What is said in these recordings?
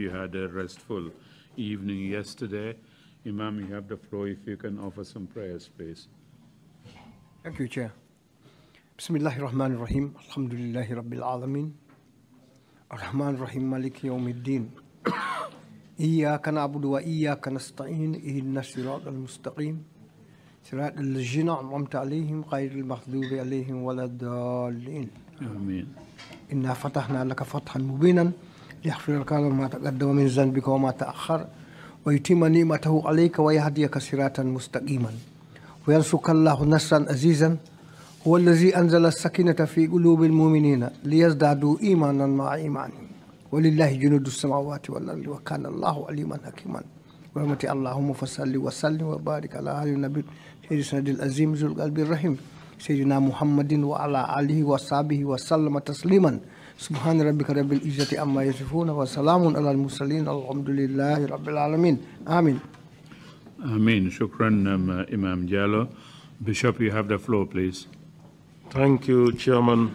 you had a restful evening yesterday. Imam, you have the floor if you can offer some prayers, please. Thank you, Chair. بسم الله الرحمن الرحيم الحمد لله رب العالمين الرحمن الرحيم مالك يوم الدين إياك نعبد وإياك نستعين إهدنا الصراط المستقيم صراط الذين أنعمت عليهم غير المغضوب عليهم ولا الضالين آمين إنا فتحنا لك فتحا مبينا يغفر لك ما تقدم من ذنبك وما تأخر ويتم نعمته عليك ويهديك صراطا مستقيما وينصرك الله نصرا عزيزا هو الذي أنزل السكينة في قلوب المؤمنين ليزدادوا إيمانا مع إيمانهم ولله جنود السماوات والأرض وكان الله عليما حكيما ورحمة اللهم فصل وسلم وبارك على آل النبي سيدنا العظيم ذو القلب الرحيم سيدنا محمد وعلى آله وصحبه وسلم تسليما سبحان ربك رب العزة عما يصفون وسلام على المرسلين الحمد لله رب العالمين آمين Amen. Shukran, um, uh, Imam Jallo. Bishop, you have the floor, please. Thank you, Chairman.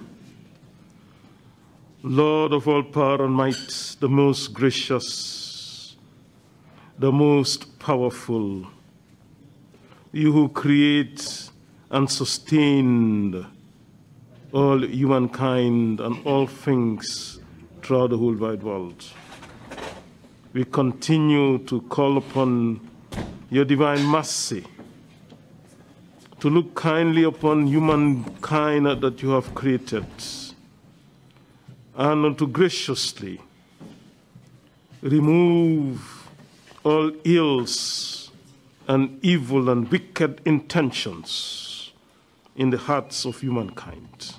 Lord of all power and might, the most gracious, the most powerful, you who create and sustain all humankind and all things throughout the whole wide world. We continue to call upon your divine mercy to look kindly upon humankind that you have created and to graciously remove all ills and evil and wicked intentions in the hearts of humankind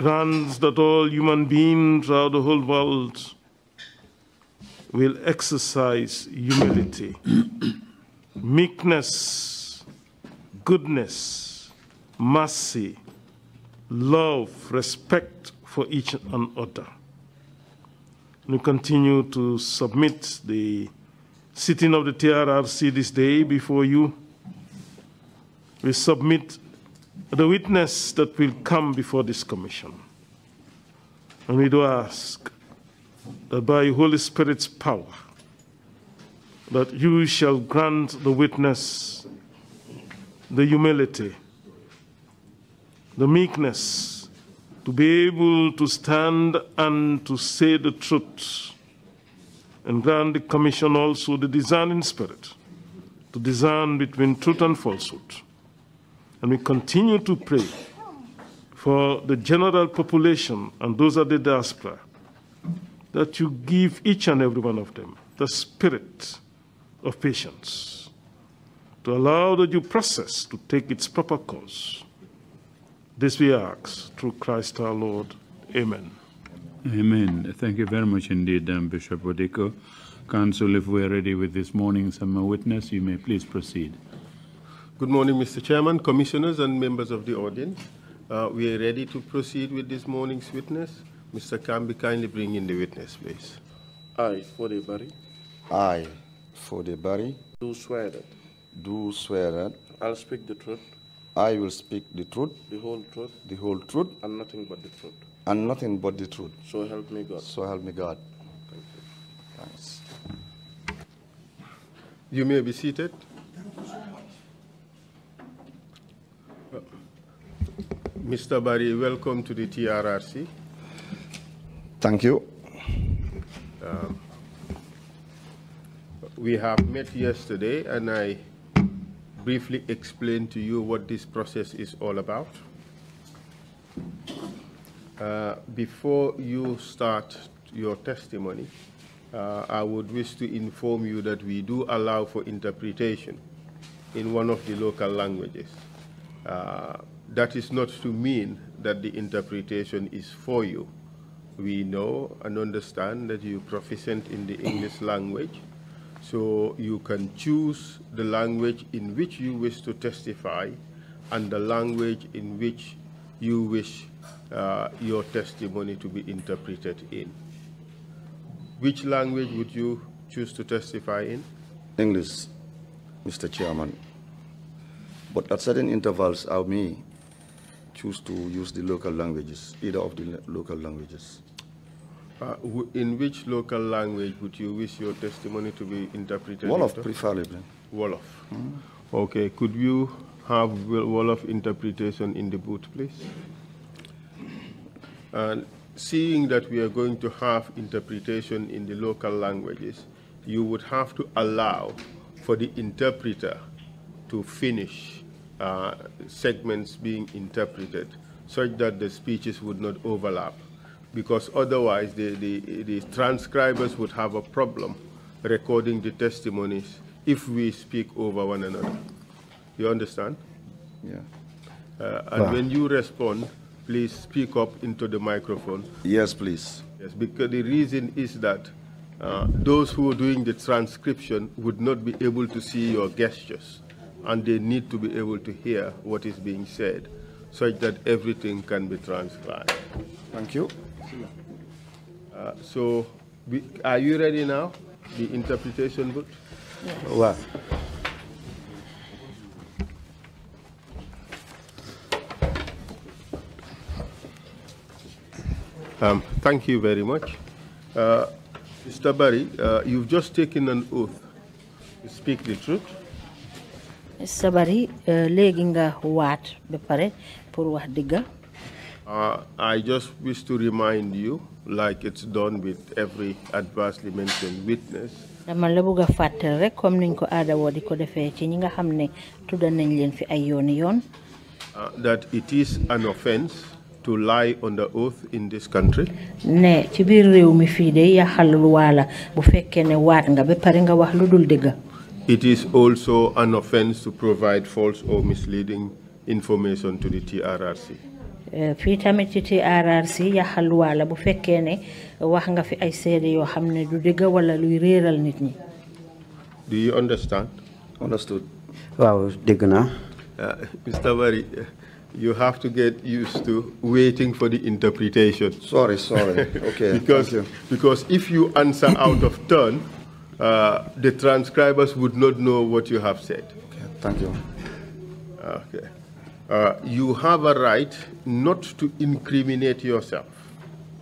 grants that all human beings throughout the whole world will exercise humility, meekness, goodness, mercy, love, respect for each and other. We continue to submit the sitting of the TRRC this day before you. We submit the witness that will come before this commission. And we do ask that by Holy Spirit's power, that you shall grant the witness the humility, the meekness, to be able to stand and to say the truth. And grant the commission also the discerning spirit to discern between truth and falsehood and we continue to pray for the general population and those of the diaspora that you give each and every one of them the spirit of patience to allow the due process to take its proper course. This we ask through Christ our Lord. Amen. Amen. Thank you very much indeed, um, Bishop Odiko. Council, if we're ready with this morning's witness, you may please proceed. Good morning, Mr. Chairman, commissioners, and members of the audience. Uh, we are ready to proceed with this morning's witness. Mr. Kambi, kindly bring in the witness, please. I, the Barry. I, the Barry. Do swear that. Do swear that. I'll speak the truth. I will speak the truth. The whole truth. The whole truth. And nothing but the truth. And nothing but the truth. So help me God. So help me God. Thank you. Thanks. You may be seated. Mr. Barry, welcome to the TRRC. Thank you. Um, we have met yesterday and I briefly explained to you what this process is all about. Uh, before you start your testimony, uh, I would wish to inform you that we do allow for interpretation in one of the local languages. Uh, that is not to mean that the interpretation is for you. We know and understand that you're proficient in the English language, so you can choose the language in which you wish to testify and the language in which you wish uh, your testimony to be interpreted in. Which language would you choose to testify in? English, Mr. Chairman. But at certain intervals, I may choose to use the local languages, either of the local languages. Uh, in which local language would you wish your testimony to be interpreted? Wolof, into? preferably. Wolof. Mm. Okay, could you have Wolof interpretation in the booth, please? And seeing that we are going to have interpretation in the local languages, you would have to allow for the interpreter to finish uh, segments being interpreted such that the speeches would not overlap because otherwise the, the, the transcribers would have a problem recording the testimonies if we speak over one another. You understand? Yeah. Uh, and ah. when you respond, please speak up into the microphone. Yes, please. Yes, because the reason is that uh, those who are doing the transcription would not be able to see your gestures and they need to be able to hear what is being said such that everything can be transcribed. Thank you. Uh, so, we, are you ready now? The interpretation book? Yes. Wow. Uh, um, thank you very much. Uh, Mr. Barry, uh, you've just taken an oath to speak the truth, uh, pare pour wax uh, I just wish to remind you like it's done with every adversely mentioned witness. dama la bëgg a rek comme niñ ko aada woo ko ci ñi nga nañ leen fi ay yoon yoon. Uh, that it is an offence to lie under oath in this country. ne ci mi de lu bu ne nga pare nga wax it is also an offense to provide false or misleading information to the TRRC. Eh, fii tamit TRRC yàqal walla bu fekkee ne fi ay seede yoo xam ne du dëgg ñi. Do you understand? Understood. Wow, dégg eh, Mr. Barry eh, you have to get used to waiting for the interpretation. Sorry, sorry. Okay. because because if you answer out of turn uh, the transcribers would not know what you have said. Okay, thank you. Okay. Uh, you have a right not to incriminate yourself.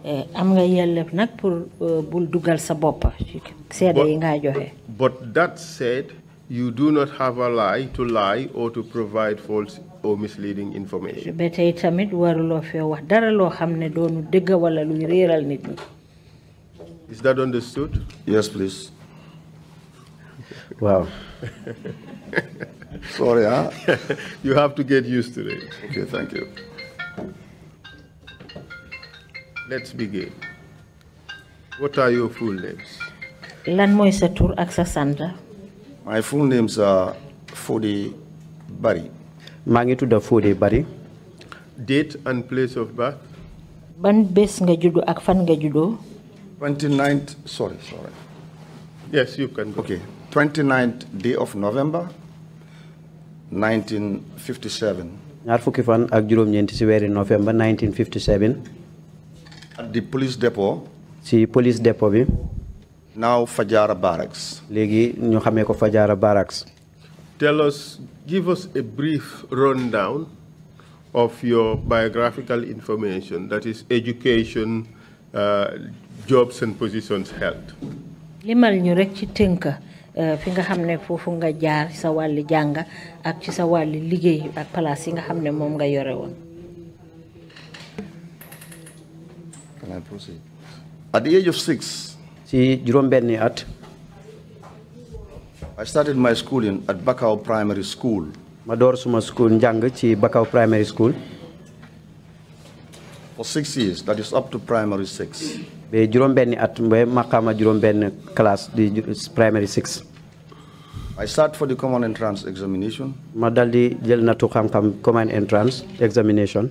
Eh, am eh, but that said you do not have a lie to lie or to provide false or misleading information lo wala is that understood yes please Wow. Sorry, huh? you have to get used to it. Okay, thank you. Let's begin. What are your full names? Landmo moy sa My full names are Fode Bari. Magnitude ngi tudd Bari. Date and place of birth? Ban bés nga ak fan nga 29th, sorry, sorry. Yes, you can go. Okay. 29th day of November 1957. ñaar fukki fan ak juróom-ñeenti in November, 1957. at the police depot. ci police depot bi. now Fajara Barracks. Legi, ñu xamee ko Fajara Barracks. tell us give us a brief rundown of your biographical information that is education uh, jobs and positions held. limal ñu rek ci tënka fi nga nga jaar sa jàng ak ci sa ak yi nga nga yore At the age of six. ci juróom-benni at. I started my schooling at Bakau Primary School. ma door suma school njàng ci Bakau Primary School. For six years, that is up to primary six ba juróom-benni at ba maqaama juróom-benn classe di primary six. I start for the common entrance examination. ma dal di jël natu xam-xam common entrance examination.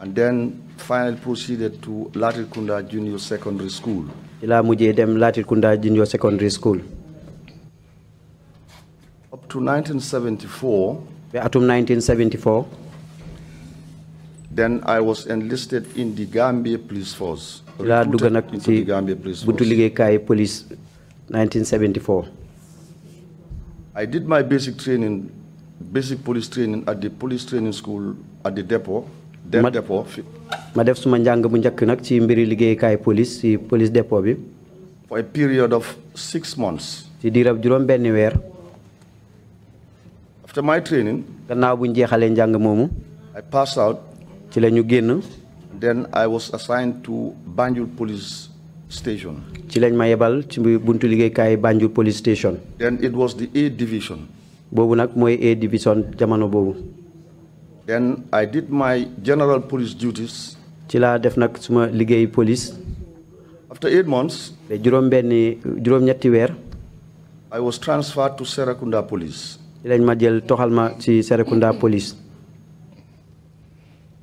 and then finally proceeded to Kunda Junior Secondary School. ila mujjee dem Kunda Junior Secondary School. up to 1974. ba atum 1974. Then I was enlisted in the Gambia Police Force ci laa dugg ci buntu liggéeykaay police 1974. I did my basic training basic police training at the police training school at the depot. ma depot ma def suma njàng bu njëkk nag ci mbiri liggéeykaay police ci police depot bi. for a period of six months. ci diirab juróom benni weer. after my training. gannaaw bu ñu jeexalee njàng moomu. I passed out. ci la génn. Then I was assigned to Banjul Police Station. ci lañ ma yebal ci buntu liggéeykaay Banjul Police Station. Then it was the A division. boobu nag mooy A division jamono boobu. Then I did my general police duties. Chila defnak suma liggéey police. After eight months. juróom benni juróom ñetti weer. I was transferred to Serekunda Police. ci lañ ma jël toxal ma Police.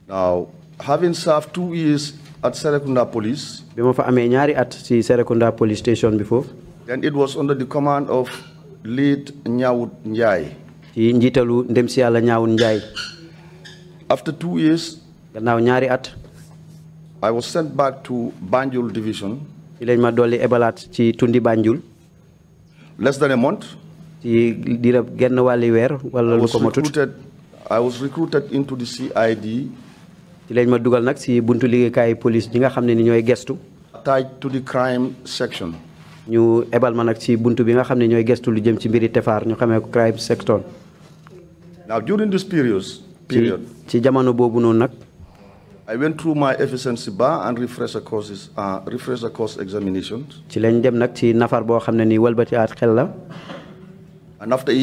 Now having served two years at Serekunda Police. at Serekunda Police Station before. Then it was under the command of Lead Nyawut Njai. After two years, at, I was sent back to Banjul Division. Ci lañ ma Banjul. Less than a month. Ci diirab genn I was recruited into the CID ci lañ ma dugal nag si buntu liggéeykaay police ñi nga xam ne ni ñooy gestu. attached section. ñu ebal ma nag si buntu bi nga xam ne ñooy gestu lu jëm ci mbiri tefaar ñu xamee ko crime section. now during this ci jamono boobu noonu nag. I went through my efficiency bar and refresher uh, ci lañ dem nag ci nafar boo xam ne nii walbati at xel la. and after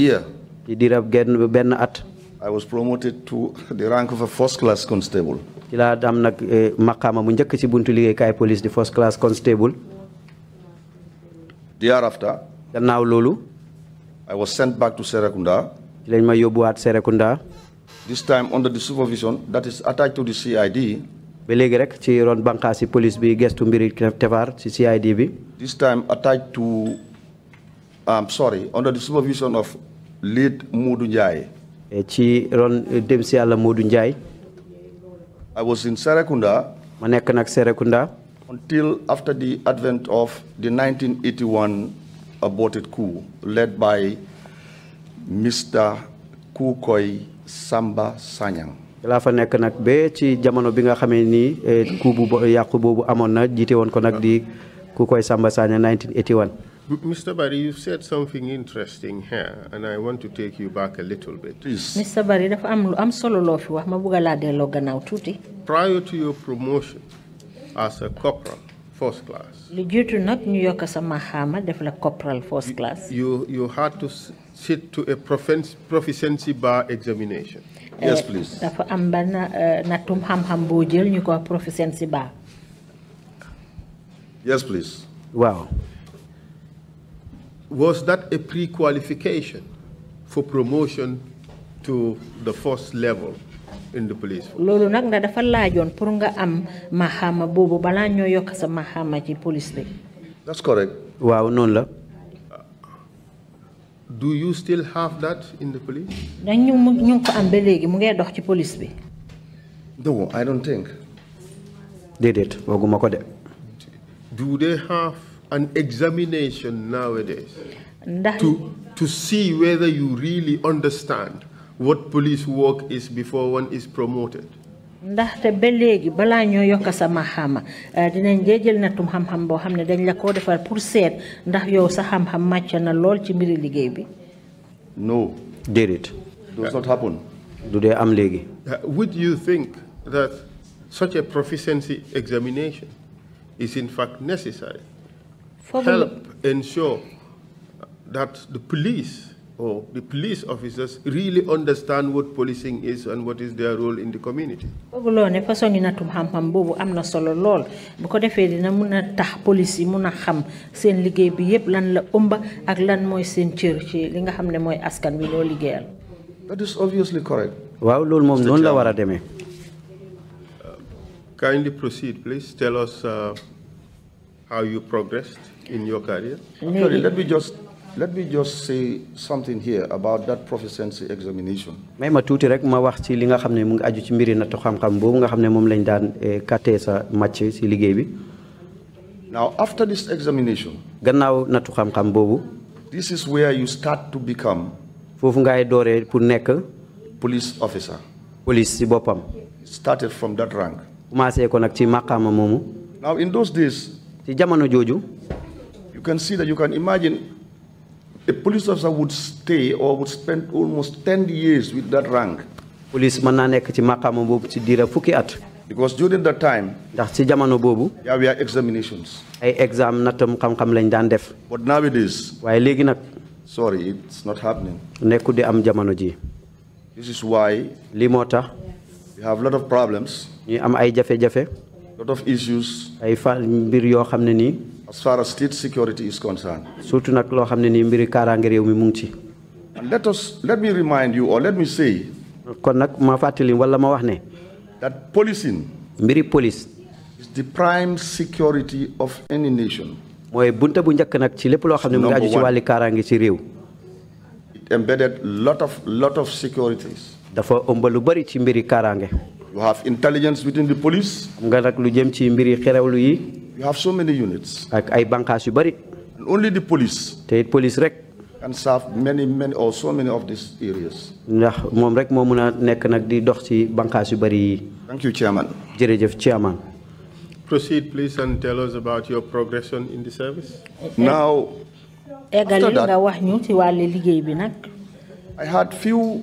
benn at. I was promoted to the rank of a first class constable. ci laa am nag eh, maqaama mu njëkk ci buntu liggéeykaay police di first class constable. thereafter. gannaaw loolu. I was sent back to Serekunda. ci lañ ma yóbbuwaat Serekunda. this time under the supervision that is attached to the CID. ba léegi rek ci ron bànqaas police bi gestu mbiri tefaar ci CID bi. this time attached to I'm sorry under the supervision of lead Moodu Ndiaye. ci ron dem si yàlla Modou Ndiaye. I was in Serekunda. ma nekk nag Serekunda. until after the advent of the 1981 aborted coup led by Mr. Kukoy Samba Sanyang. laa fa nekk nag ba ci jamono bi nga xamee ni ku eh, bu yàqu boobu amoon na jiite woon ko nag di Kukoy Samba Sanyang 1981. Mr. Barry, you said something interesting here, and I want to take you back a little bit. Please. Mr. Barry, i am am solo you. i am ma bëgg la delo gannaaw tuuti. Prior to your promotion as a corporal first class. Lu jitu nak New York as a def la corporal first class. You you had to sit to a proficiency bar examination. Eh, yes, please. Dafa am ben natum xam-xam boo jël ñu ko proficiency bar. Yes, please. Wow was that a pre-qualification for promotion to the first level in the police force? dafa pour nga am ñoo sa ci police bi. that's correct. waaw la. do you still have that in the police? ñu ko am ba mu dox ci police bi. no I don't think. Did booguma ko de. do they have an examination nowadays to, to see whether you really understand what police work is before one is promoted. ndaxte ba léegi balaa ñoo yokk sa maxaama eh, dinañ dee jël natum xam-xam boo xam ne dañ la koo defar pour seet ndax yow sa xam-xam màcc na lool ci mbiri liggéey bi. no. déedéet. does not happen. du dee am léegi. Uh, would you think that such a proficiency examination is in fact necessary? help ensure that the police or the police officers really understand what policing is and what is their role in the community. solo bu ko dina tax police xam seen liggéey bi yëpp lan la ak lan seen ci li nga askan bi liggéeyal. that is obviously correct. waaw la uh, kindly proceed please tell us uh, how you progressed in your career? Sorry, let me just let me just say something here about that proficiency examination. may ma rek ma wax ci li nga mu ngi aju ci mbiri xam-xam nga lañ daan eh, sa match liggéey bi. now after this examination. gannaaw nattu xam-xam this is where you start to become. foofu ngay dooree pour nekk. police officer. police si started from that rank. commencé ko ci now in those days. ci jamono joju, you can see that you can imagine a police officer would stay or would spend almost 10 years with that rank. Police mën naa nekk ci maqaama Because during that time, ndax ci jamono boobu. there were examinations. ay exam nattam xam-xam lañ daan def. but nowadays. waaye léegi nag. sorry it's not happening. nekku di am this is why. lii moo we have a lot of problems. ñu am ay jafe-jafe. lot of issues. ay fa mbir yoo xam as far as state security is concerned. surtout nag loo xam ne nii mbiri kaaraange réew mi mu let us let me remind you or let me say. that policing. mbiri police. is the prime security of any nation. mooy bunta bu njëkk nag ci lépp loo xam ne mu ngi it embedded lot of lot of securities. dafa ëmb lu bari ci you have intelligence within the police. you have so many units. and only the police. police can serve many many or so many of these areas. thank you chairman. chairman. proceed please and tell us about your progression in the service. now. after that I had few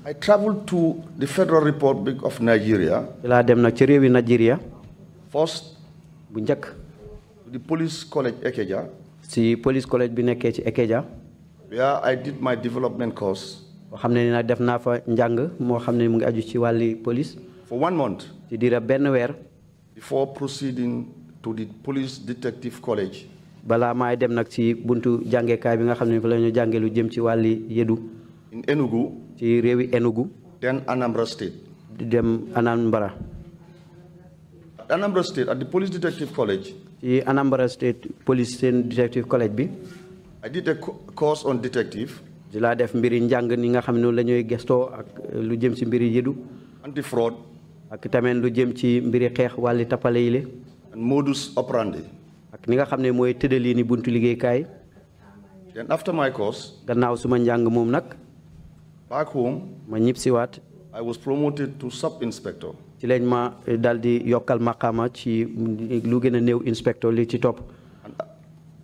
I traveled to the Federal Republic of Nigeria. laa dem nag Nigeria. first. bu the police college Ekeja. si police college bi nekkee ci Ekeja. where I did my development course. boo ni ne def naa fa njàng moo xam ne mu ngi aju ci wàlli police. for one month. ci diira benn weer. before proceeding to the police detective college. Bala maay dem nag ci buntu jàngekaay bi nga xam ne fa la ñu jàngee lu jëm ci wàlli yeddu. in Enugu. ci Rewi Enugu dan Anambra State dem Anambra Anambra State at the Police Detective College ci Anambra State Police Detective College bi I did a course on detective di laa def mbiri njang ni nga xam ne ak eh, lu jëm ci mbiri anti fraud ak tamen lu jëm ci mbiri xex wali tapale yi modus operandi ak ni nga xamne moy mooy tëddalee ni buntu then after my course gannaaw suma njang mom nak back home ma ñibbisiwaat I was promoted to sub inspector ci lañ ma eh, daal di yokkal maqaama inspector li ci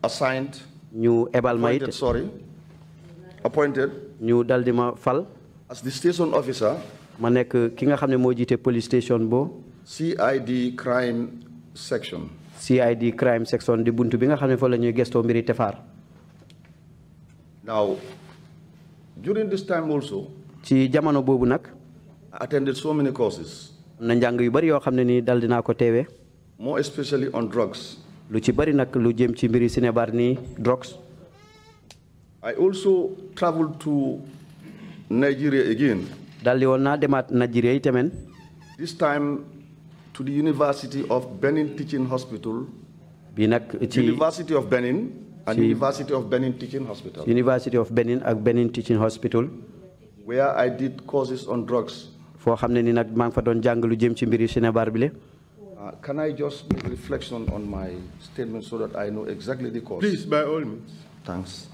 assigned ñu ebal ma sorry appointed ñu daal ma fal as the station officer ma nekk ki nga xam ne moo police station bo. CID crime section CID crime section di buntu bi nga xam ne fa la ñuy mbiri tefaar now during this time also, ci jamono boobu nag. attended so many courses. am na njàng yu bari yoo xam ni dal dinaa ko teewee. more especially on drugs. lu ci bari nag lu jëm ci mbiri Sénébar nii drugs. I also traveled to Nigeria again. dal di woon naa Nigeria itemen. this time to the University of Benin Teaching Hospital. bi nag ci University of Benin and University of Benin Teaching Hospital. University of Benin ak Benin Teaching Hospital. where I did courses on drugs. foo xam ne ni nag maa ngi fa doon uh, can I just make reflection on my statement so that I know exactly the cause? please by all means. thanks.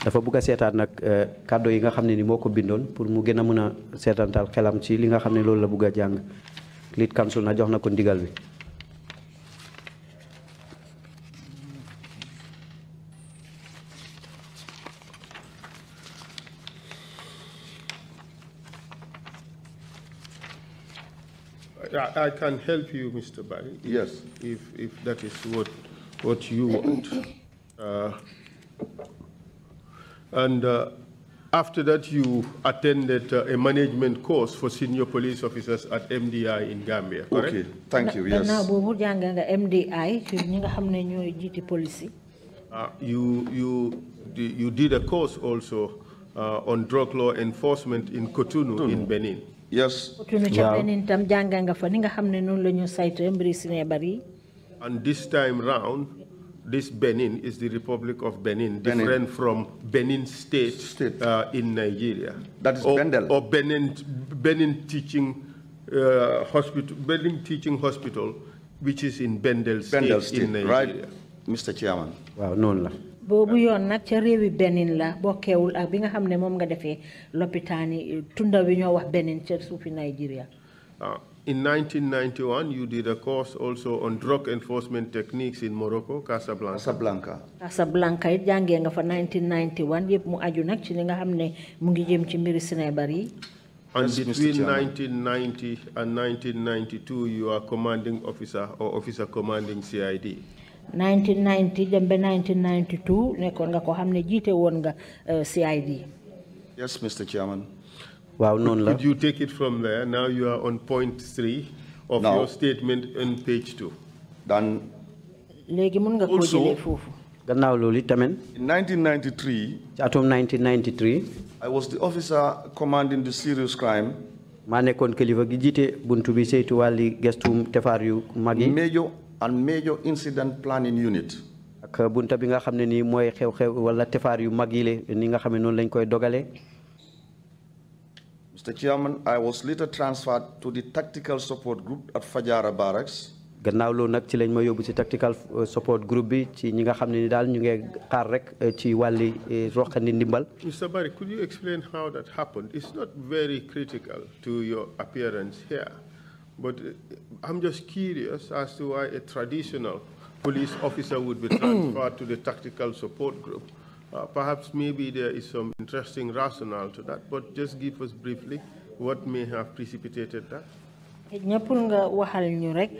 dafa bëgg a seetaan nag uh, kàddo yi nga xam ne ni moo ko bindoon pour mu gën a mën a seetantal xelam ci li nga xam ne loolu la bëgg a jàng. lead council na jox na ko ndigal bi. I, I can help you, Mr. Barry. Yes. If, if that is what, what you want. Uh, and uh, after that, you attended uh, a management course for senior police officers at MDI in Gambia, correct? Okay, thank you, yes. MDI, uh, you, you, you did a course also uh, on drug law enforcement in Cotonou mm -hmm. in Benin. Yes. And this time round, this Benin is the Republic of Benin, Benin. different from Benin State, State. Uh, in Nigeria. That is or, Bendel. Or Benin, Benin Teaching uh, Hospital, Benin Teaching Hospital, which is in Bendel State, State in Nigeria. Right, Mr. Chairman. Wow, no, no. Benin la ak bi nga nga tunda wi wax Benin Nigeria. Ah, in 1991, you did a course also on drug enforcement techniques in Morocco, Casablanca. Casablanca. Casablanca it jàngee nga 1991 yëpp mu aju nag ci li jëm And between 1990 and 1992, you are commanding officer or officer commanding CID. 1990 jëm ba 1992 ne nga ko xam ne jiite nga euh, CID. yes Mr Chairman. waaw noonu la could you take it from there now you are on point three. of your statement on page two. daan. léegi mun nga ko jëlee foofu. gannaaw loolu tamit. in 1993. ci atum 1993. I was the officer commanding the serious crime. maa nekkoon kilifa gi jiite buntu bi saytu wàlli gëstu tefaar yu mag major and major incident planning unit. bunta bi nga xew-xew wala yu ni nga lañ koy Mr. Chairman, I was later transferred to the tactical support group at Fajara Barracks. gannaaw loolu nag ci lañ ma ci tactical euh, support group bi ci ñi nga xam ni ñu ngi xaar rek euh, ci euh, ndimbal. Mr. Barry, could you explain how that happened? It's not very critical to your appearance here. But uh, I'm just curious as to why a traditional police officer would be transferred to the tactical support group. Uh, perhaps maybe there is some interesting rationale to that, but just give us briefly what may have precipitated that. ñëppul nga waxal ñu rek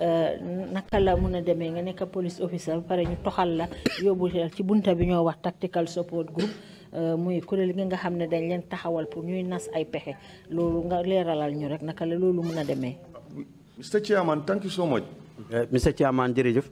uh, naka la mun a nga nekk police officer ba pare ñu toxal la yóbbu ci bunta bi ñoo wax tactical support group Euh, muy kuréel gi nga xam ne dañ leen taxawal pour ñuy nas ay pexe loolu nga leeralal ñu rek naka la loolu mën a demee. Mr Chairman thank you so much. Euh, Mr Chairman jërëjëf.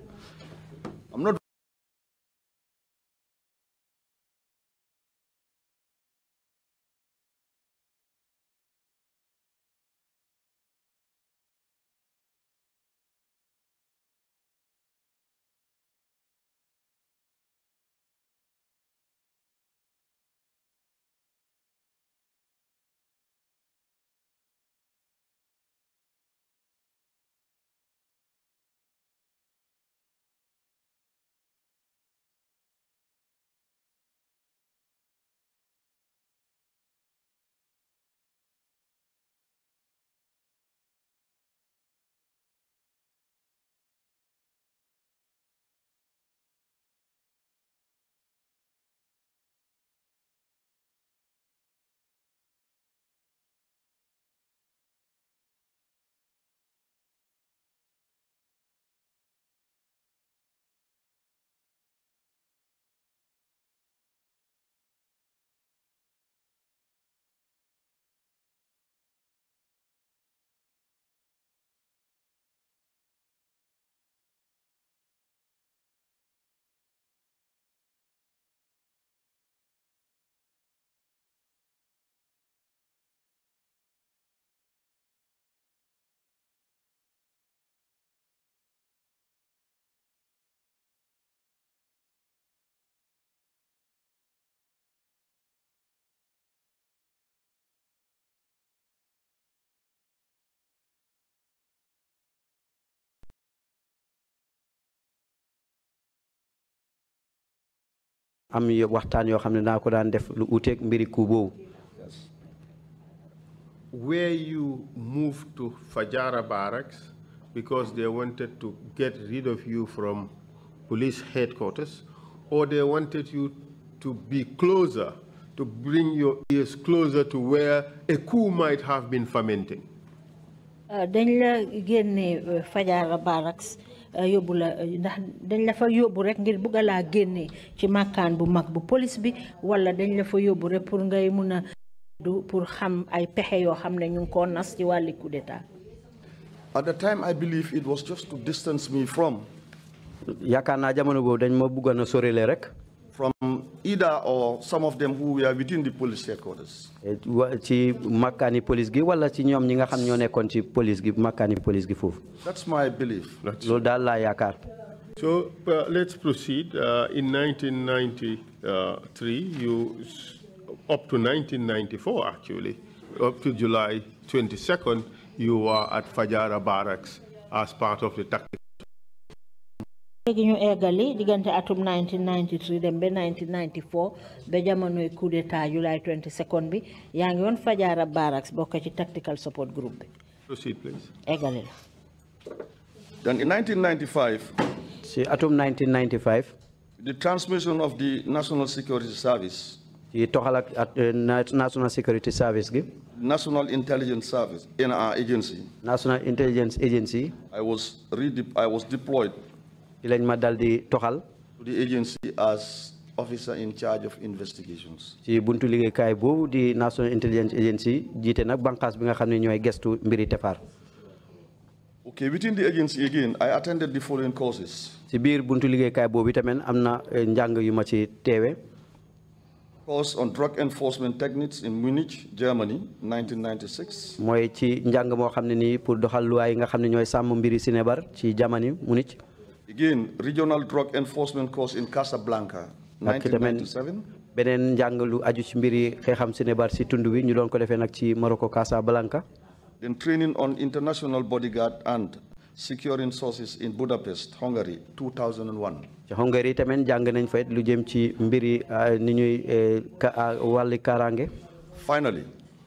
am waxtaan ko daan def lu mbiri where you moved to Fajara barracks because they wanted to get rid of you from police headquarters or they wanted you to be closer, to bring your ears closer to where a coup might have been fermenting? Uh, dañ la génne uh, Fajara barracks Euh, yóbbu la euh, ndax dañ la fa yóbbu rek ngir bugg laa génne ci màkkaan bu mag bu police bi wala dañ la fa yóbbu rek pour ngay mun a du pour xam ay pexe yoo xam ne ñu ngi koo nas ci wàlli coup d'état at the time I believe it was just to distance me from yaakaar naa jamono boobu dañ ma buggoon a sorele rek from either or some of them who were within the police headquarters. ci makkaani police gi wala ci ñoom ñi nga xam ñoo nekkoon ci police gi Makani police gi foofu. That's my belief. loolu daal laa yaakaar. So uh, let's proceed. Uh, in 1993, you up to 1994 actually, up to July 22nd, you were at Fajara Barracks as part of the tactical léegi ñu eggali diggante atum 1993 dembe 1994 ba jamonoy coup d'état July 22nd bi yaa ngi woon Fajara Barracks boka ci tactical support group bi. proceed please. eggali la. Then in 1995. ci atum 1995. the transmission of the National Security Service. ci tohala ak eh, National Security Service gi. National Intelligence Service. NIA agency. National Intelligence Agency. I was re I was deployed the agency as officer in charge of investigations. ci buntu liggéeykaay boobu di National Intelligence Agency jiite nag bànqaas bi nga xam ne ñooy gestu mbiri tefaar. okay within the agency again I attended the following courses. ci Bir buntu liggéeykaay boobu tamit am na eh, njàng yu ma ci course on drug enforcement techniques in Munich, Germany, 1996. Moi ci njàng mo xam ne nii pour doxal luwaay yi nga xam ne ñooy sàmm sinébar ci Jamani Munich. Again, regional drug enforcement course in Casablanca, 1997. beneen njàng lu aju ci si tund wi ñu doon Casablanca. Then training on international bodyguard and securing sources in Budapest, Hungary, 2001. ci Hungary tamit jàng nañ fa lu jëm ci mbiri ah, ni ñuy eh, ah, wàlli kaaraange. Finally.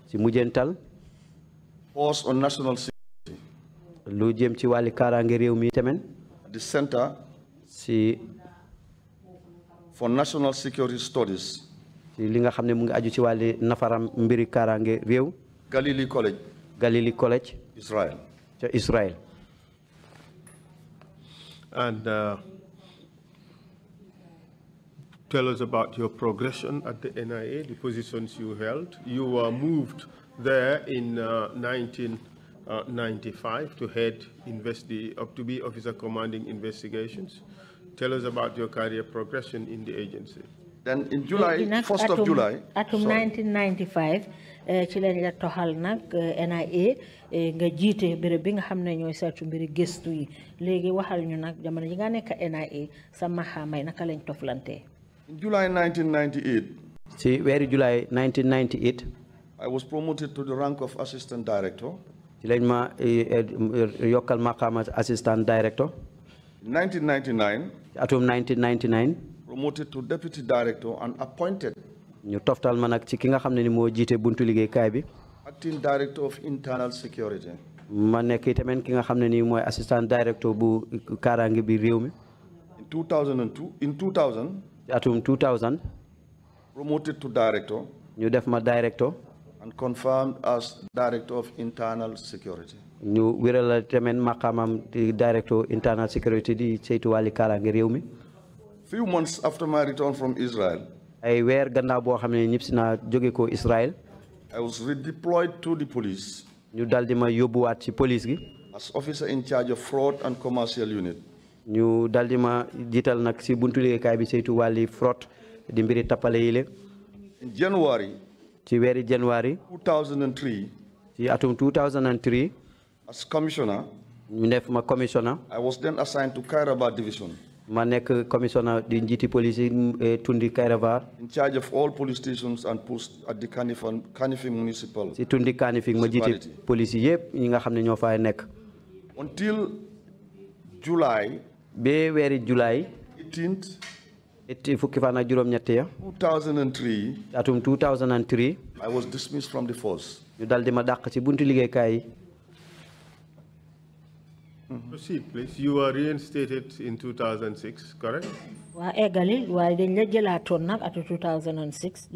ci mujjantal. Force on national security. lu jëm ci wàlli kaaraange réew mi tamit the Center si for National Security Studies ci Galilee College Galilee College Israel Israel and uh, tell us about your progression at the NIA, the positions you held. You were moved there in uh, 19... Uh, 95 to head investi- up to be officer commanding investigations. Tell us about your career progression in the agency. Then in July, in 1st of July. Atum 1995, eh, ci lañ la toxal NIA eh, eh, nga jiite béréb bi nga xam ne ñooy saytu mbiri gëstu yi léegi waxal nag NIA sa maxaamay naka toflante. In July 1998. ci weeru July 1998. I was promoted to the rank of assistant director. ci lañ ma eh, eh, yokkal maqaama assistant director. 1999. ci atum 1999. promoted to deputy director and appointed. ñu toftal ma nag ci ki nga xam ne ni moo jiite buntu liggéeykaay bi. acting director of internal security. ma nekk itamit ki nga xam ne nii mooy assistant director bu kaaraange bi réew mi. in 2002 in 2000. atum 2000. promoted to director. ñu def ma director. and confirmed as Director of Internal Security. ñu wéral tamit maqamam di Director Internal Security di saytu wàlli kaaraange réew mi. few months after my return from Israel. ay weer gannaaw boo xam ne ñëpp ko Israel. I was redeployed to the police. ñu dal di ma yóbbuwaat ci police gi. as officer in charge of fraud and commercial unit. ñu dal di ma jiital nag si buntu liggéeykaay bi saytu wàlli fraude di mbiri tappale yi le. in January ci January. 2003. ci atum 2003. as commissioner. ñu def ma commissioner. I was then assigned to Kairaba division. ma nekk commissioner di njiiti police Tundi Kairaba. in charge of all police stations and posts at the Kanifing Kanifing municipal. ci Tundi Kanifing ma jiiti police yëpp ñi nga xam ñoo fay nekk. until July. ba weeri July. 18. 2003. atum 2003. I was dismissed from the force. You dal di ma dàq ci buntu See, mm-hmm. Proceed, please. You were reinstated in 2006, correct? atu 2006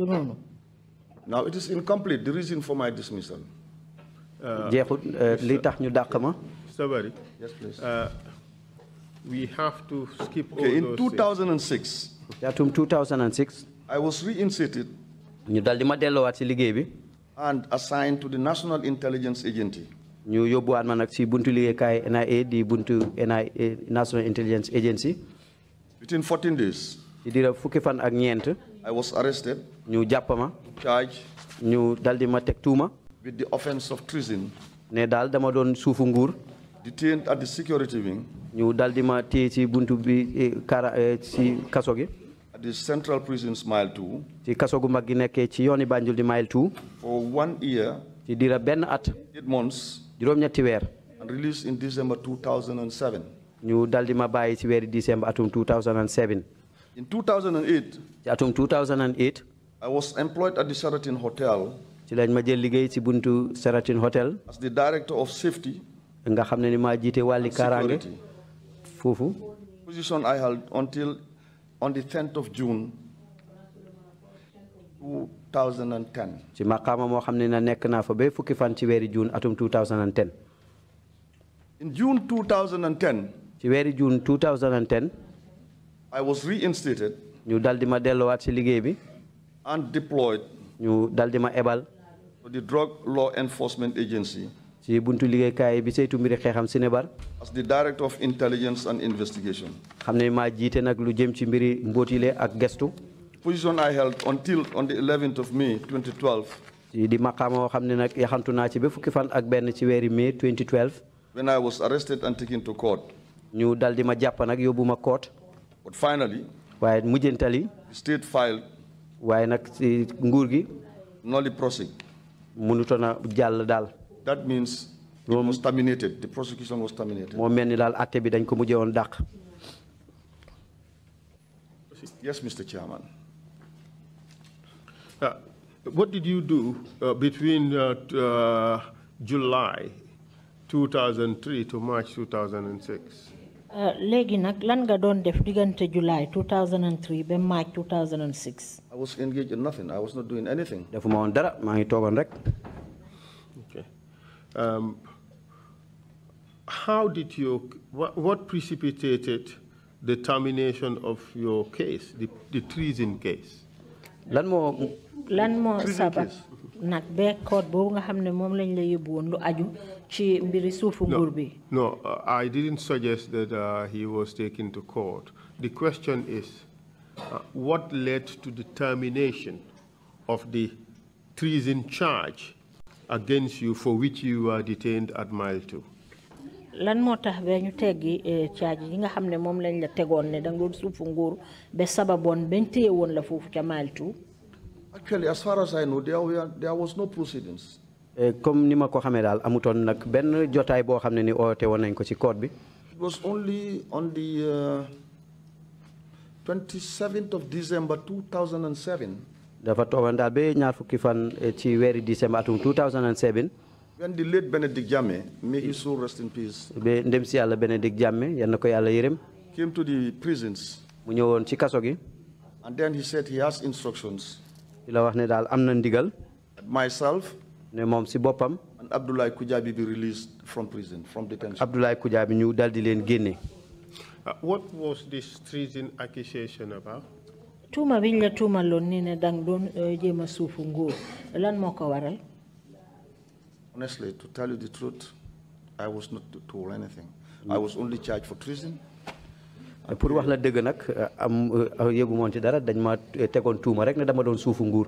Now it is incomplete, the reason for my dismissal. Uh, jeexut uh, li tax ñu Yes, please. Uh, we have to skip okay, in 2006 yaatum 2006. I was reinstated. and assigned to the National Intelligence Agency. ñu yobu ma nag ci buntu liggéeykaay NIA di buntu NIA National Intelligence Agency. within 14 days. ci diira fukki fan ak ñeent. I was arrested. ñu jàpp ma. charge. ñu daldi ma teg tuuma. with the offense of treason. ne daal dama doon suufu nguur detained at the security wing. ñu dal di ma téye buntu bi eh, kara eh, ci kaso at the central Prison mile two. ci kaso gu mag gi Banjul di mile two. for one year. ci diira benn at. eight months. juróom-ñetti weer. and released in December 2007. ñu dal di ma bàyyi ci weeri atum 2007. in 2008. atum 2008. I was employed at the Sheraton Hotel. ci lañ ma jël liggéey ci Hotel. as the director of safety nga xam ni maa jiite wàlli kaaraange foofu. position I held until on the 10th of June 2010. ci maqaama mo xam na nekk naa fa ba fukki fan ci weeri June atum 2010. in June 2010. ci weeri June 2010. I was reinstated. ñu dal di delo delloowaat ci liggéey bi. and deployed. ñu dal di ma ebal. the Drug Law Enforcement Agency. ci buntu liggéeykaay bi saytu mbiri xeexam Sinébar. as the director of intelligence and investigation. xam ne maa jiite nag lu jëm ci mbiri mbóotile ak gestu. position I held until on the 11th of May 2012. ci di maqaama woo xam ne nag yaxantu naa ci ba fukki fan ak benn ci weeri mai 2012. when I was arrested and taken to court. ñu dal di ma jàpp nag yóbbu ma court. but finally. waaye mujjantali. state filed. waaye nag ci nguur gi. nolli procès. mënutoon a jàll daal. that means it was terminated. The prosecution was terminated. Yes, Mr. Chairman. Uh, what did you do uh, between uh, uh July 2003 to March 2006? Uh, léegi nag lan nga doon def July 2003 to March 2006. I was engaged in nothing. I was not doing anything. defuma woon dara maa um, how did you, what, what, precipitated the termination of your case, the, the treason case? lan lan sabab court nga lañ yóbbu lu aju ci mbiri bi. no uh, I didn't suggest that uh, he was taken to court the question is uh, what led to the termination of the treason charge against you for which you were detained at mile two. lan moo tax ñu teggi eh, charge yi nga xam ne lañ la tegoon ne da nga doon suufu nguur ba sababoon bañ téye woon la foofu ca mile two. actually as far as I know there were there was no proceedings. Eh, comme ni ko xamee daal amutoon nag benn jotaay boo xam ni nañ ko ci code bi. it was only on the 27th eh, of December 2007 dafa toogoon daal ba ñaar fukki fan eh, ci weeri décembre 2007. when the late Benedict Jammeh may his soul rest in peace. ba ndem si yàlla Benedict Jammeh yal na ko yàlla yërëm. came to the prisons. mu ñëwoon ci kaso gi. and then he said he has instructions. di la wax ne daal am ndigal. myself. ne moom si boppam. and Abdoulaye Kujabi be released from prison from detention. Abdoulaye Kujabi ñu dal di leen génne. Uh, what was this treason accusation about? tuuma biñ la tuumaloon ne dang doon eh, jéem a suufu lan moo waral. honestly to tell you the truth I was not told anything. I was only charged for treason. pour wax la dëgg nag eh, am eh, yëgu moon ci dara dañ ma tegoon tuuma rek ne dama doon suufu nguur.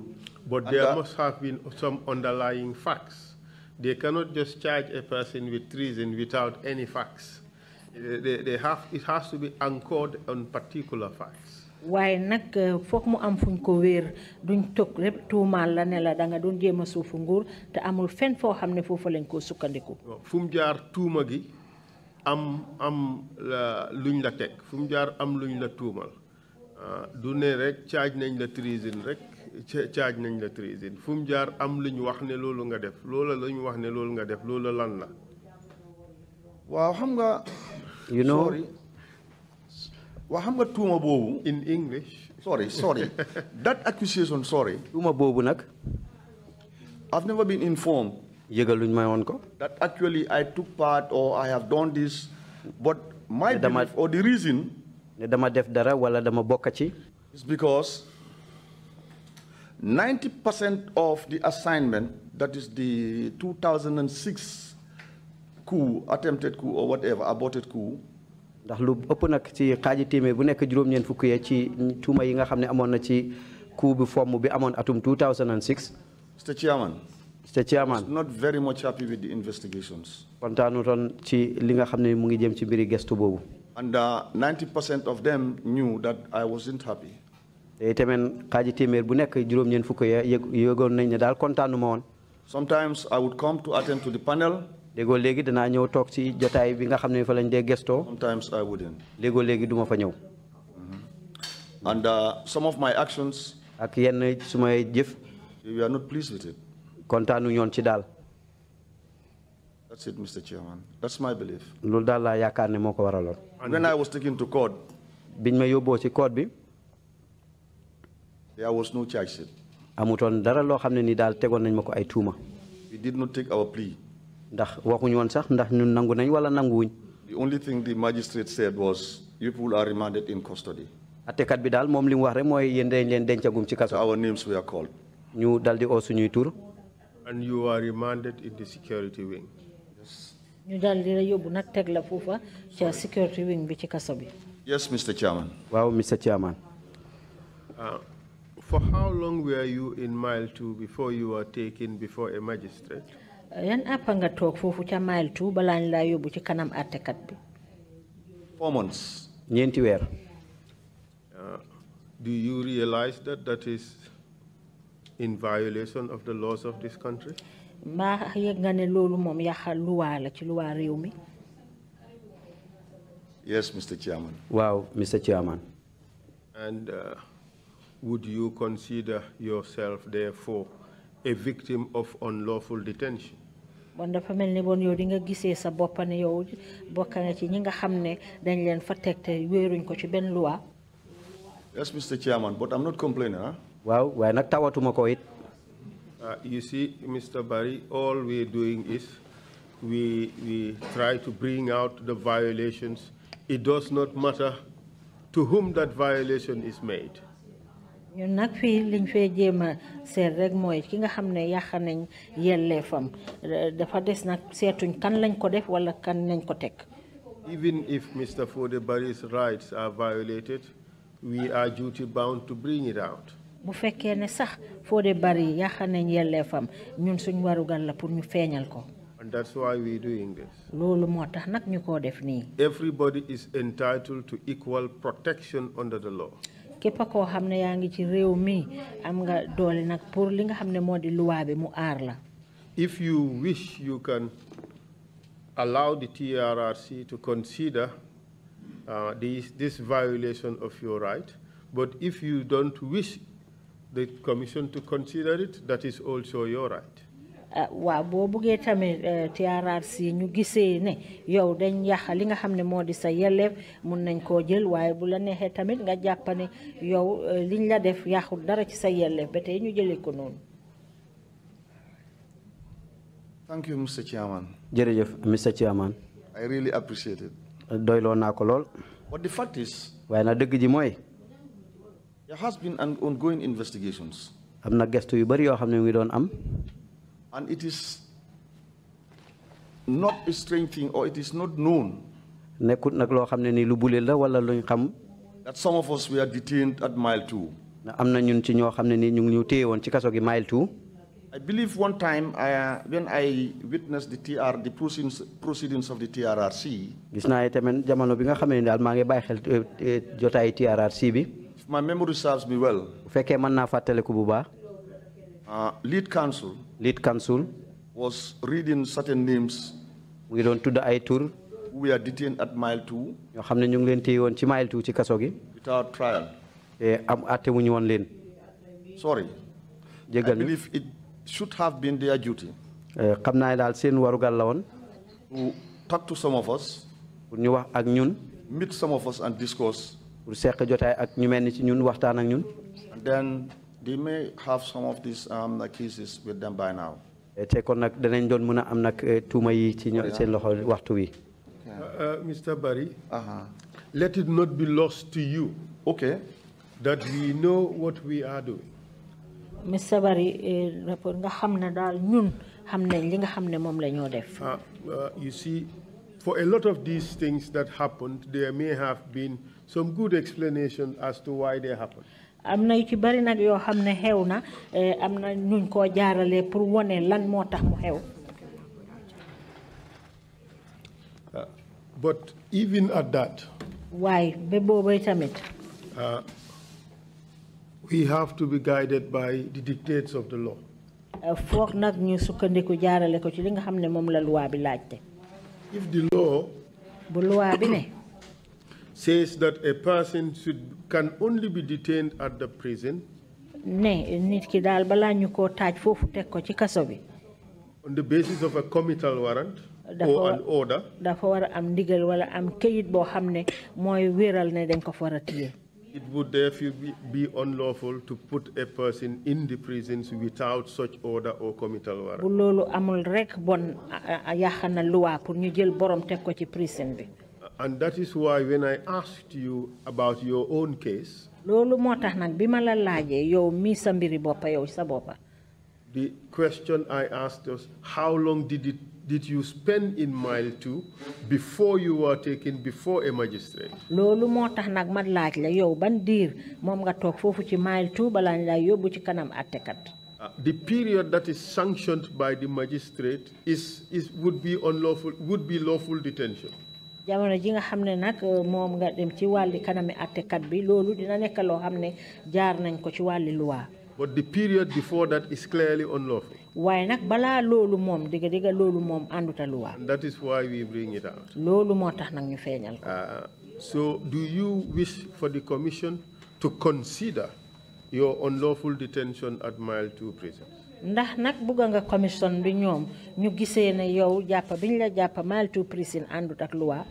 but there must have been some underlying facts. They cannot just charge a person with treason without any facts. They, they have, it has to be anchored on particular facts waaye nak eh, foog mu am fuñ ko wéer duñ toog rek tuumaal la ne la da nga doon jéem a suufu nguur te amul fen foo xam ne foofu lañ koo sukkandiku. fu mu jaar tuuma gi am am luñ la teg fu jaar am luñ la tuumal ah, du ne rek caaj nañ la treason rek caaj nañ la treason fu jaar am lu ñu wax ne loolu nga def loola la ñu wax ne loolu nga def loola lan la. waaw xam nga. you know in English. sorry sorry that accusation sorry. Uma boobu I've never been informed. in my own ko. that actually I took part or I have done this but my belief or the reason. ne dara wala dama bokk is because. 90% of the assignment, that is the 2006 coup, attempted coup or whatever, aborted coup, ndax lu ëpp nag ci xaaji téeméer bu nekk juróom-ñeent fukk yee ci tuuma yi nga xam ne amoon na ci coup bi fomm bi amoon atum 2006. Mr. Chairman. Mr. Chairman. not very much happy with the investigations. kontaanu toon ci li nga xam ne mu ngi jëm ci mbiri gestu boobu. and 90 uh, percent of them knew that I wasn't happy. te tamit xaaji téeméer bu nekk juróom-ñeent fukk yee yëgoon nañ ne daal kontaanu ma woon. sometimes I would come to attend to the panel. léegoo léegi danaa ñëw toog si jotaay bi nga xam ne fa lañ dee gestoo. sometimes I wouldn't. léegoo léegi du ma fa ñëw. Mm-hmm. and uh, some of my ak yenn su may jëf. we are kontaanu ñoon ci daal. That's it, Mr. Chairman. loolu daal laa yaakaar ne moo ko waraloon. a I was taken to court. biñ ma yóbboo ci court bi. there was no amutoon dara loo xam ne ni daal tegoon nañ ma ko ay tuuma. we did not take our ndax waxuñ woon sax ndax ñun nangu nañ wala nanguwuñ. the only thing the magistrate said was you people are remanded in custody. attekat bi daal moom li mu wax rek mooy yéen dañ leen dencagum ci kaso. our names were called. ñu dal di oo suñuy tur. and you are remanded in the security wing. ñu dal di la yóbbu nag teg la foofa ca security wing bi ci kaso bi. yes Mr Chairman. waaw Mr Chairman. Uh, for how long were you in mile two before you were taken before a magistrate. yan àppa nga toog foofu ca mile two balaa ñu laa yóbbu ci kanam àttekat bi ñeenti weer uh, do you realize that that is in violation of the laws of this country mbaa yëg nga ne loolu moom yàqal luwaa la ci luwaa réew mi Yes, Mr. Chairman. Uh, wow, you consider yourself, therefore, a victim of unlawful detention? bon yow di nga gisee sa ne yow bokk nga ci ñi nga xam ne dañ leen fa teg te wéeruñ ko ci benn loi. yes Mr Chairman but I'm not complaining ah. waaw waaye nag tawatuma ko it. Uh, you see Mr Barry all we're doing is we we try to bring out the violations it does not matter to whom that violation is made ñun liñ rek ki nga dafa kan lañ ko def wala kan nañ ko Even if Mr. Fode Barry's rights are violated, we are duty bound to bring it out. bu fekkee ne sax Fode Barry yàq nañ ñun suñ la pour ñu ko. And that's why we're doing this. Everybody is entitled to equal protection under the law ci mi am nga doole pour li nga mu la. if you wish you can allow the TRRC to consider uh, this, this violation of your right, but if you don't wish the commission to consider it, that is also your right. TRRC eh, ñu ne yow dañ li nga sa nañ jël bu la tamit nga yow eh, liñ la def dara ci sa ñu ko thank you Mr Chairman. jërëjëf Mr Chairman. I really appreciate it. doyloo naa ko lool. the fact is. waaye nag dëgg ji mooy. there has been an ongoing investigations. am not gëstu yu bari yoo xam ne doon am and it is not a strange thing or it is not known that some of us were detained at mile two am ñun ci ñoo xam ni ñu ngi ñu téye ci kaso gi mile two I believe one time I, uh, when I witnessed the TR, the proceedings, proceedings of the TRRC. Gis naa tamit jamono bi nga xam ne daal maa ngi bàyyi xel eh, eh, jotaay TRRC bi. If my memory serves me well. Bu fekkee mën naa fàttaliku bu baax. Uh, lead counsel lead counsel was reading certain names mu ngi doon tudd ay tour. we are detained at mile 2 ñoo xam ne ñu ngi leen téye woon ci mile 2 ci kaso gi without trial te am àtte wu ñu woon leen sorry jégal I believe it should have been their duty Eh, naa daal seen warugal la woon to talk to some of us pour ñu wax ak ñun meet some of us and discuss pour seq jotaay ak ñu mel ni ci ñun waxtaan ak ñun and then they may have some of these um, cases with them by now. te kon nag Mr. Barry. Uh -huh. Let it not be lost to you. Okay. That we know what we are doing. Mr. Barry, eh, rapport nga ah, uh, You see, for a lot of these things that happened, there may have been some good explanation as to why they happened nuñ eh, jaarale pour wone lan mu uh, but even at that Why? ba boobay tamit uh, we have to be guided by the dictates of the law uh, foog nag ñu sukkandiku jaarale ko ci li nga xam la loi bi if the law bu loi bi ne says that a person should, can only be detained at the prison on the basis of a committal warrant or an order am am ne It would therefore be unlawful to put a person in the prisons without such order or committal warrant. na prison and that is why when I asked you about your own case, la yow sa mbiri boppa yow sa boppa the question I asked was how long did it did you spend in mile two before you were taken before a magistrate ma laaj la yow ban nga ci mile two ci kanam uh, the period that is sanctioned by the magistrate is is would be unlawful would be lawful detention jamono ji nga euh, nga dem ci wàlli bi dina jaar nañ ko ci wàlli loi. but the period before that is clearly unlawful. waaye nag bala loolu mom diga diga loolu mom ànduta loi. that is why we bring it out. loolu moo tax ñu ko. Uh, so do you wish for the commission to consider your unlawful detention at Mile Two prison. ndax nag bugg nga commission bi ñoom ñu gisee ne yow bi biñ la jàpp Mile 2 prison àndut ak loi.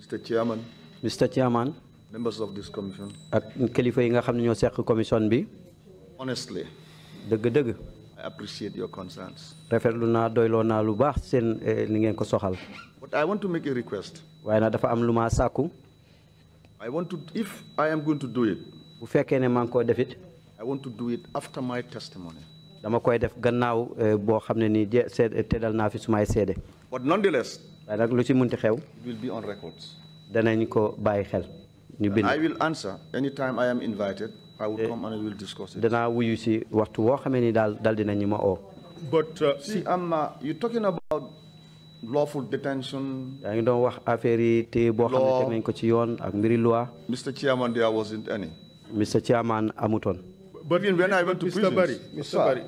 Mr Chairman. Mr Chairman. members of this commission. ak kilifa yi nga xam ne ñoo seq commission bi. honestly. dëgg-dëgg. I appreciate your rafetlu naa doyloo naa lu baax seen li eh, ngeen ko soxal. but I want to waaye nag dafa am lu maa sàkku. I want to bu fekkee ne maa ngi koo def it. I do it after my testimony. dama koy def gannaaw euh, boo xam ne nii je teddal naa fi sumay seede. but nonetheless. lu ci mun ti xew. it will be ko bàyyi xel. ñu bind I will answer anytime I am invited. I will eh, wuyu si waxtu woo xamee ni daal dal dinañu ma oo. Uh, si am uh, you talking about lawful detention. yaa ngi doon wax affaire yi te boo xam ne teg nañ ko ci yoon ak mbiri loi. Mr Chairman there wasn't Chairman amutoon. But when I went to Mr. Prisons, Barry, Mr. Barry,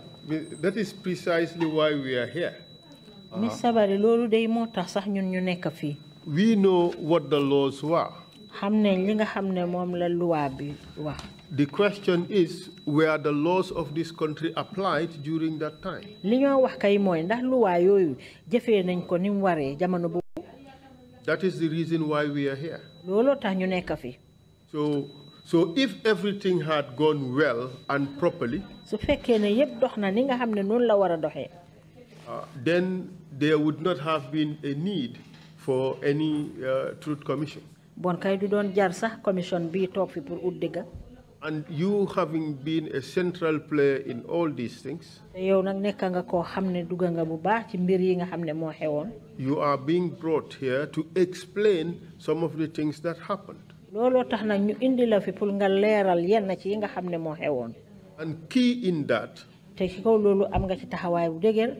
that is precisely why we are here. Uh-huh. Mr. Barry, lolu day sax ñun ñu nekk fi. We know what the laws were. li nga la loi bi wax. The question is were the laws of this country applied during that time? Li ñoo wax kay ndax loi nañ ko jamono That is the reason why we are here. tax ñu nekk fi. So so if everything had gone well and properly, uh, then there would not have been a need for any uh, truth commission. Bon jar commission And you having been a central player in all these things. nga You are being brought here to explain some of the things that happened ñu indi la fi pour nga yenn ci yi nga and key in that. te ci am nga ci bu dëgër.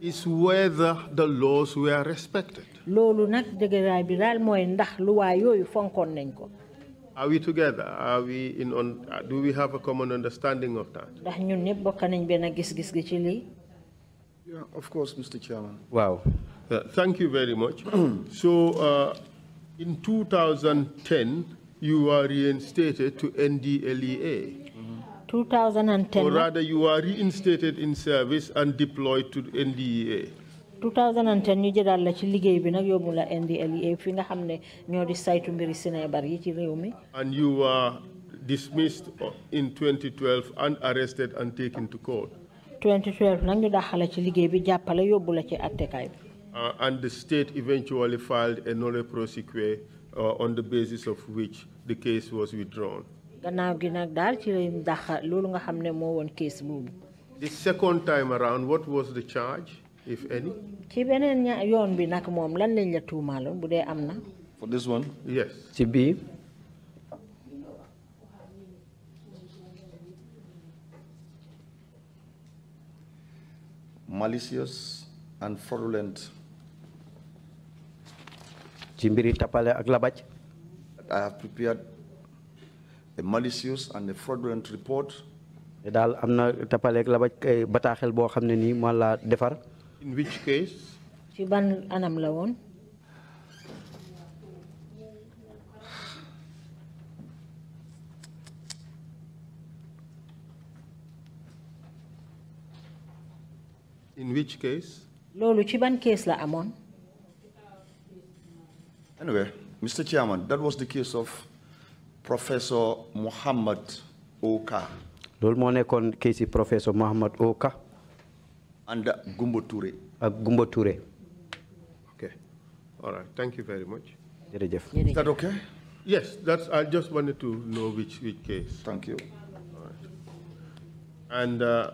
is whether the laws were respected. bi ndax nañ ko. Are we together? Are we in on, do we have a common understanding of that? ndax ñun bokk nañ gis-gis gi ci Yeah, of course, Mr. Chairman. Wow. Uh, thank you very much. so, uh, in 2010, you are reinstated to NDLEA. Mm-hmm. 2010. Or rather, you are reinstated in service and deployed to NDEA. 2010 ñu jëlaat la ci liggéey bi nag yóbbu la NDLEA fi nga xam ne ñoo di saytu mbiri Sénébar yi ci réew mi. and you were dismissed in 2012 and arrested and taken to court. 2012 nag ñu daxale ci liggéey bi jàppale yóbbu la ci attekaay bi. Uh, and the state eventually filed a nolle prosequi uh, on the basis of which the case was withdrawn. The second time around, what was the charge, if any? For this one? Yes. CB? Malicious and fraudulent ci mbiri tappale I have prepared a malicious and a fraudulent report daal am na tappale ak labaj kay bataaxel boo xam defar in which case ci ban anam la in which case loolu ci ban case la amoon Anyway, Mr. Chairman, that was the case of Professor Muhammad Oka. loolu moo case yi Muhammad Oka. and Gumbo ture. Gumbo ture. okay all right thank you very much. Jeff. is that okay. yes that's I just wanted to know which which case. thank you. And uh,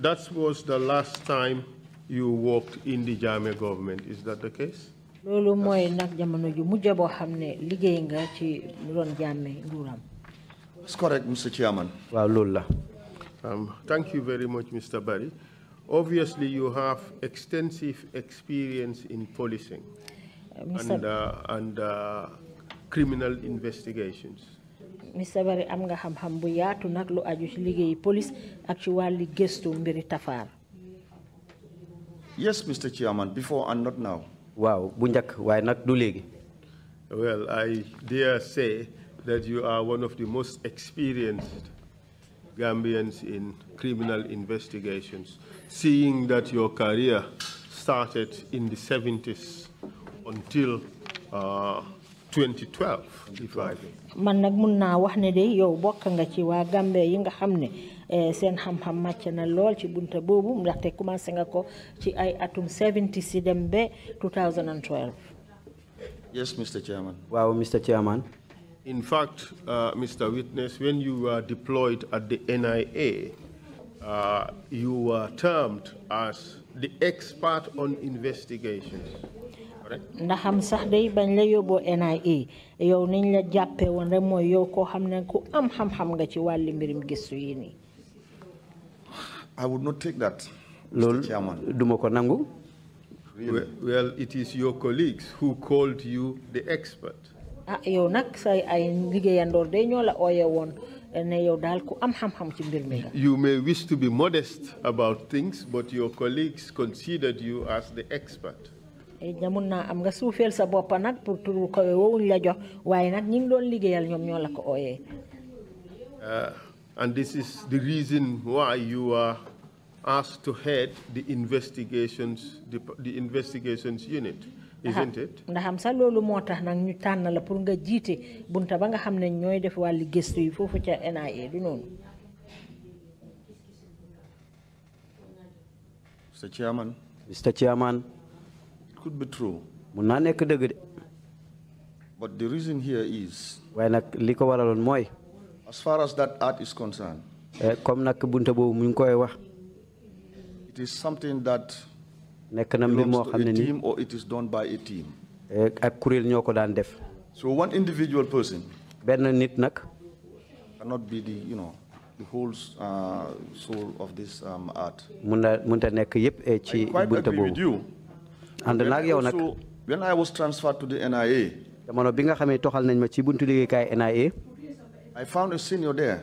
that was the last time you worked in the Jame government. Is that the case? jamono ju liggéey nga ci correct, Mr. Chairman. Wow, Lula. Um, thank you very much, Mr. Barry. Obviously, you have extensive experience in policing and, uh, and uh, criminal investigations. Mr. Barry, am nga xam xam bu yaatu nak lu aju ci liggéey police ak ci wàlli gëstu mbiri Yes, Mr. Chairman, before and not now. Wow, Bunjak, why not nag du well I dare say that you are one of the most experienced Gambians in criminal investigations seeing that your career started in the 70s until uh, 2012 if I man nag mun naa wax ne de yow bokk nga ci waa Gambie yi nga xam Eh, sen xam-xam màcc na lool ci bunta boobu ndaxte commencé nga ko ci ay atum 70 si dem ba 2012. Yes, Mr. Chairman. Wow, Mr. Chairman. In fact, uh, Mr. Witness, when you were deployed at the NIA, uh, you were termed as the expert on investigations. ndaxam sax day bañ la yóbboo NIA yow niñ la jàppee woon rek mooy yow koo xam ne ku am xam-xam nga ci wàlli mbirim gisu yi nii I would not take that, Mr. Chairman. Really? Well, it is your colleagues who called you the expert. Ah, say ay de ne yow ku am xam-xam ci mbir mi You may wish to be modest about things but your colleagues considered you as the expert. Eh, am nga sa pour la jox doon ko uh, and this is the reason why you are asked to head the investigations, the, the investigations unit, isn't it? sa ñu pour nga bunta ba nga def gëstu yi NIA du Mr. Chairman. Mr. Chairman. It could be true. But the reason here is. As far as that art is concerned. Eh, is something that belongs to a team or it is done by a team. Eh, so one individual person. cannot be the you know the whole uh, soul of this um, art. ànd when I was transferred to the NIA. I found a senior there.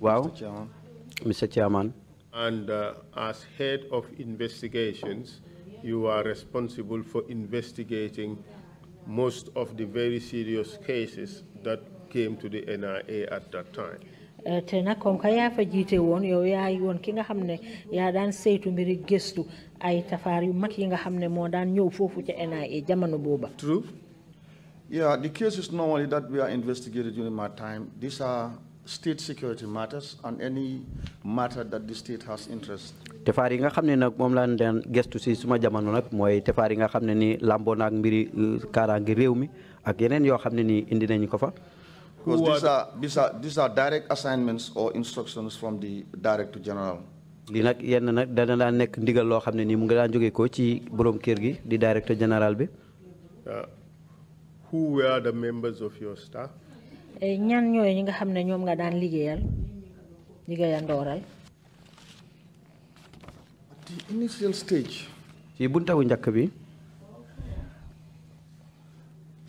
Wow. Mr. Chairman. Mr. Chairman. And uh, as head of investigations, you are responsible for investigating most of the very serious cases that came to the NIA at that time. Eh, te nag comme que yaa fa jiite woon yow yaay woon ki nga xam ne yaa daan saytu mbiri gëstu ay tafaar yu mag yi nga xam ne moo daan ñëw NIA jamono booba. True. Yeah, the cases normally that we are investigated during my time, these are state security matters and any matter that the state has interest. nga gestu suma jamono nga ni mbiri uh, ak ni indi ko fa. because these are these are these are direct assignments or instructions from the director general. li yenn ndigal ni mu jóge ko ci borom gi di général bi. Uh, who were the members of your staff. ñan eh, ñoy eh, ñi nga xamne ñom nga daan liggéeyal liggéeya ndoral the initial stage ci bunta wu njëkk bi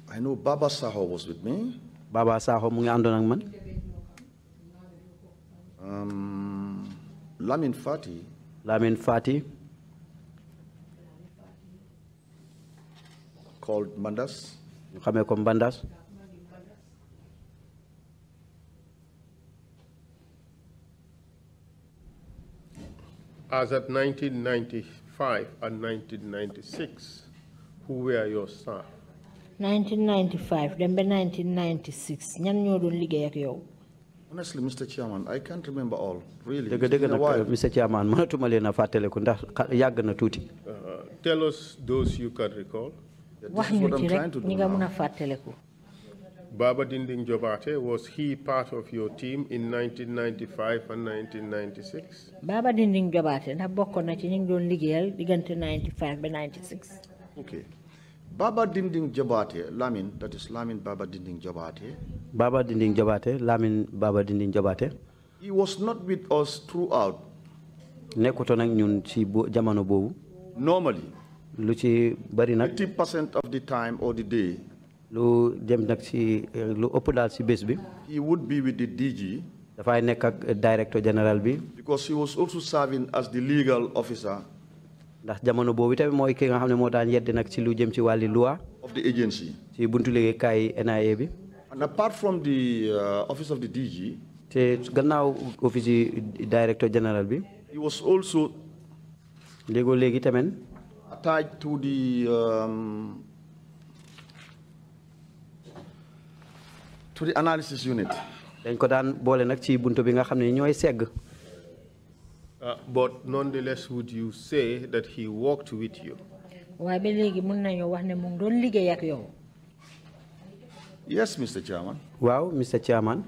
I know Baba Saho was with me Baba Saho mu ngi ya andon ak man um, Lamin Fati Lamin Fati called Mandas ñu xamé ko Mandas as at 1995 and 1996, who were your staff? 1995, then 1996. Nyan ñoo doon Honestly, Mr. Chairman, I can't remember all, really. Dëgg dëgg nag, Mr. Chairman, a fàttaliku ndax yàgg na uh, Tell us those you can recall. Wax ñu ci rek ñi nga mën a fàttaliku. Baba Dinding Jobate, was he part of your team in 1995 and 1996? Baba Dinding Jobate, na bokko na ci ñing doon liggéeyal digënté 96. Okay. Baba Dinding Jobate, Lamin, that is Lamin Baba Dinding Jobate. Baba Dinding Jobate, Lamin Baba Dinding Jobate. He was not with us throughout. Nekkutoon ak ñun ci jamono boobu. Normally. Lu ci bari nak 80% of the time or the day lu jëm nag si eh, lu ëpp daal si bés bi. he would be with the DG. dafay nekk ak directeur général bi. because he was also serving as the legal officer. ndax jamono boobu tamit mooy ki nga xam ne moo daan yedd nag si lu jëm ci wàlli loi. of the agency. si buntu liggéeykaay NIA bi. and apart from the uh, office of the DG. te gannaaw office Director général bi. he was also. léegoo léegi tamit. attached to the. Um, to the analysis unit. dañ uh, but nonetheless would you say that he worked with you. yes Mr Chairman. Wow, Mr Chairman.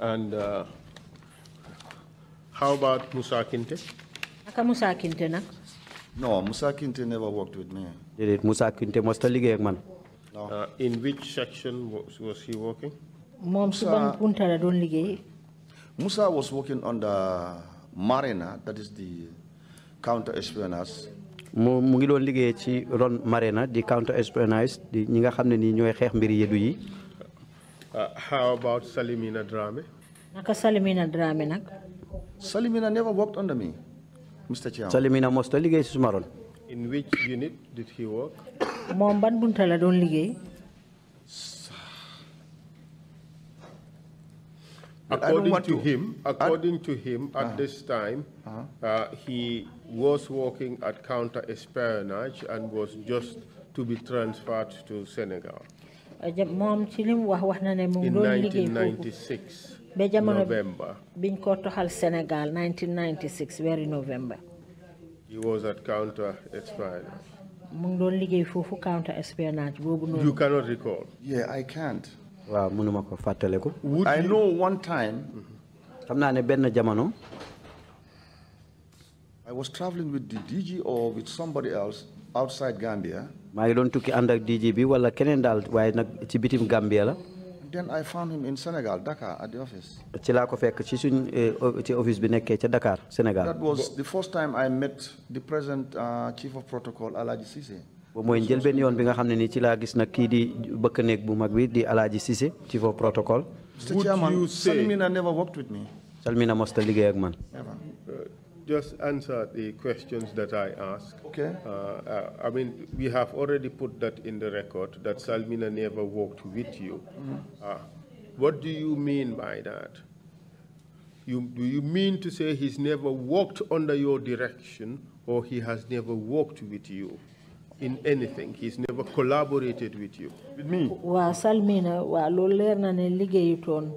and uh, how about Musa Kinte. naka Musa Kinte nag. no Musa Kinte never worked with me. Did it? Musa Kinte mosta liggéey ak man. No. Uh, in which section was, was he working? moom Musa was working on the marina that is the counter espionage. mu mu ngi doon liggéey ci ron marina di counter espionage di ñi nga xam ne nii ñooy xeex mbir yeddu yi. Uh, how about Salimina Drame? naka Salimina Drame nag. Salimina never worked under me, Mr. Chairman. Salimina mosta liggéey si suma ron. in which unit did he work? ban bunta la according to, to, him, according to him, at uh -huh. this time, uh -huh. uh, he was working at counter-espionage and was just to be transferred to Senegal. Mom, ci lim wax wax na ne mu ngi doon liggéey foofu biñ Sénégal 1996 very November. he was at counter-espionage mu counter espionnage you cannot recall. yeah I can't. waaw mënuma ko fàttaliku. I know one time. xam naa ne benn jamono. I was traveling with the DG or with somebody else outside Gambia. Ma, ngi doon tukki ànd ak DG bi wala keneen daal waaye nag ci bitim Gambia la. Then I found him in Senegal, Dakar, at the office. Eh, office Dakar Sénégal. That was the first time I met the present uh, chief of protocol Alaji Cissé. boobu mooy njëlbeen yoon bi nga xam ne ni ci laa chief of protocol. Salmina never worked with me. Salmina just answer the questions that I ask. Okay. Uh, I mean, we have already put that in the record that Salmina never worked with you. Mm. Uh, what do you mean by that? You, do you mean to say he's never worked under your direction or he has never worked with you? in anything. He's never collaborated with you. With me? Wa salmina wa loler ne liggeyuton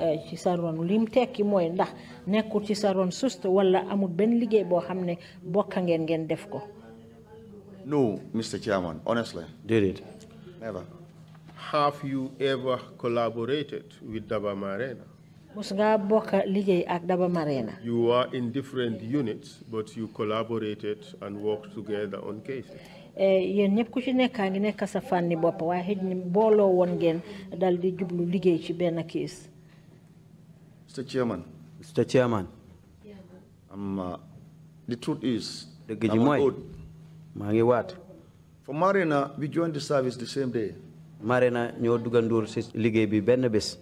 eh, ci saron lim tekki moy ndax nekku ci saron sust wala amul ben liggey bo xamne bokka ngeen def ko. No, Mr. Chairman, honestly. Did it? Never. Have you ever collaborated with Daba Marena? You are in different units, but you collaborated and worked together on cases. Eh, yéen ñëpp ku ci nekkaa ngi nekk sa fànni bopp waaye xëj na booloo woon ngeen dal di jublu liggéey ci benn kiis. Mr. Chairman. Mr. Chairman. am um, uh, the truth is. dëgg ji mooy maa ngi waat. for Marina we joined the service the same day. Marina ñoo dugandoor si liggéey bi benn bés.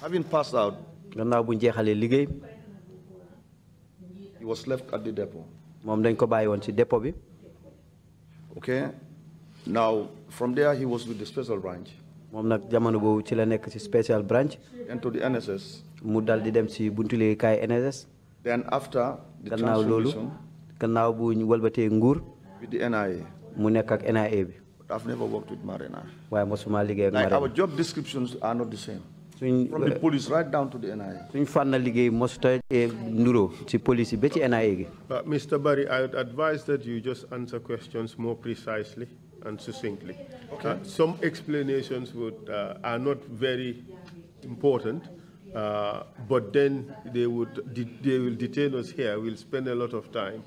having passed out. gannaaw bu jeexalee liggéey. he was left at the depot. moom dañ ko bàyyi woon si dépôt bi. Okay? Now, from there, he was with the special branch. moom nag jamono boobu ci la nekk ci special branch. into the NSS. mu dal di dem ci buntu liggéeykaay NSS. then after. the gannaaw loolu gannaaw bu ñu walbatee nguur. with the NIA. mu nekk ak NIA bi. I've never worked with Marina. Why mosuma liggéey ak Marina. like our job descriptions are not the same from the uh, police right down to the NIA. suñ fànna liggéey mosuta eh, nuroo ci police yi ci NIA gi. But uh, Mr. Barry, I would advise that you just answer questions more precisely and succinctly. Okay. Uh, some explanations would uh, are not very important, uh, but then they would they will detain us here. We'll spend a lot of time,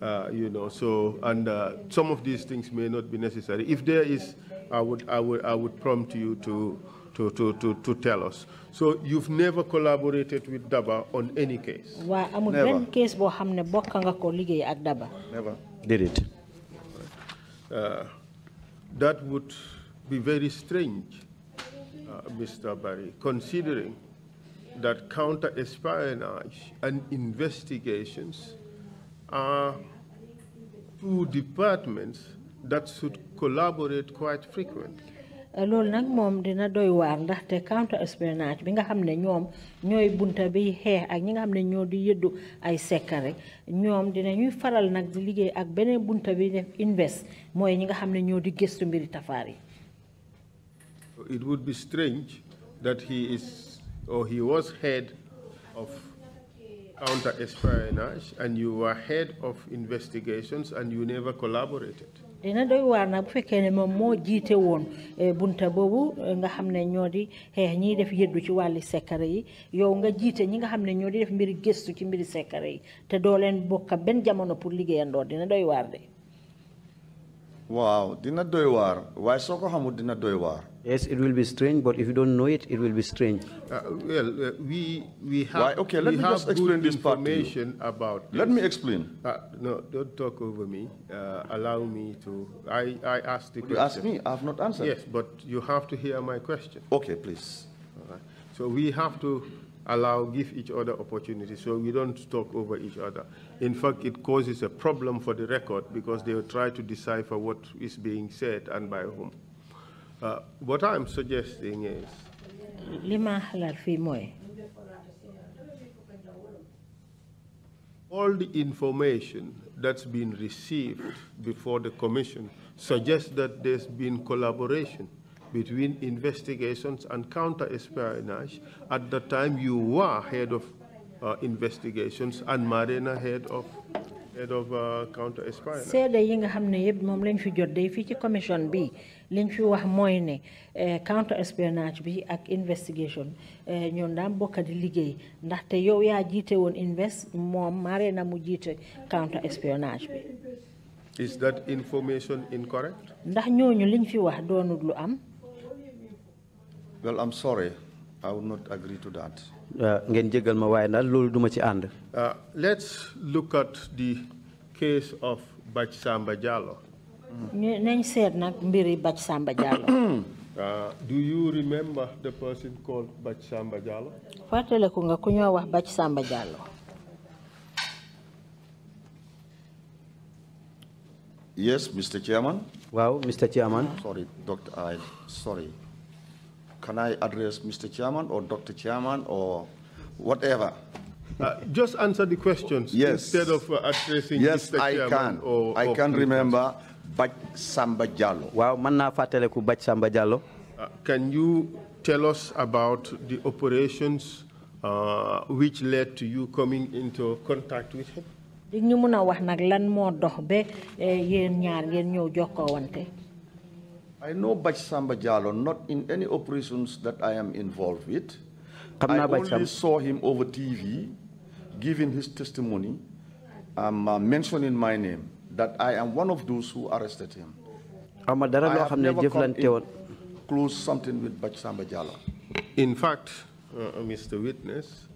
uh, you know. So and some of these things may not be necessary. If there is, I would I would I would prompt you to to, to, to, to tell us. So you've never collaborated with DABA on any case? Never. Never. Did it? Uh, that would be very strange, uh, Mr. Barry, considering that counter-espionage and investigations are two departments that should collaborate quite frequently. Eh, dina doy counter bi nga bunta bi ak ñi nga ñoo di yëddu ay secret dina ñuy faral di liggéey ak bunta bi def invest ñi nga ñoo di gëstu mbiri it would be strange that he is or he was head of counter espionage and you were head of investigations and you never collaborated dina doy waar nag bu fekkee ne moom moo jiite woon eh, bunta boobu eh, nga xam ne ñoo di xeex ñiy def yëddu ci wàlli sekkare yi yow nga jiite ñi nga xam ne ñoo di def mbiri gëstu ci mbiri sekkare yi te doo leen bokka benn jamono pour liggéeyandoo dina doy waar de waaw dina doy waar waaye soo ko xamul dina doy waar Yes, it will be strange, but if you don't know it, it will be strange. Uh, well, uh, we we have Why? okay. Let me just explain this part information about. This. Let me explain. Uh, no, don't talk over me. Uh, allow me to. I I asked the. Will question. You ask me. I have not answered. Yes, but you have to hear my question. Okay, please. All right. So we have to allow, give each other opportunity so we don't talk over each other. In fact, it causes a problem for the record because they will try to decipher what is being said and by whom. Uh, what I'm suggesting is. All the information that's been received before the commission suggests that there's been collaboration between investigations and counter-espionage at the time you were head of uh, investigations and Marina head of uh, commission bi liñ fi wax ne eh, counter bi ak investigation eh, di liggéey yow invest mare na mu counter bi. is that information incorrect. ndax liñ fi wax lu am. well I'm sorry I would not agree to that. Eh, ngeen jéggal ma waaye daal loolu duma ci ànd uh, let's look at the case of bach Samba Diallo nañ seet nag mbiri Bac Samba Diallo uh, do you remember the person called bach Samba Diallo ko nga ku ñoo wax Bac Samba Diallo yes Mr. Chairman Wow, Mr. Chairman sorry doctor I sorry can I address Mr. Chairman or Dr. Chairman or whatever? Uh, just answer the questions yes. instead of uh, addressing yes, Mr. I can. Or, I or can remember Bach Samba Jallo. Wow, manna fateleku Bach Samba Jallo. Uh, can you tell us about the operations uh, which led to you coming into contact with him? Dig ñu mëna mo dox be eh, yeen ñaar ngeen ñew jokkowante. I know Bachsamba Jalo, not in any operations that I am involved with. I only saw him over TV giving his testimony, um, uh, mentioning my name, that I am one of those who arrested him. I have never come in close something with Bachsamba Jalo. In fact, uh, uh Mr. Witness,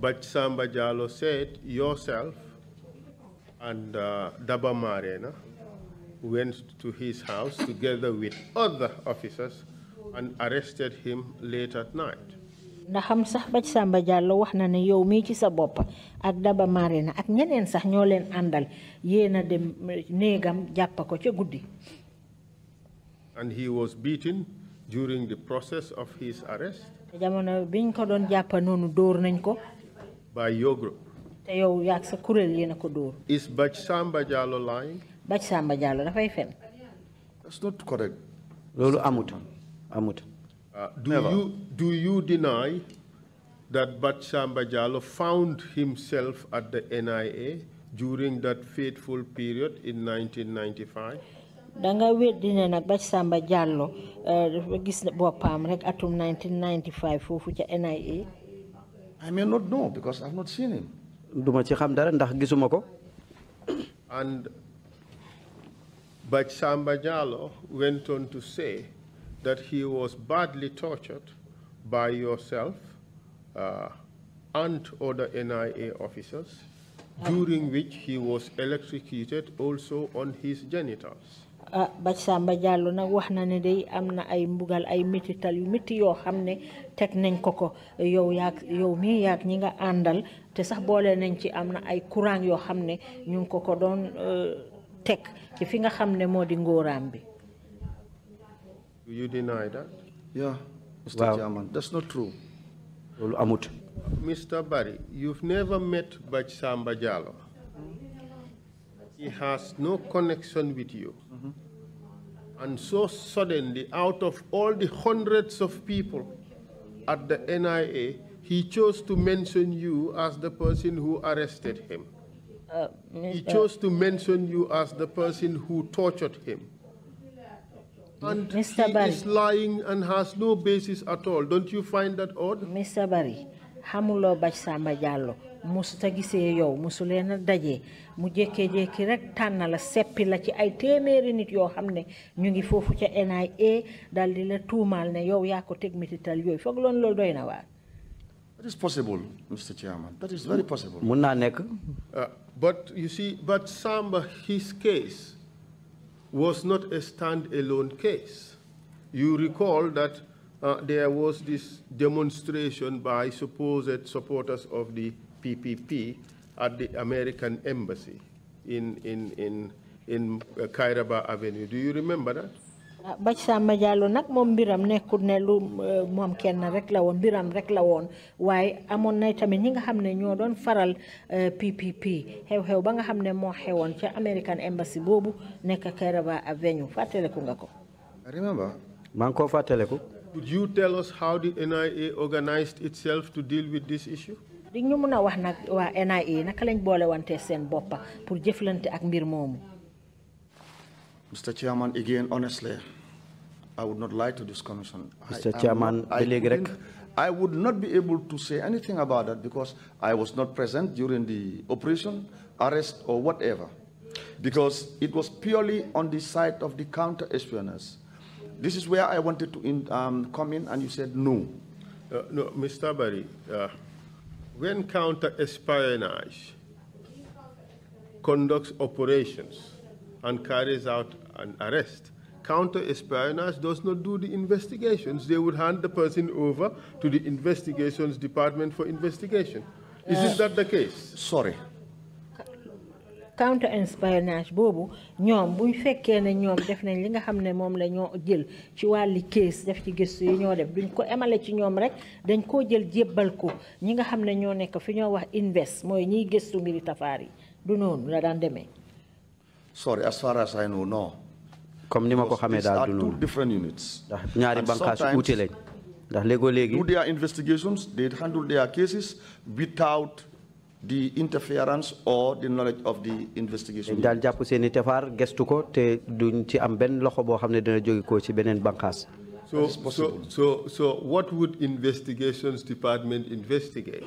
Bachsamba Jalo said yourself and uh, Daba Marena went to his house together with other officers and arrested him late at night. xam sax ba ci Samba Diallo wax na ne yow ci sa ak Daba Marina ak ñeneen sax leen àndal dem néegam jàpp ko and he was beaten during the process of his arrest. jamono biñ ko doon jàpp dóor nañ ko. by your group. te yow sa ko dóor. is Baj Samba Diallo lying ba ci Samba Diallo that's not correct. loolu amut amut. Uh, do you do you deny that Bat Samba found himself at the NIA during that fateful period in 1995. da nga weddi ne nag Bat Samba Diallo dafa uh, gis boppam rek atum 1995 foofu ca NIA. I may not know because I've not seen him. duma ci xam dara ndax and. But Sambajalo went on to say that he was badly tortured by yourself uh, and other NIA officers, um, during which he was electrocuted also on his genitals. Uh, but Samba Diallo nag na ne day am ay mbugal ay métital yu métti yoo xam ne teg nañ ko ko yow mi yaag ñi àndal te sax boole nañ ci am ay courant yo hamne ne ñu don ko ko uh, ci fi nga bi. Do you deny that? Yeah, Mr. Wow. Chairman, that's not true. amut. Mr. Barry, you've never met Baj Samba He has no connection with you. Mm -hmm. And so suddenly, out of all the hundreds of people at the NIA, he chose to mention you as the person who arrested him. Uh, he chose to mention you as the person who tortured him. And Mr. he is lying and has no basis at all. Don't you find that odd? Mr. Barry, xamuloo Bac Samba Diallo musuta gisee yow musu daje mu jékkee-jékki la seppi la ci ay téeméeri nit yoo xam ne NIA daal di la tuumaal take me to tell you mitital yooyu foog loon loolu doy na That is possible, Mr. Chairman. That is very possible. mun naa but you see, but Samba, his case was not a stand-alone case. You recall that uh, there was this demonstration by supposed supporters of the PPP at the American Embassy in, in, in, in uh, Kairaba Avenue. Do you remember that? Bac Samba Jallow nag moom mbiram nekkul ne lu euh, moom kenn rek la woon mbiram rek la woon waaye amoon na tamit ñi nga xam ne ñoo doon faral PPP euh, xew-xew ba nga xam ne moo xewoon ca American Embassy boobu nekk Kairaba Avenue fàttaleku nga ko. remember maa ngi koo fàttaleku. Would you tell us how the NIA di ñu mën a wax nag waa NIA naka lañ boole wante seen boppa pour jëflante ak mbir moomu. Mr. Chairman, again, I would not lie to this commission. Mr. I, Chairman, I, I would not be able to say anything about that because I was not present during the operation, arrest, or whatever, because it was purely on the side of the counter espionage. This is where I wanted to in, um, come in, and you said no. Uh, no, Mr. Barry, uh, when counter espionage conducts operations and carries out an arrest, counter-espionage does not do the investigations. They would hand the person over to the investigations department for investigation. Is uh, that the case? Sorry. counter espionage boobu ñoom buñ fekkee ne ñoom def nañ li nga xam ne moom la ñoo jël ci wàlli case def ci gëstu yi ñoo def duñ ko emale ci ñoom rek dañ koo jël jébbal ko ñi nga xam ne ñoo nekk fi ñoo wax invest mooy ñiy gëstu mbiri tafaar du noonu la daan demee. sorry as far as I know no comme ni ma ko xamee daal du noonu ndax ñaari bànqaas uute lañ ndax léegoo léegi. do their investigations they handle their cases without the interference or the knowledge of the investigation. dañ daan jàpp seen i tefaar gestu ko te duñ ci am benn loxo boo xam ne dina jóge ko ci beneen bànqaas. So, so, so, so what would investigations department investigate?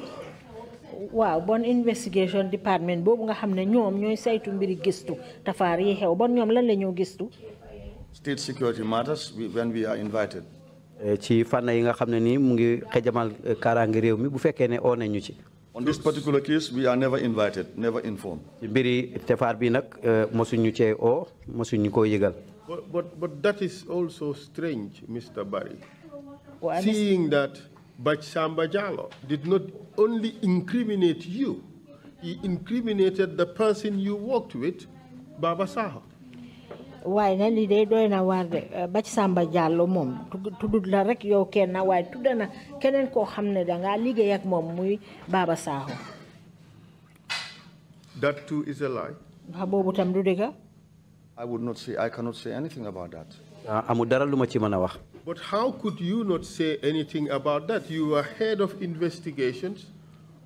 waaw bon investigation department boobu nga xam ne ñoom say saytu mbiri gistu tafaar yi xew bon ñoom lan la ñoo gistu state security matters when we are invited. Eh, eh, On this particular case, we are never invited, never informed. Eh, but, but, but that is also strange, Mr. Barry. Seeing that Bachsamba Jalo did not only incriminate you, he incriminated the person you worked with, Baba Saha li day doy na de eh, ba ci Samba Diallo la rek yow kenn na ak muy Baba that too is a lie wax boobu tam du dëgg I would not say I cannot say anything about that ah, amul dara lu ci mën wax but how could you not say anything about that you are head of investigations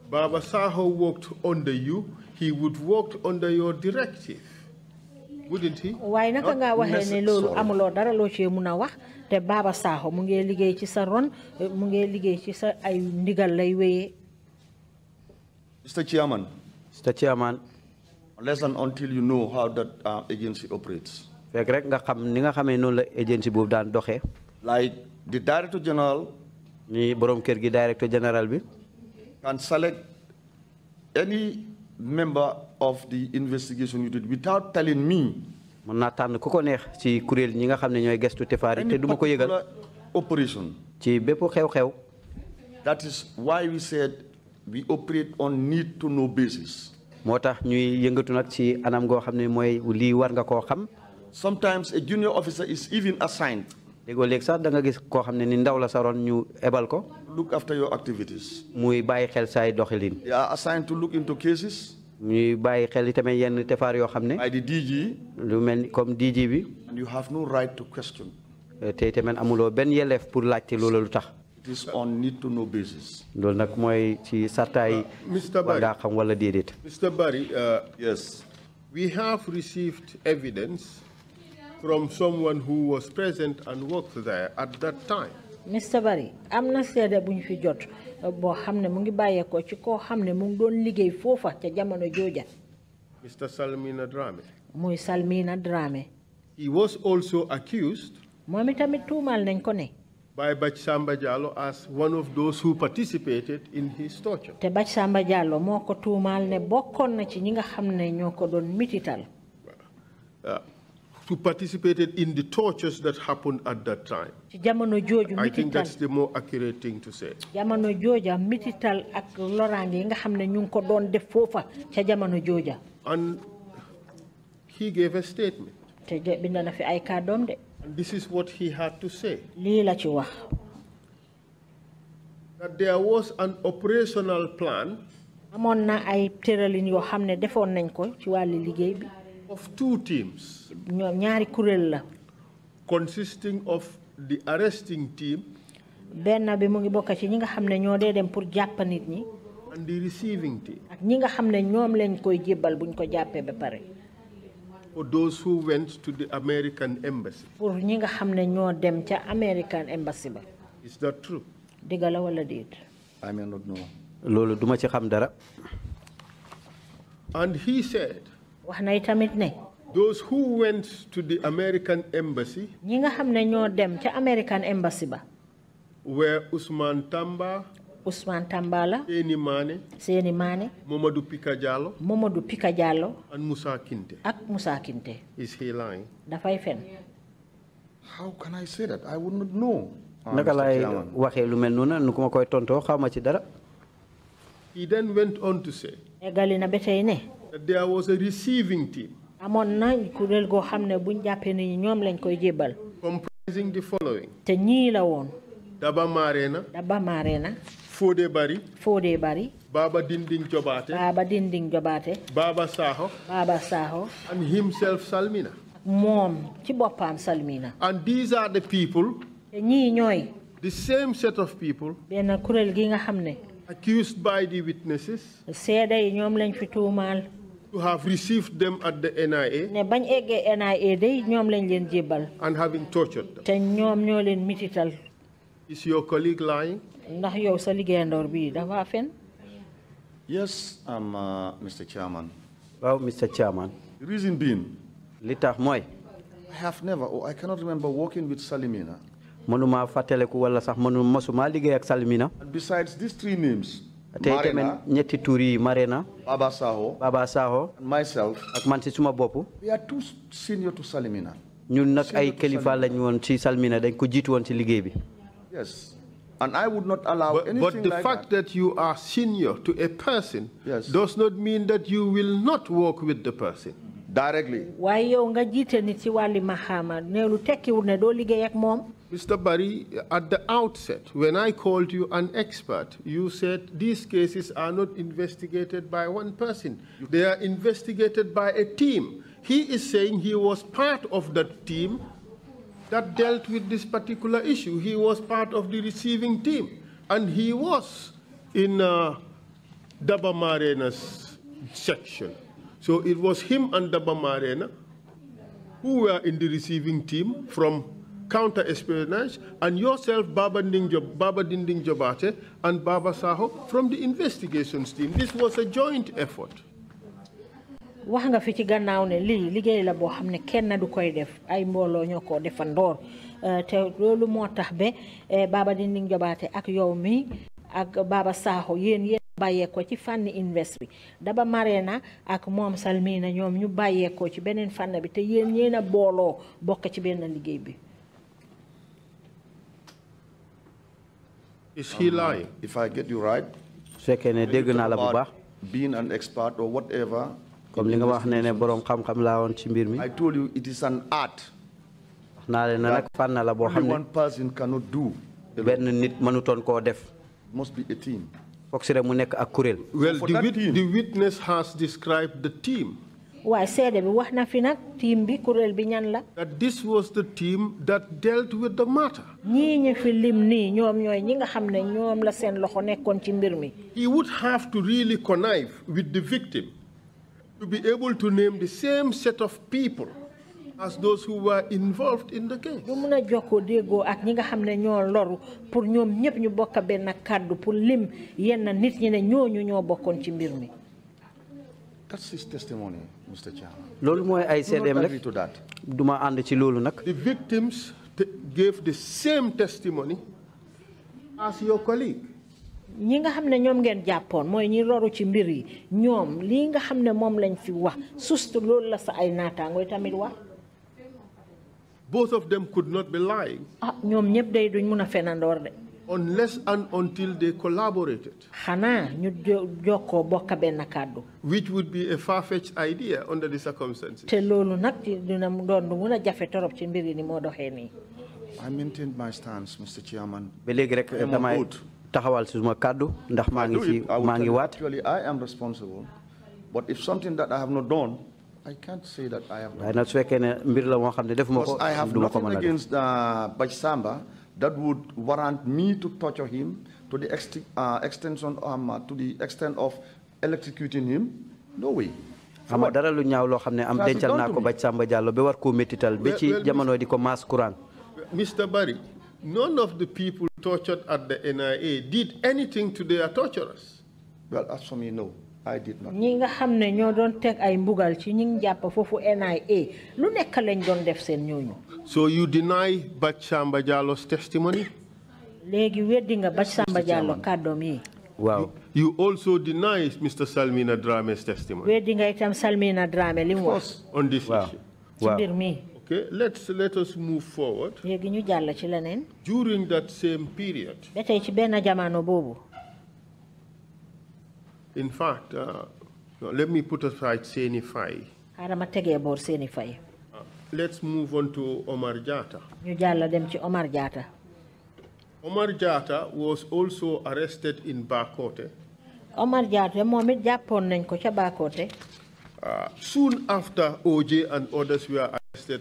Baba Saho worked under you he would worked under your directive waaye naka ngaa waxee ne loolu amuloo dara loo cee mun a wax te Baba Sakho mu ngee liggéey ci sa ron mu ngee liggéey ci sa ay ndigal lay wéyee. Mr. Chairman. Mr. Chairman. unless and until you know uh, rek nga xam ni nga xamee noonu la agency boobu daan doxe like the director general. ni borom kër gi directeur général bi. of the investigation you did without telling me. neex ci ñi nga gestu te ko yëgal operation. ci bépp xew-xew. that is why we said we operate on need to know basis. ñuy yëngatu ci anam war nga xam. sometimes a junior officer is even assigned. sax da nga gis ni ndaw la ñu ebal ko. look after your activities. muy xel they are assigned to look into cases ñuy bàyyi xel yenn tefaar yoo xam ne. by the DG. lu mel ni comme DG bi. and you have no right to question. Euh, te itamit amuloo benn yelleef pour laajte loola lu tax. it is on need to know basis. loolu nag mooy ci sartaay. Uh, Mr Barry xam wala déedéet. Mr Barry. Uh, yes. we have received evidence from someone who was present and worked there at that time. Mr. Barry, i am not seede that ñu fi jot eh, boo xam ne mu ngi bàyyeekoo ci koo xam ne mu Mr. Salmina Drame. muy Salmina Drame. he was also accused. moom itamit tuumaal nañ ko by Bachsamba Diallo as one of those who participated in his torture. te Bachsamba Diallo moo ko tuumaal ne bokkoon na ci ñi nga xam ne mitital. Uh, to participated in the tortures that happened at that time. I think that's the more accurate thing to say. mitital ak and he gave a statement. this is what he had to say. that there was an operational plan. na ay of two teams. consisting of the arresting team. bi ngi ci dem pour jàpp nit ñi. and the receiving team. ak lañ koy buñ ko ba pare. for those who went to the American embassy. pour ñi dem American embassy ba. is that true. wala I may not know. duma ci xam dara. and he said. Those who went to the American embassy ñi nga dem ca American embassy ba were Usman Tamba Usman Tambala Seni Mane Seni Mane Mamadou Pika Diallo Mamadou Pika Diallo and Musa Kinte ak Musa Kinte is he lying dafay fen how can I say that I would not know ah, naka lay waxe lu mel nona nu ko ma koy ci dara he then went on to say Egalina na ne there was a receiving team. comprising the following. te ñii Daba Marena. Daba Marena. Fodé Bari. Fodé Bari. Baba Dinding Jobate. Baba Dinding Jobate. Baba Saho. Baba Saho. And himself Salmina. Mom ci Salmina. And these are the people. The same set of people. Accused by the witnesses who have received them at the NIA ne bañ eggee NIA and having tortured them mitital is your colleague lying ndax yow sa yes uh, Mr. Chairman Well, Mr. Chairman the reason being I have never or oh, I cannot remember working with Salimina mënuma wala Salimina besides these three names Marina, tamit ñetti tuur yi Baba Saho. Baba Saho. myself. ak man si suma bopp. we are too senior to Salimina. ñun nag ay kilifa lañ woon ci Salmina dañ ko jiitu woon ci liggéey bi. yes. And I would not allow but, anything But the like fact that. that. you are senior to a person yes. does not mean that you will not work with the person. Directly. Why you nga jité nit ci wali mahama neelu tekkiwul ne do liggéey ak mom Mr. Barry, at the outset, when I called you an expert, you said these cases are not investigated by one person. They are investigated by a team. He is saying he was part of that team that dealt with this particular issue. He was part of the receiving team. And he was in uh, Dabamarena's section. So it was him and Dabamarena who were in the receiving team from counter espionage, and yourself, Baba, Ninjo, Baba Dinding Jabate and Baba Saho from the investigations team. This was a joint effort. wax nga fi ci gannaaw ne lii liggéey la boo xam ne kenn du koy def ay mbooloo ñoo ko eh, te loolu moo tax eh, Baba Dinding Jabate ak yow mi ak Baba Saho yéen yéen bàyyee ko ci fànn invest bi Daba Marena ak moom Salmina ñoom ñu baye ko ci beneen fànn bi te yéen yéen a booloo ci benn liggéey bi Is he um, lying? If I get you right. being an expert or whatever. ne ne mi. I told you it is an art. wax naa la one person cannot do. benn nit mënutoon koo def. must be a team. foog si rek well the witness has described the team waaye seede bi wax na fi nag bi kuréel bi ñan la. that this was the team that dealt with the matter. ñii ñu fi lim nii ñoom ñooy ñi nga xam ne ñoom la seen loxo nekkoon ci mbir mi. he would have to really connive with the victim to be able to name the same set of people. as those who were involved in the case. mun a jokkoo déggoo ak ñi nga xam ne ñoo pour ñoom ñëpp ñu bokk benn kàddu pour lim yenn nit ñi ne ñooñu ñoo bokkoon ci mbir mi. That's his testimony, Mr. Chairman. Loolu mooy ay seedeem rek. Duma ànd ci loolu nag. The victims gave the same testimony as your colleague. ñi nga xam ne ñoom ngeen jàppoon mooy ñi loru ci mbir yi ñoom lii nga xam ne moom lañ fi wax sustu loolu la sa ay naataangooy tamit wax. Both of them could not be lying. ah ñoom ñëpp day duñ mun a de. unless and until they collaborated. Which would be a far-fetched idea under the circumstances. I maintained my stance, Mr. Chairman. I'm good. taxawal I am responsible but if something that I have not done I can't say that I have not waaye nag I have nothing against uh, Baj Samba that would warrant me to torture him to the ext uh, extension um, uh, to the extent of electrocuting him? No way. xama dara lu ñaaw loo xam am dencal naa ko ba Samba Diallo ba war koo métital ba ci jamono di ko courant. Mr. Barry, none of the people tortured at the NIA did anything to their torturers. Well, as for me, no. I did not. ñi nga ñoo doon ay mbugal ci ñi jàpp NIA lu nekk lañ doon def seen ñooñu. so you deny Bach Diallo's testimony. léegi weddi nga Bach Diallo kàddoom you also deny Mr Salmina Drame's testimony. weddi nga itam Salmina Drame li mu on this issue. ci mi. Okay, let's let us move forward. During that same period, in fact, uh, let me put aside Senifai. Faye. xaaral ma uh, let's move on to Omar Jata. ñu jàll Omar Jata. Omar Jata was also arrested in Bakote. Omar Jata moom it jàppoon nañ ko Bakote. Uh, soon after OJ and others were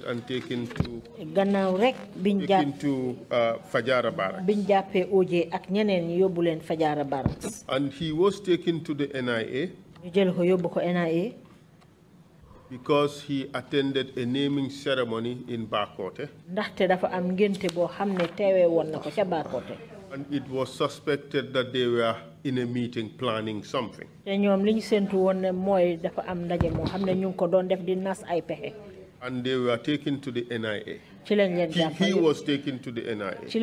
and taken to gannaaw rek biñ jàpp into uh, Fajara barracks biñ jàppee OJ ak ñeneen yóbbu Fajara barracks and he was taken to the NIA ñu jël ko yóbbu ko NIA because he attended a naming ceremony in Bakote ndaxte dafa am ngénte boo xam ne teewee woon ca Bakote and it was suspected that they were in a meeting planning something te ñoom liñ séntu woon ne mooy dafa am ndaje moo xam ñu ko doon def di nas ay pexe and they were taken to the NIA. He, he was taken to the NIA. Do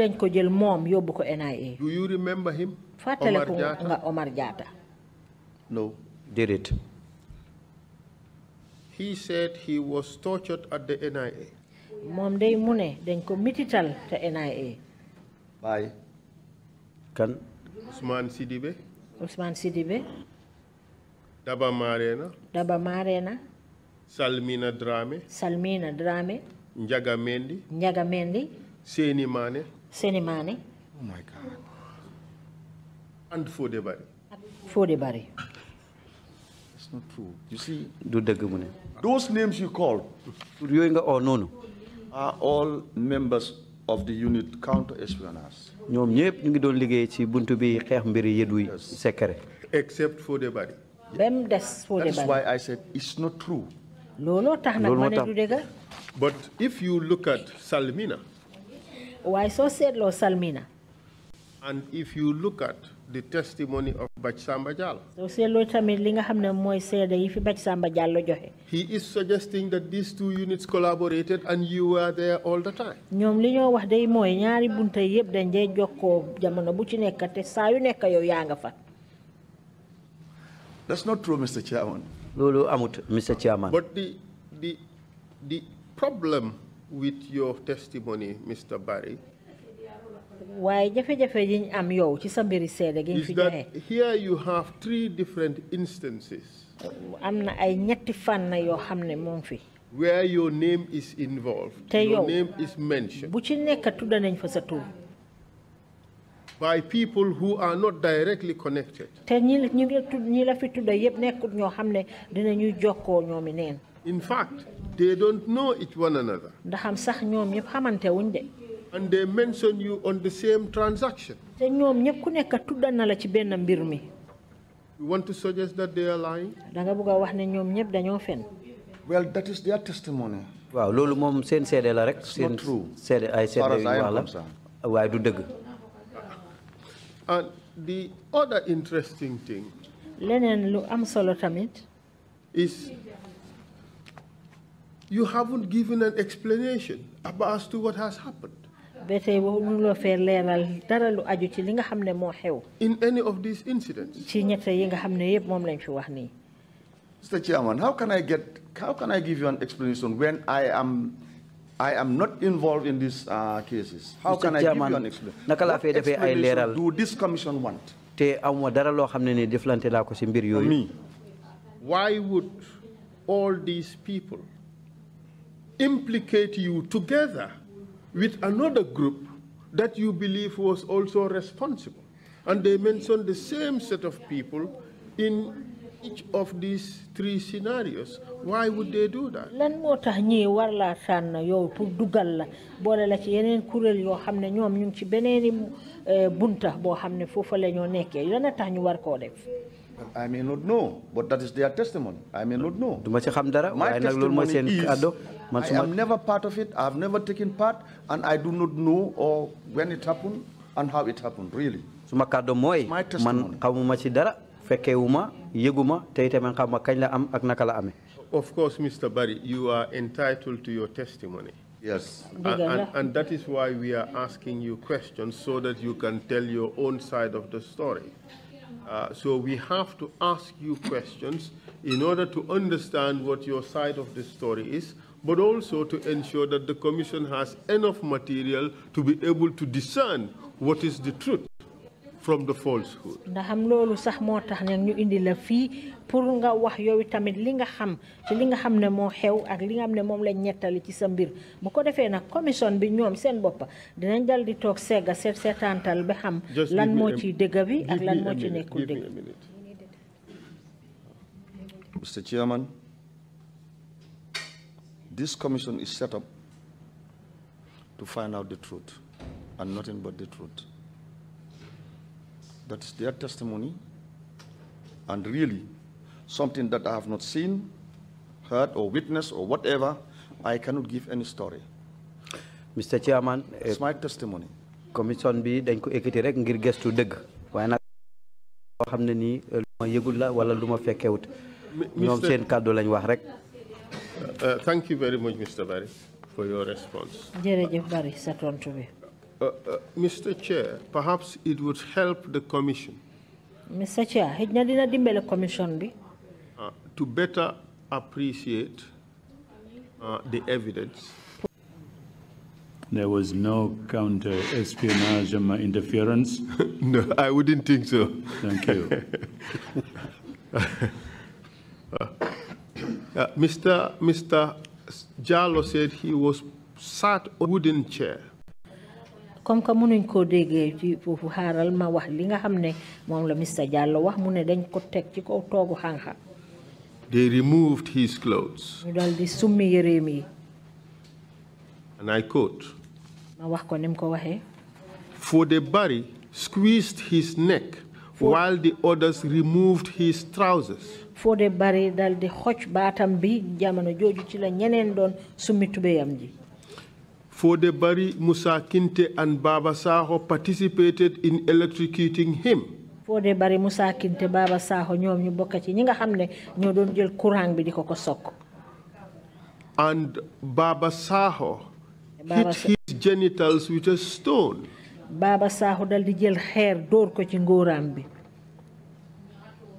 you remember him? Omar Jata? No. Did it? He said he was tortured at the NIA. Mom day mune den ko mitital NIA. By Kan Usman Sidibe. Usman Sidibe. Daba Marena. Daba Marena salmina drame salmina drame njaga mendi njaga mendi seni mane seni mane oh my god and body. For the body. it's not true you see do government those names you called Ryoinga or oh, Nono are all members of the unit counter espionage. ñoom except Fodebari. the body. Fodebari. that's why I said it's not true looloo tax nag ma du dëgg but if you look at Salmina oh, waaye said seetloo Salmina and if you look at the testimony of Bach Samba Diallo. He is suggesting that these two units collaborated and you were there all the time. That's not true, Mr. Chairman amut Mr Chairman. but the the the problem with your testimony Mr Barry. am is that here you have three different instances. am where your name is involved. your name is mentioned by people who are not directly connected. In fact, they don't know each one another. And they mention you on the same transaction. You want to suggest that they are lying? Well, that is their testimony. Wow, lolu mom sen sédé la rek, sen sédé ay sédé yu wala. Way du deug. And the other interesting thing leneen lu am solo tamit is you haven't given an explanation as to what has happened. In any of these incidents. Mr. Chairman, how can I get how can I give you an explanation when I am I am not involved in these uh, cases. How Mr. can I give you an explanation? What explanation do this commission want? te amuma dara loo xam ne ne deflante laa ko me why would all these people implicate you together with another group that you believe was also responsible and they mention the same set of people in each of these three scenarios why would they do that lan moo tax war laa tànn yow pour dugal la boole la ci yeneen kuréel yoo xam ne ñu ci beneeni eh, bunta boo xam ne la ñoo nekkee lan tax ñu war koo def I may not know, but that is their testimony. I may not know. My testimony is I am never part of it. I have never taken part, and I do not know or when it happened and how it happened, really. My testimony fekkewuma yëguma te kañ la am ak naka la of course Mr. Barry you are entitled to your testimony. Yes. And, and, and, that is why we are asking you questions so that you can tell your own side of the story. Uh, so we have to ask you questions in order to understand what your side of the story is, but also to ensure that the commission has enough material to be able to discern what is the truth from the falsehood. sax ñu indi la pour nga wax yow tamit li nga xam ci li nga xam ne xew ak li nga xam ne ñettali ci sa mbir bu ko commission bi ñoom seen dinañ dal di xam lan ci dëgg bi ak lan ci nekkul dëgg. Mr. Chairman, this commission is set up to find out the truth and nothing but the truth. That's their testimony. And really, something that I have not seen, heard, or witnessed, or whatever, I cannot give any story. Mr. Chairman, eh, it's my testimony. commission B, then ko ekkati rek ngir gestu to dig. Why not? Hamdeni, ne nii eh, lu ma yëgul la wala lu ma fekkewut eh, thank you very much Mr. Barry for your response jërëjëf Barry sa tontu bi uh, uh, Mr. Chair, perhaps it would help the Commission. Mr. Chair, hejna dina dimbele Commission uh, To better appreciate uh, the evidence. There was no counter espionage interference? no, I wouldn't think so. Thank you. uh, Mr. Mr. Jalo said he was sat on a wooden chair ci ma wax li nga la Mr wax mu ne dañ ko ci They removed his clothes. dal di summi And I quote. ma wax ko ko For the body squeezed his neck while the others removed his trousers. the body, dal di xoj baatam bi jamono joju ci la ñeneen doon summi tubéyam ji. Fodebari, Musa Kinte and Baba Saho participated in electrocuting him. Fodebari, Musa Kinte, Baba Saho, ñoom ñu bokk ci ñi nga xam ne doon jël courant bi di ko ko And Baba Saho hit his genitals with a stone. Baba Saho dal di jël xeer dóor ko ci ngóoraam bi.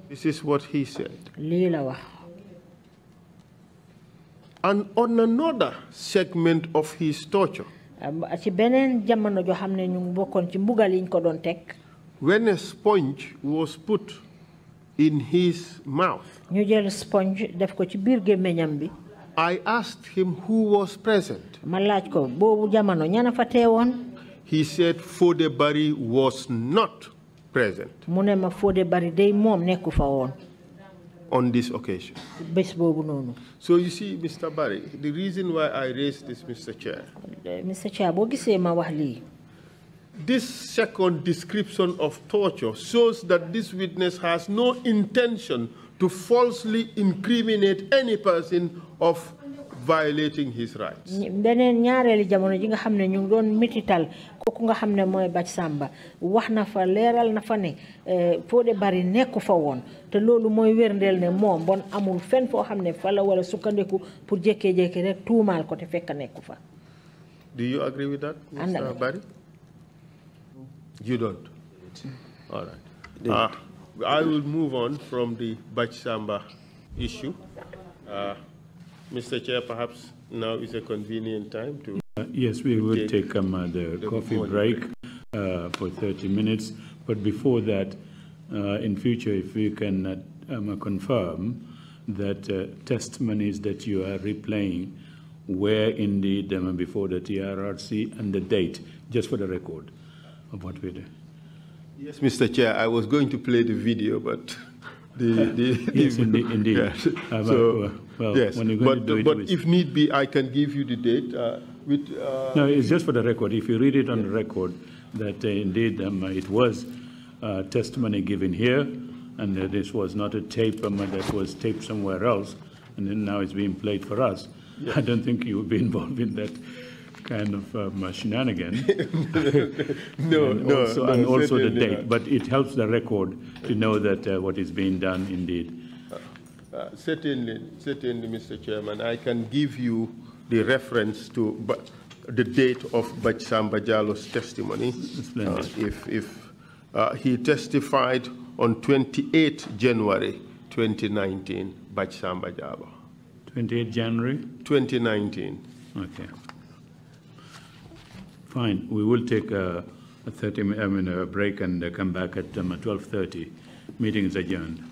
This is what he said. Lii wax. And on another segment of his torture, when a sponge was put in his mouth, I asked him who was present. He said Fodebari was not present on this occasion. So you see, Mr. Barry, the reason why I raised this, Mr. Chair. Eh, Mr. Chair, this second description of torture shows that this witness has no intention to falsely incriminate any person of violating his rights nga Samba fa na fa ne eh, Fodé fa te ne bon amul fa la pour rek ko te fa. Do you agree with that, Mr. Barry? You don't. All right. Uh, I will move on from the Bac Samba issue. Uh, Mr. Chair, perhaps now is a convenient time to uh, yes, we will take um, uh, the coffee break uh, for 30 minutes. But before that, in future, if we can um, confirm that testimonies that you are replaying were indeed um, before the TRRC and the date, just for the record of what we do. Yes, Mr. Chair, I was going to play the video, but the, the, yes, the indeed. indeed. Yes. Uh, so, well, yes. but, but if need be, I can give you the date. Uh, with... Uh, no, it's just for the record. If you read it on the record, that uh, indeed um, it was uh, testimony given here, and this was not a tape um, that was taped somewhere else, and then now it's being played for us. Yes. I don't think you would be involved in that kind of um, shenanigan. no, and no, also, no, and also the date. Not. But it helps the record to know that uh, what is being done indeed. uh, certainly, certainly, Mr. Chairman, I can give you the reference to the date of Bajsam testimony. Uh, if if uh, he testified on 28 January 2019, Bajsam Bajalo. 28 January? 2019. Okay. Fine. We will take a, a 30 I mean, a break and come back at um, 12.30. Meeting is adjourned.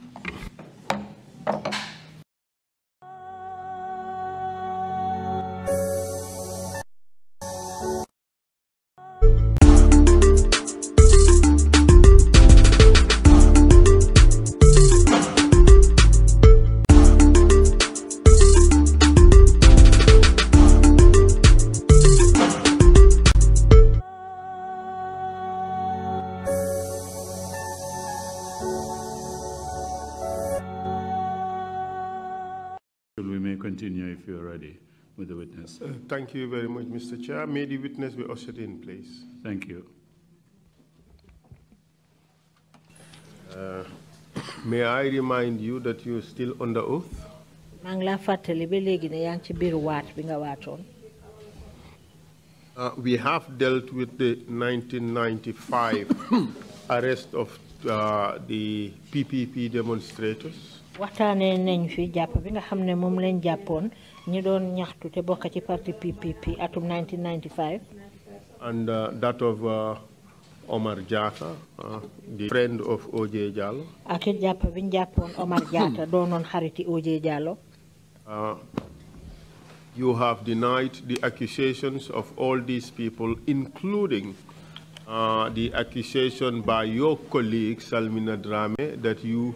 witness. Uh, thank you very much, Mr. Chair. May the witness be ushered in, please. Thank you. Uh, may I remind you that you are still under oath? Uh, we have dealt with the 1995 arrest of uh, the PPP demonstrators ñi doon ñaxtu te bokk ci parti PPP atum 1995. and uh, that of uh, Omar Jatta uh, the friend of OJ Jallow. ak it jàpp bi ñu jàppoon Omar Jatta doonoon xariti OJ Jallow. you have denied the accusations of all these people including. Uh, the accusation by your colleague Salmina Drame that you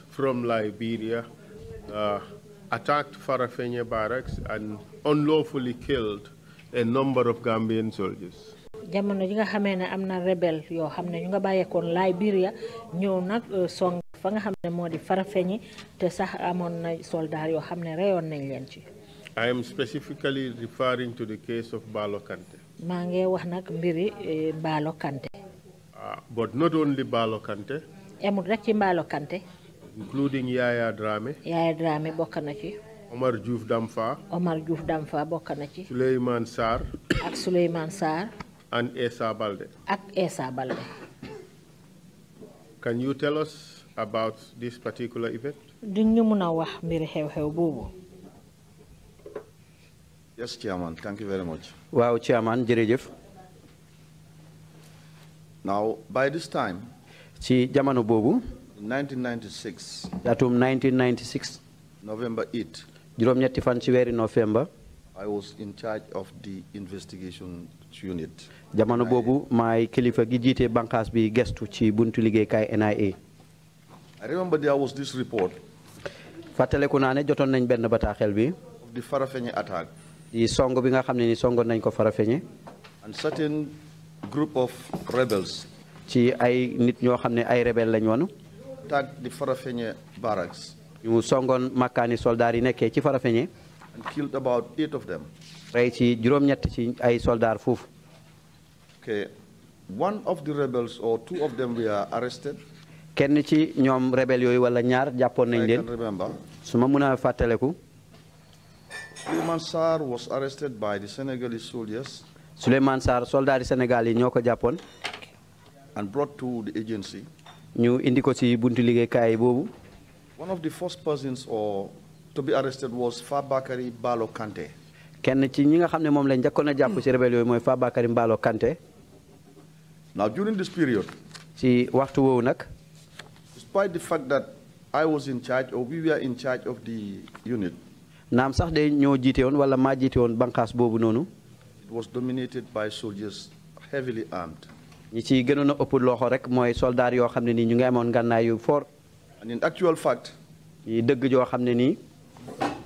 from Liberia uh, attacked Farafenye barracks and unlawfully killed a number of Gambian soldiers. jamono ji nga xamee ne am na rebel yoo xam ne ñu nga bàyyeekoon Liberia ñëw nag uh, song fa nga xam ne moo di Farafenye te sax amoon na soldaar yoo xam ne reyoon nañ leen ci. I am specifically referring to the case of Baalo maa ngi wax nag mbiri uh, Baalo Kante. but not only Baalo Kante. rek ci Baalo including Yaya Dramé. Yaya Dramé bokk na ci. Omar Diouf Damfa. Omar Diouf Damfa bokk na ci. Sarr. ak Souleymane Sarr. and Essa Balde. ak Essa Balde. Can you tell us about this particular event? du ñu mun wax mbir xew-xew Yes, Chairman. Thank you very much. Wow, Chairman, Jerejef. Now, by this time, ci jamono boobu. 1996. atum 1996. November 8. juróom ñetti fan ci weeri novembre. I was in charge of the investigation unit. jamono boobu maay kilifa gi jiite bànqaas bi gestu ci buntu liggéeykaay NIA. I remember there was this report. fàttaleku naa ne jotoon nañ bata bataaxel bi. of the Farafenni attack. di song bi nga xam ni songo nañ ko Farafenni. and certain group of rebels. ci ay nit ñoo xam ay rebel lañ woon attacked the Farafenye barracks. ñu songoon makkaani soldaar yi nekkee ci Farafenye. and killed about eight of them. rey ci juróom-ñett ci ay soldaar foofu. okay one of the rebels or two of them were arrested. kenn ci ñoom rebel yooyu wala ñaar jàppoon nañ leen. I can remember. su ma mën Sarr was arrested by the Senegalese soldiers. Souleymane Sarr soldaar yi Sénégal yi ñoo ko and brought to the agency one of the first persons or to be arrested was Fabakari Balokante. Kante. now during this period. despite the fact that I was in charge or we were in charge of the unit. Nam sax de ñoo jiite woon wala maa jiite woon it was dominated by soldiers heavily armed ñi ci ëpp loxo rek ñu ngi yu and in actual fact. yi dëgg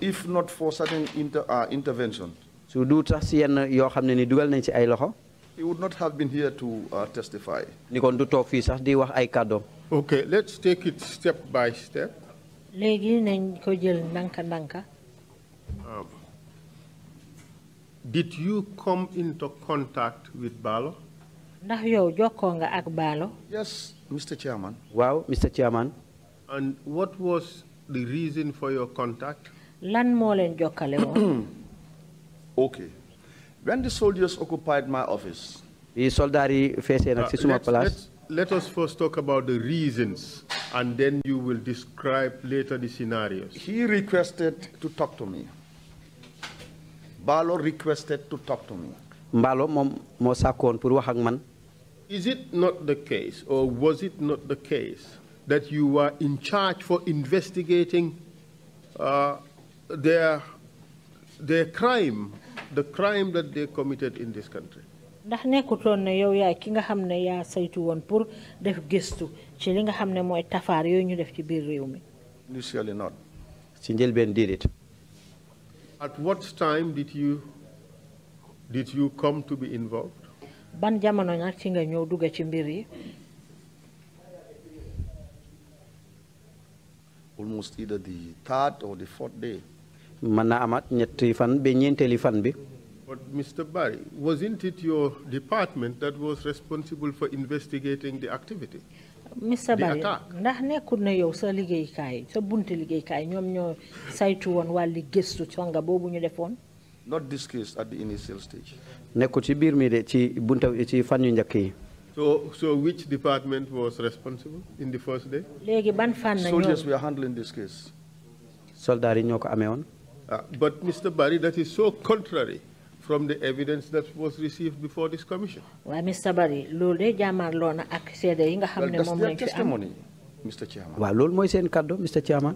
if not for certain inter uh, intervention. su duut sax si yenn yoo xam dugal nañ ay loxo. he would not have been here to uh, testify. ni kon du toog fii sax di wax ay okay ok let's take it step by step. léegi nañ ko jël ndànka ndànka. Um, did you come into contact with Balo? ndax yow jokkoo nga ak yes Mr Chairman. waaw Mr Chairman. and what was the reason for your contact. lan moo leen jokkale woon. okay when the soldiers occupied my office. bi soldaar yi feesee nag si uh, suma place. let us first talk about the reasons and then you will describe later the scenarios. He requested to talk to me. Balo requested to talk to me. Mbalo mom mo sakon pour wax ak man is it not the case, or was it not the case, that you were in charge for investigating uh, their, their crime, the crime that they committed in this country? ndax nekkutoon na yow yaay ki nga xam ne yaa saytu woon pour def gëstu ci li nga xam ne mooy tafaar yooyu ñu def ci biir réew mi. Initially not. ci déedéet. At what time did you did you come to be involved? ban jamono ci nga ñëw ci mbir yi. almost either the third or the fourth day. mën naa ñetti fan fan bi. But Mr. Barry, wasn't it your department that was responsible for investigating the activity? Mr. Barry, ndax na yow sa sa ñoo saytu gëstu ñu defoon. Not this case at the initial stage nekku ci biir mi de ci bunta ci fan yu njëkk yi. So, so which department was responsible in the first day? Soldiers were handling this case. Soldari ñoko amé won. Ah, but Mr. Barry, that is so contrary from the evidence that was received before this commission. Why, Mr. Barry, lolu de jamar lona ak sédé yi nga xamné mom lañ fi testimony, Mr. Chairman. Wa lolu moy sen kaddu, Mr. Chairman.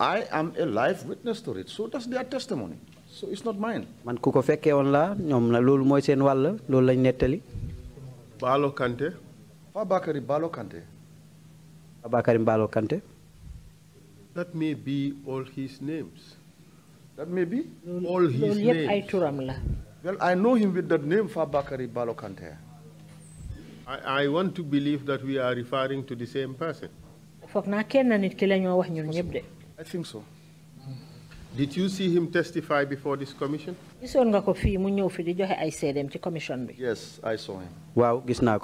I am a live witness to it, so does their testimony so it's not mine. man ku ko fekkee woon laa ñoom la loolu mooy seen wàll loolu lañ nettali. Baalo Kanté. Fabakary Baalo Kanté. Fabakary Baalo Kanté. that may be all his names. that may be. all his names loolu yëpp ay turam la. well I know him with that name Fabakary Balokante. I, I want to believe that we are referring to the same person. foog naa kenn nit ki la ñoo wax I think so. Did you see him testify before this commission? Yes, I saw him. Wow, gis naa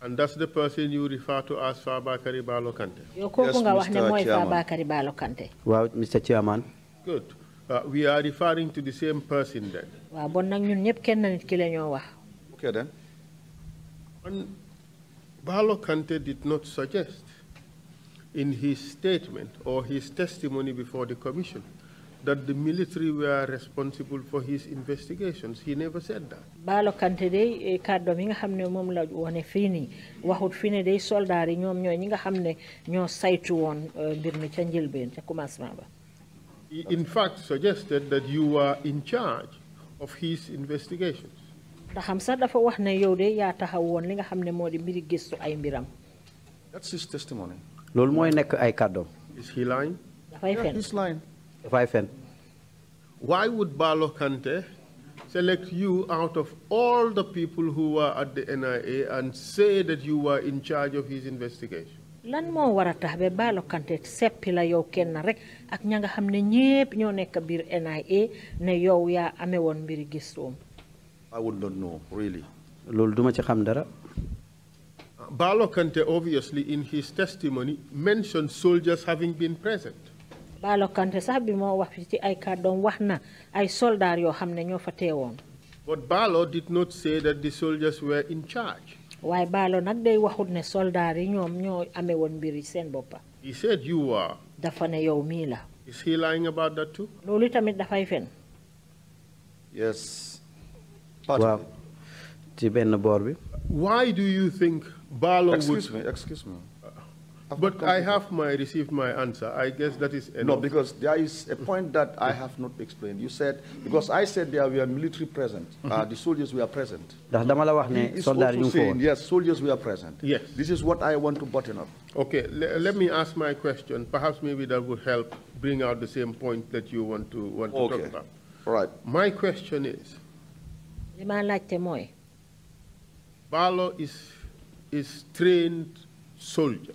And that's the person you refer to as Farba Karibalo Kante. Yow kooku Mr. Chairman. Good. Uh, we are referring to the same person then. Okay then. And Balo Kante did not suggest in his statement or his testimony before the commission that the military were responsible for his investigations. He never said that. Balo kante day eh, la day eh, In fact suggested that you were in charge of his investigations. ya won modi ay mbiram. That's his testimony. moy nek ay Is he lying? Yeah, he's lying dafay fen why would Barlo Kante select you out of all the people who were at the NIA and say that you were in charge of his investigation lan mo warata a tax ba Barlo Kante seppi la yow kenn rek ak ña nga ñépp ñoo nekk biir NIA ne yow yaa amee woon mbiri gistoom I would not know really loolu duma ci xam dara Barlo Kante obviously in his testimony mentioned soldiers having been present Baalo Kanté sax bi moo wax ci ay kàddoom wax na ay soldats yoo xam ne ñoo fa teewoon. But Balo did not say that the soldiers were in charge. waaye Baalo nag day waxut ne soldats yi ñoom ñoo amee woon mbir yi seen boppa. He said you were dafa ne yow mii la. Is he lying about that too? loolu tamit dafay fen. yes. waaw ci benn boor bi. Why do you think Baalo would? Excuse me, excuse me. But I have my, received my answer. I guess that is enough. No, because there is a point that I have not explained. You said, because I said there were military present. Uh, mm-hmm. the soldiers were present. It's also saying, yes, soldiers were present. Yes. This is what I want to button up. Okay, let me ask my question. Perhaps maybe that would help bring out the same point that you want to, want to okay. talk about. Right. My question is, Balo is, is trained soldier.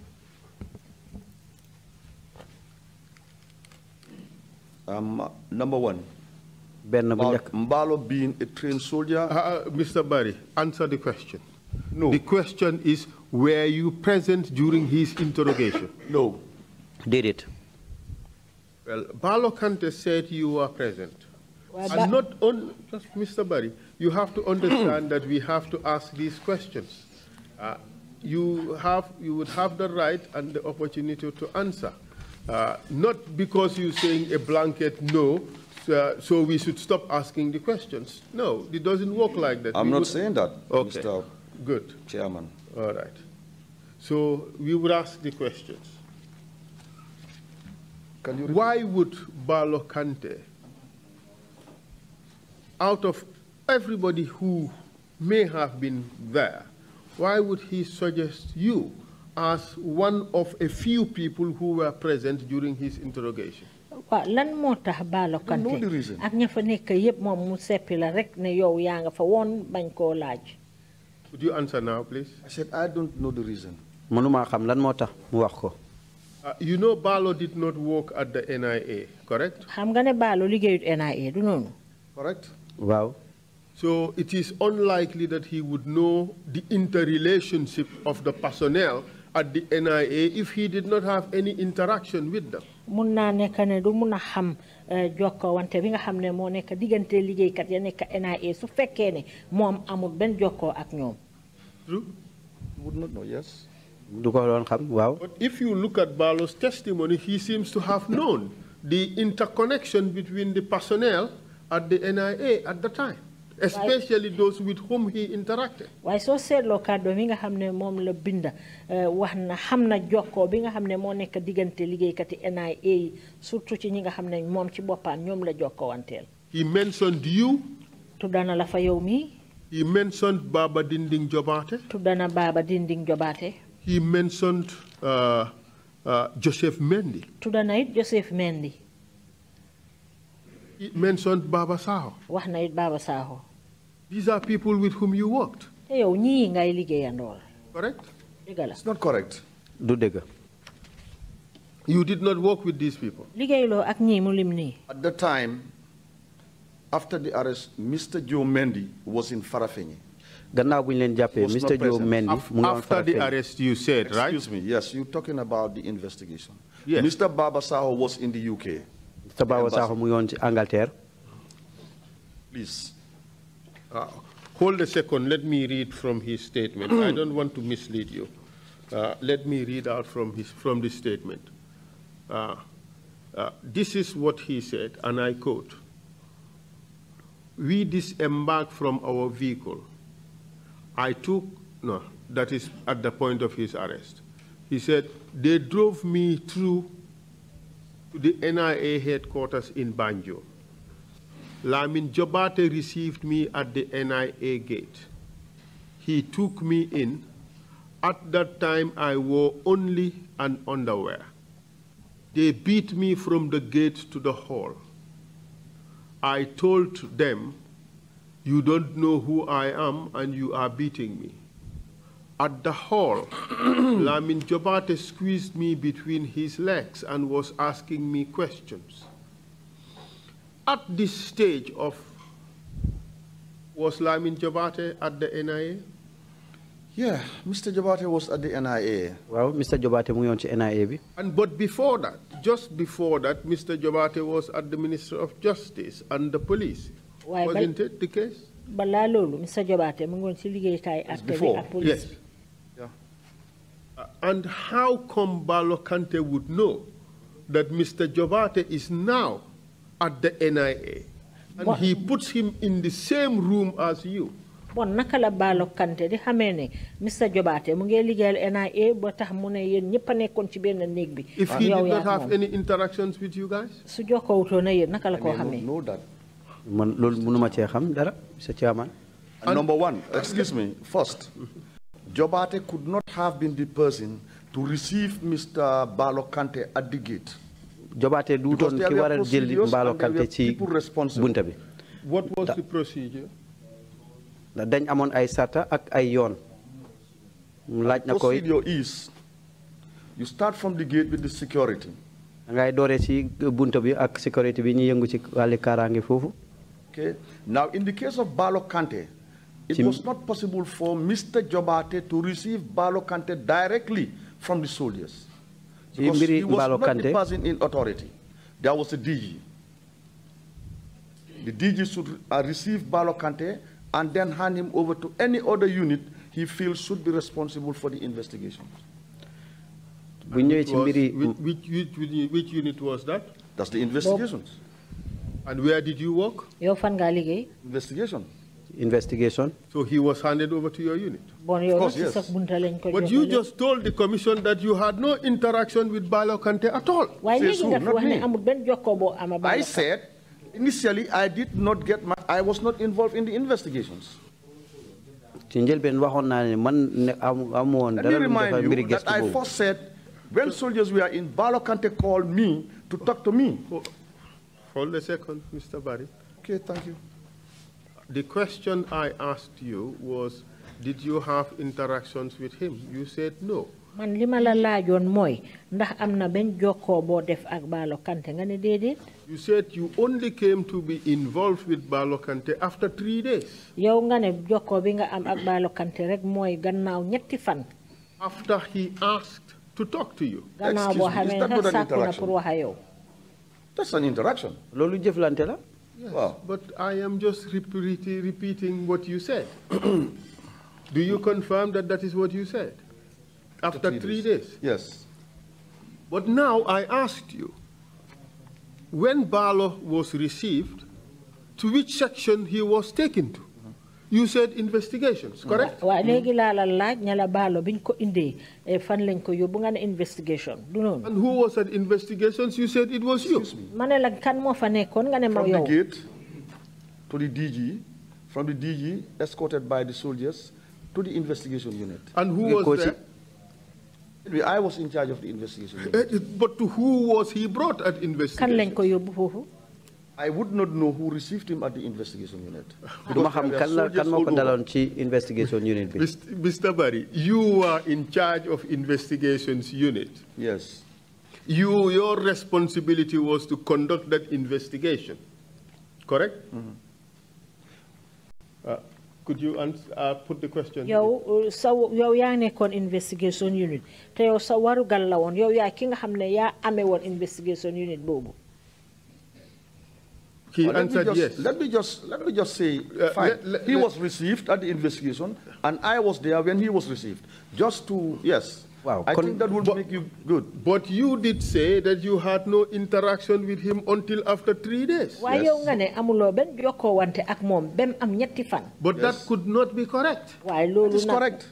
Um, number one. About Mbalo being a trained soldier. Uh, uh Mr. Barry, answer the question. No. The question is, were you present during his interrogation? no. Did it? Well, Balo Kante said you were present. Well, and not on, just Mr. Barry, you have to understand that we have to ask these questions. Uh, you, have, you would have the right and the opportunity to answer. Uh, not because you're saying a blanket no, so, uh, so, we should stop asking the questions. No, it doesn't work like that. I'm we not would, saying that, okay. Mr. Good. Chairman. All right. So we would ask the questions. Why would Balokante, out of everybody who may have been there, why would he suggest you as one of a few people who were present during his interrogation. waaw lan moo rek ne would you answer now please. I said I don't know the reason. mënuma uh, you know Balo did not work at the NIA correct. xam ne Baalo liggéeyut NIA dunno. correct. Wow. so it is unlikely that he would know the interrelationship of the personnel at the NIA if he did not have any interaction with them. mun naa nekk ne du mun ham eh, joko wante bi nga xam ne moo nekk diggante liggéeykat ya nekk NIA su fekkee ne moom amul benn jokkoo ak ñoom. true. would not know yes. du ko doon xam but if you look at Barlow's testimony he seems to have known the interconnection between the personnel at the NIA at the time especially those with whom he interacted Why soo seetloo kàddoo mi nga xam ne moom la binda uh, wax na xam na jokkoo bi nga xam ne moo nekk diggante NIA yi surtout ci ñi nga xam ne moom ci boppam ñoom la jokkoowanteel he mentioned you tuddana la fa mi he mentioned Baba Dinding Jobaate tuddana Baba Dinding Jobate. he mentioned uh uh Joseph Mendy tuddana it Joseph Mendy mentioned Baba Saho wax na it Baba Saho these are people with whom you worked. correct. it's not correct. You did not work with these people. At the time, after the arrest, Mr. Joe Mendy was in Farafeni. Gannaaw bu Mr. Joe Mendy After the arrest, you said, Excuse right? Excuse me, yes, you're talking about the investigation. Yes. Mr. Baba Saho was in the UK. Mr. Baba Saho mu in woon Angleterre. Please. Uh, hold a second. Let me read from his statement. I don't want to mislead you. Uh, let me read out from, his, from this statement. Uh, uh, this is what he said, and I quote, we disembarked from our vehicle. I took, no, that is at the point of his arrest. He said, they drove me through to the NIA headquarters in Banjo. Lamin Jobate received me at the NIA gate. He took me in. At that time, I wore only an underwear. They beat me from the gate to the hall. I told them, You don't know who I am, and you are beating me. At the hall, Lamin Jobate squeezed me between his legs and was asking me questions at this stage of was Lamin Jabate at the NIA? Yeah, Mr. Jabate was at the NIA. Well, Mr. Jabate went to NIA. And but before that, just before that, Mr. Jabate was at the Ministry of Justice and the police. Why, Wasn't it the case? Bala Mr. Jabate, mungon siligate at the police. Yes. Yeah. Uh, and how come Balokante would know that Mr. Jabate is now at the NIA and what? he puts him in the same room as you. bon naka la kante di hamene. Mr Jobaate mu ngi NIA ba tax mu ne yéen ñëpp nigbi. if he did not have any interactions with you guys. su jokkoowutoon na yéen naka la koo xamee. man loolu mënuma cee xam dara Mr Chairman. number one excuse me first. Jobaate could not have been the person to receive Mr Balokante at the gate jobaatee du ki war jël mbaalo kante ci bunta bi. what was the procedure? dañ amoon ay sarta ak ay yoon. laaj na koy procedure is you start from the gate with the security. da ngay dooree ci bunta bi ak security bi ñu yëngu ci wàlli kaaraange foofu. okay now in the case of Baalo Kante. it was not possible for Mr. Jobate to receive Baalo Kante directly from the soldiers. Because he was not person in authority. There was a DG. The DG should uh, receive Balokante and then hand him over to any other unit he feels should be responsible for the investigation. Which, was, which, which, which, unit was that? That's the investigations. And where did you work? Your Investigation investigation? So he was handed over to your unit? Of course, yes. But you just told the commission that you had no interaction with Balo Kante at all. Why not me. I said, initially, I did not get my, I was not involved in the investigations. Let me remind you that I first said, when soldiers were in, Balo Kante called me to talk to me. Hold a second, Mr. Barry. Okay, thank you the question I asked you was, did you have interactions with him? You said no. man li ma la yon moy, ndax am na benn jokkoo boo def ak Baalo Kante nga ne you said you only came to be involved with Baalo Kante after three days. yow nga ne jokkoo bi nga am ak Baalo Kante rek mooy gannaaw ñetti fan. after he asked to talk to you. gannaaw boo xamee sax sàkku na pour wax that's an interaction. loolu jëflante la. Yes, well, but I am just repeating what you said. Do you confirm that that is what you said? After three, three days. days? Yes. But now I asked you, when Barlow was received, to which section he was taken to? you said investigations mm. correct Wa léegi la la laaj ña baalo biñ ko indee eh, fan lañ ko nga ne investigation du and who was at investigations you said it was you Mane la kan moo fa nekkoon nga ne ma yow from the gate to the DG from the DG escorted by the soldiers to the investigation unit and who was there I was in charge of the investigation eh, but to who was he brought at investigation Kanlenko lañ I would not know who received him at the investigation unit. investigation unit. Mr. Barry, you are in charge of investigations unit. Yes. You, your responsibility was to conduct that investigation, correct? Mm -hmm. uh, could you uh, put the question? Yo, uh, sa yow yaa nekkoon investigation unit te yow sa warugal la woon yow yaa ki nga xam ne yaa amee investigation unit boobu. He well, answered let just, yes. Let me just let me just say, uh, fine. Let, let, he was received at the investigation, and I was there when he was received. Just to yes. Wow. I Con think that would but, make you good. But you did say that you had no interaction with him until after three days. Why yes. But yes. that could not be correct. Why That is correct.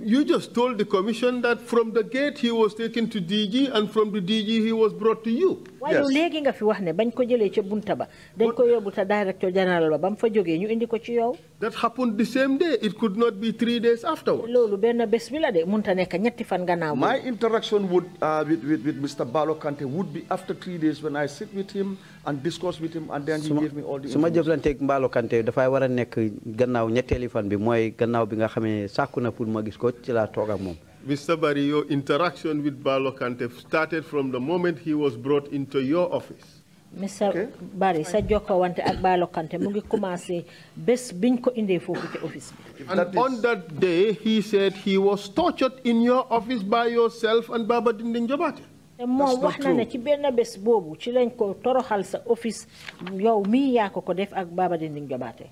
You just told the commission that from the gate he was taken to DG and from the DG he was brought to you waaye léegi nga fi wax ne bañ ko jëlee ca bunta ba dañ ko yóbbu sa directeur général ba ba fa jógee ñu indi ko ci yow that happened the same day it could not be three days afterwards loolu benn bés bi la de munta nekk ñetti fan gannaaw my interaction would uh, with, with, with Mr. Barlow Kante would be after three days when I sit with him and discuss with him and then he gave me all the su ma jëflanteeg Barlow Kante dafay war a nekk gannaaw ñetteeli fan bi mooy gannaaw bi nga xamee sakuna na pour ma gis ko ci laa toog ak moom Mr. Barrio, interaction with Barlo Kante started from the moment he was brought into your office. Mr. Okay. Barry, sa joko wante ak Barlo Kante mu ngi commencé bes biñ ko indé fofu ci office bi. And on that day he said he was tortured in your office by yourself and Baba Dinding Jabate. moom wax na ne ci benn bés boobu ci lañ ko toroxal sa office yow mii yaa ko ko def ak Baba Dinding Jabate.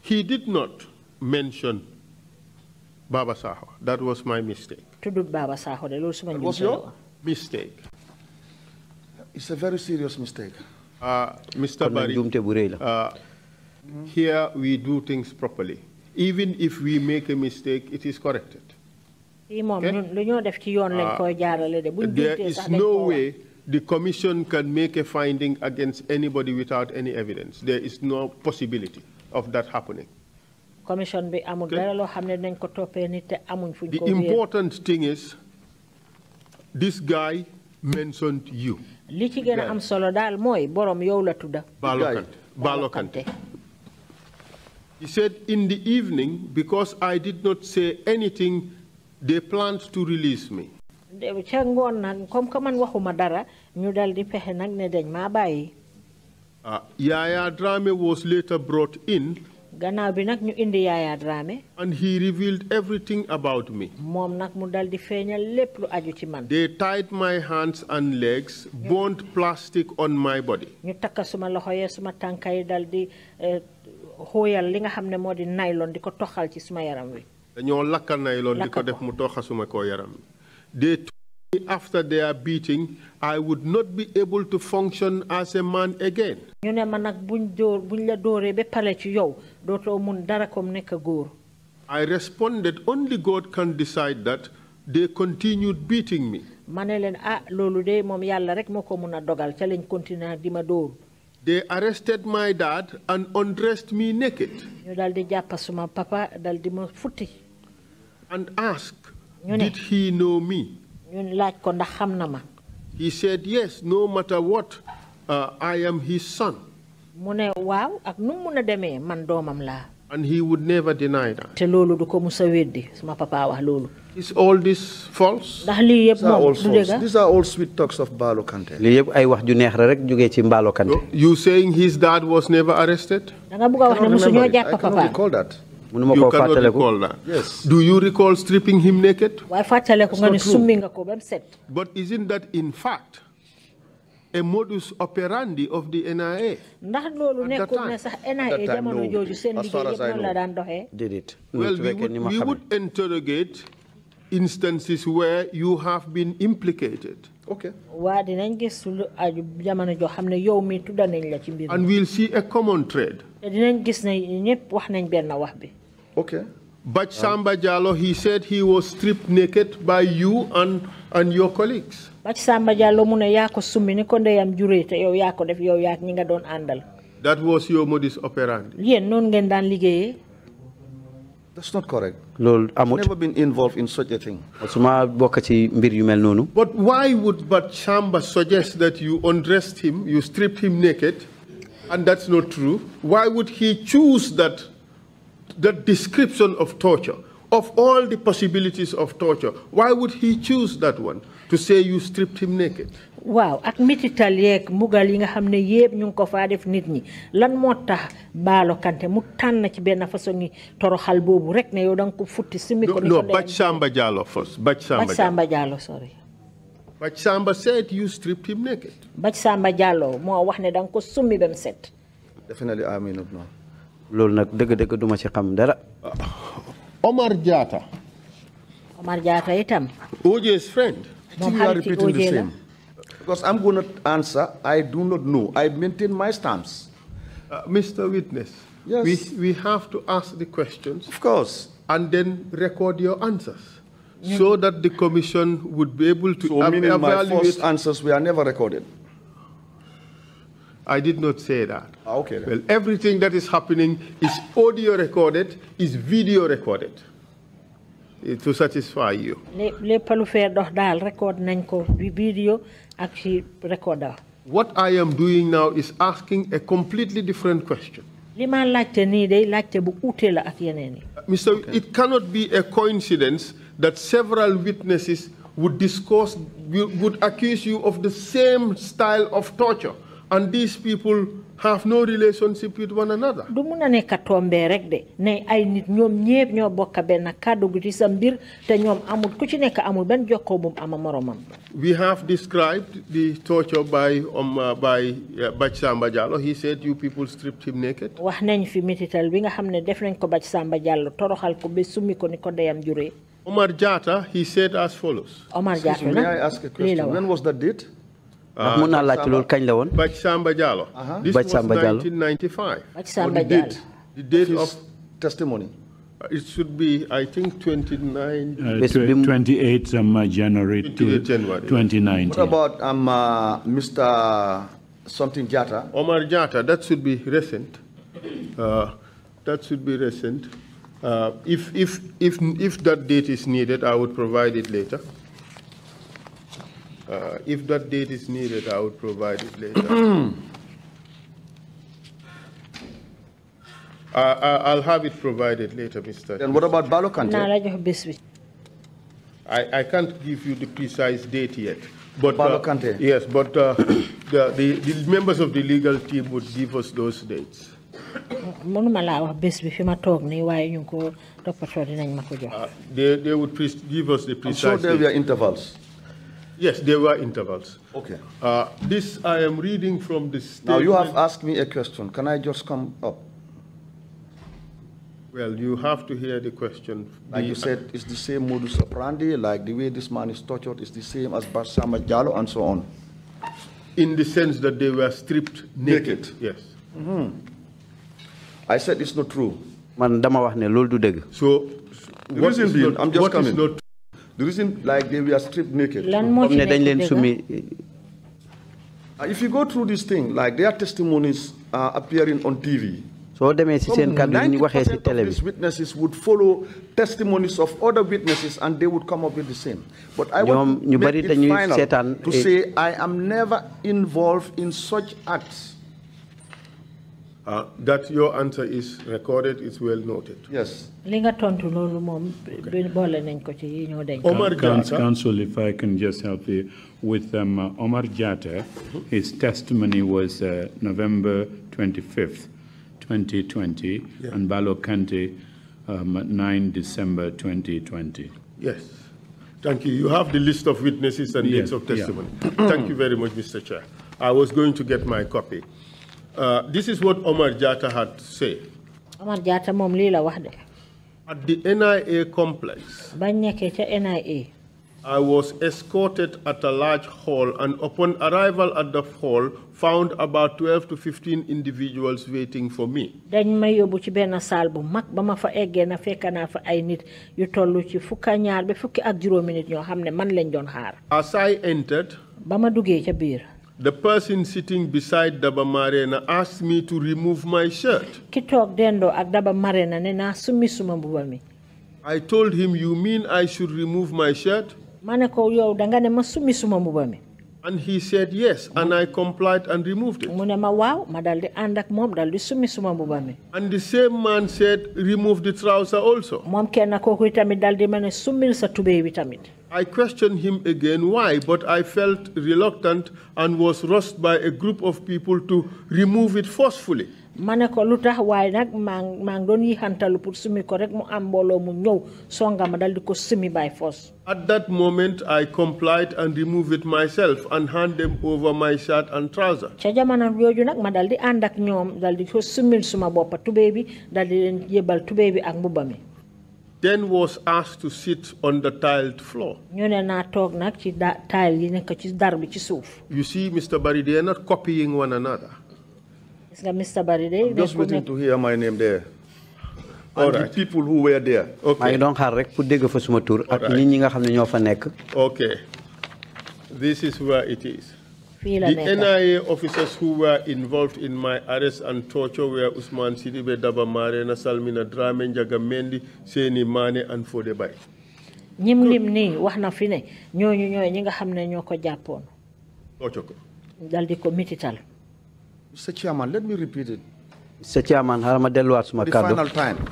He did not mention Baba Saho. That was my mistake. Tudu Baba Saho. That was your mistake. It's a very serious mistake. Uh, Mr. Barry, uh, here we do things properly. Even if we make a mistake, it is corrected. Okay? Uh, there is no way the commission can make a finding against anybody without any evidence. There is no possibility of that happening commission bi amul dara ko te amuñ fuñ ko the important thing is this guy mentioned you li ci am solo borom yow la tudda Balokante Balokante he said in the evening because I did not say anything they planned to release me man waxuma dara ñu dal di ne dañ bàyyi ah, Yaya Drame was later brought in bi ñu indi and he revealed everything about me. moom nag mu dal di lépp lu aju ci man. they tied my hands and legs. bound plastic on my body. ñu loxo suma eh, li nga nylon toxal ci suma yaram wi. dañoo nylon def mu yaram after their beating I would not be able to function as a man again. ñu ne buñ dóor buñ la pare ci yow mun dara góor. I responded only God can decide that they continued beating me. Ah, de yàlla rek dogal ca lañ continuer di ma dóor. They arrested my dad and undressed me naked. ñu dal di suma papa dal di ma futti. and asked. did he know me he said yes no matter what uh, I am his son. and he would never deny that. musa is all this false. Ah? these are all sweet talks of Balo Kante. you saying his dad was never arrested. I cannot recall that you cannot recall that. Yes. Do you recall stripping him naked? But isn't that in fact a modus operandi of the NIA? At that time, at that time no. As far as I know, did it. Well, we would, we would interrogate instances where you have been implicated. Okay. And we'll see a common thread. Okay. But Samba Jalo, he said he was stripped naked by you and, and your colleagues. But Samba Jalo muna yako sumi konde yam jurete yo yako def yo yak ninga don andal. That was your modus operandi. Yeah, non ngeen dan That's not correct. Lol, I've never been involved in such a thing. Suma bokk ci mbir But why would but Samba suggest that you undressed him, you stripped him naked? And that's not true. Why would he choose that the description of torture, of all the possibilities of torture, why would he choose that one to say you stripped him naked? Wow, ak metital yeeg mugal yi nga xam yeb ñu ko def nit ñi lan moo tax Kanté mu tànn ci benn façon yi toroxal boobu rek ne yow da ko futti simi ko no Bac Samba Diallo first Bac Samba Diallo sorry Bac Samba said you stripped him naked Bac Samba Diallo moo wax ne da ko summi set definitely I mean it now loolu nak dëgg-dëgg duma ci xam dara. Omar Jatta. Omar Jatta itam. OJ's friend. You are repeating the same. because I'm going to answer I do not know I maintain my stance. Uh, Mr. Witness. Yes. We, we have to ask the questions. Of course. And then record your answers. So that the commission would be able to so evaluate. So my first answers were never recorded. I did not say that. Ah, okay. Then. Well, everything that is happening is audio recorded, is video recorded to satisfy you. record video recorder. What I am doing now is asking a completely different question. Mr. Uh, okay. It cannot be a coincidence that several witnesses would discuss would accuse you of the same style of torture and these people have no relationship with one another. rek de ne ay nit ñépp kàddu ci te amul ku ci amul bu moromam. we have described the torture by um, uh, by uh, Baj Samba he said you people stripped him naked. wax nañ fi mitital bi nga def nañ ko Samba toroxal ko ko ni ko Omar Jatta he said as follows. Omar Jatta When was that date? Uh, Bach Samba Uh -huh. This was Samba 1995. Bach Samba The date, the date of, testimony. Uh, it should be, I think, 29... Uh, 28 um, uh, January, 28 January 2019. What about um, uh, Mr. Something Jata? Omar Jata, that should be recent. Uh, that should be recent. Uh, if, if, if, if that date is needed, I would provide it later. Uh, if that date is needed, I will provide it later. I, will have it provided later, Mr. And what about Balokante? I, I can't give you the precise date yet. But, uh, yes, but uh, the, the, the, members of the legal team would give us those dates. Uh, they, they would give us the precise I'm sure there were intervals. Yes, there were intervals. Okay. Uh, this I am reading from the statement. Now you have asked me a question. Can I just come up? Well, you have to hear the question. Like the, you said, it's the same modus operandi, like the way this man is tortured is the same as Barsama Jalo and so on. In the sense that they were stripped naked. naked. Yes. Mm -hmm. I said it's not true. So, So, what is not, I'm just what coming. The reason, like, they were stripped naked. Uh, if you go through this thing, like, their testimonies are appearing on TV. soo demee witnesses would follow testimonies of other witnesses and they would come up with the same but I want ñu bari dañuy to say I am never involved in such acts uh, that your answer is recorded, it's well noted. Yes. Okay. Omar Jata. Council, if I can just help you with um, uh, Omar Jata, mm-hmm. his testimony was uh, November 25th, 2020, yeah. and Balo Kante, um, 9 December 2020. Yes. Thank you. You have the list of witnesses and yes. dates of testimony. Yeah. Thank you very much, Mr. Chair. I was going to get my copy. Uh, this is what Omar Jata had said. Omar Jata mom li la wax At the NIA complex. Bañ NIA. I was escorted at a large hall and upon arrival at the hall found about 12 to 15 individuals waiting for me. Dañ ma yobbu ci benn saal bu mag ba ma fa eggee na fekk naa fa ay nit yu tollu ci fukka ñaar ba fukki ak juróomi nit ñoo xam man lañ doon xaar. As I entered, Bama ma duggee biir. The person sitting beside Daba Marena asked me to remove my shirt. I told him, you mean I should remove my shirt? And he said yes, and I complied and removed it. ànd the same man said, remove the trouser also. I questioned him again why, but I felt reluctant and was rushed by a group of people to remove it forcefully. ma ne ko lu tax waaye nag maa maa ngi pour sumi ko mu am mbooloo mu ñëw songa ma dal di sumi by force. At that moment I complied and removed it myself and hand them over my shirt and trouser. ca jamono yooyu nag ma dal di ànd ak ñoom dal di ko sumil suma boppa tubéy bi dal di leen yëbal tubéy bi ak mbuba then was asked to sit on the tiled floor. You see, Mr. Barry, they are not copying one another. Mr. I'm just waiting to hear my name there. All and right. the people who were there. Okay. All right. Okay. This is where it is. The NIA officers who were involved in my arrest and torture were Usman Sidibe Dabamare, Nasalmina Drame, Jagamendi, Seni Mane, and Fodebay. ñim lim na ñi nga xam ne ñoo ko jàppoon. torture ko. dal di ko mitital. Mr. Chairman, let me repeat it. Mr. Chairman, xaaral ma delluwaat the final time.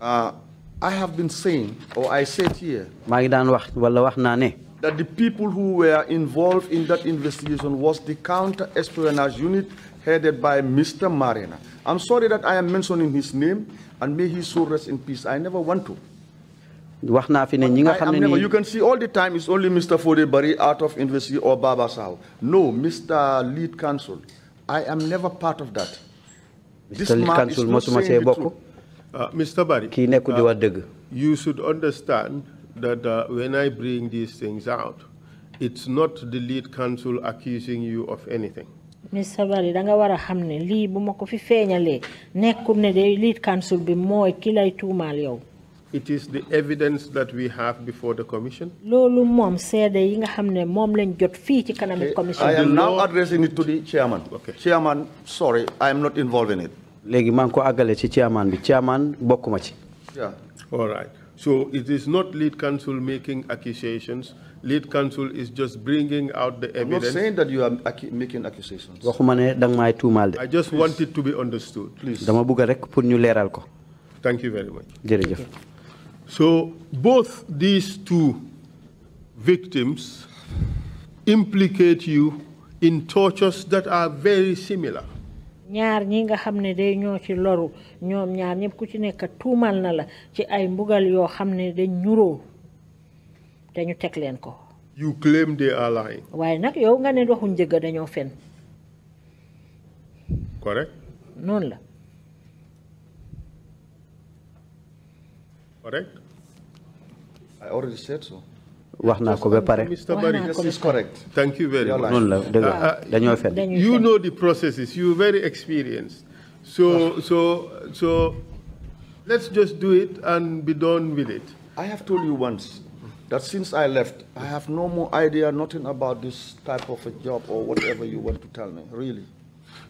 Uh, I have been saying or I said here. maa ngi daan that the people who were involved in that investigation was the counter-espionage unit headed by Mr. Marina. I'm sorry that I am mentioning his name, and may his soul rest in peace. I never want to. you can see all the time it's only Mr. Fode Barry out of university or Baba Sow no Mr. lead counsel I am never part of that. Mr. lead counsel mosuma see bokk. Uh, Mr. Barry uh, you should understand that uh, when I bring these things out, it's not the lead counsel accusing you of anything. Miss Savali, danga wara hamne li buma ko fi feñale nekkum ne de lead counsel bi moy kilay tumal yow. It is the evidence that we have before the commission. Lolo mom said yi nga xamné mom lañ jot fi ci kanam commission. I am now addressing it to the chairman. Okay. Chairman, sorry, I am not involved in it. Legi man ko agalé ci chairman bi. Chairman bokumachi. Yeah. All right. So it is not lead counsel making accusations. Lead counsel is just bringing out the evidence. I'm not saying that you are making accusations. I just Please. want it to be understood. Please. Thank you very much. So both these two victims implicate you in tortures that are very similar ñaar ñi nga day ñoo ci loru ñaar ku ci nekk tuumal na la ci ay mbugal dañ leen ko. you claim they are lying. waaye nag yow nga ne waxuñ njëgg dañoo fen. correct. noonu la. correct. I already said so ko ba pare. Mr Barry is correct. thank you very much noonu la dëgg uh, uh, dañoo you know the processes you very experienced so so so let's just do it and be done with it. I have told you once that since I left, I have no more idea, nothing about this type of a job or whatever you want to tell me, really.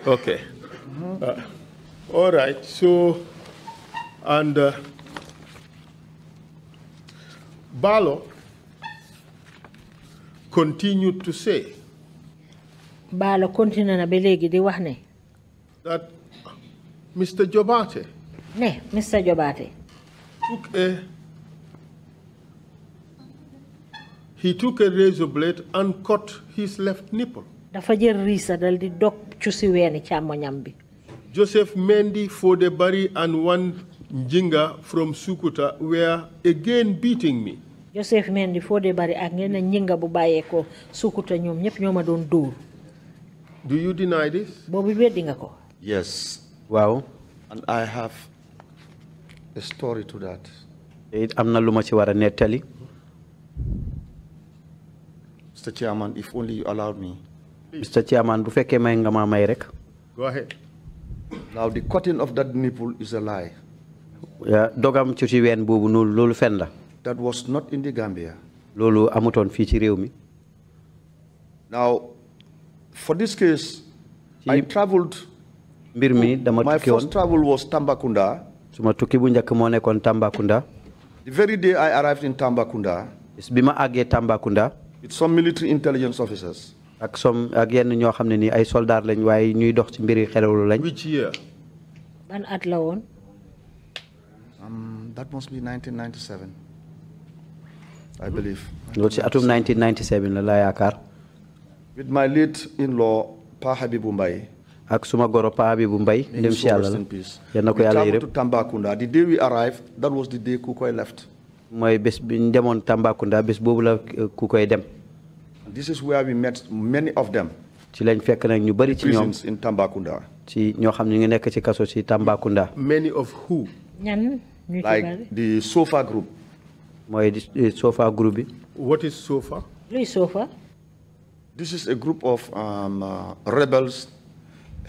Okay. Mm -hmm. uh, all right. So, and uh, Balo, continued to say Bala continue na belegi di wax ne that Mr. Jobate ne Mr. Jobate took a he took a razor blade and cut his left nipple dafa jël risa dal di dog ci ci bi Joseph Mendi Fodebari and one Njinga from Sukuta were again beating me Joseph ak ñinga bu Sukuta dóor. do you deny this. weddi nga ko. yes. Wow. and I have a story to that. it am na ci war Mr. Chairman, if only you allow me. Mr. Chairman, bu fekkee may nga ma may rek. Go ahead. Now the cutting of that nipple is a lie. dogam ci ween boobu la that was not in the Gambia. Lolo amuton Now for this case I traveled mbir mi dama My first travel was Tambakunda. Suma Tambakunda. The very day I arrived in Tambakunda. it's bima age Tambakunda. With some military intelligence officers. Ak som ak ñoo xam ni ay soldat lañ waaye ñuy dox ci mbiri lañ. Which year? Ban at la Um, that must be 1997. I believe. atum 1997 la laa yaakaar. with my late in-law Pa Habibu Mbaye. ak suma goro Pa Habibu dem si yàlla we traveled to Tambakunda. the day we arrived that was the day Kukoy left. mooy bés bi ñu Tambakunda. Tambacounda bés boobu la eh, dem. this is where we met many of them. ci lañ fekk nag ñu bari ci ñoom in Tambakunda. ci ñoo xam ne ñu ngi nekk ci kaso si Tambacounda. many of who. ñan ñu ci bari like the Sofa group mooy eh, SOFA group bi. what is SOFA. luy SOFA. this is a group of um, uh, rebels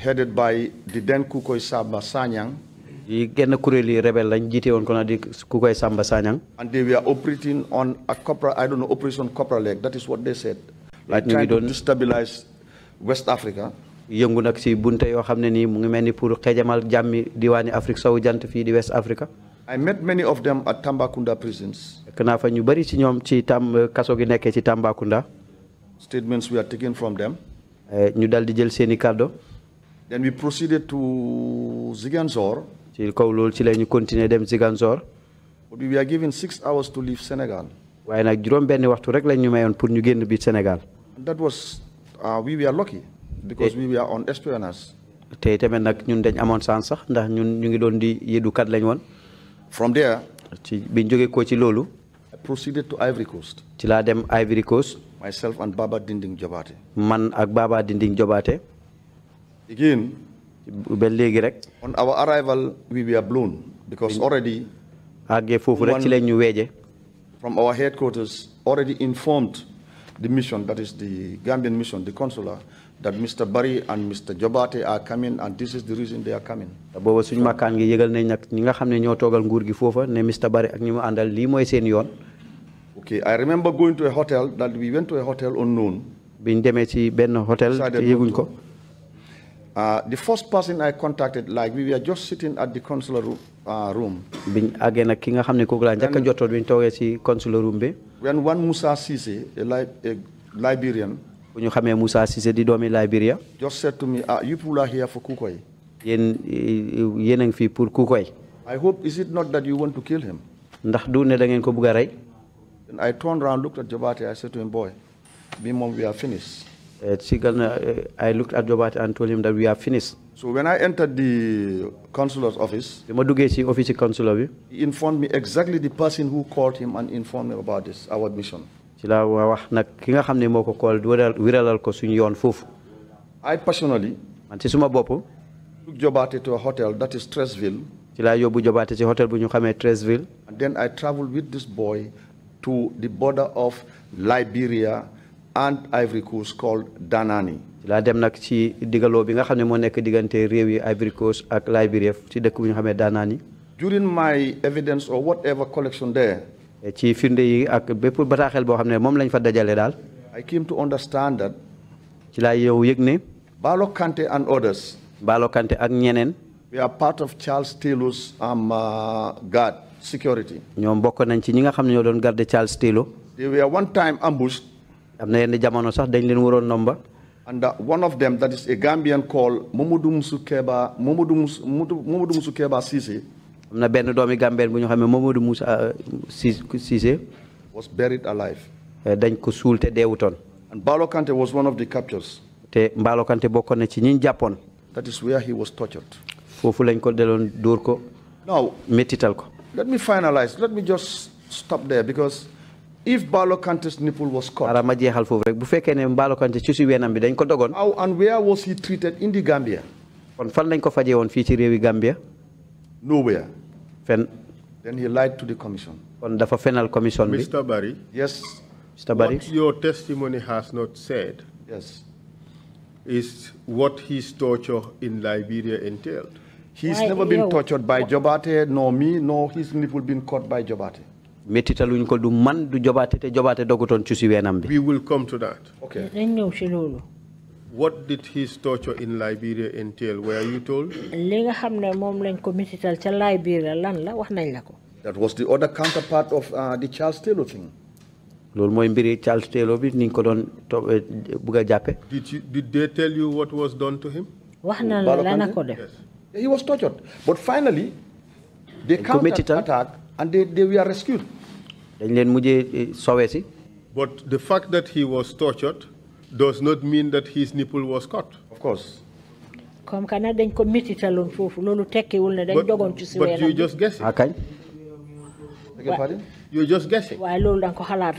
headed by the then Kukoy Samba Sanyang. yi genn kuréel rebel lañ jiite woon ko na di Kukoy Samba Sanyang. and they were operating on a copper I don't know operation copper leg that is what they said. like trying to destabilize West Africa. yëngu nag si bunte yoo xam ne nii mu ngi mel ni pour xejamal jàmmi diwaani Afrique sowu jant fii di West Africa. I met many of them at Tambakunda prisons. kena fa ñu bari ci ñom ci tam eh, kasso gi nekk ci Tambacounda statements we are taking from them ñu eh, daldi di jël seeni cadeau then we proceeded to Ziganzor ci ko lol ci lañu continuer dem Ziganzor but we are given 6 hours to leave Senegal waye nak juroom benn waxtu rek lañ ñu mayon pour ñu genn bi Senegal that was uh, we were lucky because eh. we were on espionage té tamé nak ñun dañ amone sans sax ndax ñun ñu ngi doon di yedu kat lañ won from there ci biñ joggé ko ci lolu proceeded to Ivory Coast. ci laa dem Ivory Coast. myself and Baba Dinding Jobate. man ak Baba Dinding Jobate. again. ba léegi rek. on our arrival we were blown because already. àggee foofu rek from our headquarters already informed the mission that is the Gambian mission the consular that Mr. Barry and Mr. Jobate are coming and this is the reason they are coming. booba suñu makkaan gi yëgal nañ nag ñi nga ne ñoo toogal nguur gi ne Mr. Barry ak ñi mu àndal lii Okay, I remember going to a hotel that we went to a hotel unknown. Biñ démé ci ben hotel yeguñ Uh, the first person I contacted, like we were just sitting at the consular uh, room. Biñ agé nak hamne nga xamné koku la ñaka biñ consular room bi. When one Musa Sise, a, li a Liberian, bu Musa Sise di doomi Liberia, just said to me, ah, you people are here for Kukoy. Yen yeen ngi fi I hope is it not that you want to kill him? Ndah du ne da ko and I turned around, looked at Jobati. I said to him, boy, Bimom, we are finished. Uh, uh I looked at Jobati and told him that we are finished. So when I entered the consular's office, the he informed me exactly the person who called him and informed me about this, our mission. I personally took Jobati to a hotel that is Tresville. And then I traveled with this boy to the border of Liberia and Ivory Coast called Danani. laa dem nag ci digaloo bi nga xam ne moo nekk diggante yi Ivory Coast ak Liberia ci dëkk bu ñu xamee Danani. during my evidence or whatever collection there. ci firnde yi ak bépp bataaxel boo xam ne moom lañ fa dajale daal. I came to understand that. ci laa yow yëg ne. Kante and others. Barlow Kante ak ñeneen. we are part of Charles Taylor's um, uh, guard security. they were one time ambushed. and uh, one of them that is a Gambian called Momodou Musukeba Momodou Mus Sisi. was buried alive. Then euh, consulted the te and Balo Kante was one of the captures. that is where he was tortured. now métital let me finalize. Let me just stop there because if Barlow Kante's nipple was caught, ara ma jeexal foofu rek bu fekkee how and where was he treated in the Gambia. On fan lañ on fajee woon Gambia. nowhere. fen. then he lied to the commission. On the final commission Mr Barry. yes. Mr Barry. what your testimony has not said. yes. is what his torture in Liberia entailed. He's never been tortured by Jobate, nor me, nor his people been caught by Jobate. Metitaluñ ko du man du Jobate te Jobate doguton We will come to that. Okay. Dañ ñew ci What did his torture in Liberia entail? Were you told? That was the other counterpart of uh, the Charles Taylor thing. loolu mooy mbiri Charles Taylor bi ni ko doon eh, bëgg a jàppe. did they tell you what was done to him. He was tortured. But finally, they committed an attack and they, they were rescued. Eh, but the fact that he was tortured does not mean that his nipple was cut. Of course. But, but ah, you just guessing. Okay. Pardon? You're just guessing.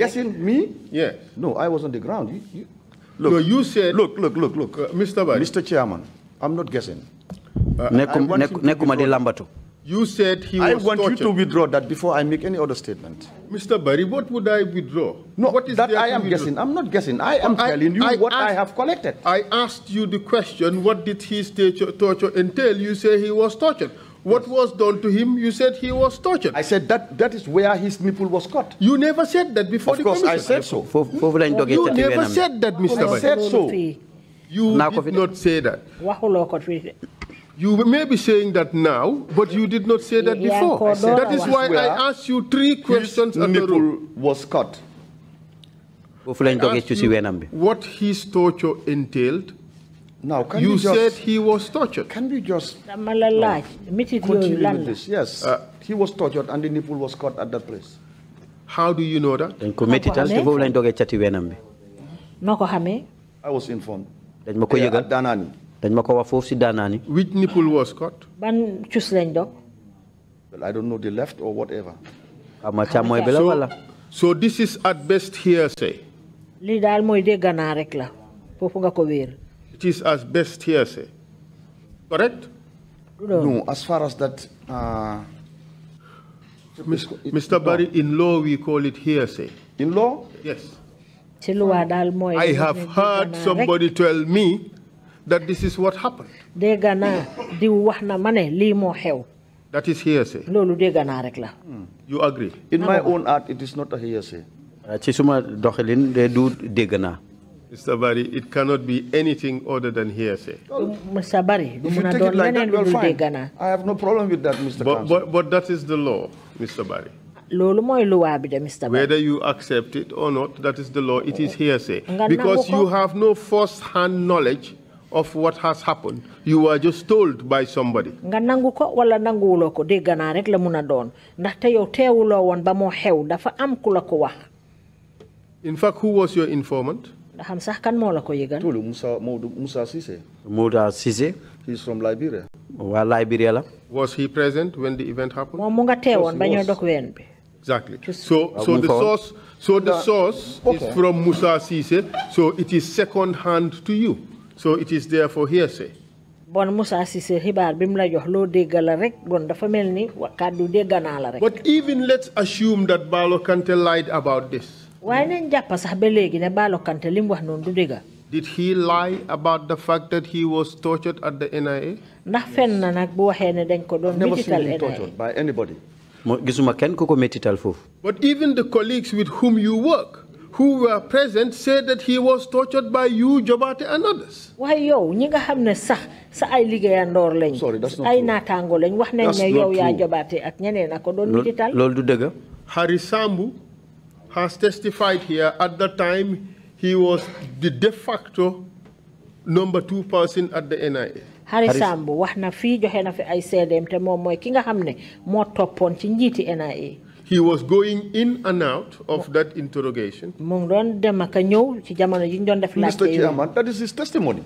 Guessing me? Yes. No, I was on the ground. You, you, look, no, you said. Look, look, look, look. Uh, Mr. Bari. Mr. Chairman, I'm not guessing. Uh, làmbatu. You said he I was want tortured. you to withdraw that before I make any other statement. Mr. Barry, what would I withdraw? No, what is that I am guessing. I'm not guessing. I am I, telling you I what asked, I have collected. I asked you the question, what did his torture entail? You say he was tortured. What yes. was done to him? You said he was tortured. I said that that is where his nipple was cut. You never said that before of the commission. Of course, I said so. You never said that, Mr. Barry. I said so. You did not say that. You may be saying that now, but you did not say that before. That is why I asked you three questions on the was cut. What his torture entailed. Now, can you, you just, said he was tortured. Can we just uh, continue with this? Yes, uh, he was tortured and the nipple was cut at that place. How do you know that? I was informed. At Danani dañ ma ko wax foofu which nipple was cut ban cus lañ Well, I don't know the left or whatever xama càmmooy bi la wala so this is at best hearsay lii daal de dégganaa rek la nga ko it is as best hearsay correct no as far as that uh, Mr. Barry, in law we call it hearsay. In law? Yes. I have heard somebody tell me that this is what happened. that is hearsay. No, dégg naa rek hmm. you agree. in my own art it is not a hearsay. ci suma doxalin de du Mr. Barry, it cannot be anything other than hearsay. Mr. Barry, if you take it like that, well, fine. I have no problem with that, Mr. But, but, but that is the law, Mr. Barry. Whether you accept it or not, that is the law. It is hearsay. Because you have no first-hand knowledge of what has happened you were just told by somebody ko wala ko la ba dafa ko in fact who was your informant la ko Musa Musa from Liberia Liberia la was he present when the event happened ba Exactly. So, so the source, so the source is from Musa Sise. So it is second hand to you. So it is therefore hearsay. bon but even let's assume that Balo Kante lied about this. ne Kante did he lie about the fact that he was tortured at the NIA. ndax na nag bu waxee ne dañ NIA never seen tortured by anybody. but even the colleagues with whom you work who were present said that he was tortured by you, Jobate, and others. Why yo? Nyinga hamne sah sa ay ligayandoor lañ. Sorry, that's not ay natango lañ wax nañ ne yow ya Jobate ak ñeneen ak ko doon ligital. du deug. Hari has testified here at that time he was the de facto number 2 person at the NIA. Hari wah wax na fi joxe na fi ay CDM te mom moy kinga nga xamne mo topone ci njiti NIA. He was going in and out of that interrogation. Mr. Chairman, that is his testimony.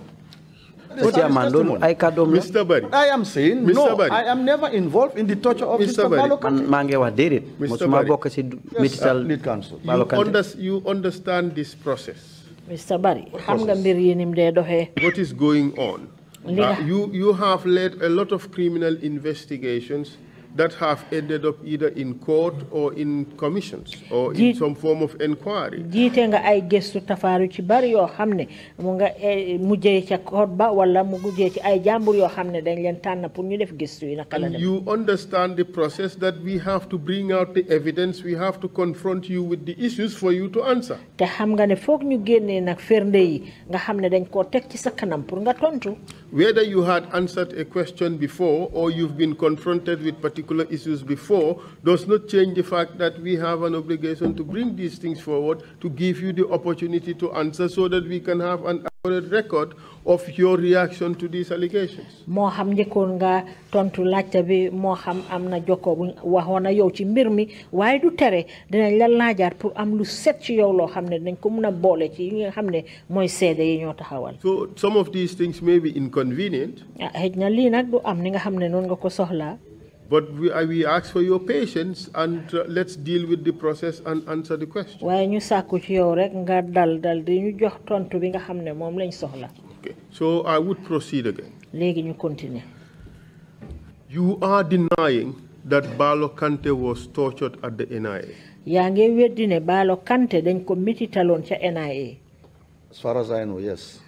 I Mr. I am saying Mr. no. I am never involved in the torture of Mr. Mr. Mr. Yes, uh, You, under, you understand this process. Mr. what is going on? Uh, you, you have led a lot of criminal investigations that have ended up either in court or in commissions or in some form of inquiry jiite nga ay gëstu ci bari mu nga wala mu ci ay dañ leen pour ñu def gëstu yi dem you understand the process that we have to bring out the evidence we have to confront you with the issues for you to answer te xam nga ne ñu yi nga dañ ci sa kanam pour nga tontu whether you had answered a question before or you've been confronted with particular particular issues before does not change the fact that we have an obligation to bring these things forward to give you the opportunity to answer so that we can have an accurate record of your reaction to these allegations. moo xam njëkkoon nga tontu laajte bi moo xam am na jokkoo bu waxoon yow ci mbir mi waaye du tere dinañ la laajaat pour am lu set ci yow loo xam ne dinañ ko mun a boole ci yi nga xam ne mooy yi ñoo taxawal. so some of these things may be inconvenient. ah xëj na lii du am ni nga xam ne nga ko soxlaa. But we, we ask for your patience and uh, let's deal with the process and answer the question. okay so I would proceed again. you are denying that Balo Kante was tortured at the NIA. Balo Kante NIA. as far as I know yes.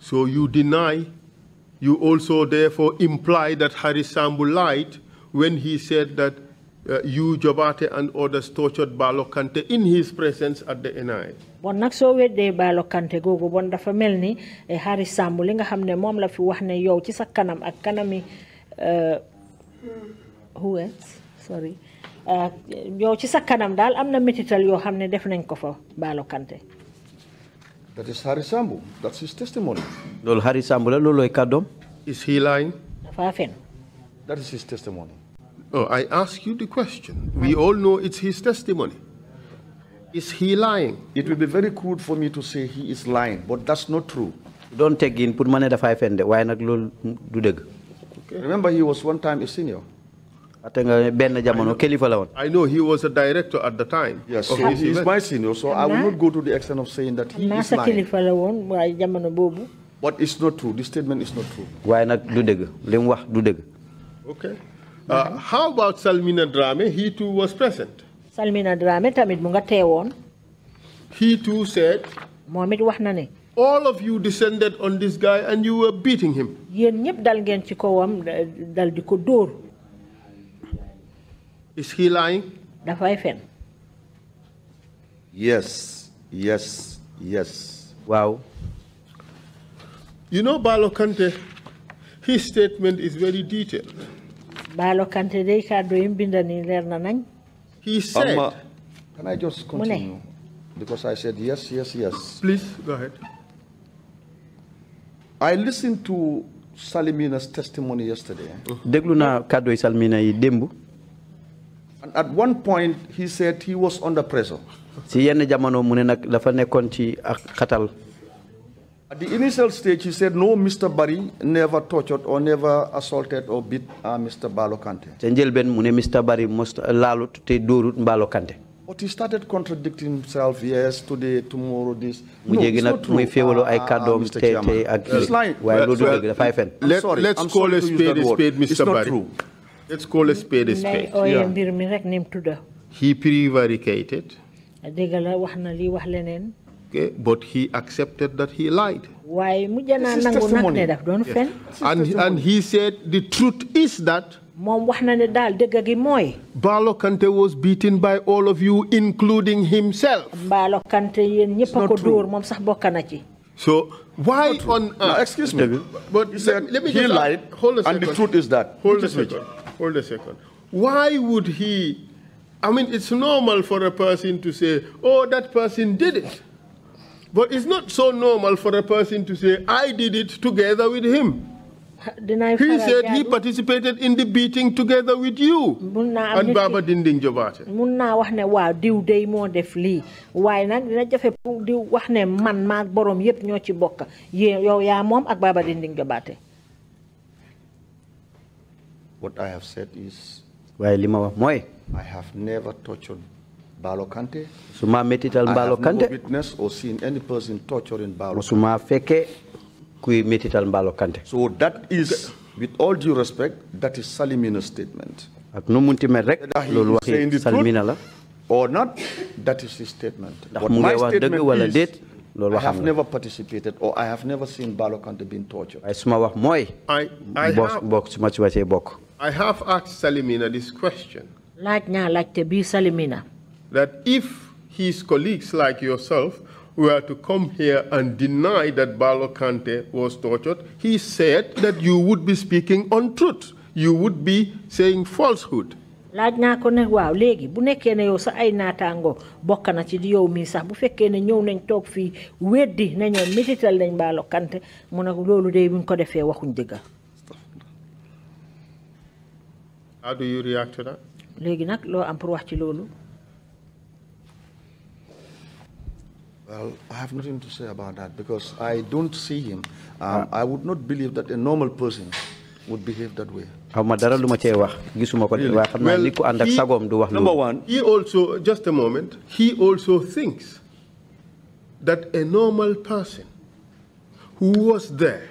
so you deny. You also therefore imply that Harisambu lied when he said that uh, you, Jobate, and others tortured Balokante in his presence at the NI. bon nag soo weddee baalo kante googu bon dafa mel ni Hari Sambu li nga xam ne moom la fi wax yow ci sa kanam ak kanami uh, who else sorry uh, yow ci sa kanam dal am métital yoo xam ne def nañ ko fa baalo that is Harry Sambu. That's his testimony. Lol Harry Sambu lolo Ekadom, Is he lying? Fafen. That is his testimony. Oh, I ask you the question. We all know it's his testimony. Is he lying? It will be very crude for me to say he is lying, but that's not true. Don't take in put money the five and why not lol do Remember he was one time a senior. I know he was a director at the time. Yes, so he is my senior, so I will not go to the extent of saying that he is lying. But it's not true. This statement is not true. Why not do Okay. Uh, how about Salmina Drame? He too was present. Salmina Drame Tamid mu nga He too said. Mohamed it all of you descended on this guy and you were beating him. dal dóor. Is he lying? dafay fen. yes yes yes. Wow. you know Baalo Kante his statement is very detailed. Baalo Kante day kàddu yi mu bind nii leer na he said. can I just continue? because I said yes yes yes. please go ahead. I listened to Salimina's testimony yesterday. déglu naa kàddu yi Salimina yi démb. And at one point, he said he was under pressure. Si yenn jamono mu ne nag dafa nekkoon ci xatal. At the initial stage, he said, no, Mr. Barry never tortured or never assaulted or beat uh, Mr. Balo Kante. Ca njëlbeen Mr. Barry mos laalut te dóorut Balo Kante. But he started contradicting himself, yes, today, tomorrow, this. No, it's not true. Uh, uh, Mr. Chairman. He's lying. Well, well, well, let, let's I'm call a spade a spade, Mr. It's not Barry. true. Let's call a spade a spade. ooyee oh, He prevaricated. Okay, but he accepted that he lied. Why? Yes. And, and he said the truth is that Balokante was beaten by all of you, including himself. So why on earth? No, excuse me. But, but let, me he lied, hold a and the truth is that. Hold a second. Hold a second. Why would he? I mean, it's normal for a person to say, oh, that person did it. But it's not so normal for a person to say, I did it together with him. He said he participated in the beating together with you. and Baba Dinding Jobate. mun naa wax ne diw day mo def lii waaye nag dina jafe diw ne man maag borom yépp ñoo ci yow ya mom ak Baba Dinding Jobate. What I have said is I have never tortured Baalo Kante. So, ma métital Baalo Kante. I have never witnessed or seen any person torturing Baalo. su ma Kante. so that is with all due respect that is Salimina's statement. ak munti mel rek loolu Salimina or not that is his statement. What my statement is, I have never participated or I have never seen Balokante being tortured. I, I, have, I have asked Salimina this question. Like now, like to be Salimina. that if his colleagues like yourself were to come here and deny that Balokante Kante was tortured, he said that you would be speaking untruth. You would be saying falsehood. Like na ko ne waaw bu nekkee ne yo sa ay tango bokk na ci yow mii sax bu fekkee ne ñëw nañ toog fii weddi nañoo métital nañ Balo Kante mu ne loolu de bu ko defee waxuñ How do you react to that? Legi nag lo am pour wax ci Well, I have nothing to say about that because I don't see him. Um, I would not believe that a normal person would behave that way. xawma dara lu gisuma number one he also just a moment he also thinks that a normal person who was there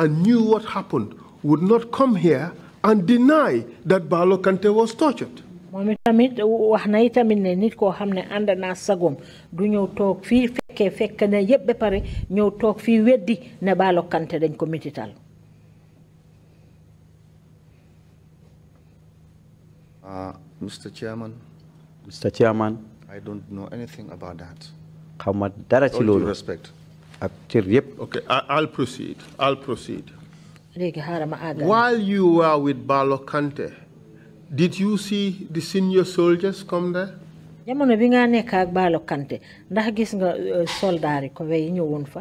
and knew what happened would not come here and deny that Barlow Kante was tortured. moom itamit wax na itamit ne nit koo xam ne ànd naa sagoom du ñëw toog fii fekkee fekk na yépp ba pare ñëw toog fii weddi ne Barlow Kante dañ ko mitital uh, Mr. Chairman. Mr. Chairman. I don't know anything about that. How much dara ci loolu. All due respect. Okay, I'll proceed. I'll proceed. While you were with Balokante, did you see the senior soldiers come there? jamono bi nga nekk ak baalo kante ndax gis nga uh, soldaar yi ko wey ñëwoon fa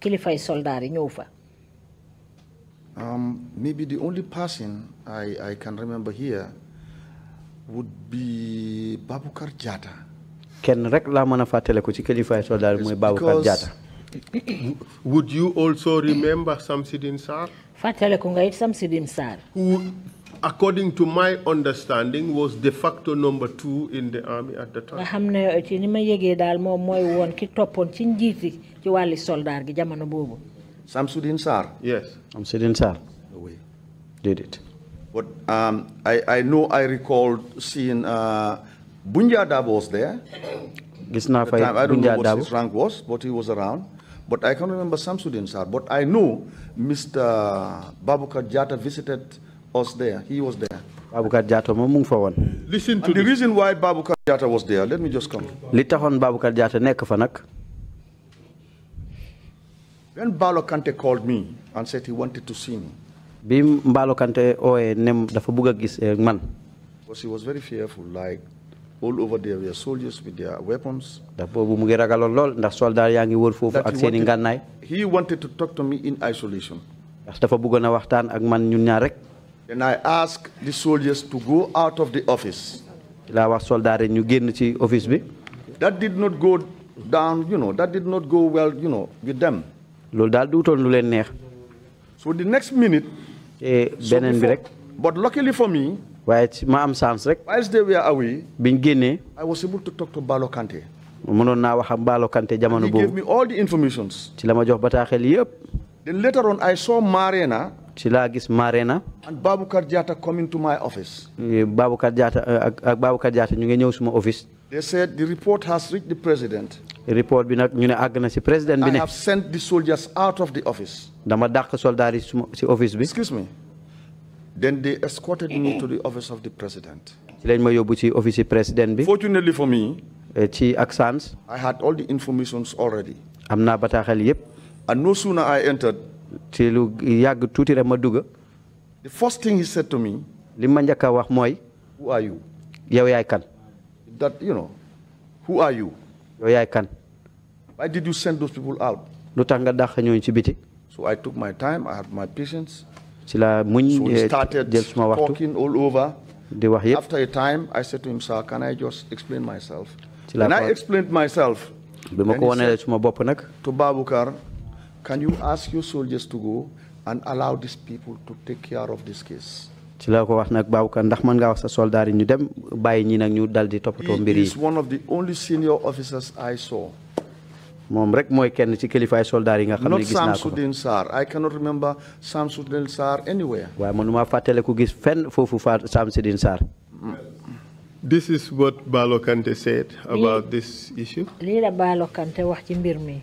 kilifay soldaar ñëw fa Um, maybe the only person I, I can remember here would be Babukar Jata. Ken rek la mëna fatale ko ci kilifa soldat moy Babukar Jata. Would you also remember Samsidin Sar? fàttaliku nga Sar. who according to my understanding was de facto number two in the army at the time. nga xam eh, ni ma Samsudin Sar. Yes. Samsudin Sar. No way. Did it. But um, I, I know I recall seeing uh, Bunja Dabo was there. I don't know what his rank was, but he was around. But I can't remember Samsudin Sar. But I know Mr. Babukar Jata visited us there. He was there. Babukar Jata mo mu ngi fa the reason why Babukar Jata was there. Let me just come. li taxoon Babukar Jata nekk fa When Balokante Kante called me and said he wanted to see me. Bim Balokante Kante ooyee nem dafa gis eh, man. Because he was very fearful like all over there were soldiers with their weapons. ndax boobu he wanted to talk to me in isolation. then I asked the soldiers to go out of the office. The wax soldat rek ñu génn office that did not go down you know that did not go well you know with them. so the next minute. Eh, beneen bi but luckily for me waaye ma am chance rek. whilst they were away. biñ génnee. I was able to talk to Balo Kante. mënoon naa wax ak Balo Kante jamono boobu. he gave me all the informations. ci la ma jox bataaxel yëpp. then later on I saw Marena. ci laa gis Marena. and Baboucar Diatta coming to my office. Eh, Baboucar Diatta eh, ak Baboucar Diatta ñu ngi ñëw suma office. they said the report has reached the president. report bi nag ñu ne àgg na si président bi ne. I have sent the soldiers out of the office. dama dàq soldari yi si office bi. excuse me. Then they escorted me to the mm-hmm. office of the president. ci lañ ma yóbbu ci office président bi. fortunately for me. Eh, ci ak I had all the informations already. am naa bataaxal yëpp. and no sooner I entered. the first thing he said to me. li ma njëkk who are you. yow yaay kan. that you know. who are you. yow yaay kan. why did you send those people out. lu tax nga in ñooñu so I took my time I had my patience ci la muñ eh, jël suma waxtu talking all over di wax yëpp after a time I said to him sir can I just explain myself ci la I explained myself bi ma ko wonee suma bopp nag to Babukar can you ask your soldiers to go and allow these people to take care of this case ci la ko wax nag Babukar ndax mën ngaa wax sa soldaar yi ñu dem bàyyi ñi nag ñu dal di toppatoo mbir yi is one of the only senior officers I saw mom rek moy kenn ci kilifaay soldat yi nga xamni gis naa ko Samsudeen I cannot remember Samsung sar anywhere waaye mënuma fatale ko gis fen fofu Samsung sar this is what Balo Kante said about this issue li la Balo Kante wax ci mbir mi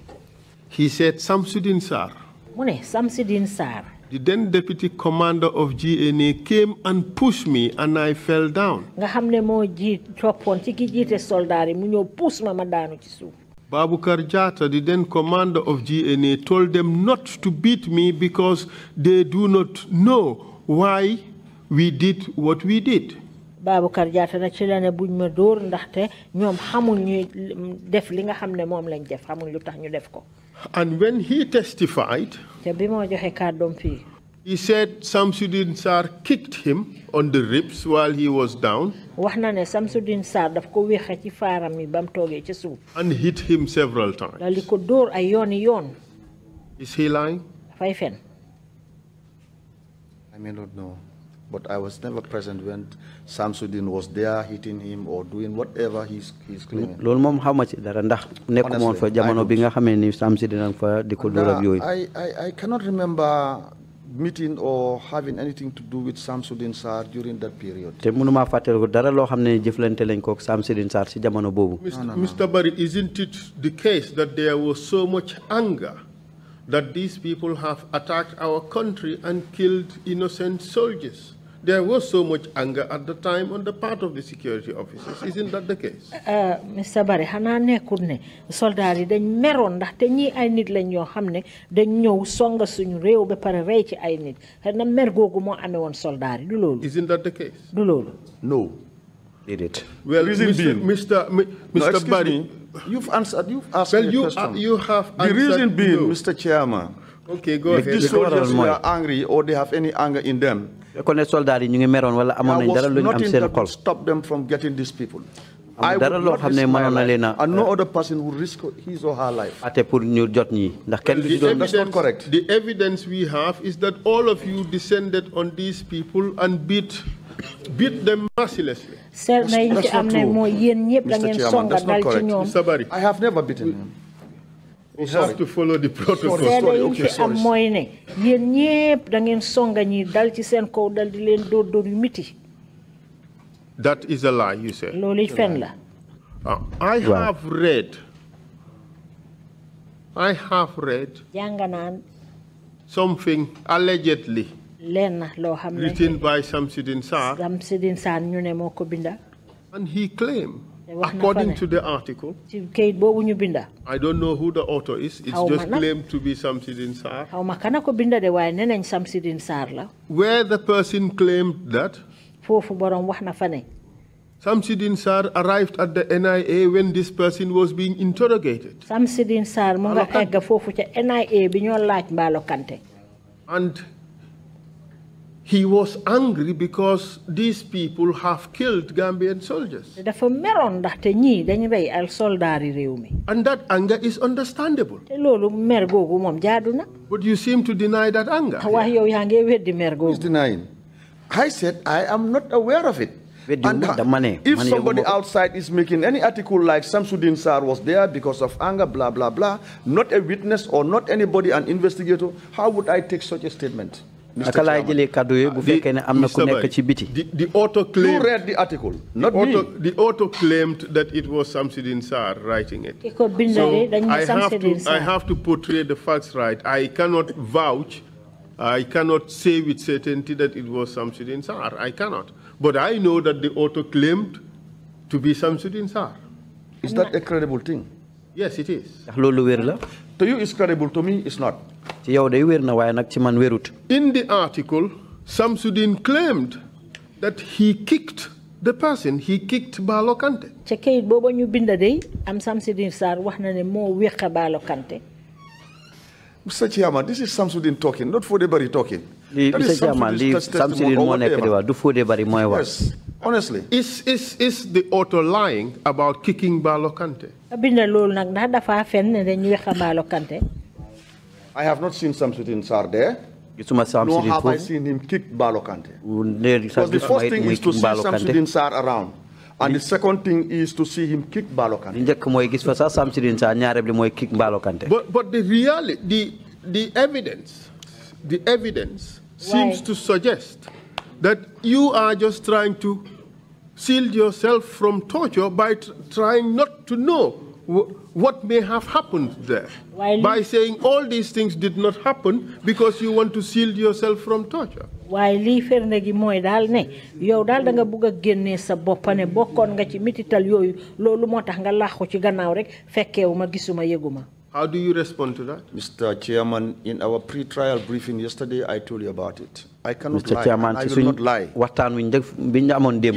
he said Samsung sar Mune Samsung sar The then deputy commander of GNA came and pushed me and I fell down. Nga xamne mo jitt topon ci ki jité soldat yi mu ñew pousse ma ma daanu ci suuf. Babukar Jata, the then commander of GNA, told them not to beat me because they do not know why we did what we did. Babukar Jata na ci la ne buñ ma door ndaxte ñoom xamuñ ñu def li nga xam ne moom lañ def xamuñ lu tax ñu def ko. And when he testified, te bi moo joxe kàddoom fii. He said some students are kicked him on the ribs while he was down. and hit him several times. is he lying? I may not know but I was never present when Samsudin was there hitting him or doing whatever he's he's claiming. loolu moom xawma ci dara ndax nekkuma woon fa jamono bi nga xamee ni Samsudin ak fa di ko dóor ak yooyu. I I cannot remember meeting or having anything to do with Samsudin Sar during that period. Te munuma fatel ko Mr. Barry, isn't it the case that there was so much anger that these people have attacked our country and killed innocent soldiers? there was so much anger at the time on the part of the security officers. Isn't that the case? Uh, Mr. Barry, Hana nekkul ne soldaar yi dañ meroon ndaxte ñii ay nit lañ ñoo xam ne dañ songa suñu réew be pare rey ci ay nit xëy na mer googu moo amee woon soldaar du loolu. Isn't that the case? du loolu. no. it? well Mr Mr Mr Barry. you've answered you've asked well, you, you have answered the reason being Mr Chairman. okay go ahead. if these soldiers are angry or they have any anger in them kon soldat yi ñu ngi wala nañ dara lu ñu am seen xol. stop them from getting these people. I dara not xam ne na leen and no other person would risk his or her life. ate pour ñu jot ñi ndax kenn du doon. that's not correct. the evidence we have is that all of you descended on these people and beat beat them mercilessly. That's, not true. that's not correct. I have never beaten him. We have to follow the protocol. Sorry, okay, sorry. songa ñi miti. That is a lie, you say. Uh, I have read. I have read. something allegedly. written by Samsidin Sarr. Samsidin binda. and he claimed. According to the article, I don't know who the author is. It's just claimed to be Samsidin Sar. Where the person claimed that, Samsidin Sar arrived at the NIA when this person was being interrogated. Samsidin Sar mu nga egg fofu NIA bi ñoo laaj kante. And he was angry because these people have killed Gambian soldiers. and that anger is understandable. mer but you seem to deny that anger. wax yow mer he's denying. I said I am not aware of it. And uh, if somebody outside is making any article like Samsudin Sar was there because of anger, blah, blah, blah, not a witness or not anybody, an investigator, how would I take such a statement? bu ah, fekkee ne am na ku nekk ci biti. the author read the article. not the auto, me. The auto claimed that it was Samsudin Sar writing it. so I have to I have to portray the facts right. I cannot vouch. I cannot say with certainty that it was Samsudin Sar. I cannot. But I know that the author claimed to be Samsudin Sar. Is that a credible thing? yes it is ndax loolu to you it's credible to me it's not yow day ci man wérut in the article Samsudin claimed that he kicked the person he kicked Baalo Kante ca kayit booba ñu binda day am Samsudin sar wax na ne we wéqa Baalo Kante Mr. Chairman, this is Samsudin talking, not for anybody talking. Mr. Chairman, the Samson Monekerewa, Dufude Barimoewa. Yes, honestly. Is, is, is the author lying about kicking Balo Kante? I have not seen Samsudin Sar there. Nor have I seen him kick Balo Kante. Because the first thing is to see Samsudin Sar around. And the second thing is to see him kick Balo Kante. But, but the reality, the, the evidence, the evidence seems to suggest that you are just trying to shield yourself from torture by trying not to know what may have happened there. While by saying all these things did not happen because you want to shield yourself from torture. waaye lii firnde gi mooy daal ne yow daal da nga bugg a génnee sa boppa ne bokkoon nga ci mitital yooyu loolu moo nga làqu ci gannaaw rek fekkeewu gisuma yëguma how do you respond to that? Mr. Chairman, in our pre-trial briefing yesterday, I told you about it. I cannot Mr. lie. I will not lie. What we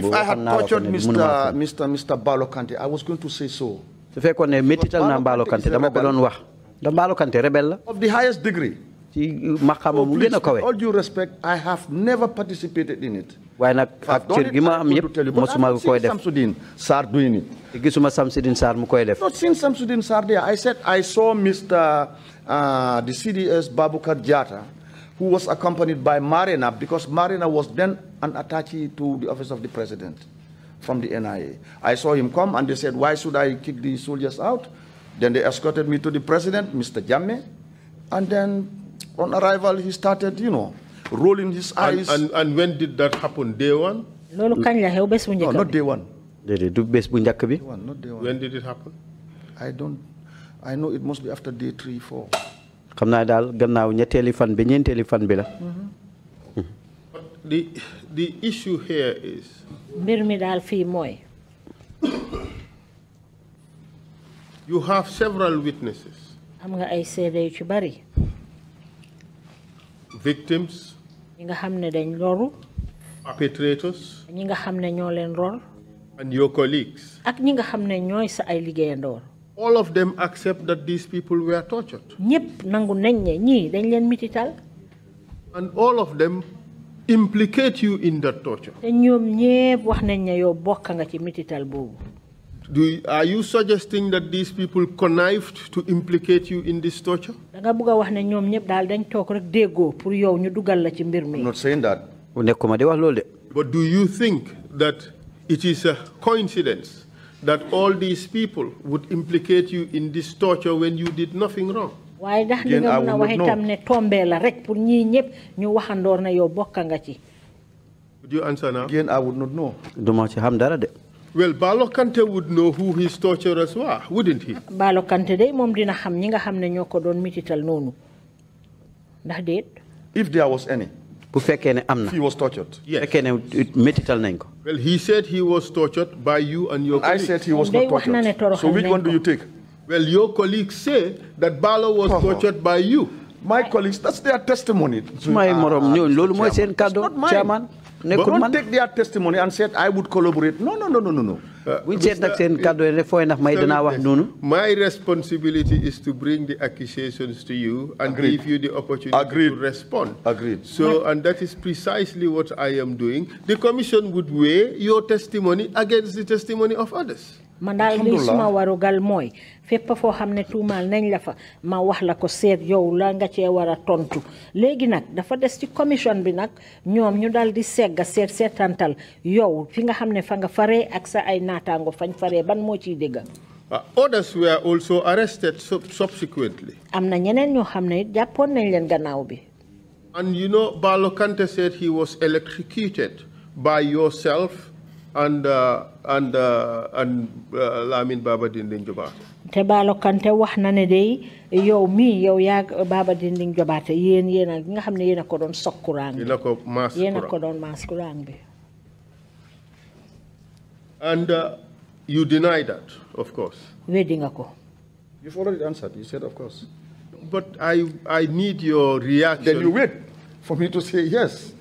If I had tortured Mr. Mr. Mr. Balokante, I was going to say so. Su fekkone metital na Balokante dama ko don wax. Da Balokante rebel Of the highest degree ci mu oh, kawe. all due respect I have never participated in it. waaye nag ak cër gi ma am yëpp mosuma koy def. Samsudin Sarr doing it. gisuma Samsudin Sarr mu koy def. not Samsudin Sarr there I said I saw Mr. Uh, the CDS Babu Jata who was accompanied by Marina because Marina was then an attaché to the office of the president from the NIA. I saw him come and they said, why should I kick the soldiers out? Then they escorted me to the president, Mr. Jammeh, and then on arrival, he started, you know, rolling his eyes. And, and, and when did that happen? Day one? No, not day one. Day one, not day one. When did it happen? I don't, I know it must be after day three, four. xam naa gannaaw ñetteeli fan bi ñeenteeli fan bi la. the the issue here is. mbir mi daal fii you have several witnesses. am nga ay seede yu ci bari victims, perpetrators, and your colleagues. all of them accept that these people were tortured. and all of them implicate you in that torture. Do, are you suggesting that these people connived to implicate you in this torture? I'm not saying that. But do you think that it is a coincidence that all these people would implicate you in this torture when you did nothing wrong? Again, ndax li nga mën would you answer now? Again, I would not know. Well, Balo Kante would know who his torturers were, wouldn't he? Balo Kante day mom dina xam ñi nga ñoko doon mitital nonu. Ndax deet? If there was any. Bu fekkee ne amna. He was tortured. Yes. Fekkee ne mitital nañ ko. Well, he said he was tortured by you and your colleagues. I said he was not tortured. So which one do you take? Well, your colleagues say that Balo was tortured by you. My colleagues, that's their testimony. My morom, lolu moy sen cadeau, chairman nekkul man ba take their testimony and said I would collaborate no no no no no. no. ñu uh, seet nag seen kàddu yi fooy ndax may danaa wax noonu. my responsibility is to bring the accusations to you. and give you the opportunity to respond. agreed so and that is precisely what I am doing the commission would weigh your testimony against the testimony of others. man daal warugal mooy fépp foo xam ne nañ la fa ma wax la ko seet yow la nga cee war a tontu léegi nag dafa des ci commission bi nag ñoom ñu daal di segga seet seetantal yow fi nga xam ne fa nga faree ak sa ay naataango fañ faree ban moo ciy dégga ah, others were also arrested subsequently. am ñeneen ñoo xam ne nañ leen gannaaw bi. and you know Ballo Kante said he was electrocuted by yourself and uh, and uh, and uh, Lamine Baba Dinding Jobate. te Baalo wax na ne de yow mii yow yaa Baba Dinding Jobate yéen yéen a nga ko kurang bi. and uh, you deny that of course. you've already answered you said of course. but I I need your reaction. then you wait for me to say yes.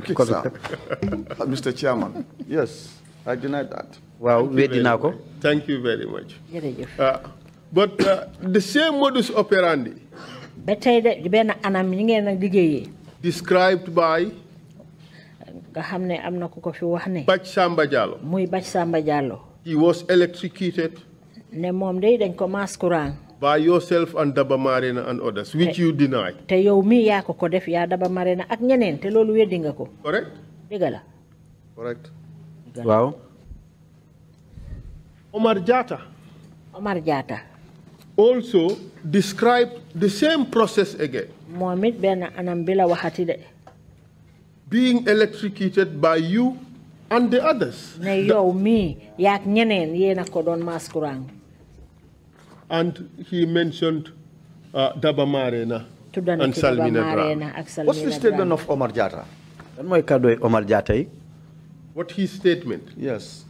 Okay, sir. Uh, Mr. Chairman, yes, I deny that. Well, we deny Thank you very much. Uh, but uh, the same modus operandi described by nga xam ne am na ku ko fi wax ne. Bac he was electrocuted. ne moom day dañ ko courant by yourself and Daba Marina and others, which you deny. Te yow mi ya ko ko def ya Daba Marina ak ñeneen te loolu weddi nga ko. Correct? Dëgg la. Correct. Wow. Omar Jata. Omar Jata. Also described the same process again. Moom it benn anam bi waxati de. Being electrocuted by you and the others. Ne yow mi ya ñeneen yena ko doon maas kurang. And he mentioned uh, Daba Marena and Salmina What's the statement of Omar Jata? Omar Jata? What his statement? Yes.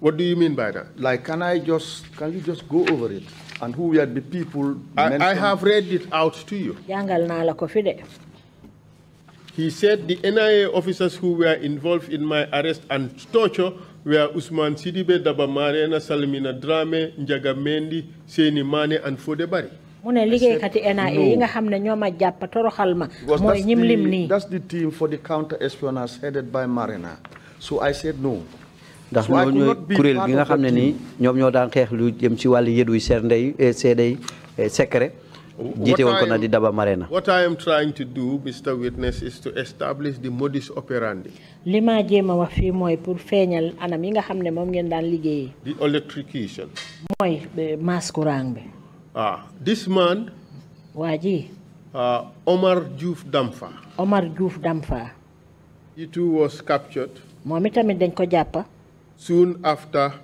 What do you mean by that? Like, can I just, can you just go over it? And who are the people? I, I have read it out to you. He said the NIA officers who were involved in my arrest and torture where Usman Sidibe Daba Marena, Salmina Drame, Njaga Mendi, Seni Mane, and Fode Bari. mu ne liggéeykat yi NIA yi nga xam ne ñoo ma jàpp toroxal ma. mooy ñim lim nii that's the team for the counter so I said no. ndax ñoo ñooy kuréel gi nga xam ne nii ñoom ñoo daan xeex lu jëm si wàllu yëdu seen ndey eh, seede eh, secret. jiite woon ko na di Daba na what I am trying to do Mr Witness is to establish the modus operandi. li maa jéem wax fii mooy pour feeñal anam yi nga xam ne moom ngeen daan liggéeyee. the electrocution. mooy maas courant bi. Ah, this man. waa ji. Ah, Omar Diouf Damfa. Omar Diouf Damfa. he too was captured. moom itamit dañ ko jàppa. soon after.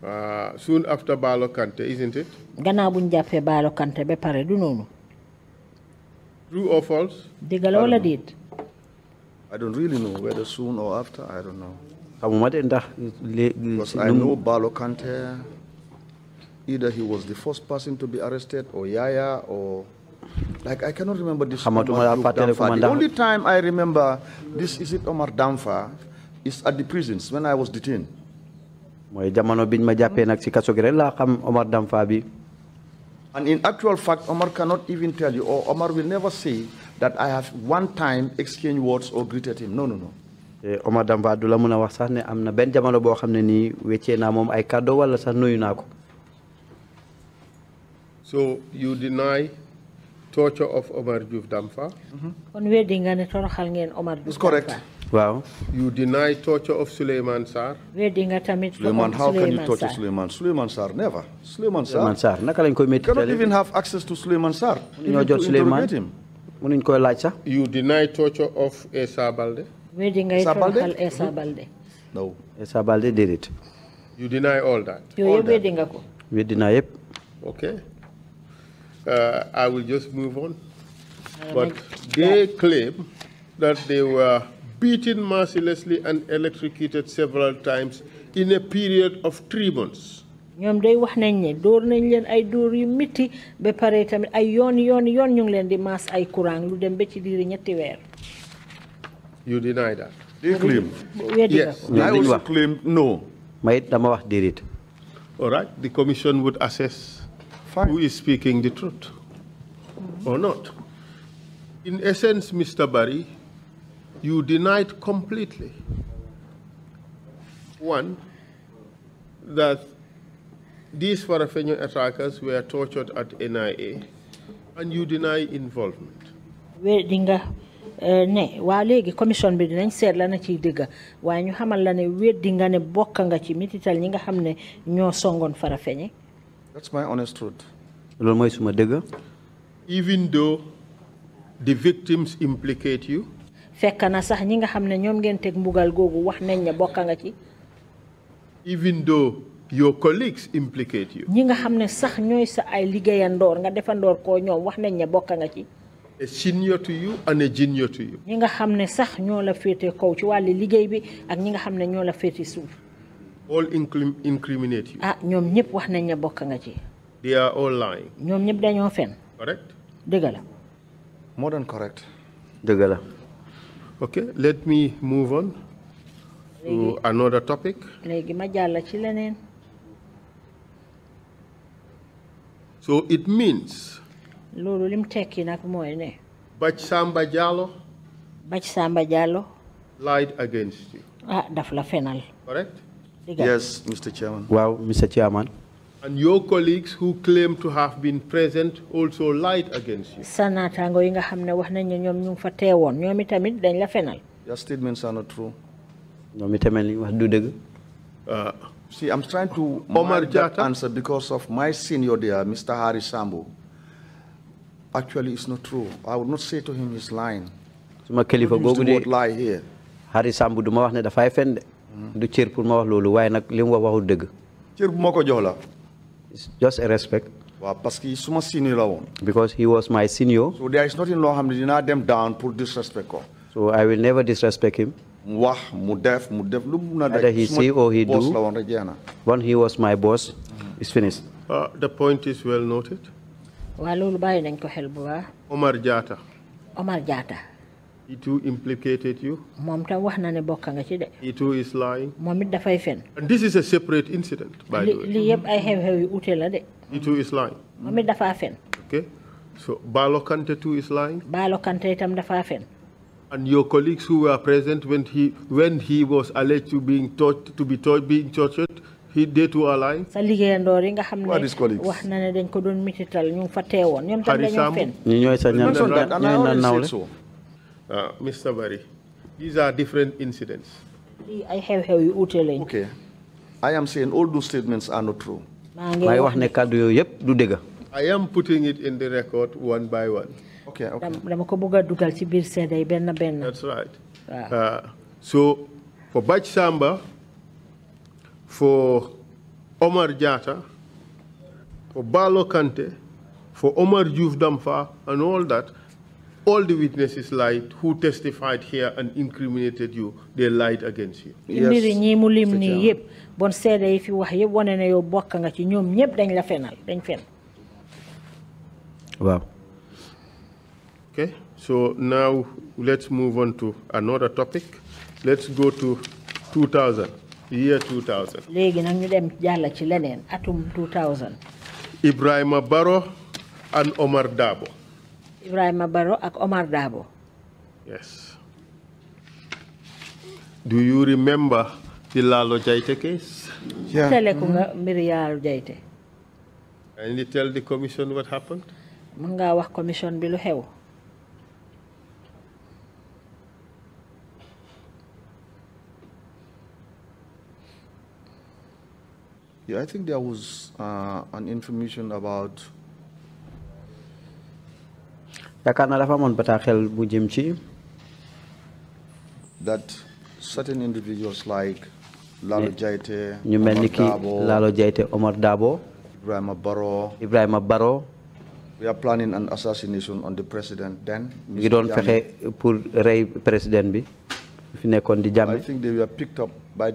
Uh, soon after Balo Kante, isn't it? Gana buñ Balo Kante be paré du nonu. True or false? Digal wala I don't really know whether soon or after, I don't know. Because I know Balo Kante either he was the first person to be arrested or Yaya or like I cannot remember this. Omar Damfa. The only time I remember this is it Omar Damfa is at the prisons when I was detained jamono biñ ma ci gi rek xam Omar Damfa bi. And in actual fact, Omar cannot even tell you, or Omar will never say that I have one time exchanged words or greeted him. No, no, no. Omar Damba du la wax sax ne amna na benn jamono boo xam ne nii weccee naa ay wala sax nuyu naa So you deny torture of Omar Diouf Damfa? Mm-hmm. Kon weddi nga ne toroxal ngeen Omar Damfa. It's correct. Wow. You deny torture of Suleiman Sar. Suleiman, how can you torture Suleiman? Suleiman Sar, never. Suleiman Sar. Suleiman Sar. Cannot even have access to Suleiman Sar. You know, George Suleiman. Him. You deny torture of Esa Balde. Esa Balde? Esa Balde. No. Esa Balde did it. You deny all that. You all that. We deny it. Okay. Uh, I will just move on. But they claim that they were beaten mercilessly and electrocuted several times in a period of three months. ñoom day wax nañ ne dóor nañ leen ay dóor yu métti ba pare tamit ay yoon yoon yoon ñu ngi leen di maas ay courant lu dem ba ci diir ñetti weer. you deny that. you claim. yes I also claim no. may dama wax déedéet. all right the commission would assess. Fine. who is speaking the truth. or not. in essence Mr Barry you denied completely one, that these Farafenyo attackers were tortured at NIA, and you deny involvement. Eh, ne wa legi commission bi dinañ seet la na ciy dëgga waaye ñu xamal la ne weddi nga ne bokk nga ci mitital ñi nga xam ne ñoo songoon Farafenni. that's my honest truth. loolu mooy suma dëgg. even though the victims implicate you. fekk na sax ñi nga xam ne ñoom ngeen teg mbugal googu wax nañ ne bokka ci. even though your colleagues ñi nga xam ne sax ñooy sa ay liggéeyandoor nga defandoor koo ñoom wax nañ ne bokka nga ci. a senior to you and a ñi nga xam ne sax ñoo la féete kaw ci wàllu liggéey bi ak ñi nga xam ne ñoo la féete suuf. all incriminate you. ah ñoom ñëpp wax nañ ne bokk nga ci. they are ñoom ñëpp dañoo fen. correct. dëgg la. more than correct. dëgg la. Okay, let me move on to another topic. So it means Bachsamba lied against you. Ah, Correct? Yes, Mr. Chairman. Wow, Mr. Chairman. And your colleagues who claim to have been present also lied against you. your statements are not true. ñoom du uh, see I'm trying to. Omar answer because of my senior there Mr Harry Sambu. actually it's not true I would not say to him he's lying. suma kilifa googu lie here. Harry Sambu du ma wax ne dafay hmm. du cër pour ma wax loolu waaye nag li la just a respect. Because he was my senior. So there is nothing loo xam not them down put disrespect oh. So I will never disrespect him. Muah, mu def mu def lu he see or he do. When he was my boss, it's finished. Uh, the point is well noted. Waa loolu Omar Jatta. Omar Jatta. He too implicated you. He too is lying. moom it fen. and this is a separate incident. by the way li yëpp ay He too is lying. moom it okay so Baalo Kante too is lying. Baalo Kante itam and your colleagues who were present when he when he was alleged to being taught to be taught being tortured he they too are lying. sa liggéeyandoor yi nga xam ne wax na ne dañ ko doon mitital ñu fa teewoon ñoom uh, Mr. Barry, these are different incidents. I have how you telling. Okay. I am saying all those statements are not true. I am putting it in the record one by one. Okay, okay. That's right. Uh, so for Baj Samba, for Omar Jata, for Balo Kante, for Omar Juf Damfa, and all that, all the witnesses lied who testified here and incriminated you they lied against you yes ñi mu lim ni yépp bon sédé fi wax yépp woné né yow bokk nga ci ñoom ñépp dañ la fenal dañ fen wow okay so now let's move on to another topic let's go to 2000 year 2000 légui nak ñu dem jalla ci leneen atum 2000 Ibrahima Baro and Omar Dabo Ibrahim Baro ak Omar Dabo. Yes. Do you remember the Lalo Jaite case? Yeah. Tell mm-hmm. Jaite. And you tell the commission what happened? wax commission bi lu xew. Yeah, I think there was uh, an information about yaakaar na dafa amoon bataaxel bu jëm ci. that certain individuals like. Lalo Jaite ñu mel ni ki Lalo Jaite Omar Dabo. Ibrahima Baro Ibrahima Baro. we are planning an assassination on ngi doon fexe pour rey président bi. fi nekkoon di jàmme. I think they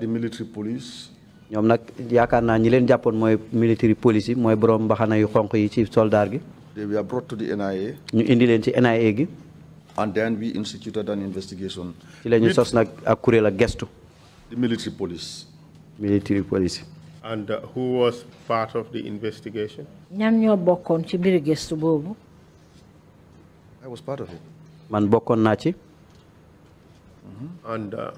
ñoom nag yaakaar naa ñi leen jàppoon mooy military police yi mooy borom mbaxana yu xonq yi ci soldaar gi. They were brought to the NIA. ñu indi leen NIA gi. and then we instituted an investigation. ci la ñu sos nag ak the military police. military police. and uh, who was part of the investigation. ñan ñoo bokkoon ci biir gestu boobu. I was part of it. man Bokon naa ci. Mm-hmm. and uh,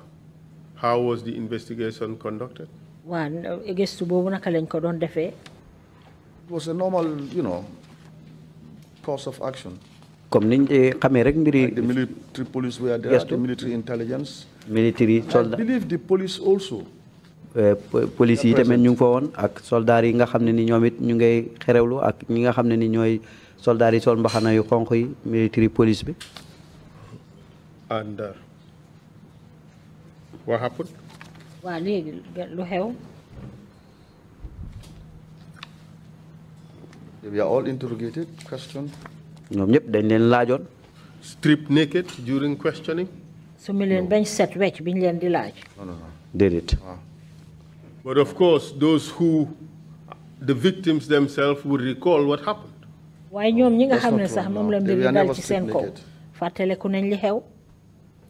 how was the investigation conducted. waaw gestu boobu naka lañ ko doon defee. it was a normal you know course of action. comme niñ xamee rek mbiri the military police were there Yes, the military intelligence military soldat I believe the police also euh, police yi tamit ñu ngi fa woon ak soldats yi nga xam ne ni ñoom it ñu ngay xerewlu ak ñi nga xam ne ni ñooy soldats yi sol mbaxana yu xonq yi military police bi and uh, what happened waaw léegi lu xew We are all interrogated, questioned. ñoom ñëpp dañ leen laajoon. stripped naked during questioning. suñu million bañ set No, no, no. Did it? Ah. But of course, those who, the victims themselves would recall what happened. Why ñoom ñi nga xam sa sax moom la mbir dal ci seen kaw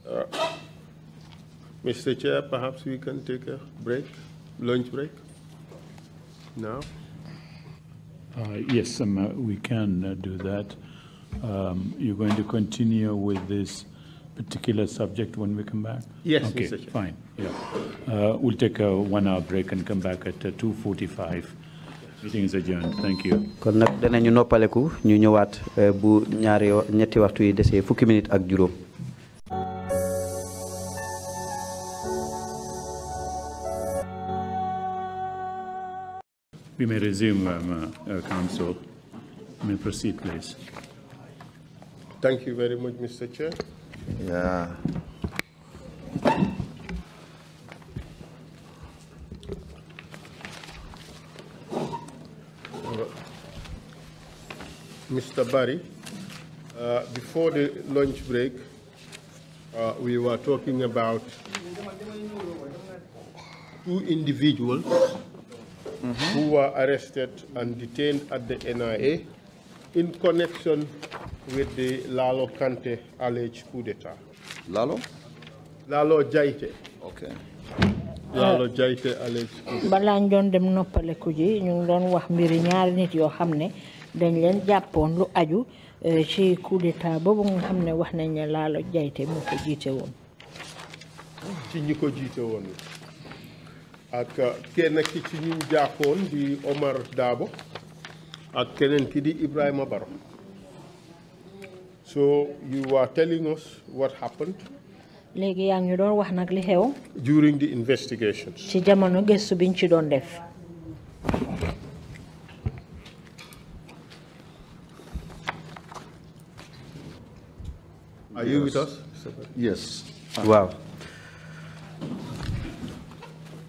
uh, Mr. Chair, perhaps we can take a break, lunch break now. Uh, yes, um, uh, we can uh, do that. Um, you're going to continue with this particular subject when we come back? Yes, okay, Mr. fine. Yeah, uh, we'll take a one-hour break and come back at 2:45. Uh, meeting is adjourned. Thank you. We may resume, um, uh, uh Council. You may proceed, please. Thank you very much, Mr. Chair. Yeah. Mr. Barry, uh, before the lunch break, uh, we were talking about two individuals huwa arrested and detained at the nia in connection with the lalo kante allege coup d' état lalo lalo jayte okay. lalo jayte allege balan jon dem noppale kuji ñung doon wax mbiri ñaari nit yoo xam ne dañ leen jàppoon lu aju eh, ci coup d' état boobu nga xam ne wax nañ ne lalo jayte moo ko jiite woon ci ñi ko jiite woon ak kenn ki ci ñu di Omar Dabo ak ki di Ibrahima Baro so you were telling us what happened ngi doon wax li xew during the investigations ci jamono biñ ci doon def Are you with us? Yes. Wow.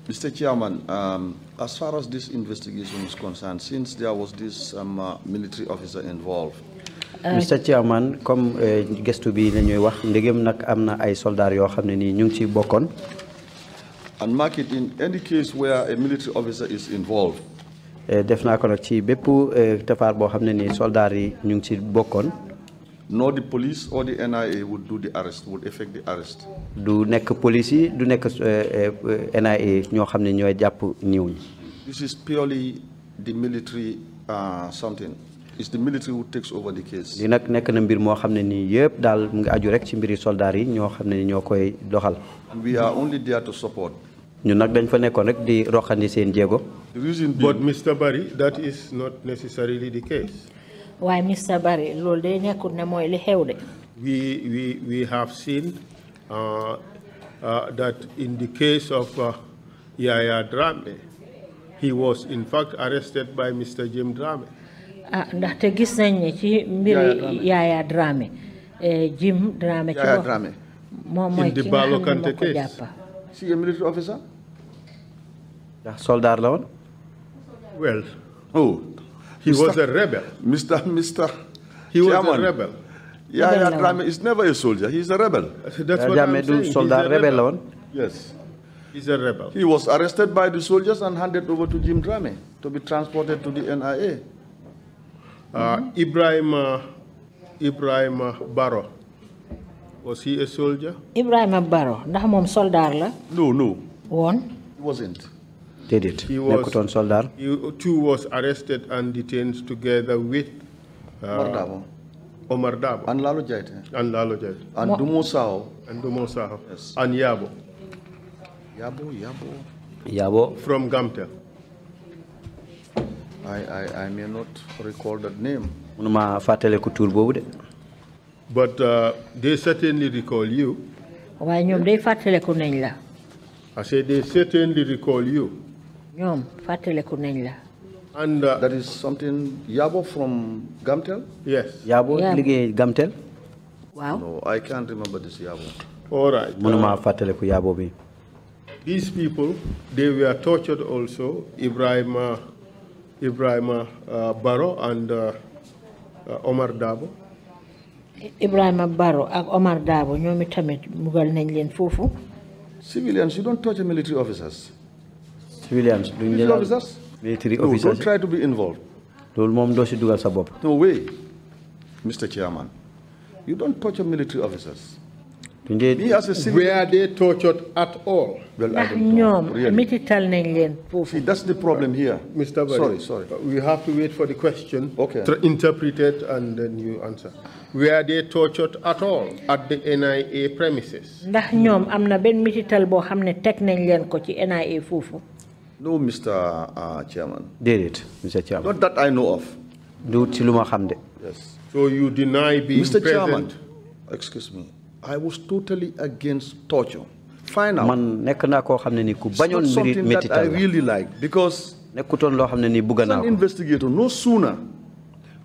Mr. Chairman, um, as far as this investigation is concerned, since there was this um, uh, military officer involved. Uh, Mr. Chairman, comme uh, gestu bi la ñuy wax ndegem nak amna ay soldats yo xamne ni ñu ci bokkon. And mark it in any case where a military officer is involved. Uh, def na ko nak ci bepp tafar uh, bo xamne ni soldats yi ñu ci bokkon nor the police or the NIA would do the arrest would effect the arrest. Do nek police do nek euh, euh, NIA ñoo xam ne ñooy jàpp ñëw this is purely the military uh, something. it's the military who takes over the case. li nag nek na mbir moo xam ne nii yëpp daal mu ngi aju rek ci mbiri soldats yi ñoo xam ñoo koy doxal. we are only there to support. ñun nag dañ fa nekkoon rek di roxandi seen jéego. but Mr Barry that is not necessarily the case waaye Mr Barry loolu day nekkul ne mooy li we we we have seen uh, uh, that in the case of uh, Yaya Drame he was in fact arrested by Mr Jim Drame. ah ndaxte gis nañ ne Yaya Drame Jim Drame. Yaya Drame eh, In the ci case. xam ne a military officer. soldat la woon. well. oh. He Mr. was a rebel. Mr. Mr. He was a rebel. Yeah, yeah, Drame He's never a soldier. He's a rebel. That's what I'm saying. Soldier rebel. rebel. Yes. He's a rebel. He was arrested by the soldiers and handed over to Jim Drame to be transported to the NIA. Uh, Ibrahim, uh, Ibrahim Barrow, was he a soldier? Ibrahim Barrow, la? No, no. One. He wasn't déedéet nekkutoon Soldar. he too was arrested and detained together with. Uh, Omar Dabo. Omar Dabo. and Lalo Jaite. and Lalo Jaite. and Dumo and Dumo yes and Yabo. Yabo Yabo. Yabo. from Gamtel. I, I, I may not recall that name. But uh, they certainly recall you. I say they certainly recall you nañ la. and uh, that is something Yabo from Gamtel. yes Yabo liggéey Gamtel. Wow. no I can't remember this Yabo. all right uh, mënuma fàttaliku Yabo bi. these people they were tortured also Ibrahim, uh, Ibrahim uh, Baro and uh, uh, Omar Dabo. Ibrahim Baro ak Omar Dabo ñoom itamit mugal nañ leen foofu. civilians you don't torture military officers civilians duñ leen officers military officers don't try to be involved no way Mr. Chairman you don't torture military officers Me as a civil, were they tortured at all? Well, I don't know, really. Oh, see, that's the problem here. Mr. Barry, sorry, sorry. Uh, we have to wait for the question, okay. interpret it, and then you answer. Were they tortured at all at the NIA premises? ndax ñoom am na benn mitital boo xam ne teg nañ leen ko ci NIA foofu. No, Mr. Uh, Chairman. Did it, Mr. Chairman? Not that I know of. Do tiluma hamde. Yes. So you deny being Mr. Present. Chairman, excuse me. I was totally against torture. Fine out. Man nek na ko xamne ni ku bañon metti I really like because nekuton lo xamne ni bëgg na an investigator no sooner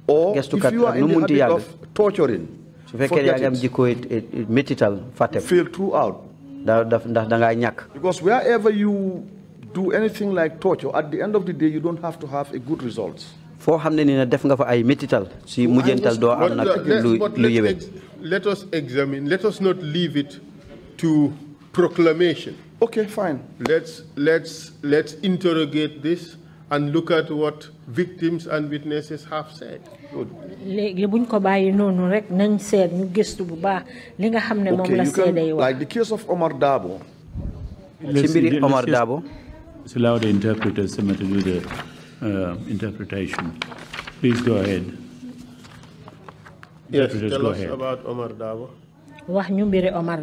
or if you are in the habit of torturing. forget Su fekkee yaa it it jikko mettital fatem. Fail throughout. Da da da nga ñak. Because wherever you do anything like torture, at the end of the day, you don't have to have a good result. foo xam ne ni na def nga fa ay métital si mujjantal doo am nag lu lu yëwee let us examine let us not leave it to proclamation okay fine let's let's let's interrogate this and look at what victims and witnesses have said léegi buñ ko bàyyi noonu rek nañ seet ñu gëstu bu baax li nga xam ne la seede yi like the case of Omar Dabo ci mbiri Omar Dabo it's us allow the interpreter, Sima, to do the uh, interpretation. Please go ahead. Yes, tell us ahead. about Omar Dabo. Omar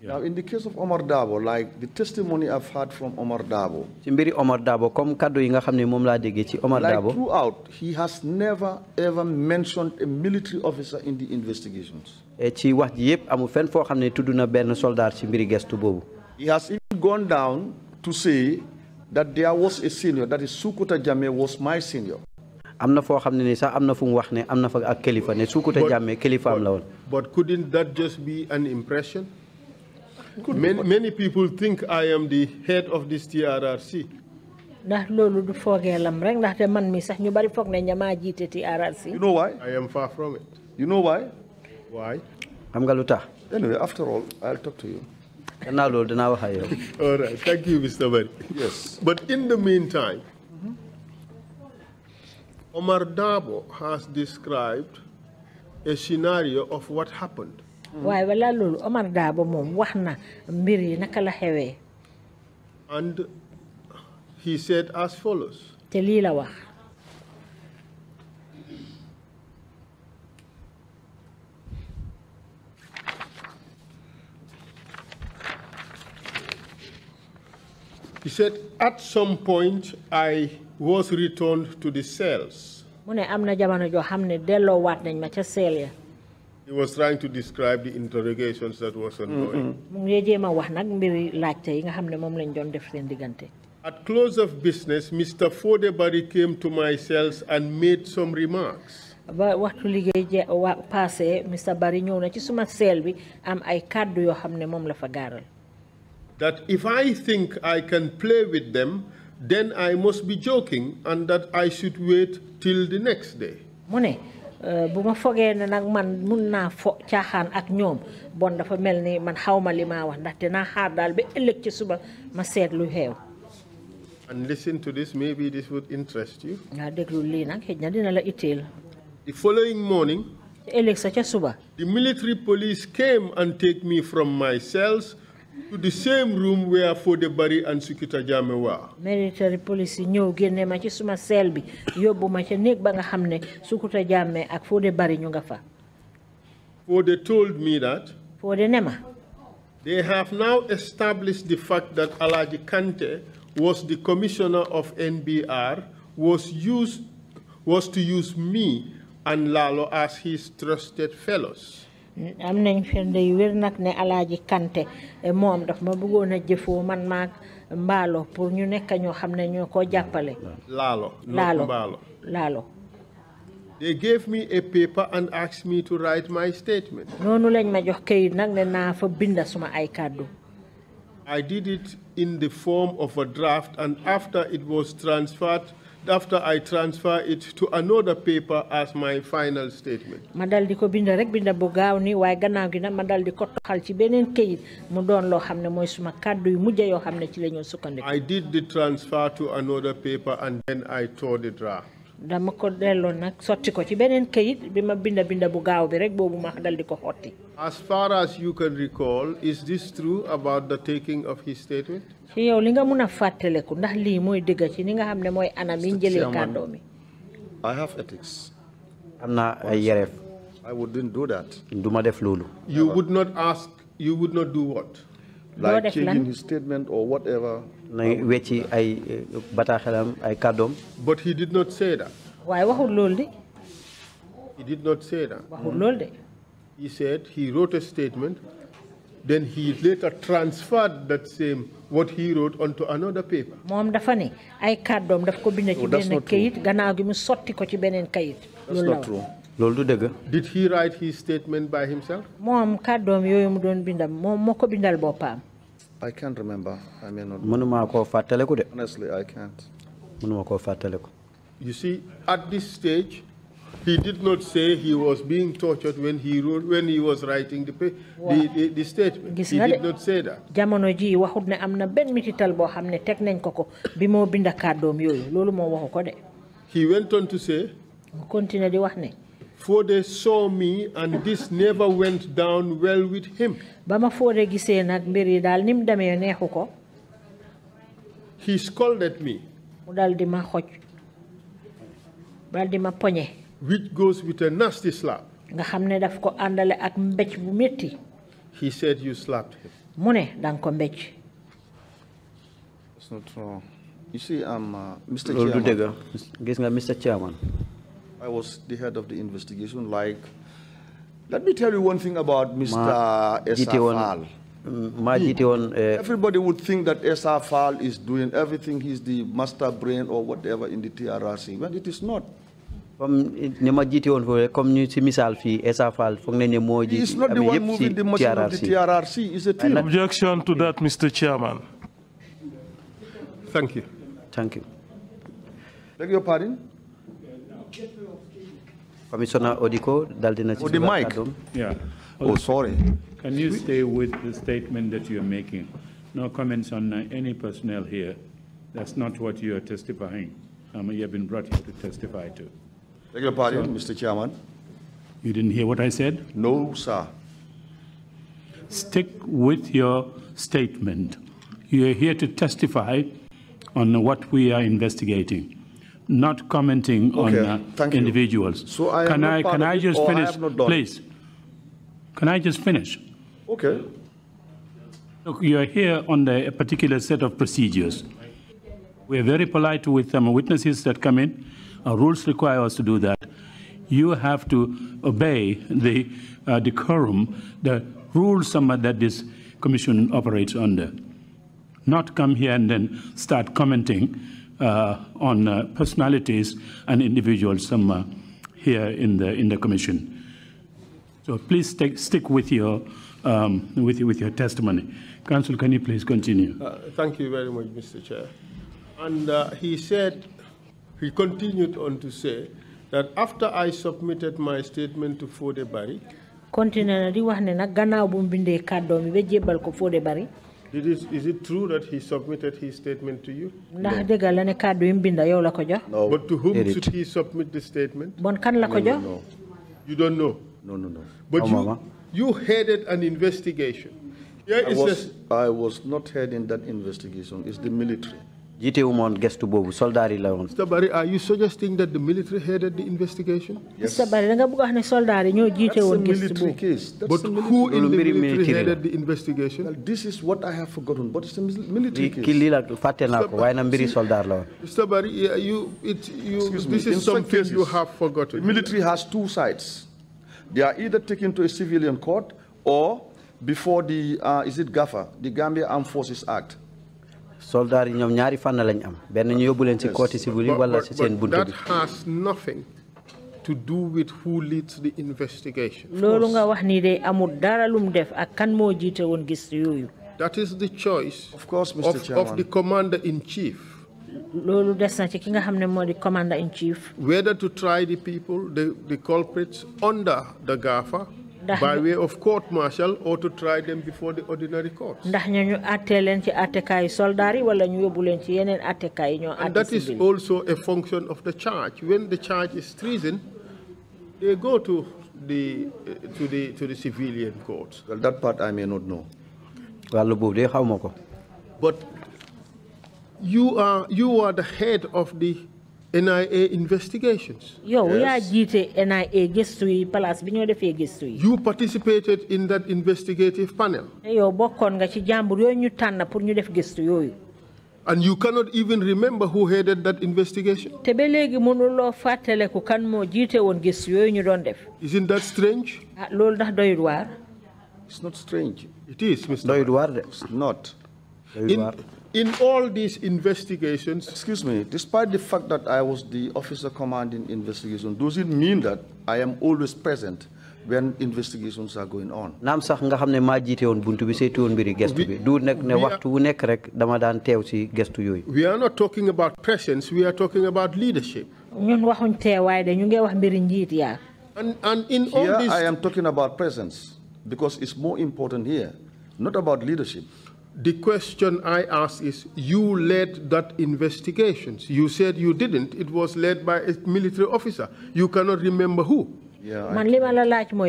Yeah. Now, in the case of Omar Dabo, like the testimony I've heard from Omar Dabo, like throughout, he has never ever mentioned a military officer in the investigations. He has even gone down to say that there was a senior that is Sukuta Jame was my senior. am na foo xam ne ni am na fu mu wax am na fa ak Sukuta Jame kilifa am but couldn't that just be an impression. many many people think I am the head of this TRRC. ndax loolu du foogeelam rek ndaxte man mi sax ñu bari foog ne ñamaa TRRC. you know why. I am far from it. you know why. why. xam nga lu anyway after all I'll talk to you. All right. Thank you, Mr. Barry. Yes. But in the meantime, mm -hmm. Omar Dabo has described a scenario of what happened. Why, well, lolu Omar Dabo mom wax na mbir yi naka la And he said as follows. Te li He said, at some point, I was returned to the cells. He was trying to describe the interrogations that was ongoing. Mm -hmm. At close of business, Mr. Fodebari came to my cells and made some remarks. Mr Barry am ay kàddu that if I think I can play with them, then I must be joking and that I should wait till the next day. Mune, eh, buma ma na nagman muna man mun naa fo caaxaan ak ñoom bon dafa mel ni man xawma li maa wax ndaxte naa xaar daal ba suba ma lu xew. And listen to this, maybe this would interest you. nga déglu lii nag xëj na dina la itteel. The following morning, ëllëg sa The military police came and take me from my cells to the same room where Fodebari and Sukita Jame were. Military police ñew génné ma ci suma sel bi yobbu ma ci neeg ba nga xamné Sukuta Jame ak Fodebari ñu nga For Fode told me that Fode nema they have now established the fact that Alaji Kante was the commissioner of NBR was used was to use me and Lalo as his trusted fellows am nañ firnde wér nag ne alaaji kante moom daf ma bëggoon jëfoo man maag mbaalo pour ñu nekk ñoo xam ñoo koo jàppale laalo laalo laalo They gave me a paper and asked me to write my statement. lañ ma jox kayit ne fa binda suma ay kàddu. I did it in the form of a draft and after it was transferred after I transfer it to another paper as my final statement. rek ni gi ci mu suma yu ci sukkandiku. I did the transfer to another paper and then I tore the draft dama ko ko ci kayit binda binda bu gaaw bi rek ma dal as far as you can recall is this true about the taking of his statement. ci yow li nga ndax ci ni nga anam yi mi. I have ethics. am ay I wouldn't do that. def you would not ask you would not do what. like changing his statement or whatever. Eh, but he did not say that. Why? waxul he did not say that. waxul he said he wrote a statement. then he later transferred that same what he wrote onto another paper. Mom, Dafani, I ay kàddoom daf ko bind ci benn sotti ko ci that's not true did he write his statement by himself. moom kàddoom yooyu mu doon bindam moom moo bindal boppam. I can't remember. I may not. Munuma ko Honestly, I can't. Munuma ko fataleku. You see, at this stage, he did not say he was being tortured when he wrote, when he was writing the, the, the, the, statement. he did not say that. Jamono ji amna ben mitital bo bimo binda mo He went on to say for they saw me and this never went down well with him bama foore gisee nim he scolded me dal dal poñe which goes with a nasty slap àndale ak he said you slapped him mu ne danga it's not wrong you see um, uh, Mr. Chairman Mr. Chairman I was the head of the investigation. Like, let me tell you one thing about Mr. Ma Esafal. Hmm. Uh, Everybody would think that Esafal is doing everything. He's the master brain or whatever in the TRRC, but it is not. From ni ma jiite woon foofu comme ñu si it's not the one moving the of the TRRC. it's a team. objection to that Mr. Chairman. thank you. thank you. beg your pardon. Commissioner Odiko dal dina oh, ci. yeah. Oh, sorry. Can you stay with the statement that you are making? No comments on uh, any personnel here. That's not what you are testifying. Um, you have been brought here to testify to. Thank you, pardon, so, Mr. Chairman. You didn't hear what I said? No, sir. Stick with your statement. You are here to testify on what we are investigating not commenting okay, on uh, individuals. You. So I can I can I just finish, I please? Can I just finish? Okay. Look, you are here on the, a particular set of procedures. We are very polite with um, witnesses that come in. Our uh, rules require us to do that. You have to obey the uh, decorum, the rules uh, that this commission operates under. Not come here and then start commenting uh, on uh, personalities and individuals some uh, here in the in the commission. So please take, stick with your um, with with your testimony. Council, can you please continue? thank you very much, Mr. Chair. And he said, he continued on to say that after I submitted my statement to Fodebari. Continue na di wax ne nag gannaaw bu mu bindee ko Fodebari. Did is, it true that he submitted his statement to you? No. no. But to whom should he submit the statement? Bon kan la ko no, no, You don't know? No, no, no. But you, you headed an investigation. Here I, was, a, I was not heading that investigation. It's the military jiite wu gestu boobu soldaar yi la woon. Mr Barry are you suggesting that the military headed the investigation. yes Mr Barry da nga bëgg a wax ne soldaar yi ñoo jiite woon. gestu boobu but who in the military headed the investigation. well this is what I have forgotten but it's a military case. kii lii la fàtte naa ko waaye na mbiri soldaar la woon. Mr Barry you it you. this is something you have forgotten. the military has two sides. They are either taken to a civilian court or before the uh, is it GAFA, the Gambia Armed Forces Act soldaar yi ñoom ñaari fànn lañ am benn ñu yóbbu leen ci côté civil wala ci seen buntu that has nothing to do with who leads the investigation. loolu nga wax ni de amul dara lu mu def ak kan moo jiite woon gis yooyu. that is the choice. of course Mr. Chairman of the commander in chief. loolu des na ci ki nga xam ne commander in chief. whether to try the people the the culprits under the GAFA by way of court martial or to try them before the ordinary courts. And that is also a function of the charge when the charge is treason they go to the uh, to the to the civilian courts. Well, that part I may not know. but you are you are the head of the NIA investigations. yow yaa jiite NIA gëstu yi place bi ñoo fe gëstu yi. you participated in that investigative panel. Yo, yow bokkoon nga ci jàmbur yooyu ñu tànn pour ñu def gëstu yooyu. and you cannot even remember who headed that investigation. te ba léegi fatele fàttaleku kan moo jiite woon gëstu yooyu ñu doon def. isn't that strange. ah loolu ndax doyul it's not strange. it is Mr. doyul waar it's not. doyul waar. In all these investigations... Excuse me, despite the fact that I was the officer commanding investigation, does it mean that I am always present when investigations are going on? Nam sax nga xam ne maa jiite buntu bi saytu woon mbiri gestu bi du nek ne waxtu wu nekk rek dama daan teew si we are not talking about presence we are talking about leadership. ñun waxuñ teewaay de ñu ngi wax mbiri and in all this. I am talking about presence because it's more important here not about leadership the question I ask is, you led that investigations. You said you didn't. It was led by a military officer. You cannot remember who. Yeah, Man lima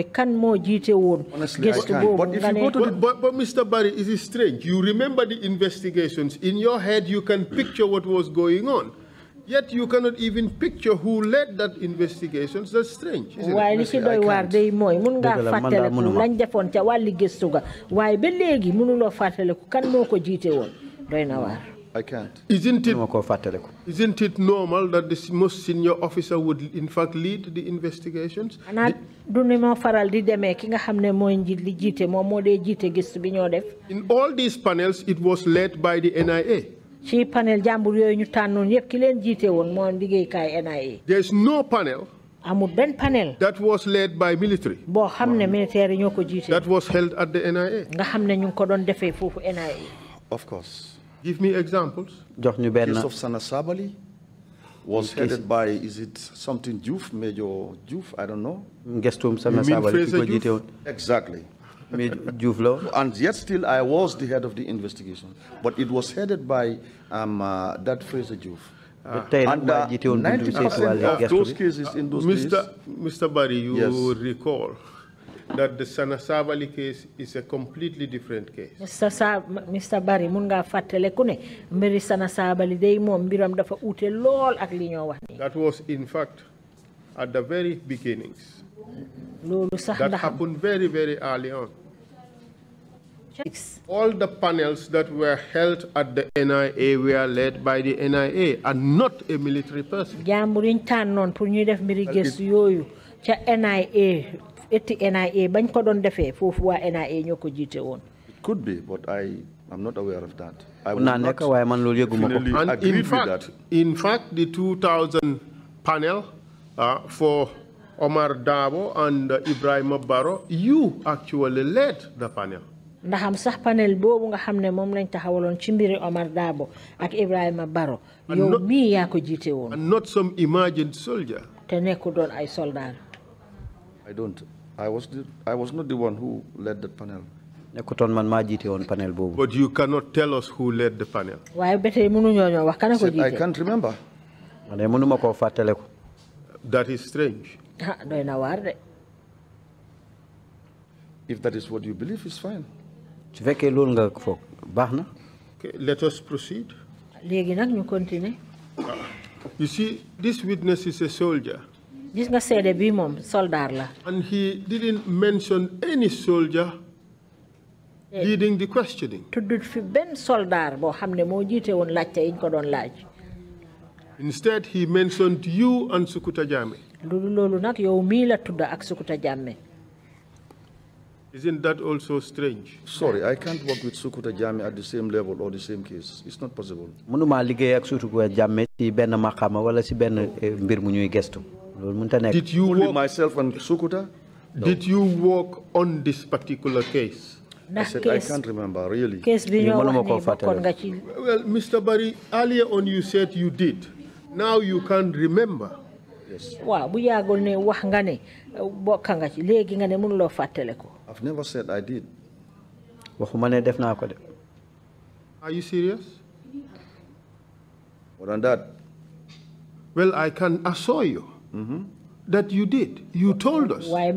kan mo but if you go to but, the... but, but Mr Barry it is strange you remember the investigations in your head you can picture what was going on yet you cannot even picture who led that investigation that's strange waaye li ci doy waar day mooy mun ngaa fàttaleku lañ defoon ca wàlli ga waaye ba léegi mënuloo fàttaleku kan moo ko jiite woon doy I can't. Isn't it, isn't it normal that the most senior officer would in fact lead the investigations? In all these panels, it was led by the NIA ci panel ñu yëpp ki leen NIA. there is no panel. amul benn panel. that was led by military. militaire that was held at the NIA. nga ñu ko doon NIA. of course. give me examples. jox ñu Sana Sabali. was headed by is it something Diouf Major Diouf I don't know. ngestuum Sana Sabali ko exactly and yet still I was the head of the investigation. But it was headed by um, uh, that Fraser Juf. Uh, 90 those cases in those Mr. Mr. Barry, you yes. recall that the Sana Savali case is a completely different case. Mr. Sa Mr. Barry, munga nga kune, ku ne mbiri Sana Savali mbiram dafa lol ak li That was in fact at the very beginnings. Lolu sax That happened very very early on. Checks. All the panels that were held at the NIA were led by the NIA and not a military person. It could be but I am not aware of that. I will not finally agree with that. In fact, the 2000 panel uh, for Omar Dabo and uh, Ibrahim Baro, you actually led the panel sax panel boobu nga xam ne moom lañ taxawaloon ci mbiri Omar Dabo ak Ibrahima Baro. yow mii yaa ko jiite woon. not some imagined soldier. te nekku doon ay soldat. I don't I was the, I was not the one who led the panel. man maa jiite woon panel boobu. but you cannot tell us who led the panel. waaye ñoo wax kana ko jiite. I can't remember. fàttale ko. that is strange. Ah, doy na waar de. if that is what you believe is fine su fekkee loolu nga foog baax let us proceed. léegi nag ñu continuer. you see this witness is a soldier. gis nga seede bi moom soldaar la. and he didn't mention any soldier. Eh. leading the questioning. tuddut fi benn soldaar boo xam ne moo jiite woon laajte yi ñu ko doon laaj. instead he mentioned you and Sukuta Jammeh. loolu loolu nag yow mii la tudd ak Sukuta Jammeh. Isn't that also strange? Sorry, I can't work with Sukuta Jame at the same level or the same case. It's not possible. Mënuma liggéey ak Sukuta Jame ci benn wala ci benn eh, mbir Did you only myself and Sukuta? No. Did you work on this particular case? I said, case, I can't remember, really. Case well, Mr. Barry, earlier on you said you did. Now you can't remember. Yes. Waaw bu yàggul ne wax nga ne eh, bokk nga ci léegi nga ne mënuloo fàttale ko I've never said I did. Are you serious? More than that. Well, I can assure you mm -hmm. that you did. You told us. ne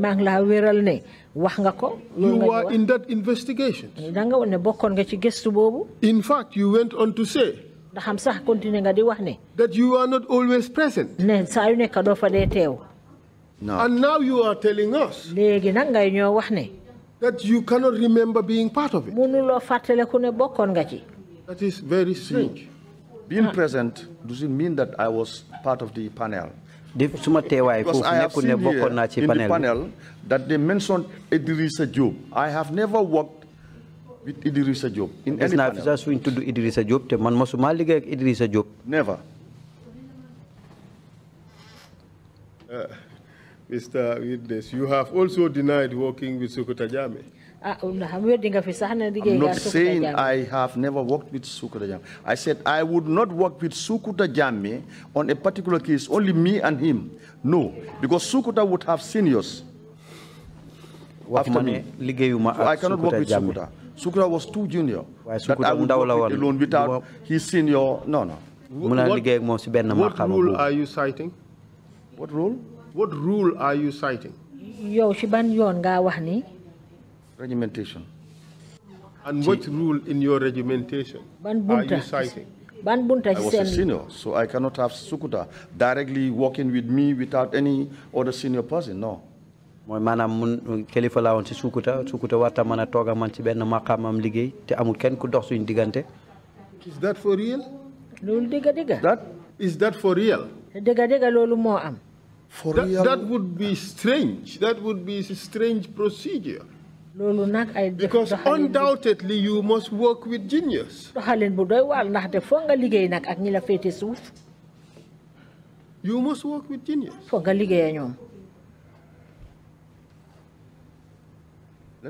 ko. you were in that investigation. Eh, in fact you went on to say. that you are not always present. ne and now you are telling us. léegi nag ngay ñoo that you cannot remember being part of it. That is very strange. Being present doesn't mean that I was part of the panel. Because I have seen here in the panel that they mentioned Idrissa Job. I have never worked with Idrissa Job in any panel. Yes, to do Idrissa Job. Man masuma liggéey ak Job. Never. Uh, Mr. Witness, you have also denied working with Sukutajame. Ah, I'm not saying I have never worked with Sukutajame. I said I would not work with Sukutajame on a particular case, only me and him. No, because Sukuta would have seniors after me. So I cannot work with Sukuta. Sukuta was too junior. That I would work with alone without his senior. No, no. What, what rule are you citing? What rule? What rule are you citing? Yo, shiban yonga yoon Regimentation. And what rule in your regimentation are you citing? I was a senior, so I cannot have Sukuta directly working with me without any other senior person, no. My man mun kilifa laa woon Sukuta Sukuta wata mana a toog man ci benn maqaamam liggéey te is that for real. Lul diga diga. that is that for real. Diga diga loolu moo am for that, real. That would be strange. That would be a strange procedure. Because undoubtedly you must work with genius. You must work with genius. Let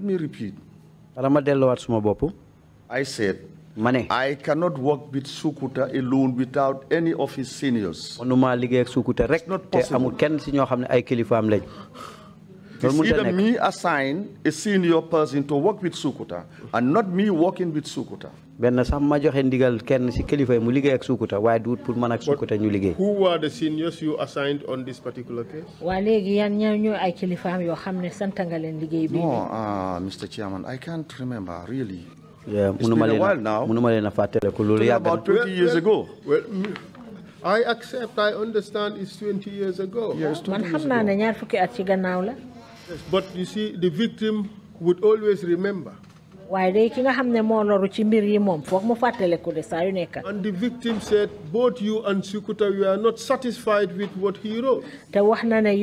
me repeat. I said Mané. I cannot work with Sukuta alone without any of his seniors. Manuma liggéey Sukuta It's either me assign a senior person to work with Sukuta and not me working with Sukuta. benn sax ma joxe ndigal kenn ci kilifa yi mu liggéey Sukuta why do pour man Sukuta ñu liggéey. who were the seniors you assigned on this particular case. bi. no ah, Mr Chairman I can't remember really. Yeah, it's been a while now. About 20 years ago. Well, mm, I accept, I understand it's 20 years ago. Yes, 20 years ago. Yes, but you see, the victim would always remember. and the victim said both you and Sukuta you are not satisfied with what he wrote. Sukuta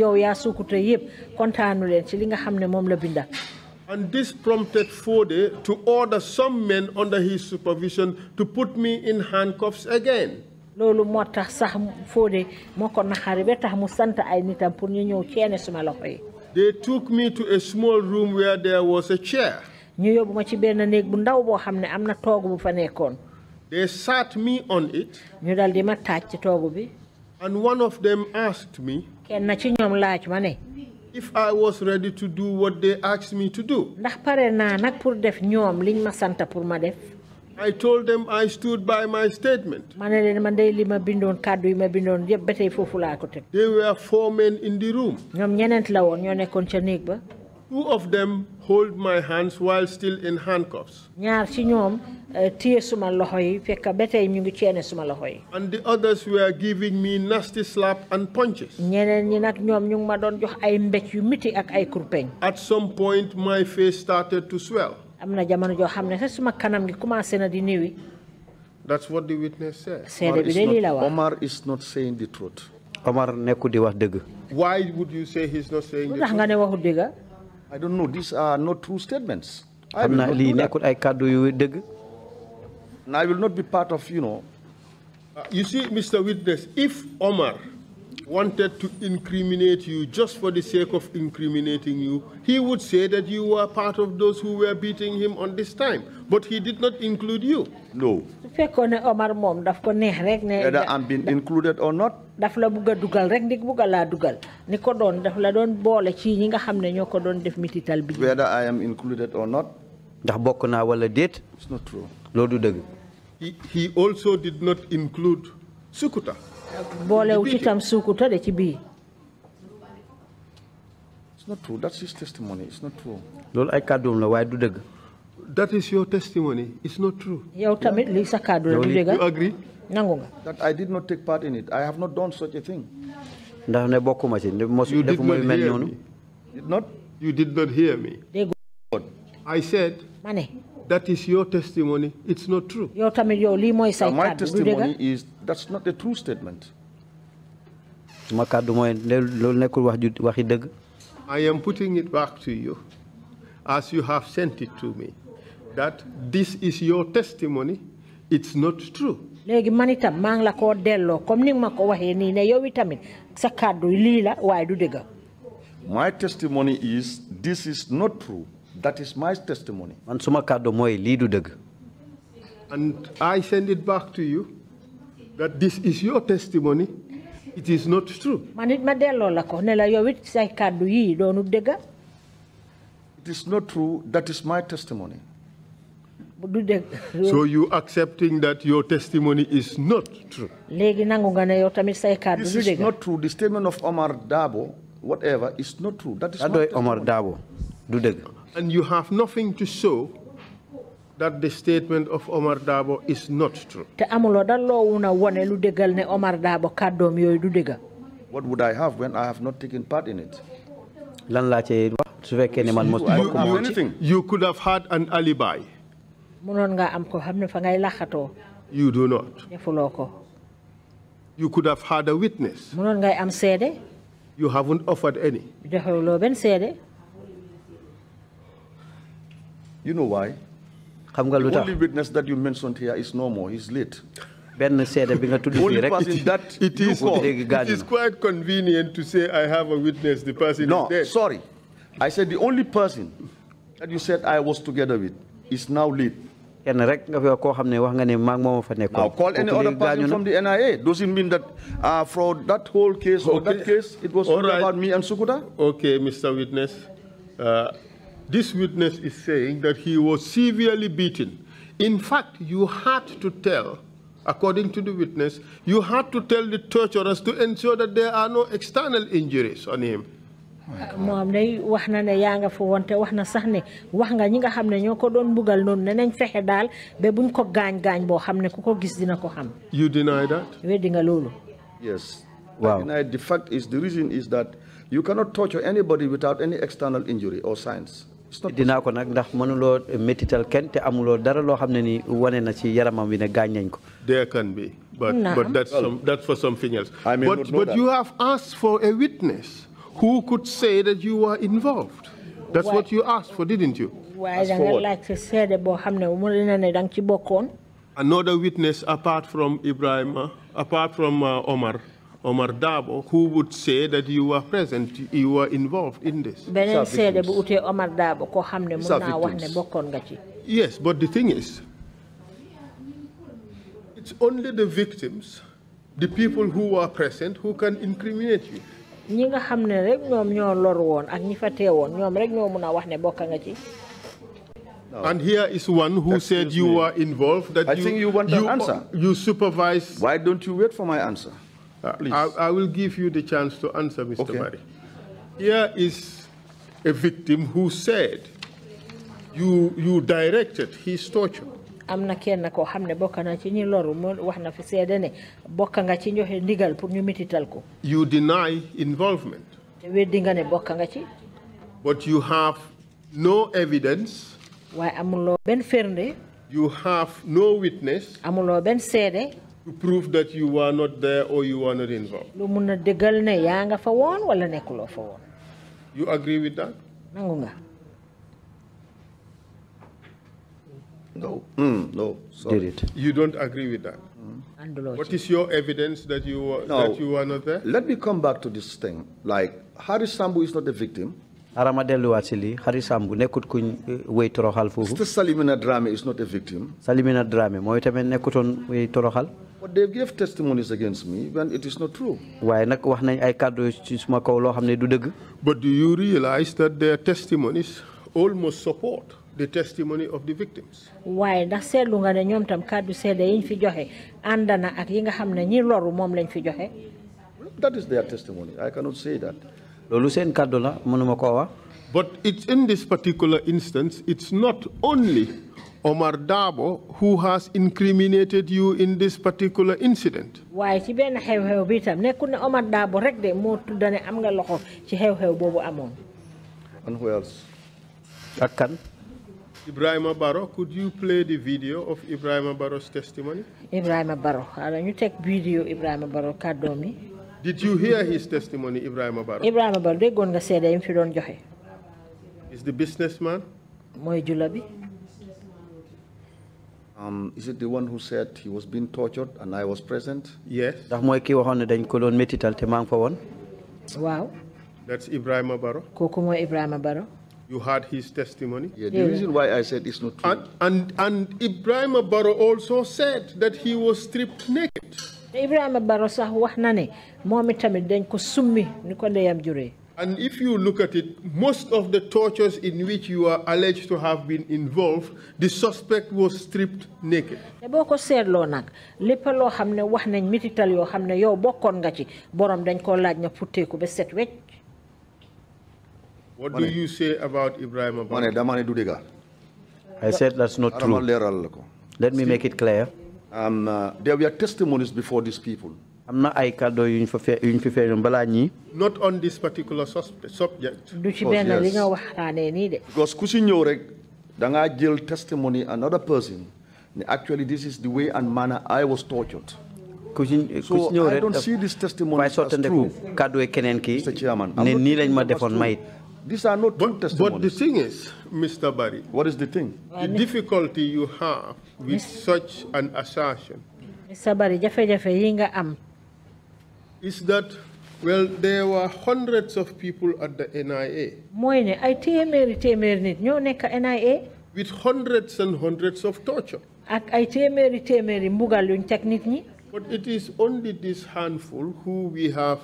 and this prompted Fode to order some men under his supervision to put me in handcuffs again. loolu moo tax Fodé moo ko naxari musanta tax mu sant ay nitam pour ñu ñëw ceene suma loxo they took me to a small room where there was a chair. ñu yóbbu ma ci benn néeg bu ndaw boo xam ne am bu fa nekkoon. they sat me on it. ñu dal di ma taaj ci bi. and one of them asked me. kenn na ci ñoom laaj ma if I was ready to do what they asked me to do. ndax pare pour def liñ ma pour ma def. I told them I stood by my statement. man day kàddu ko There were four men in the room. la néeg ba. Two of them hold my hands while still in handcuffs. ñaar ci suma fekk ba tey ñu ngi ceene suma and the others were giving me nasty slap and punches. ñeneen ñi nag ñoom ñu ngi ma doon jox ay mbéj yu miti ak ay kurpeñ. at some point my face started to swell. am na jamono joo xam ne sax suma kanam gi commencé na di niwi. that's what the witness said. seede bi de lii la wax Omar is not saying the truth. Omar nekku di wax dëgg. why would you say he's not saying the truth. lu nga ne waxu dëgg. I don't know these are not true statements. I xam naa lii nekkul ay kàddu yu dëgg and I will not be part of, you know. Uh, you see, Mr. Witness, if Omar wanted to incriminate you just for the sake of incriminating you, he would say that you were part of those who were beating him on this time. But he did not include you. No. Whether I'm being included or not. daf la bugg dugal rek ndik bugg a dugal ni ko daf la doon boole ci ñi ne ñoo ko doon def whether I am included or not. ndax bokk naa wala déet. it's not true. loolu du dëgg he, also did not include Sukuta. It's not true. That's his testimony. It's not true. That is your testimony. It's not true. Eh? You agree? That I did not take part in it. I have not done such a thing. You did not hear me. Did not? You did not hear me. I said. Money. That is your testimony. It's not true. my testimony is that's not a true statement. I am putting it back to you as you have sent it to me that this is your testimony. It's not true. la ne My testimony is this is not true. That is my testimony. And I send it back to you that this is your testimony. It is not true. say It is not true. That is my testimony. So you accepting that your testimony is not true? This is not true. The statement of Omar Dabo, whatever, is not true. That is not Omar Dabo. dudega. And you have nothing to show that the statement of Omar Dabo is not true. What would I have when I have not taken part in it? anything. You could have had an alibi. You do not. You could have had a witness. You haven't offered any. You know why? The only witness that you mentioned here is no more he's late. Ben said bi nga tudd fii rek. only person that it is it is quite convenient to say I have a witness the person no, is dead. No, sorry. I said the only person that you said I was together with is now late. now call any other person from the NIA doesn't mean that uh, for that whole case okay. or that case it was all right. about me and Sukuta. okay Mr. Witness. Uh, this witness is saying that he was severely beaten. In fact, you had to tell, according to the witness, you had to tell the torturers to ensure that there are no external injuries on him. ne bugal ko gis dina ko you deny that. yes. waaw deny the fact is the reason is that you cannot torture anybody without any external injury or signs ko ndax métital te dara ni na ci yaramam ne ko. there can be but but that's some, that's for something else. I mean, but but you have asked for a witness who could say that you were involved. that's what you asked for didn't you. waaye da nga laajte seede boo xam ne mën na ne da ci bokkoon. another witness apart from Ibrahima apart from uh, Omar. Omar Dabo who would say that you were present, you were involved in this. yes but the thing is it's only the victims the people who are present who can incriminate you. And here is one who Excuse said you me. were involved. That I you, think you want you, an answer. You supervise. Why don't you wait for my answer? Uh, Please. I, I will give you the chance to answer, Mr. Okay. Barry. Here is a victim who said you, you directed his torture. am na kenn koo xam na ci ñi loru mu wax na fi seede ne bokk nga ci joxe ndigal pour ñu mitital ko. you deny involvement. We weddi nga ne bokk nga but you have no evidence. waaye amuloo Ben firnde. you have no witness. amuloo Ben seede to prove that you were not there or you were not involved. Lumuna mun a fa woon wala fa you agree with that. nangu No. Mm, no. Sorry. Did it. You don't agree with that. Mm. What is your evidence that you were, no. that you were not there? Let me come back to this thing. Like Harry Sambu is not the victim arama delluwaat si lii Hari kuñ eh, wéy toroxal Mr. Salimina Drame is not a victim. Salimina Drame mooy tamit nekkutoon wéy toroxal. But they gave testimonies against me when it is not true. Waaye Nak wax nañ ay kàddu ci suma kaw loo du But do you realize that their testimonies almost support the testimony of the victims. Why? ndax seetlu nga ne tam kàddu seede yiñ fi joxe ànd na ak yi nga ñi loru lañ fi joxe. that is their testimony I cannot say that. But it's in this particular instance, it's not only Omar Dabo who has incriminated you in this particular incident. Omar Dabo And who else? ak kan. could you play the video of Ibrahim Abaro's testimony? Ibrahim Barrow xaaral ñu video Ibrahim Barrow Kadomi? Did you hear his testimony, Ibrahim Barrow? Ibrahim Barrow, déggoon nga seede yi mu fi doon joxe. Is the businessman? Mooy jula Um, is it the one who said he was being tortured and I was present? Yes. Ndax mooy ki waxoon ne dañ ko doon métital te maa Wow. That's Ibrahim Barrow. Kooku mooy Ibrahim Barrow. You heard his testimony. Yeah, the yeah. reason why I said it's not true. And, and, and Ibrahim Barrow also said that he was stripped naked. Ibrahim Barossa Wahnane, Mohamed then Kusumi, Nikondeam Jure. And if you look at it, most of the tortures in which you are alleged to have been involved, the suspect was stripped naked. boo ko seetloo nag lépp loo xam ne wax nañ mitital yoo xam ne yow nga ci borom dañ koo laaj na futteeku ba set wecc. What do you say about Ibrahima Barrow? I said that's not true. Let me make it clear. Um, uh, there were testimonies before these people. Not on this particular subject. Because, yes. because testimony another person. Actually, this is the way and manner I was tortured. So I don't see this testimony as true. Mr. Chairman, I'm not these are not but, testimonies. But the thing is, Mr. Barry. What is the thing? The difficulty you have with such an assertion. Mr. Barry, jafe jafe yinga am. Is that well, there were hundreds of people at the NIA. NIA. With hundreds and hundreds of torture. But it is only this handful who we have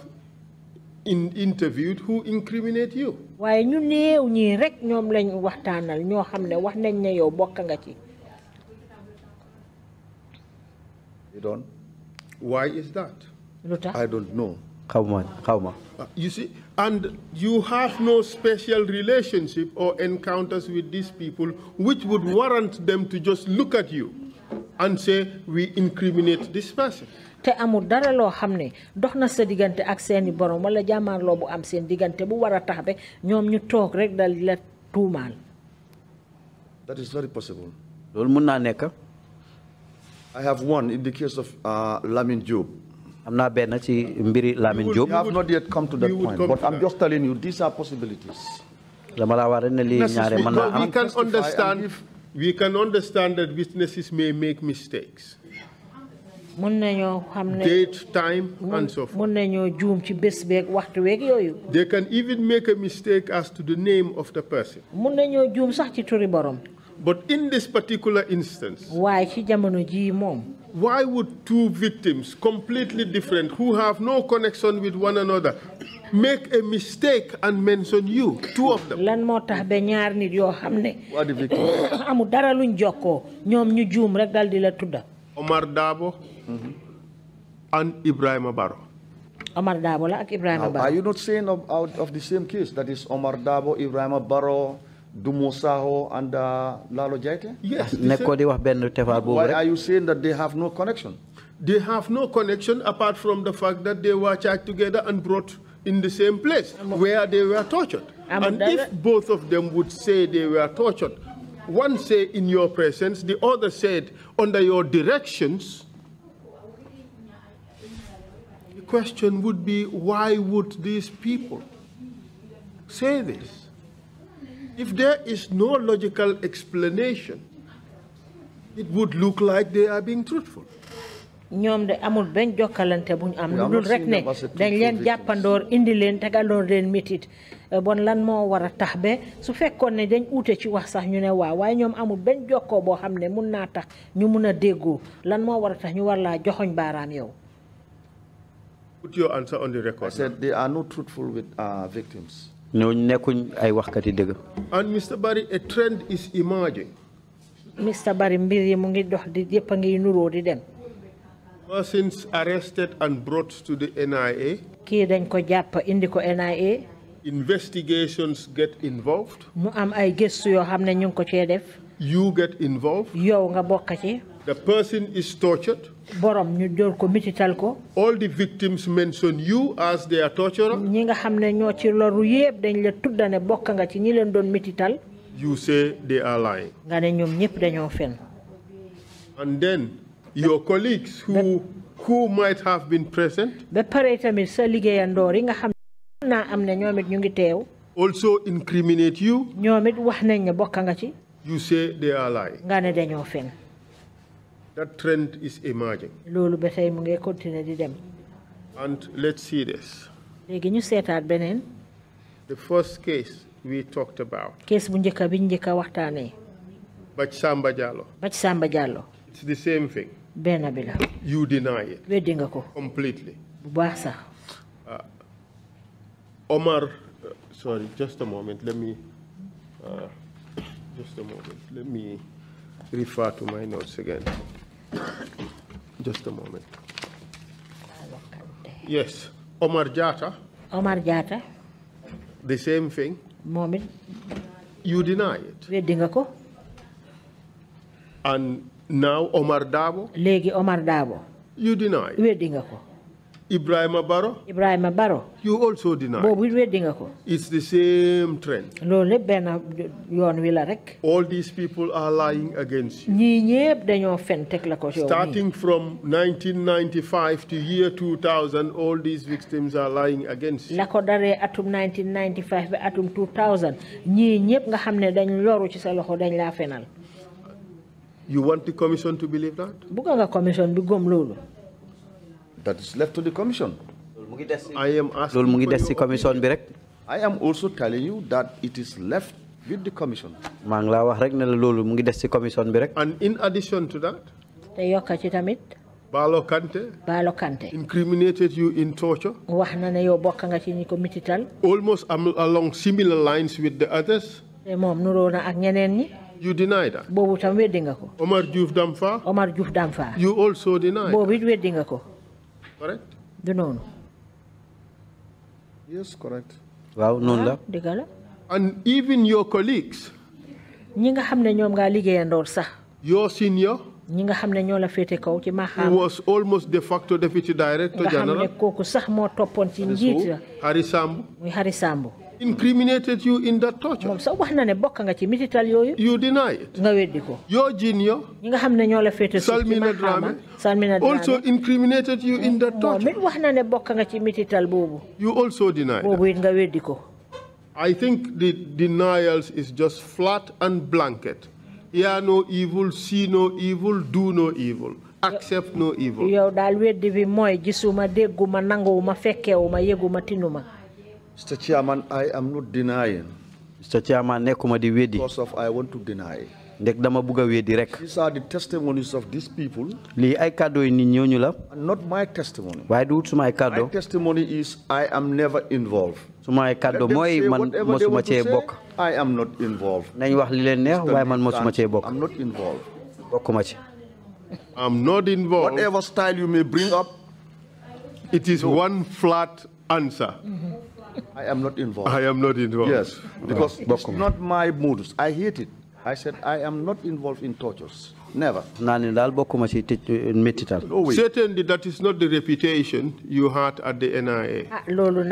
in interviewed who incriminate you. Why ñu rek lañ wax nañ ne yow bokk nga ci. don't. why is that. I don't know. Uh, you see and you have no special relationship or encounters with these people which would warrant them to just look at you and say we incriminate this person. te amul dara lo xamne doxna sa digante ak seen borom wala lo bu am seen digante bu wara tax be ñom ñu tok rek dal la tumal that is very possible. lol mën na nek I have one in the case of uh, Lamin Job. amna ben ci mbiri Lamin Job. we have not yet come to that point but I'm just telling you these are possibilities. Lama laa waré né li ñaaré mën am. we can understand we can understand that witnesses may make mistakes. date, time, and so forth. They can even make a mistake as to the name of the person. But in this particular instance, why would two victims, completely different, who have no connection with one another, make a mistake and mention you, two of them? Lan are the victims? Omar Dabo Mm-hmm. and Ibrahim Abaro. Omar Dabo and Ibrahim Ibrahima Are you not saying of, out of the same case that is Omar Dabo, Ibrahim Abaro, Dumosaho, Saho and uh, Lalo Jaite? Yes. Why are you saying that they have no connection? They have no connection apart from the fact that they were charged together and brought in the same place where they were tortured. and if both of them would say they were tortured, one say in your presence, the other said under your directions, question would be why would these people say this? If there is no logical explanation, it would look like they are being truthful. ñoom de amul benn jokkalante buñ am lu dul rek ne dañ leen jàppandoor indi leen tegandoor leen métit euh, bon lan moo war a tax ba su fekkoon ne dañ uute ci wax sax ñu ne waaw waaye ñoom amul benn jokkoo boo xam ne mun naa tax ñu mun a déggoo lan moo war a tax ñu war laa joxoñ baaraam yow Put your answer on the record. I said they are not truthful with uh, victims. And Mr. Barry, a trend is emerging. Mr. Barry mbir yi mu ngi dox di yépp since arrested and brought to the NIA. NIA. Investigations get involved. Mu You get involved. Yow nga bokk the person is tortured. borom ñu jor ko mitital ko. all the victims mention you as their torturer. ñi nga xam ne ñoo ci loru yëpp dañ la tudda bokk nga ci ñi leen doon mitital. you say they are lying. nga ne ñoom ñëpp dañoo fen. and then your colleagues who who might have been present. ba pare tamit sa liggéeyandoor yi nga xam ne naa am ne ñoom it ñu ngi teew. also incriminate you. ñoom it wax nañ ne bokk nga ci. you say they are lying. nga ne dañoo fen. That trend is emerging. loolu ba tey mu di dem. and let's see this. léegi ñu seetaat beneen. the first case we talked about. case bu njëkk bi njëkk a waxtaanee. Bac Samba Diallo. Bac Samba Diallo. it's the same thing. benn bi you deny it. weddi ko. completely. bu baax uh, Omar uh, sorry, just a moment. Let me, uh, just a moment. Let me refer to my notes again. Just a moment. Yes, Omar Jata. Omar Jata. The same thing. Moment. You deny it. Wedingako. And now Omar Dabo. Legi Omar Dabo. You deny it. Ibrahim Baro. Ibrahim Baro. You also deny. But we're nga ko. It's the same trend. loolu lépp benn yoon wi la rek. All these people are lying against you. ñii ñëpp dañoo fen teg la ko Starting from 1995 to year 2000 all these victims are lying against you. la ko atum 1995 ba atum 2000 ñii ñëpp nga xam ne dañ loru ci sa loxo fenal. You want the commission to believe that? Buka nga commission bi gëm loolu that is left to the commission. I am asking. loolu mu commission I am also telling you that it is left with the commission. commission and in addition to that. te Balo Kante. Balo Kante. Incriminated you in torture. na nga almost along similar lines with the others. na ñi. You deny that. ko. Omar Diouf Damfa. Omar Diouf Damfa. You also deny. boobu ko. Correct? The noun. Yes, correct. Wow, noun la. Digala. And even your colleagues. ñi nga xam ne ñoom ngaa liggéeyandoor sax. your senior. ñi nga xam ne ñoo kaw ci maxaam. who was almost de facto deputy director general. nga xam ne kooku sax moo toppoon ci njiit la. Hari Sambu. muy Hari Sambu incriminated you in that torture. moom sax wax you deny it. your junior. Salmina Dramé also incriminated you in that torture. it you also deny it I think the denials is just flat and blanket. Hear no evil, see no evil, do no evil. Accept no evil. Mr. Chairman, I am not denying. Mr. Chairman, nekuma di wedi. Because of I want to deny. Ndek dama buga wedi rek. These are the testimonies of these people. Li ay kado Not my testimony. Why do to my kado. My testimony is I am never involved. my kado moy man mosuma ci bok. I am not involved. Nañ wax li leen neex waaye man mosuma ci bok. I'm not involved. Bokkuma ci. I'm not involved. Whatever style you may bring up, it is one flat answer. Mm -hmm. I am not involved. I am not involved. Yes, because no. it's not my motives. I hate it. I said, I am not involved in tortures. Never. Always. Eh, Certainly, that is not the reputation you had at the NIA. Ah, On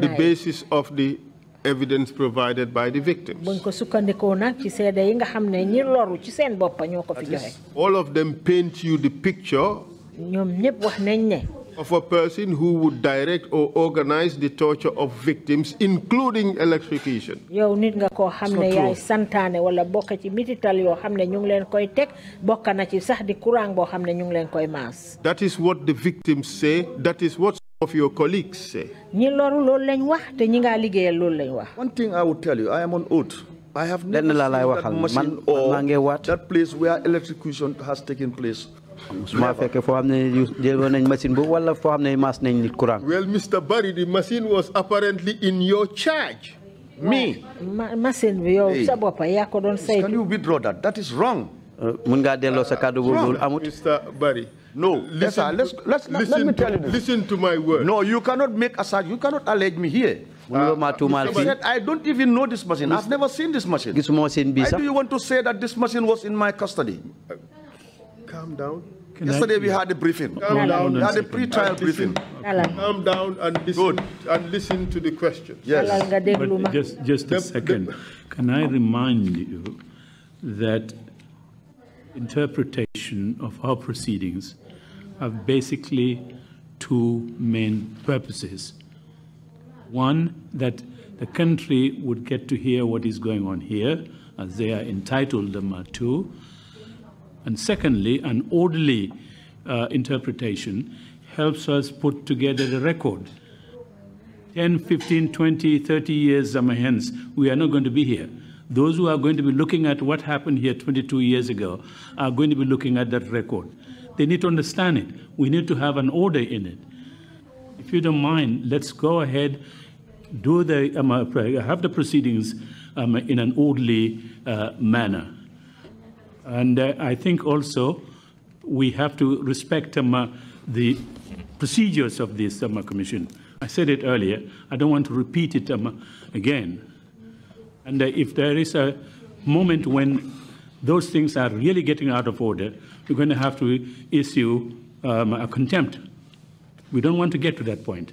the basis of the evidence provided by the victims. All of them paint you the picture of a person who would direct or organize the torture of victims including electrocution that is what the victims say that is what some of your colleagues say one thing i would tell you i am on oath I have never seen that machine or that place where electrocution has taken place well Mr Barry the machine was apparently in your charge. me machine bi yow can you withdraw that that is wrong. Euh, Mr Barry. No, listen, let's, let's, listen, let me tell you this. Listen to my word. No, you cannot make aside, you cannot allege me here. Uh, said, I don't even know this machine. I've never seen this machine. Why do you want to say that this machine was in my custody? Uh, calm down. Can Yesterday I, we had a briefing. Calm down. We had a pre-trial briefing. Okay. Calm down and listen, Good. and listen to the questions. Yes. But just, just a second. Can I remind you that interpretation of our proceedings have basically two main purposes. One, that the country would get to hear what is going on here, as they are entitled to, and secondly, an orderly uh, interpretation helps us put together a record. 10, 15, 20, 30 years hence, we are not going to be here. Those who are going to be looking at what happened here 22 years ago are going to be looking at that record. They need to understand it. We need to have an order in it. If you don't mind, let's go ahead, do the, um, uh, have the proceedings um, in an orderly uh, manner. And uh, I think also we have to respect um, uh, the procedures of this um, uh, commission. I said it earlier. I don't want to repeat it um, again. And uh, if there is a moment when those things are really getting out of order, we're going to have to issue um, a contempt. We don't want to get to that point.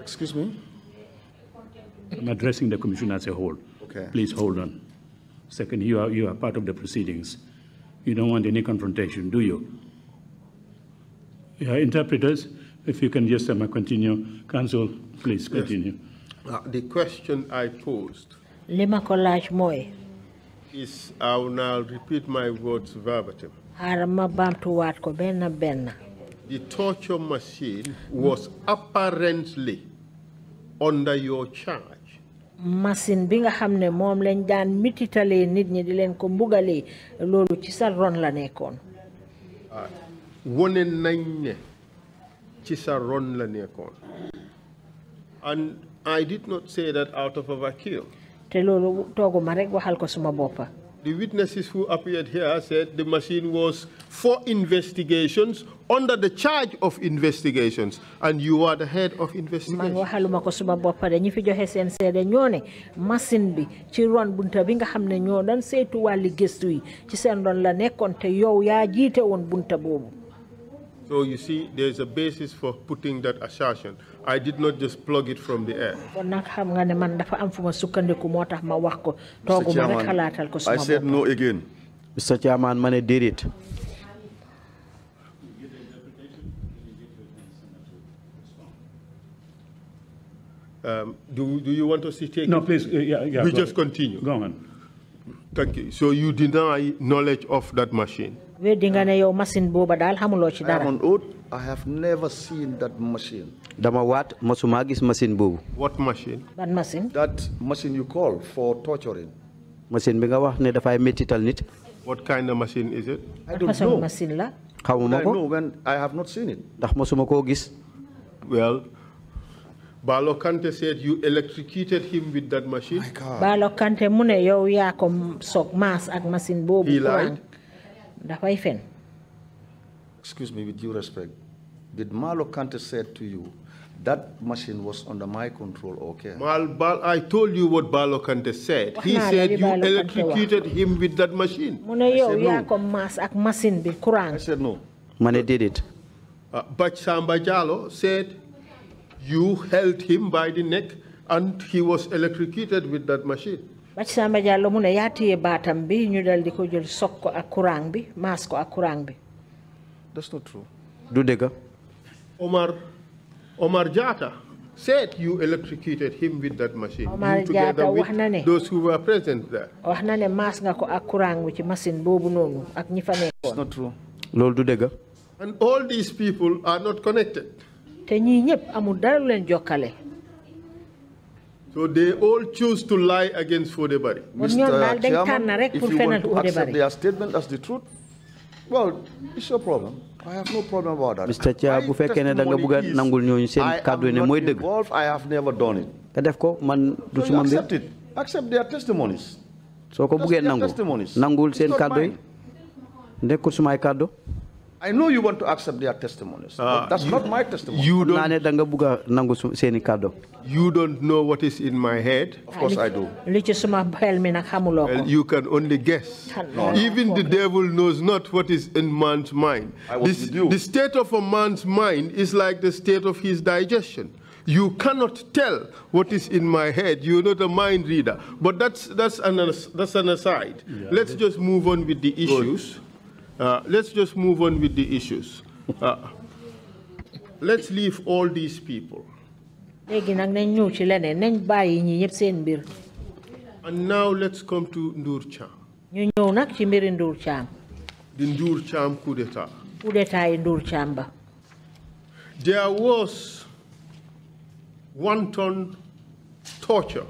Excuse me? I'm addressing the commission as a whole. Okay. Please hold on. Second, you are, you are part of the proceedings. You don't want any confrontation, do you? Yeah, interpreters, if you can just um, continue. Council, please continue. Yes. Uh, the question I posed is, I will now repeat my words verbatim. The torture machine was apparently under your charge. machine bi nga xam ne moom lañ daan mititalee nit ñi di leen ko mbugalee loolu ci sa ron la nekkoon ah, wone nañ ne ci sa ron la nekkoon and I did not say te loolu tooguma rek waxal ko suma boppa the witnesses who appeared here said the machine was for investigations under the charge of investigations and you are the head of investigations. man waxaluma ko ñi fi joxe machine bi ci ron bunta bi nga gëstu yi ci la te yow bunta so you see there is a basis for putting that assertion. I did not just plug it from the air. Chairman, I said no again. Mr. Chairman, money did it. Um, do, do you want us to take No, it? please, uh, yeah, yeah. We just continue. Go on. Thank you. So you deny knowledge of that machine? We deny your machine, Boba Dal Hamulochi. i I have never seen that machine. dama wat masuma gis machine boobu. what machine. ban machine. that machine you call for torturing. machine bi nga wax ne dafay mettital nit. what kind of machine is it. I don't know. machine la. xamuma ko. I know when I have not seen it. ndax masuma koo gis. well. Balo Kante said you electrocuted him with that machine. Balokante God. Balo Kante mune yow ya ko sok mas ak machine bobu. He lied. fen. Excuse me with due respect. Did Malo Kante said to you that machine was under my control, okay? Well, Bal I told you what Balo Kante said. He said you electrocuted him with that machine. I said no. I said no. did it. Uh, but Samba Jalo said you held him by the neck and he was electrocuted with that machine. But Samba Jalo mune yati batam bi ñu di sokko ak bi, bi. That's not true. Du dëgg. Omar, Omar Jata said you electrocuted him with that machine. Omar you together with those who were present there. Wahnane mas nga ko akurang which machine bobu nonu ak It's not true. And all these people are not connected. So they all choose to lie against Fodebari. Mr. Chairman, if you want to accept their statement as the truth, well, it's your problem. I have no problem about that. Chair bu fekkee ne da nga bëgg a nangul ñooñu seen kàddu ne mooy dëgg. I have never done it. nga def ko man du suma mbir. accept it accept their soo ko bëggee nangu nangul seen kàddu yi nekkul sumay kàddu. I know you want to accept their testimonies. Uh, that's you, not my testimony. You don't, you don't know what is in my head. Of course I do. you can only guess. No, Even no. the devil knows not what is in man's mind. This, the state of a man's mind is like the state of his digestion. You cannot tell what is in my head. You're not a mind reader. But that's, that's, an, that's an aside. Yeah. Let's just move on with the issues. Good. Uh, let's just move on with the issues. Uh, let's leave all these people. And now let's come to Ndur The Ndur coup d'etat. There was wanton torture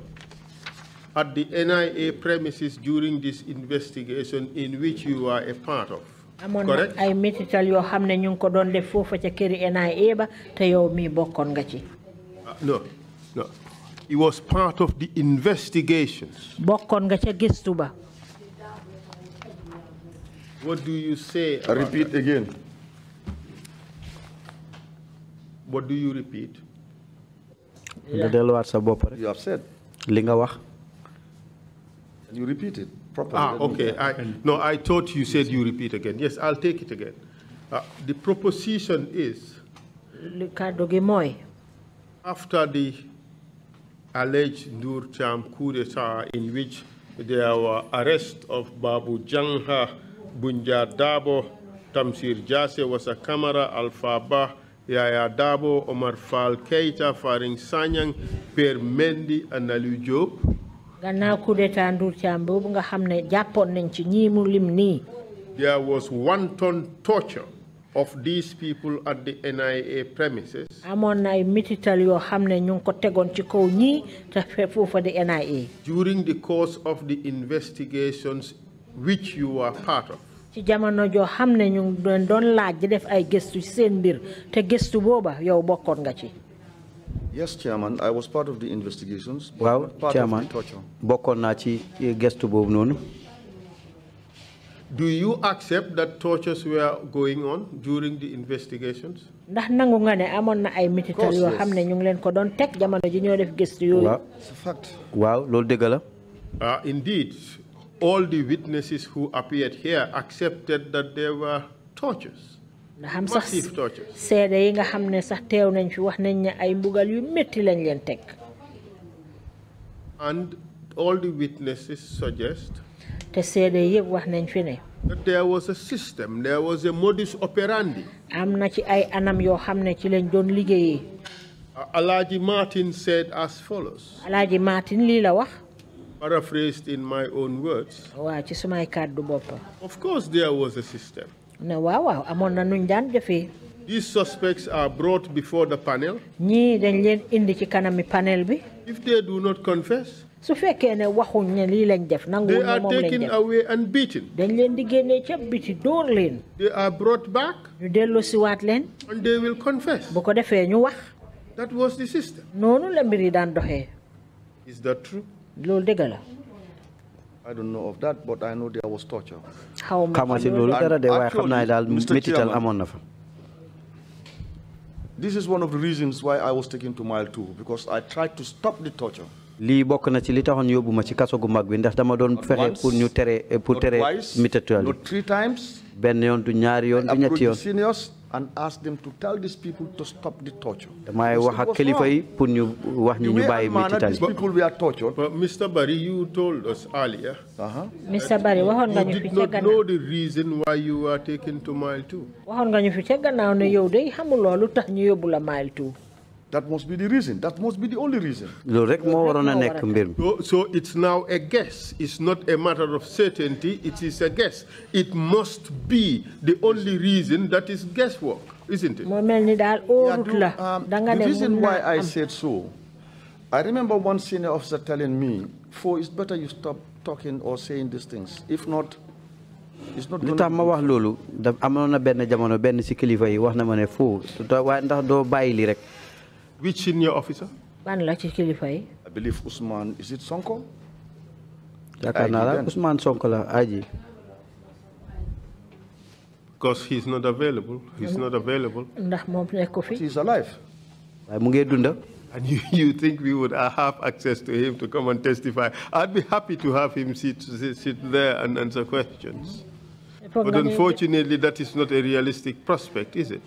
at the NIA premises during this investigation in which you are a part of amoon ay métital yoo xam ñu ko doon def foofa ca këri NIA te yow nga ci. it was part of the investigations. bokkoon nga ca gëstu ba. what do you say. repeat again. what do you repeat. nga delluwaat sa bopp you have said. li wax. you repeat it properly. Ah, okay. I, no, I thought you said you repeat again. Yes, I'll take it again. Uh, the proposition is after the alleged Nur Cham coup d'etat in which there were arrests of Babu Jangha, Bunja Dabo, Tamsir Jase, Wasa Kamara, Alfaba, Yaya Dabo, Omar Fal Keita, Faring Sanyang, Per Mendi, and Aliou there was wanton torture of these people at the NIA premises. NIA. during the course of the investigations which you were part of. ay gëstu te gëstu yes chairman I was part of the investigations. waaw chairman bokkoon naa ci gestu boobu noonu. do you accept that tortures were going on during the investigations. ndax nangu nga ne amoon na ay mitital yoo xam ne ñu ngi leen ko doon teg jamono ji ñoo fact Wow, Lord dëgg la. Ah, indeed all the witnesses who appeared here accepted that there were tortures xam sax yi nga sax nañ wax nañ ne ay mbugal yu métti lañ leen and all the witnesses suggest. te wax nañ fi ne. that there was a system there was a modus operandi. ci ay anam ci lañ doon Alaji Martin said as follows. Alaji Martin lii la wax. Paraphrased in my own words. ci sumay kàddu of course there was a system. ne waaw waaw amoon na nuñ daan jëfee. These suspects are brought before the panel. ñii dañ leen indi ci kanami panel bi. If they do not confess. su fekkee ne waxuñ ne lii lañ def nangu moom lañ def. they are taken away and beaten. dañ leen di génnee ca biti dóor leen. they are brought back. ñu siwaat leen. and they will bu ko defee ñu wax. that was noonu la mbir yi daan doxee. is that true. loolu dëgg la. I don't know of that, but I know there was torture. How much? This is one of the reasons why I was taken to mile two, because I tried to stop the torture. Li bokk na ci li taxoon yóbbu ma ci kaso gu mag bi ndax dama doon fexe pour ñu tere pour tere météo. benn yon du ñaari yoon du ñetti yoon and ask them to tell these people to stop the torture. Damay wax ak kilifa yi pour ñu wax ñu ñu bàyyi métital these people were tortured. But Mr. Barry, you told us earlier. Uh -huh. Mr. Barry, waxoon nga ñu fi ca gannaaw. You did not know the reason why you were taken to mile two. Waxoon nga ñu fi ca gannaaw ne yow day xamuloo lu tax ñu yóbbu mile two. That must be the reason. That must be the only reason. so it's now a guess. it's not a matter of certainty. it is a guess. it must be the only reason that is guesswork, isn't it? Um, the reason why I said so. I remember one senior officer telling me, "For it's better you stop talking or saying these things. If not, it's not." tax ma wax loolu da amoon na benn jamono benn kilifa yi wax na ma ne waaye ndax doo bàyyi li rek. Which senior officer? I believe Usman. is it Sonko. yaakaar Sonko aji. because he's not available. He's not available. ndax moom alive. And you, you think we would have access to him to come and testify? I'd be happy to have him sit, sit, sit there and answer questions. But unfortunately, that is not a realistic prospect, is it?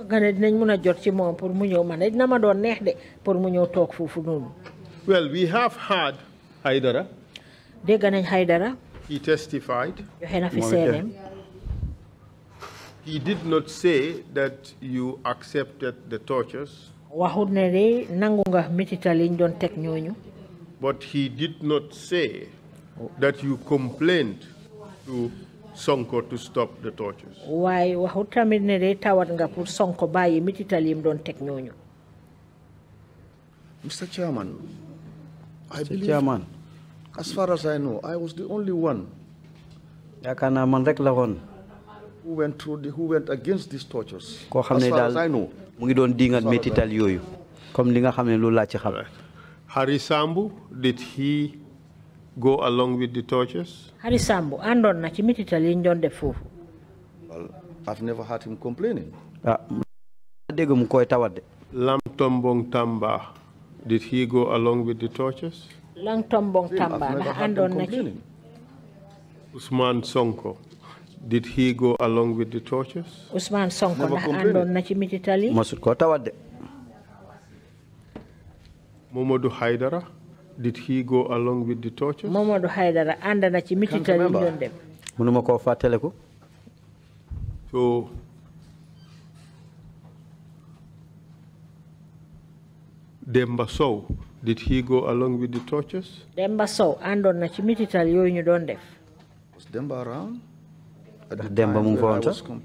Well, we have had Haidara. He testified. He did not say that you accepted the tortures. But he did not say that you complained to Sonko to stop the tortures. Why waxutamit ne de tawat nga pour Sonko bàyyi mitital yi mu doon teg Mr. Chairman. I believe, Chairman. as far as I know, I was the only one. yaakaar naa man who went through the, who went against these tortures. As far as I know, ngi doon diingat metital yooyu. comme li nga xam ne loolu laa did he go along with the torches? Hari Sambo, andon na chimititali njon defu. Well, I've never heard him complaining. Ah, Dego mkoe tawade. Lam Tombong Tamba, did he go along with the torches? Lam Tombong Tamba, na andon na chimititali. Usman Sonko, did he go along with the torches? Usman Sonko, na andon na chimititali. Masut ko tawade. Momodu Haidara? Did he go along with the torture? Momadou Haydara anda na ci mitital yi ñoon dem. Mënuma ko fateleku. So Demba Sow, did he go along with the tortures? Demba Sow andon na ci mitital yoy ñu doon def. Was Demba around? Demba mu ngi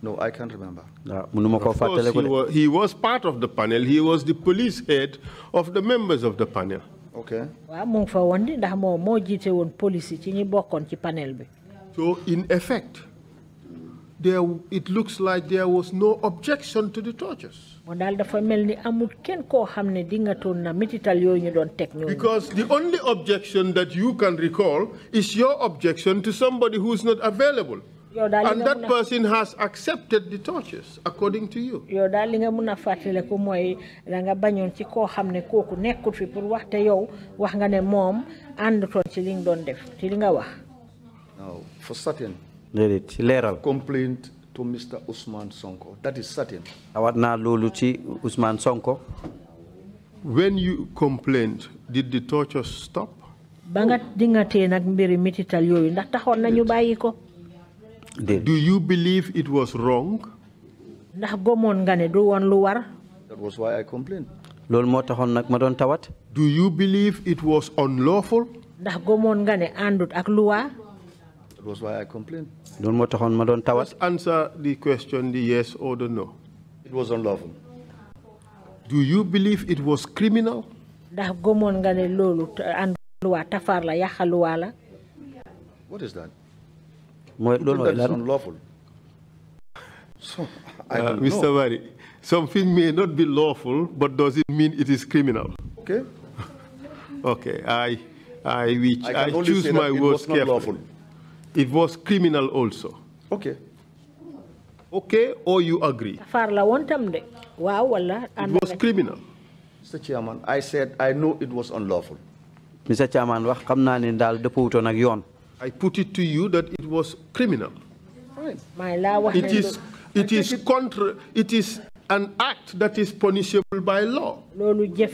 No, I can't remember. Of course, he was, he was part of the panel. He was the police head of the members of the panel okay so in effect there it looks like there was no objection to the tortures. Because the only objection that you can recall is your objection to somebody who's not available and that person has accepted the tortures according to you a now for certain complaint to Mr. Usman Sonko that is certain Sonko when you complained did the tortures stop ba nga dingatee nag mbiri mitital yooyu ndax taxoon did. Do you believe it was wrong? That was why I complained. loolu moo taxoon nag ma doon tawat. Do you believe it was unlawful? That was why I complained. loolu moo taxoon ma doon tawat. Just answer the question the yes or the no. It was unlawful. Do you believe it was criminal? What is that? mooy loolu mooy lan so uh, I uh, Mr. Know. Wari, something may not be lawful, but does it mean it is criminal? Okay. okay. I, I, which, I, I choose my words carefully. Lawful. It was criminal also. Okay. Okay, or you agree? Far la wala It was criminal. Mr. Chairman, I said I know it was unlawful. Mr. Chairman, wax xamna ni dal depouto nak yoon. I put it to you that it was criminal. It is, it is contra, it is an act that is punishable by law. Take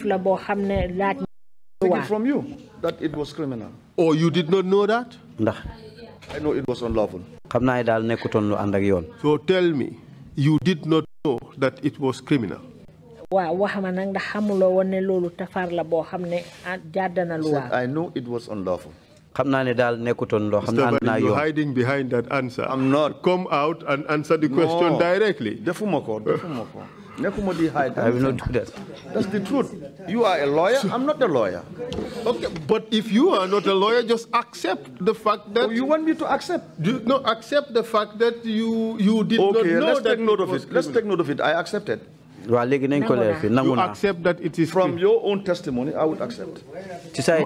from you that it was criminal. Or oh, you did not know that? No. I know it was unlawful. So tell me, you did not know that it was criminal. Ah, I know it was unlawful. You are hiding behind that answer. I'm not. Come out and answer the question directly. hide. I will not do that. That's the truth. You are a lawyer. I'm not a lawyer. Okay, but if you are not a lawyer, just accept the fact that. Oh, you want me to accept? Do, no, accept the fact that you you did okay, not know. Okay, let's take note of it. Let's take note of it. I accept it. You accept that it is. From your own testimony, I would accept.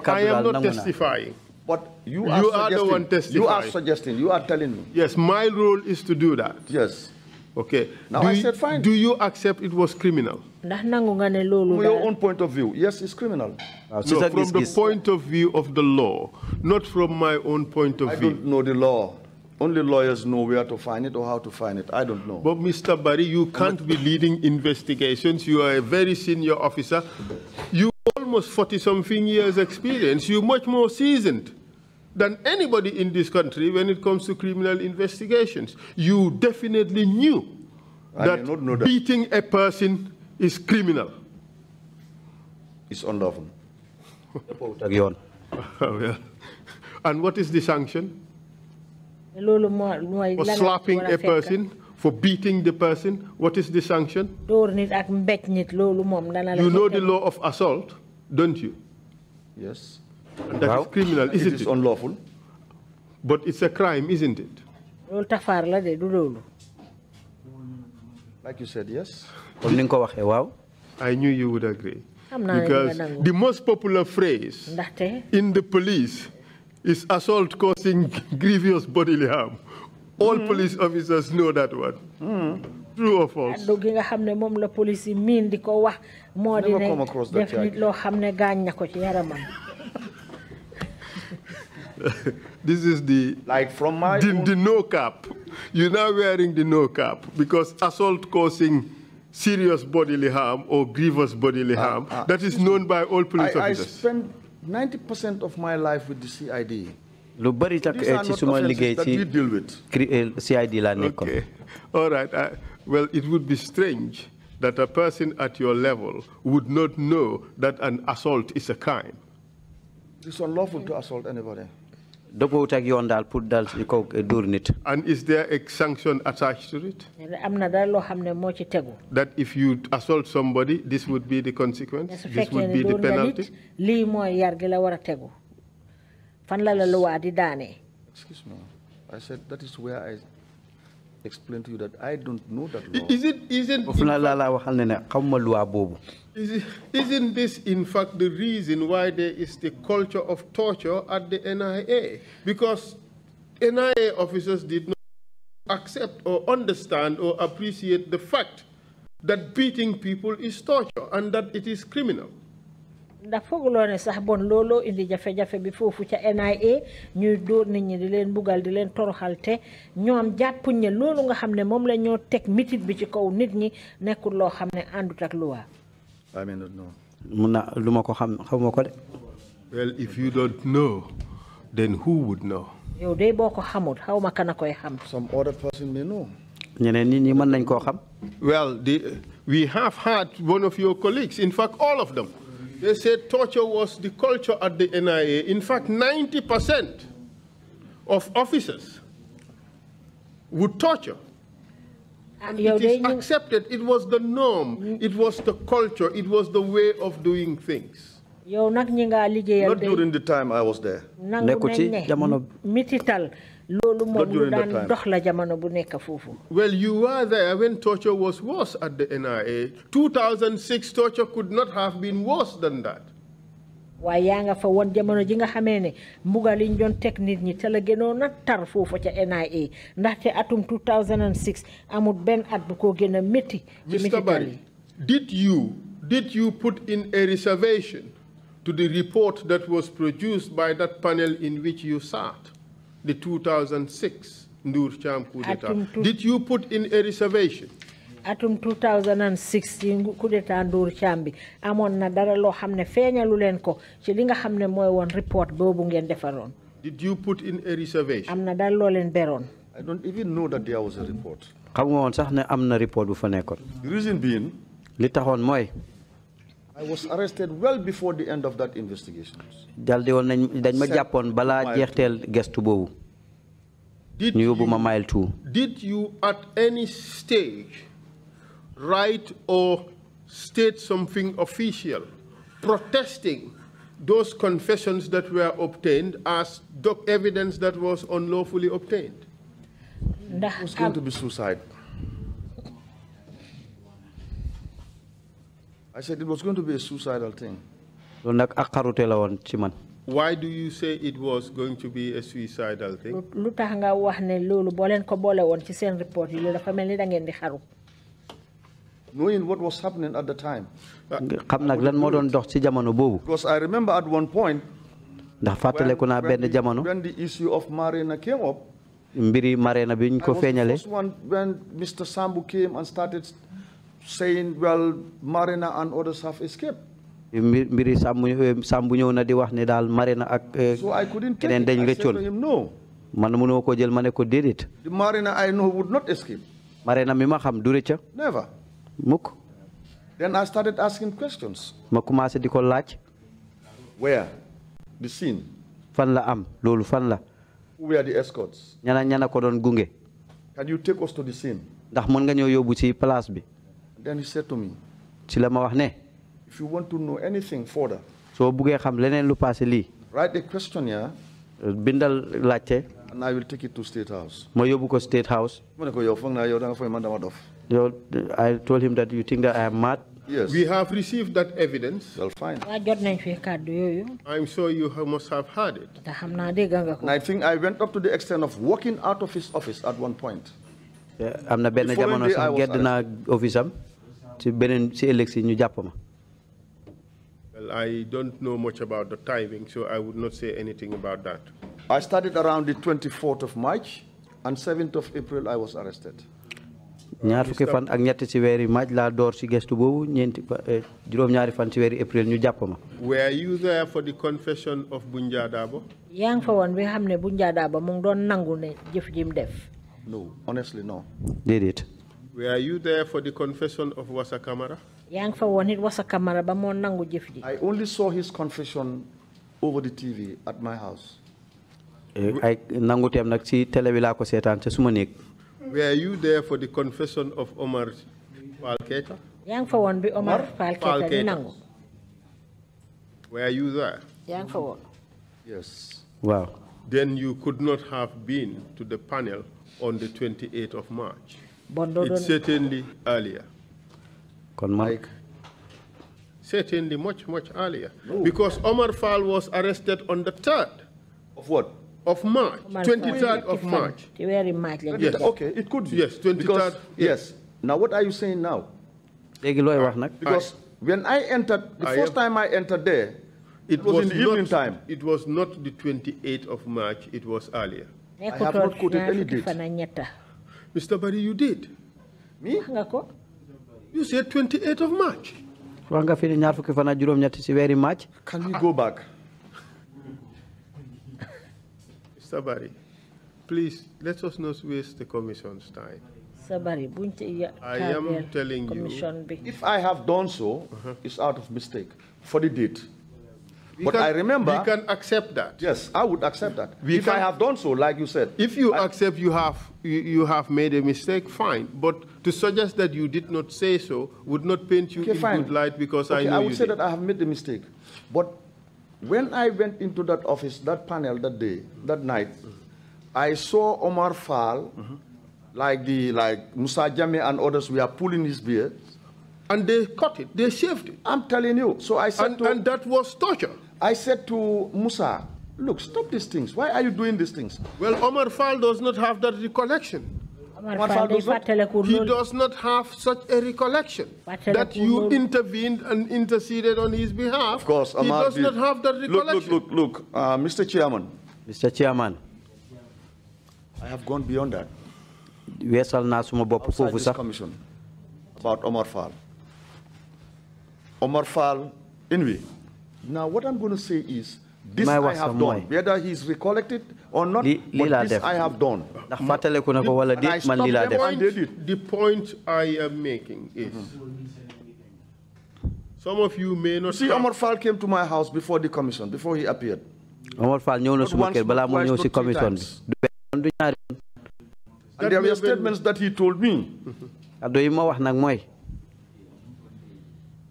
I am not testifying. But you, you are, the one testifying. You are suggesting. You are telling me. Yes, my role is to do that. Yes. Okay. Now do I you, said fine. Do you accept it was criminal? From your own point of view, yes, it's criminal. no, from the point of view of the law, not from my own point of I view. I don't know the law. Only lawyers know where to find it or how to find it. I don't know. But Mr. Barry, you can't be leading investigations. You are a very senior officer. You almost 40-something years experience. You're much more seasoned than anybody in this country when it comes to criminal investigations. You definitely knew that, that, beating a person is criminal. It's unlawful. And what is the sanction? for slapping a person, for beating the person, what is the sanction? You know the law of assault, don't you? Yes. And that is criminal, isn't it? Is not it? is unlawful. But it's a crime, isn't it? Like you said, yes. I knew you would agree. Because the most popular phrase in the police is assault causing grievous bodily harm. All mm police officers know that one. Mm True or false? this is the like from my the, the, no cap. You're now wearing the no cap because assault causing serious bodily harm or grievous bodily uh, harm uh, that is known by all police I, officers. I spent 90% of my life with the CID. lu bari tak eh, ci suma ci CID eh, la Okay. All right. well, it would be strange that a person at your level would not know that an assault is a crime. It's unlawful to assault anybody ak yoon pour dal ci eh, dóor nit. and is there a sanction attached to it. ci that if you assault somebody this would be the consequence. this would be the penalty lii mooy yar gi la war a fan la la luwaa di daane. excuse me I said that is where I explain to you that I don't know that law. Is it, isn't, is, isn't this, in fact, the reason why there is the culture of torture at the NIA? Because NIA officers did not accept or understand or appreciate the fact that beating people is torture and that it is criminal sax bon indi jafe-jafe bi NIA ñuy dóor nit ñi di leen bugal di leen jàppuñ ne nga la ñoo mitit bi ci kaw nit ñi nekkul àndut ak ko xam de. well if you don't know then who would know. yow de boo xamut xaw kana koy xam. some other person may know. ñeneen nit ñi mën xam. well the we have had one of your colleagues in fact all of them. They said torture was the culture at the NIA. In fact, 90% of officers would torture. And it is accepted. It was the norm. Mm. It was the culture. It was the way of doing things. Not during the time I was there well you were there when torture was worse at the NIA 2006 torture could not have been worse than that. waaye yaa nga fa woon jamono ji hamene xamee ne mbugal ñi telegeno na tarfu a tar foofu ca NIA ndaxte atum 2006 amul benn at bu ko gën Mr Barry did you did you put in a reservation to the report that was produced by that panel in which you sat the 2006 Ndur Cham coup d'etat. Did you put in a reservation? atum 2016 ci coup d'état Ndour Thiam bi amoon na dara loo xam ne feeñalu ko ci li nga xam ne mooy report boobu ngeen defaroon. Did you put in a reservation? am na dara loo leen I don't even know that there was a report. xam nga woon sax ne am na report bu fa nekkoon. The reason being. li taxoon mooy. I was arrested well before the end of that investigation. daldi woon nañ dañ ma jàppoon balaa jeexteel gestu boobu. Did you, mile two. did you at any stage write or state something official protesting those confessions that were obtained as evidence that was unlawfully obtained? It was going to be um, suicide. I said it was going to be a suicidal thing. Why do you say it was going to be a suicidal thing? nga wax ne ko ci report yi dafa da ngeen di xaru. Knowing what was happening at the time. Ah. Xam lan dox ci jamono Because I remember at one point. Ndax jamono. When the issue of Marina came up. Mbiri Marina ko I was the first one when Mr Sambu came and started saying well Marina and others have escaped. Eh, mbiri sàmm eh, sambu ñëw na di wax ni dal mare na ak eh, keneen dañ rëccoon man mënoo ko jël ma ne ko déedéet marina I know would not escape marina mi ma xam du rëcca never Muk? then I started asking questions ma commencé di ko laaj where the scene fan la am loolu fan la who are the escorts ñana ñana ko don gunge can you take us to the scene ndax mën nga ñëw yobu ci place bi then he said to me ci la ma wax ne if you want to know anything further. so buggee xam leneen lu paase lii. write eh, bindal laajte. and I will take it to State House. ma State House. I told him that you think that I am mad. Yes. We have received that evidence. Well, fine. I'm sure you have, must have heard it. And I think I went up to the extent of walking out of his office at one point. Yeah, I'm not going to get in office. I'm not going to get in I don't know much about the tithing, so I would not say anything about that. I started around the 24th of March, and 7th of April I was arrested. ñaar fukki fan ak ñett ci weeri maaj laa door ci gestu boobu ñeenti eh, juróom ñaari fan ci weeri april ñu jàpp were you there for the confession of Bunja Dabo. yaa fa woon bi nga xam Bunja Dabo mu ngi nangu ne jëf Jim def. no honestly no. Did it? were you there for the confession of Wassa Camara. I only saw his confession over the TV at my house. Eh, Were you there for the confession of Omar Falketa? Yang fa won bi Omar Falketa ni nangu. Were you there? Yang fa won. Yes. Wow. Then you could not have been to the panel on the 28th of March. It's certainly earlier. On Mike. Certainly much, much earlier. Ooh. Because Omar Fall was arrested on the 3rd. Of what? Of March, Omar 23rd of March. Very March. Yes. Okay, it could be. Yes, 23rd. Because, yes. Now, what are you saying now? Because when I entered, the I first time I entered there, it, it was, was, in evening not, time. It was not the 28th of March, it was earlier. I have not quoted any date. Mr. Barry, you did. Me? You said 28th of March. wax nga fi ne ñaar Can we go back? Mr. Barry, please let us not waste the commission's time. Sabari, I am telling you. If I have done so, uh -huh. it's out of mistake for the date. We but can, I remember. We can accept that. Yes, I would accept that. We if can, I have done so, like you said. If you I, accept you have, you, you, have made a mistake, fine. But to suggest that you did not say so would not paint you okay, in fine. good light because okay, I know I would say did. that I have made the mistake. But when I went into that office, that panel, that day, that night, I saw Omar Fall, mm -hmm. like the like Musa and others were pulling his beard. And they cut it. They shaved it. I'm telling you. So I said and, to, and that was torture. I said to Musa, look, stop these things. Why are you doing these things? Well, Omar Fall does not have that recollection. Omar Fall does not, he does not have such a recollection that you intervened and interceded on his behalf. Of course, Omar, he does not have that recollection. Look, look, look, look. Uh, Mr. Chairman. Mr. Chairman. I have gone beyond that. Wesal na suma bop this, sax commission about Omar Fall. Omar Fall, in now, what I'm going to say is, this I have done, whether he's recollected or not, li but this I have done. The, the, point, the point I am making is, mm -hmm. some of you may not... See, Omar Fall came to my house before the commission, before he appeared. Omar Fall, you know, bala mo ñew ci commission And there were statements that he told me.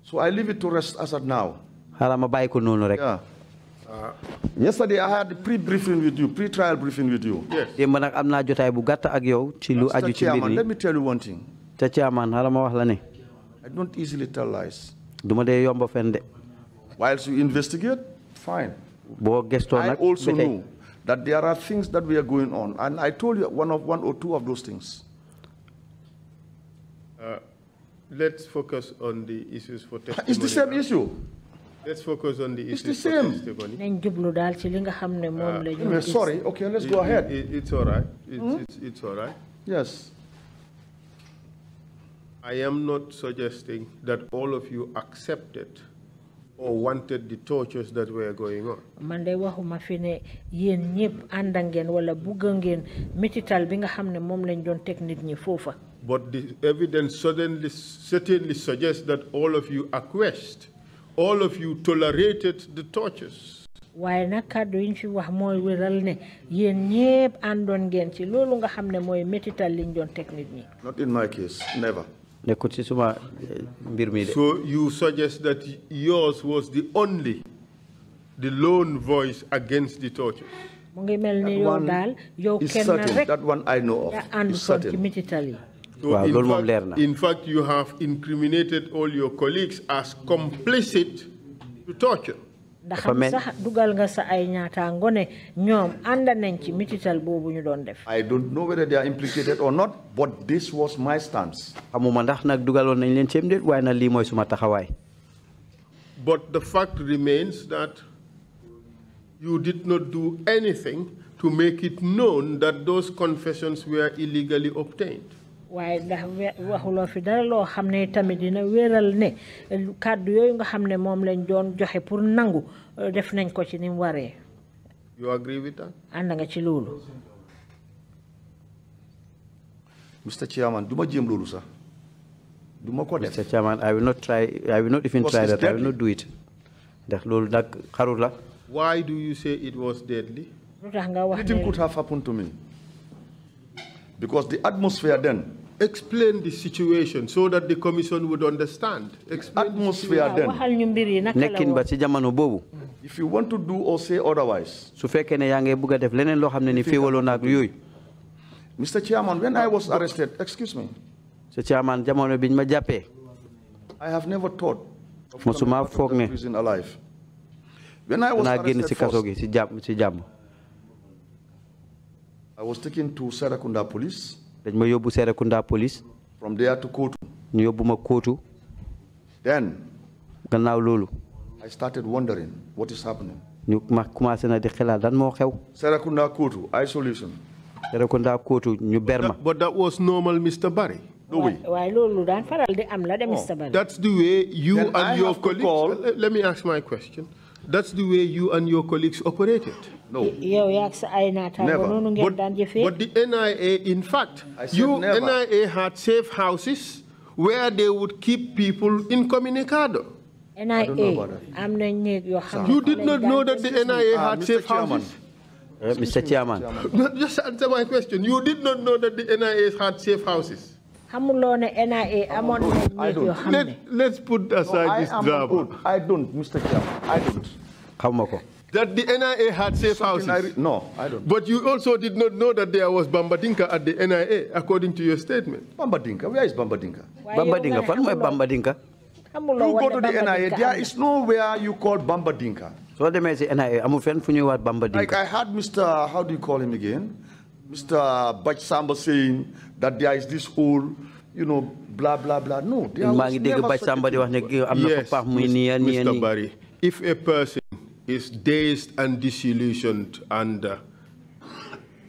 So I leave it to rest as at now. Uh, yesterday I had pre-briefing with you pre-trial briefing with you. yes démb nag am let me tell you one thing. te chairman I don't easily tell lies. whilst you investigate fine. I also know that there are things that we are going on and I told you one of one or two of those things. Uh, let's focus on the issues for testimony. It's the same issue. Let's focus on the it's the same. Ah. sorry okay let's go ahead. it's all right. Hmm? It's, it's all right. Yes. I am not suggesting that all of you accepted or wanted the tortures that were going on. wala bi nga lañ doon nit ñi but the evidence suddenly certainly suggests that all of you acquiesced all of you tolerated the tortures. Why nag kàddu yi ñu fi wax mooy wéral ne yéen ñépp àndoon ngeen ci loolu nga xam ne mooy métital liñ ñi. not in my case never. nekkul ci suma eh, mbir so you suggest that yours was the only the lone voice against the torture. mu ngi mel ni yow daal yow that one is certain that one I know of. is certain so in fact you have incriminated all your colleagues as complicit to torture. I don't know whether they are implicated or not but this was my stance. But the fact remains that you did not do anything to make it known that those confessions were illegally obtained fi dara tamit dina wéral ne kàddu nga lañ doon joxe pour nangu euh, def nañ ko ci you agree with that. ànd nga ci Mr. Chairman sax ko def. Mr. Chairman I will not try I will not even try that I will not do it ndax la. why do you say it was deadly. lu nga wax could have happened to me. Because the atmosphere then. Explain the situation so that the commission would understand. Explain atmosphere the then. nekkin ba ci jamono boobu. if you want to do or say otherwise. su fekkee ne yaa ngi bugg def leneen loo xam ni féewaloo naag yooyu. Mr. Chairman, when I was arrested, excuse me. Mr. Chairman, jamono biñ ma jàppee. I have never thought of coming out of prison alive. When I was arrested first, I was taken to Serakunda police. dañ ma yóbbu Serakunda police. from there to Kotu. ñu yóbbu Kotu. then. I started wondering what is happening. ñu ma commencé na di xalaat Serakunda Kotu isolation. Serakunda Kotu but that was normal Mr. Barry. No way. Oh. That's the way you then and I your colleagues. Let me ask my question. That's the way you and your colleagues operated. No. Never. But, but the NIA, in fact, you NIA had safe houses where they would keep people incommunicado. NIA. You did not know that the NIA ah, had safe houses? Uh, Mr. Chairman. Just answer my question. You did not know that the NIA had safe houses? Let, let's put aside no, this drama. I don't, Mr. Chair. I don't. Kamako. That the NIA had safe Something houses. I no, I don't. But you also did not know that there was Bambadinka at the NIA, according to your statement. Bambadinka? Where is Bambadinka? Why Bambadinka? Where is Bambadinka? You go to the NIA, there is nowhere you call Bambadinka. So what do I say NIA, I'm a friend for you at Bambadinka. Like I had Mr. How do you call him again? Mr. Bach Samba saying that there is this whole you know, blah, blah, blah. No, there was never yes, Mr. Mr. Barry, if a person is dazed and disillusioned and uh,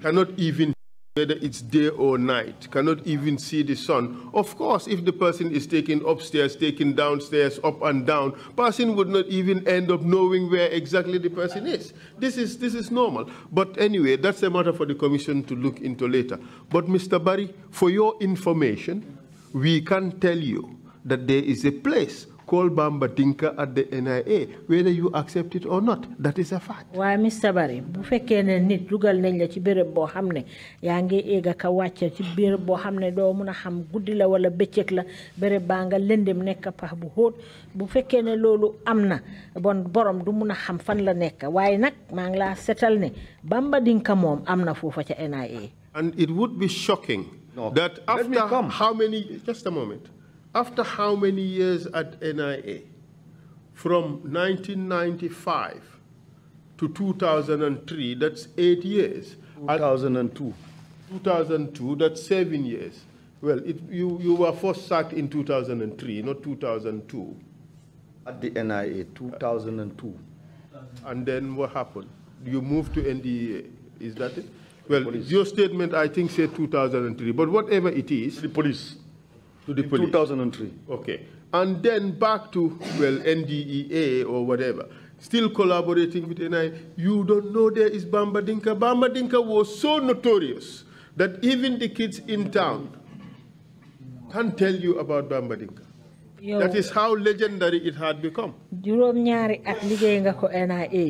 cannot even whether it's day or night, cannot even see the sun. Of course, if the person is taken upstairs, taken downstairs, up and down, person would not even end up knowing where exactly the person is. This is, this is normal. But anyway, that's a matter for the commission to look into later. But Mr. Barry, for your information, we can tell you that there is a place Call Bamba Dinka at the NIA, whether you accept it or not. That is a fact. Why, Mr Barry bu fekkee ne nit dugal nañ la ne ya ngi éeg ak a wàcce ci béréb boo xam ne a xam guddi la wala bechekla la béréb baa pa lëndëm nekk pax bu xóot bu fekkee ne loolu am bon borom du mun a xam fan la nekk ne Bamba Dinka mom amna na foofa NIA. and it would be shocking. that after how many just a moment after how many years at NIA? From 1995 to 2003, that's eight years. 2002. 2002, that's seven years. Well, it, you, you were first sacked in 2003, not 2002. At the NIA, 2002. And then what happened? You moved to NDA. Is that it? Well, your statement, I think, said 2003. But whatever it is... The police to the police. 2003. Okay. And then back to, well, NDEA or whatever. Still collaborating with NI. You don't know there is Bamba Dinka. Bamba Dinka was so notorious that even the kids in town can't tell you about Bamba Dinka. yow that is how legendary it had become. juróom-ñaari at liggéey nga ko NIA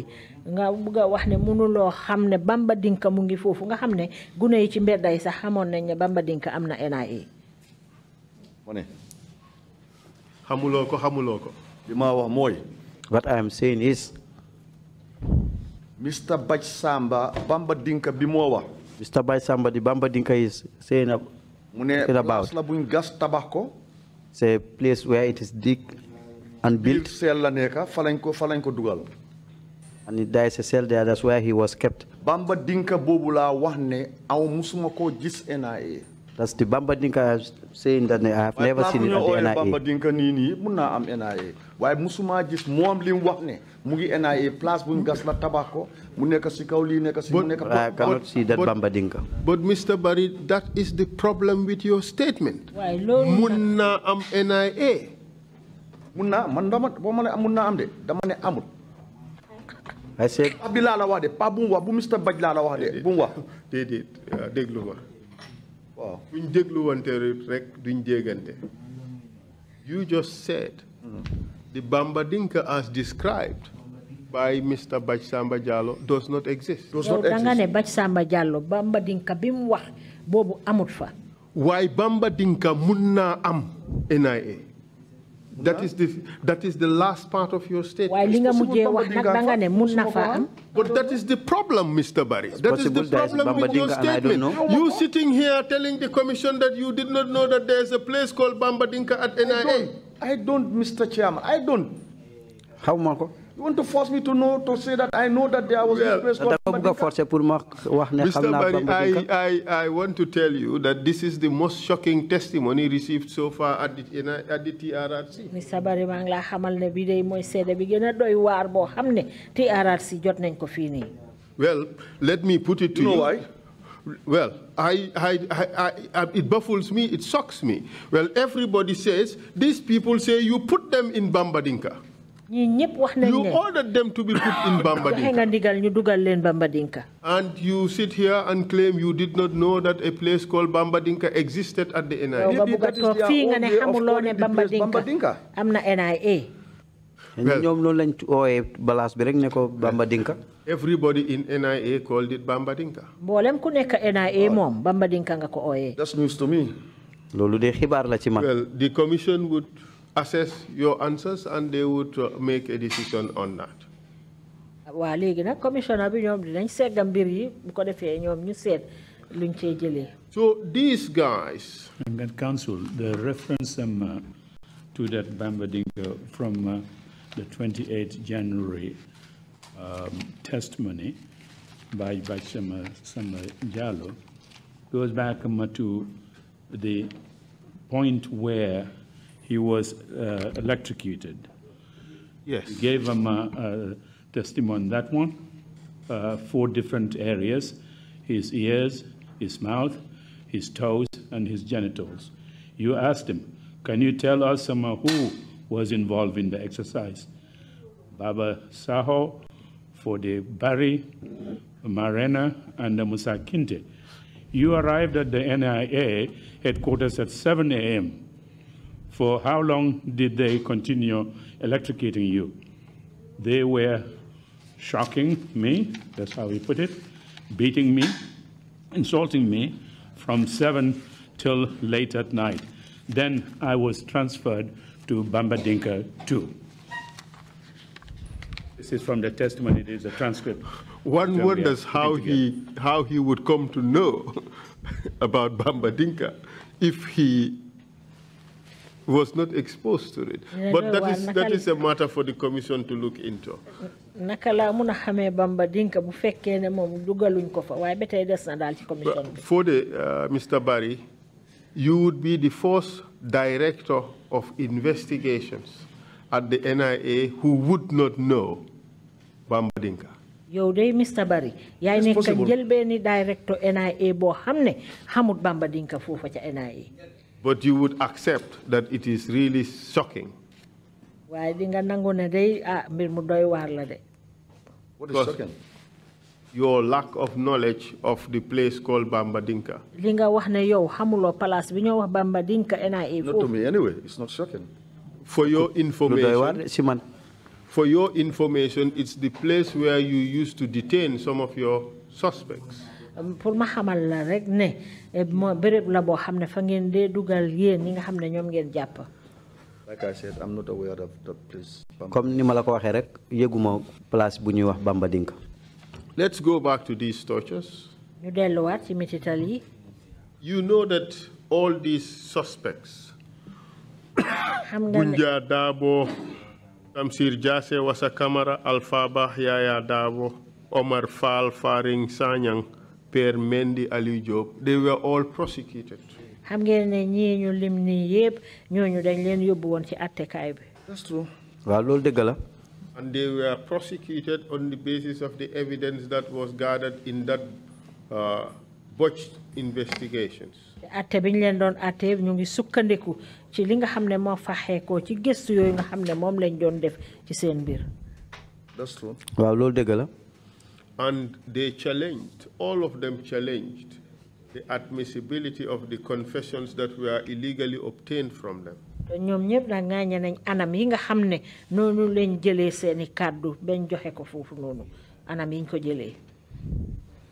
nga bugg a wax ne mënuloo xam ne Bamba Dinka mu ngi foofu nga xam ne gune yi ci mbedda yi sax Bamba Dinka am NIA ma ne xamuloo ko xamuloo what I am saying is Mr. Baj Samba Bamba Dinka bi Mr. Baj Samba di Bamba Dinka is saying about mu ne place la buñ gas tabax ko it's a place where it is dig and built seel la nekka fa lañ ko fa lañ ko dugal and there is a cell there that's where he was kept Bamba Dinka Bobula laa wax ne aw musuma koo gis that's the Bambadinka saying that I have never seen it at the NIA. Bambadinka nii nii mun naa am NIA Why musuma gis moom li mu wax ne mu ngi NIA Plus, bu ñu gas la tobacco. ko mu nekk si kaw I cannot see that Bambadinka. But Mr. Barry, that is the problem with your statement. waay loolu mun naa am NIA. mun naa man dama boo ma ne mun naa am de dama ne amul. I said. Pape bi laa la wax de Pape bu mu wax bu Mr. Badji laa la wax de bu mu wax. déedéet déglu ko you just said the Bambadinka as described by Mr. Bach Jallo does not exist. Does not exist. danga ne Bach Samba Diallo Bambadinka bi mu am NIA that is the that is the last part of your statement. Eh? but that is the problem Mr. Barry. that is the problem with your statement. you sitting here telling the commission that you did not know that there is a place called Bambadinka at NIA. I don't, I don't Mr. Chairman I don't. How Marco? You want to force me to know, to say that I know that there was well, a called Mr. Barry, I, I, I want to tell you that this is the most shocking testimony received so far at the, in, at the TRRC. Well, let me put it to you. Know you. why? Well, I, I, I, I, it baffles me, it shocks me. Well, everybody says, these people say you put them in Bambadinka you ordered them to be put in Bambadinka. Bambadinka. and you sit here and claim you did not know that a place called Bambadinka existed at the NIA. yow nga bugg a toog fii Bambadinka am NIA. everybody in NIA called it Bambadinka. that's news to me. well the commission would assess your answers and they would uh, make a decision on that. commissioner bi dinañ yi bu ko ñu luñ so these guys. and that council they reference them uh, to that Bambadinka from uh, the 28th January um, testimony by by Sama goes back um, to the point where he was uh, electrocuted. Yes. We gave him a, a testimony on that one, uh, four different areas, his ears, his mouth, his toes, and his genitals. You asked him, can you tell us some who was involved in the exercise? Baba Saho, for the Bari, Marena, and the Musa Kinte. You arrived at the NIA headquarters at 7 a.m for how long did they continue electrocuting you? They were shocking me, that's how he put it, beating me, insulting me from 7 till late at night. Then I was transferred to Bambadinka 2. This is from the testimony, it is a transcript. One wonders how he, how he would come to know about Bambadinka if he was not exposed to it. But that is, that is a matter for the commission to look into. for the uh, mr barry you would be the first director of investigations at the nia who would not know bamba You yow day Mr Barry yaay nekk njëlbeeni directeur NIA boo xam ne xamut Bamba Dinka NIA but you would accept that it is really shocking. Ah, what is shocking? Your lack of knowledge of the place called Bambadinka. Not to me anyway, it's not shocking. For your information. For your information, it's the place where you used to detain some of your suspects. pour ma xamal la rek ne e moo béréb la bo xamne fa ngeen dee dugal yéen ñi nga xam ne ñoom ngeen jàpp comme ni mala ko waxee rek yëguma place bu ñuy wax Bamba dink let's go back to these tortures ñu delluwaat ci metital yi you know that all these suspects xam nga ne Bunja Dabo Tamsir Jase Wasa camera Alpha Bah Yaya Dabo Omar Fal, Faring Sanyang Père Diop they were all prosecuted. xam ngeen ne ñu lim dañ leen yóbbu ci bi. that's true. la. and they were prosecuted on the basis of the evidence that was gathered in that uh, botched investigations. atte biñ leen doon atte ñu ngi ci li nga ci gëstu nga lañ doon def ci seen that's true. la. And they challenged, all of them challenged the admissibility of the confessions that were illegally obtained from them. ñoom ñëpp nañ anam yi nga seeni joxe ko anam ko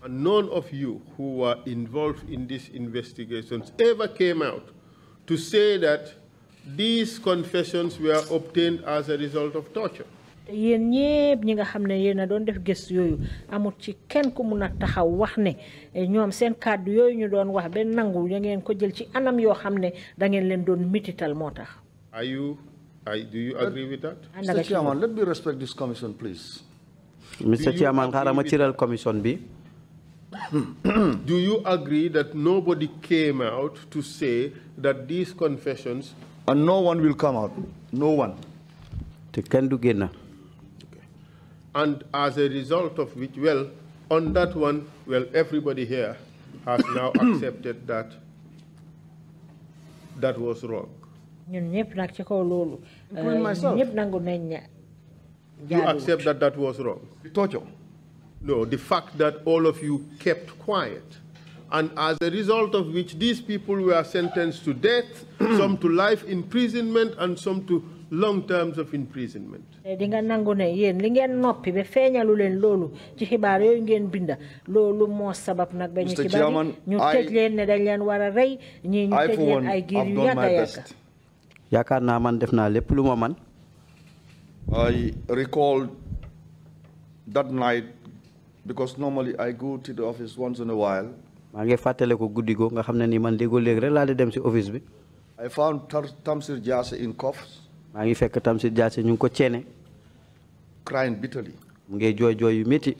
none of you who were involved in these investigations ever came out to say that these confessions were obtained as a result of torture yéen ñëpp ñi nga doon def amul ci kenn ku taxaw wax ne ñoom seen ñu doon wax ko jël ci anam da ngeen leen doon mitital are you do you agree with that. Mr Chairman let me respect this commission please. Mr Chairman xaaral ma commission bi. do you agree that nobody came out to say that these confessions. and no one will come out no one. te kenn du génn and as a result of which, well, on that one, well, everybody here has now accepted that that was wrong. Euh, you accept that that was wrong. No, the fact that all of you kept quiet. And as a result of which, these people were sentenced to death, some to life imprisonment, and some to long terms of imprisonment. di nga nangu I recall that night because normally I go to the office once in a while. I found Tamsir Jassy in cuffs maa ngi fekk Tamsir Diassi ñu ko ceene crying bitterly mu ngi jooy yu métti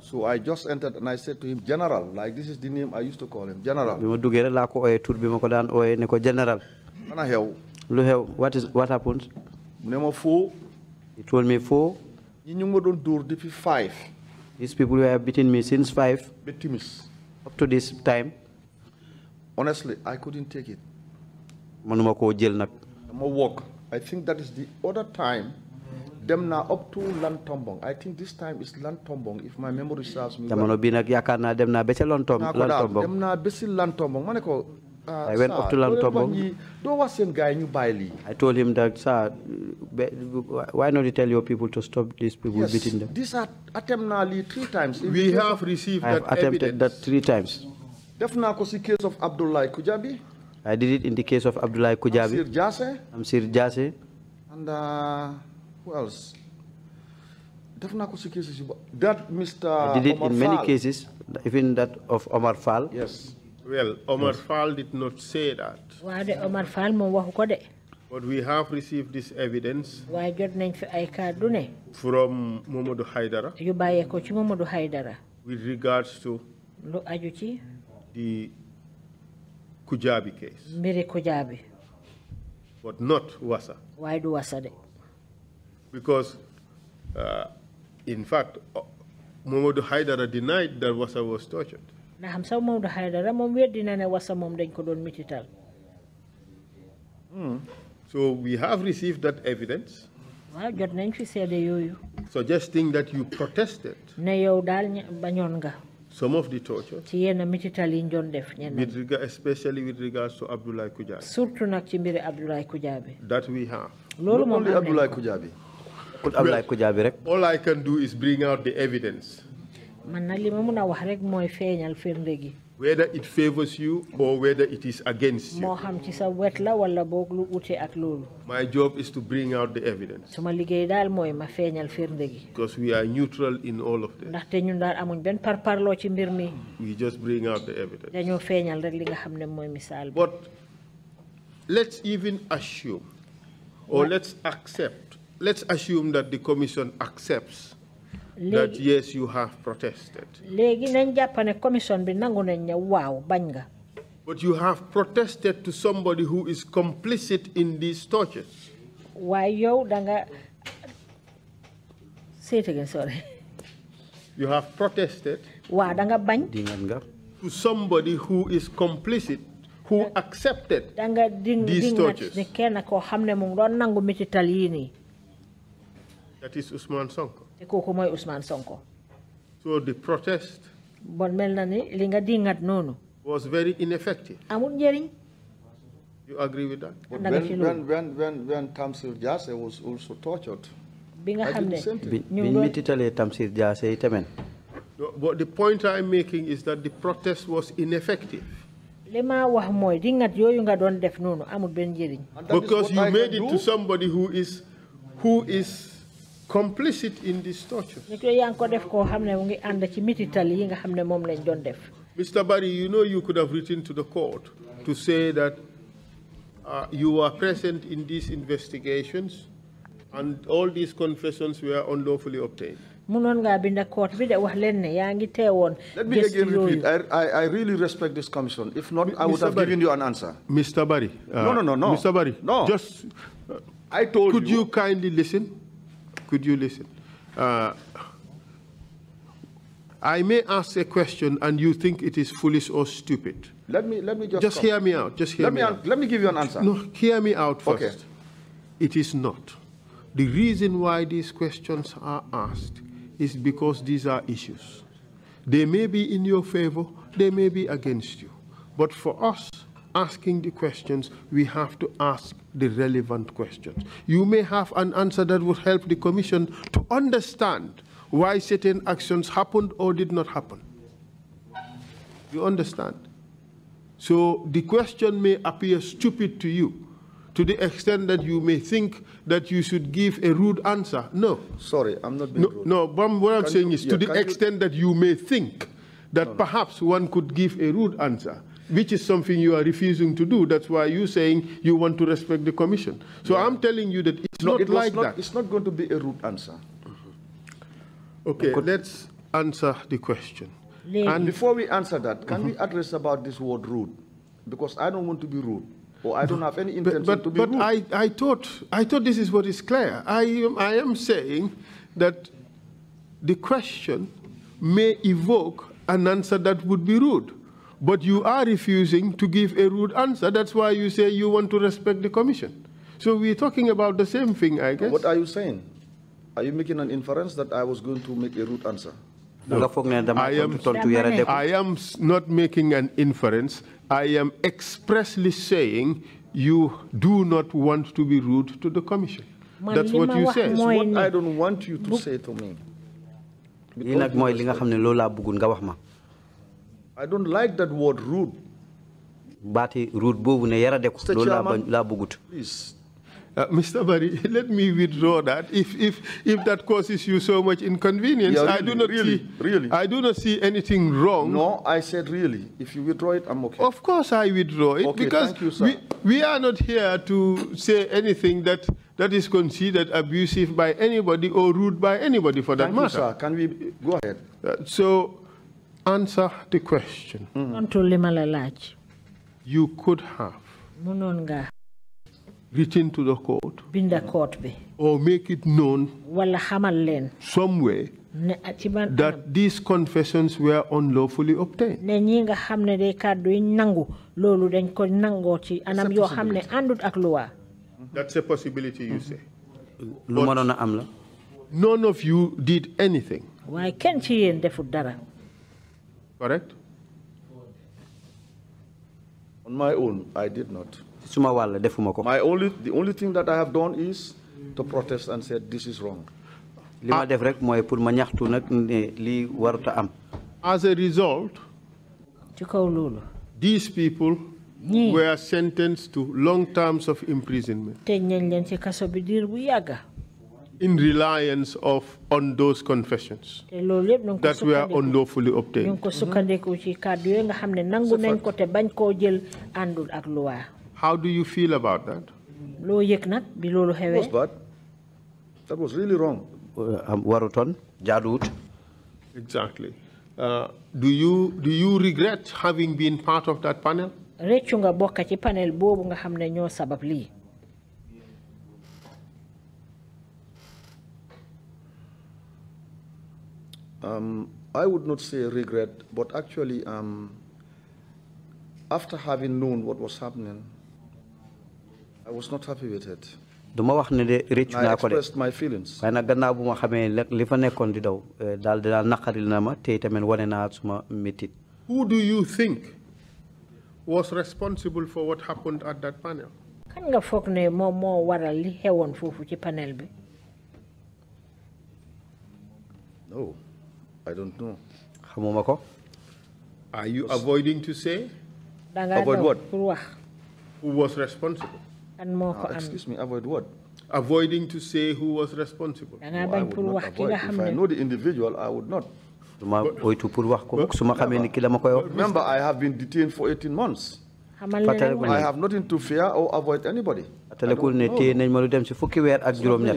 so I just entered and I said to him general like this is the name I used to call him general bi ma duggee rek laa ko ooyee tur bi ma ko daan ooyee ne ko général ana xew lu xew what is what happened ne ma foo he told me foo ñi ñu ngi ma doon dóor depuis five these people were beating me since five bitimis up to this time honestly I couldn't take it mënuma koo jël nak. dama walk. I think that is the other time dem na up to Lantombong I think this time is Lantombong if my memory serves me well. jamono bii nag dem na ba Lantombong. Lantombong dem na ba Lantombong ma ah, I went up to Lantombong. Don't was saying guy you buy I told him that, sir, why not you tell your people to stop these people yes, beating them? This attempt li three times. We have received I have attempted that three times. Definitely, case of Abdullah Kujabi. I did it in the case of Abdullah Kujabi. Amsir Jase. Sir Jase. And uh, who else? That Mr. I did it Omar in Fall. many cases, even that of Omar Fall. Yes. Well, Omar yes. Fall did not say that. Omar Fall But we have received this evidence from Momodu Haidara with regards to the Kujabi case. Mere Kujabi. But not Wasa. Why do Wasa? De? Because, uh, in fact, uh, Momodu Haidara denied that Wasa was tortured. Na hamsa sax moom du Haidara moom weddi na ne wasa moom dañ mitital. Hmm. so we have received that evidence. waaw jot nañ fi seede yooyu. suggesting that you protested. ne yow daal banyonga some of the torture with regard especially with regards to Abdullahi Kujabi Kujabi that we have loolu only Abdoulaye Kujabi put Kujabi all I can do is bring out the evidence whether it favors you or whether it is against you. My job is to bring out the evidence. Because we are neutral in all of this. We just bring out the evidence. But let's even assume or let's accept, let's assume that the commission accepts that yes you have protested but you have protested to somebody who is complicit in these tortures Why yow danga? say it again sorry you have protested to somebody who is complicit who accepted these tortures. That is Usman Sonko. Sonko. so the protest. bon li nga was very ineffective. amul njëriñ. you agree with that. But when, when, when, when, when Tamsil Jase was also tortured. bi nga xam ne ñu Tamsir Jaase tamit. but the point I'm making is that the protest was ineffective. because you made it to somebody who is who is complicit in these tortures. Mr. Barry, you know you could have written to the court to say that uh, you were present in these investigations and all these confessions were unlawfully obtained. Let me again repeat. I, I, I, really respect this commission. If not, I would Mr. have Barry, given you an answer. Mr. Barry. Uh, no, no, no, no. Mr. Barry. No. Just. Uh, I told could you. Could you kindly listen? could you listen? Uh, I may ask a question and you think it is foolish or stupid. Let me, let me just... Just come. hear me out. Just hear let me, me out. Let me give you an answer. No, hear me out first. Okay. It is not. The reason why these questions are asked is because these are issues. They may be in your favor, they may be against you. But for us, asking the questions, we have to ask the relevant questions. You may have an answer that would help the Commission to understand why certain actions happened or did not happen. You understand? So the question may appear stupid to you to the extent that you may think that you should give a rude answer. No. Sorry, I'm not being no, rude. No, but what I'm saying you, is yeah, to the extent you, that you may think that no, no. perhaps one could give a rude answer which is something you are refusing to do. That's why you're saying you want to respect the commission. So yeah. I'm telling you that it's no, not it like not, that. It's not going to be a rude answer. Okay, let's answer the question. And before we answer that, can mm -hmm. we uh-huh. address about this word rude? Because I don't want to be rude. Or I don't have any intention but, but, to be but rude. But I, I, thought, I thought this is what is clear. I I am saying that the question may evoke an answer that would be rude. But you are refusing to give a rude answer. That's why you say you want to respect the commission. So we're talking about the same thing, I guess. What are you saying? Are you making an inference that I was going to make a rude answer? No. I, am, I am not making an inference. I am expressly saying you do not want to be rude to the commission. That's what you said. what I don't want you to say to me. I don't like that word rude. Bati rude bobu ne yarade ko do la la bugut. Please. Uh, Mr. Barry, let me withdraw that. If, if, if that causes you so much inconvenience, yeah, really, I do not really, see, really. I do not see anything wrong. No, I said really. If you withdraw it, I'm okay. Of course, I withdraw it okay, because you, we, we are not here to say anything that that is considered abusive by anybody or rude by anybody for that thank matter. You, sir. Can we go ahead? Uh, so answer the question. Mm-hmm. You could have. Written to the court. court Or make it known. Somewhere. that these confessions were unlawfully obtained. ne that's a possibility you say. none of you did anything. Why can't you defut dara. Correct? On my own, I did not. My only, the only thing that I have done is to protest and said this is wrong. As a result, these people were sentenced to long terms of imprisonment in reliance of on those confessions that we are unlawfully obtained. How do you feel about that? Was bad. That was really wrong. Uh, um, Waruton, Exactly. Uh, do you do you regret having been part of that panel? Um, I would not say regret, but actually, um, after having known what was happening, I was not happy with it. duma wax ne de réccu naa ko de eh, waaye who do you think was responsible for what happened at that panel kan nga foog ne moom moo waral li xewoon foofu ci panel bi no I don't know. xamuma ko. Are you avoiding to say? avoid what? Who was responsible? kan moo ko ah, Excuse me, avoid what? Avoiding to say who was responsible. danga bañ pour wax ki If I know the individual, I would not. suma oytu Remember, I have been detained for 18 months. I have nothing to fear or avoid anybody. atalekul ne téye nañ ma lu dem si fukki weer ak juroom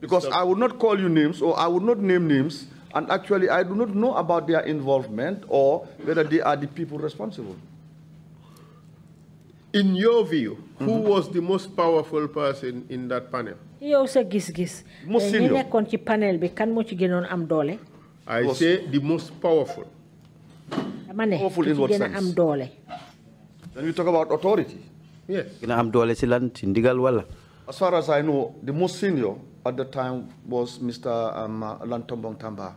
because I would not call you names or I would not name names. And actually, I do not know about their involvement or whether they are the people responsible. In your view, who mm -hmm. was the most powerful person in that panel? He also gis-gis. Most eh, senior I say the most powerful. Powerful in what sense? then we talk about authority. yes as far as I know the most senior at the time was Mr. Um, Lantombong Tamba.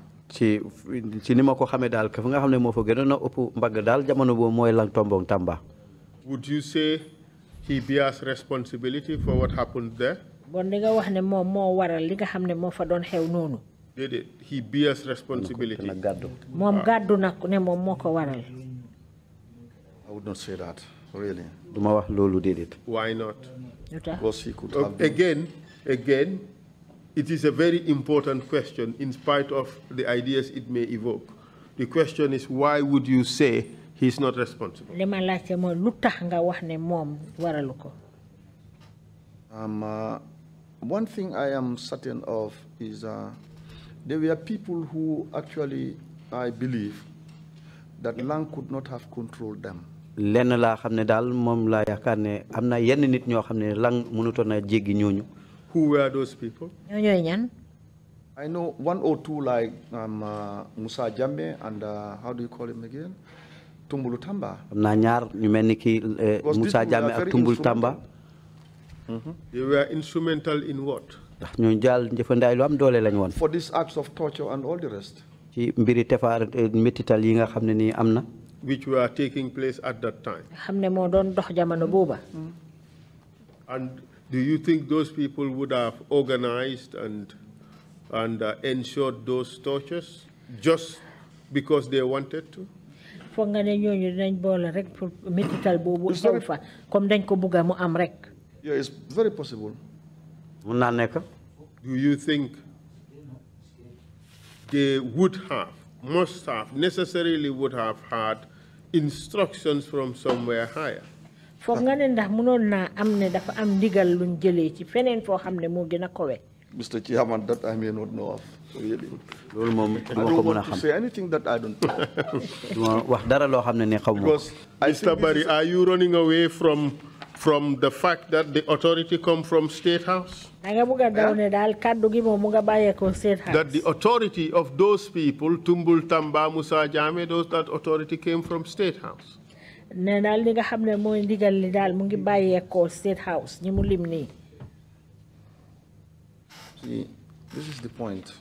Lantombong Tamba. would you say he bears responsibility for what happened there. bon di nga wax he bears responsibility. ko I would not say that really. duma lulu did it. why not. lu because he could uh, have been again again it is a very important question in spite of the ideas it may evoke. The question is why would you say he's not responsible? Um, uh, one thing I am certain of is uh, there were people who actually, I believe, that yeah. Lang could not have controlled them. lenn laa xam ne daal moom laa am na yenn nit ñoo xam ne lang mënutoon na jéggi ñooñu who were those people? I know one or two like um, uh, Musa Jambe and uh, how do you call him again? Tumbulu Tamba. Nanyar, na uh, Musa Jambe uh, Tumbulu Tamba. Mm-hmm. They were instrumental in what? For these acts of torture and all the rest. Uh, Which were taking place at that time. Xam ne And do you think those people would have organized and, and uh, ensured those tortures just because they wanted to? foog ñooñu dañ boole rek pour métital boobu fa comme dañ ko bugga mu am rek. yeah it's very possible. mun do you think they would have must have necessarily would have had instructions from somewhere higher foog nga ne ndax mënoon naa am ne dafa am ndigal luñ jëlee ci feneen foo xam ne moo kowe Mr. Chairman, that I may not know of. Really. I don't want to say anything that I don't know. because Mr. Barry, are you running away from from the fact that the authority come from State House? That the authority of those people, Tumbul Tamba, Musa Jame, those that authority came from State House ne li nga ndigal li mu ngi State House ñi mu lim see this is the point.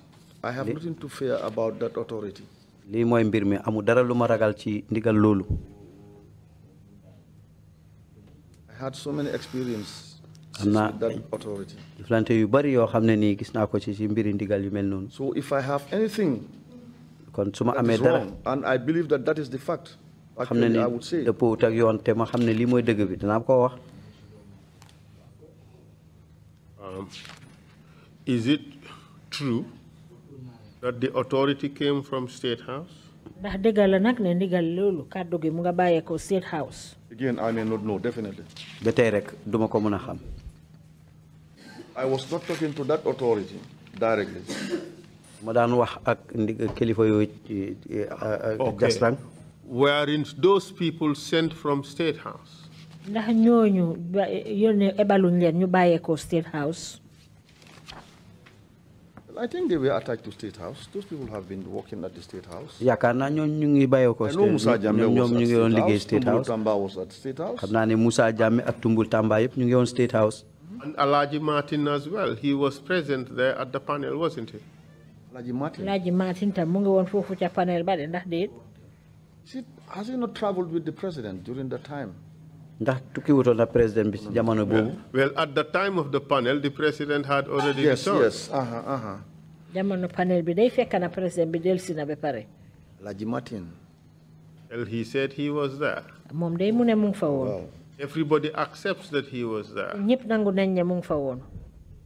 I have nothing to fear about that authority. mbir mi dara ragal ci ndigal I had so many experience. am authority jëflante yu bari yoo xam ne gis naa ko ci ci mbiri ndigal yu mel noonu. so if I have anything. kon su dara and I believe that that is the fact. xam ne ni dëppoowut ak yoon te ma xam ne lii mooy dëgg bi dinaa ko wax. Um, is it ndax dëggal la nag ne ndigal loolu kàddu gi mu nga bàyyee ko State House. Again, rek duma ko mën a xam. I ma daan wax ak ndig kilifa yooyu ci uh, uh, weren't those people sent from State House? ndax ñooñu yónnee ebaluñ leen ñu bàyyeekoo State House. I think they were attached to State House. Those people have been working at the State House. yaakaar naa ñoom ñu ngi bàyyi State House. ñoom ñu ngi State House. xam naa ne Moussa Jammeh ak Tumbul Tamba yëpp ñu ngi woon State House. And Alaji Martin as well. He was present there at the panel, wasn't he? Alaji Martin. Alaji Martin tam mu ngi panel ba de ndax déet has he not traveled with the president during that time? ndax na président well at the time of the panel the president had already. yes yes aha uh-huh, aha. Uh-huh. jamono panel bi The fekk na président had already na ba pare. well he said he was there. moom mu ne everybody accepts that he was there. nangu ne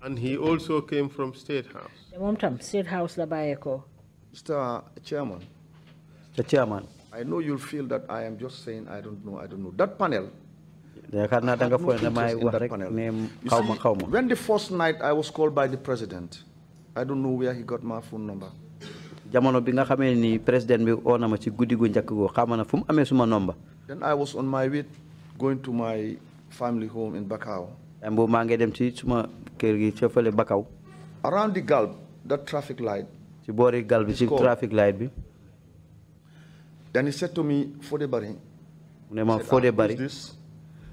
and he also came from State House. moom tam State House la Mr. Chairman. The Chairman. I know you'll feel that I am just saying I don't know, I don't know. That panel, yaakaar naa da nga foog ne may wax when the first night I was called by the president I don't know where he got my phone number. jamono bi nga ni président bi oo na ma ci guddi gu go goo na fu mu suma nomba. then I was on my way going to my family home in Bakau. boobu maa dem ci suma kër gi fële Bakau. around the Galb that traffic light. ci boori Galb ci traffic light bi. Then he said to me, "For the barin." ma Fodebari. Ah,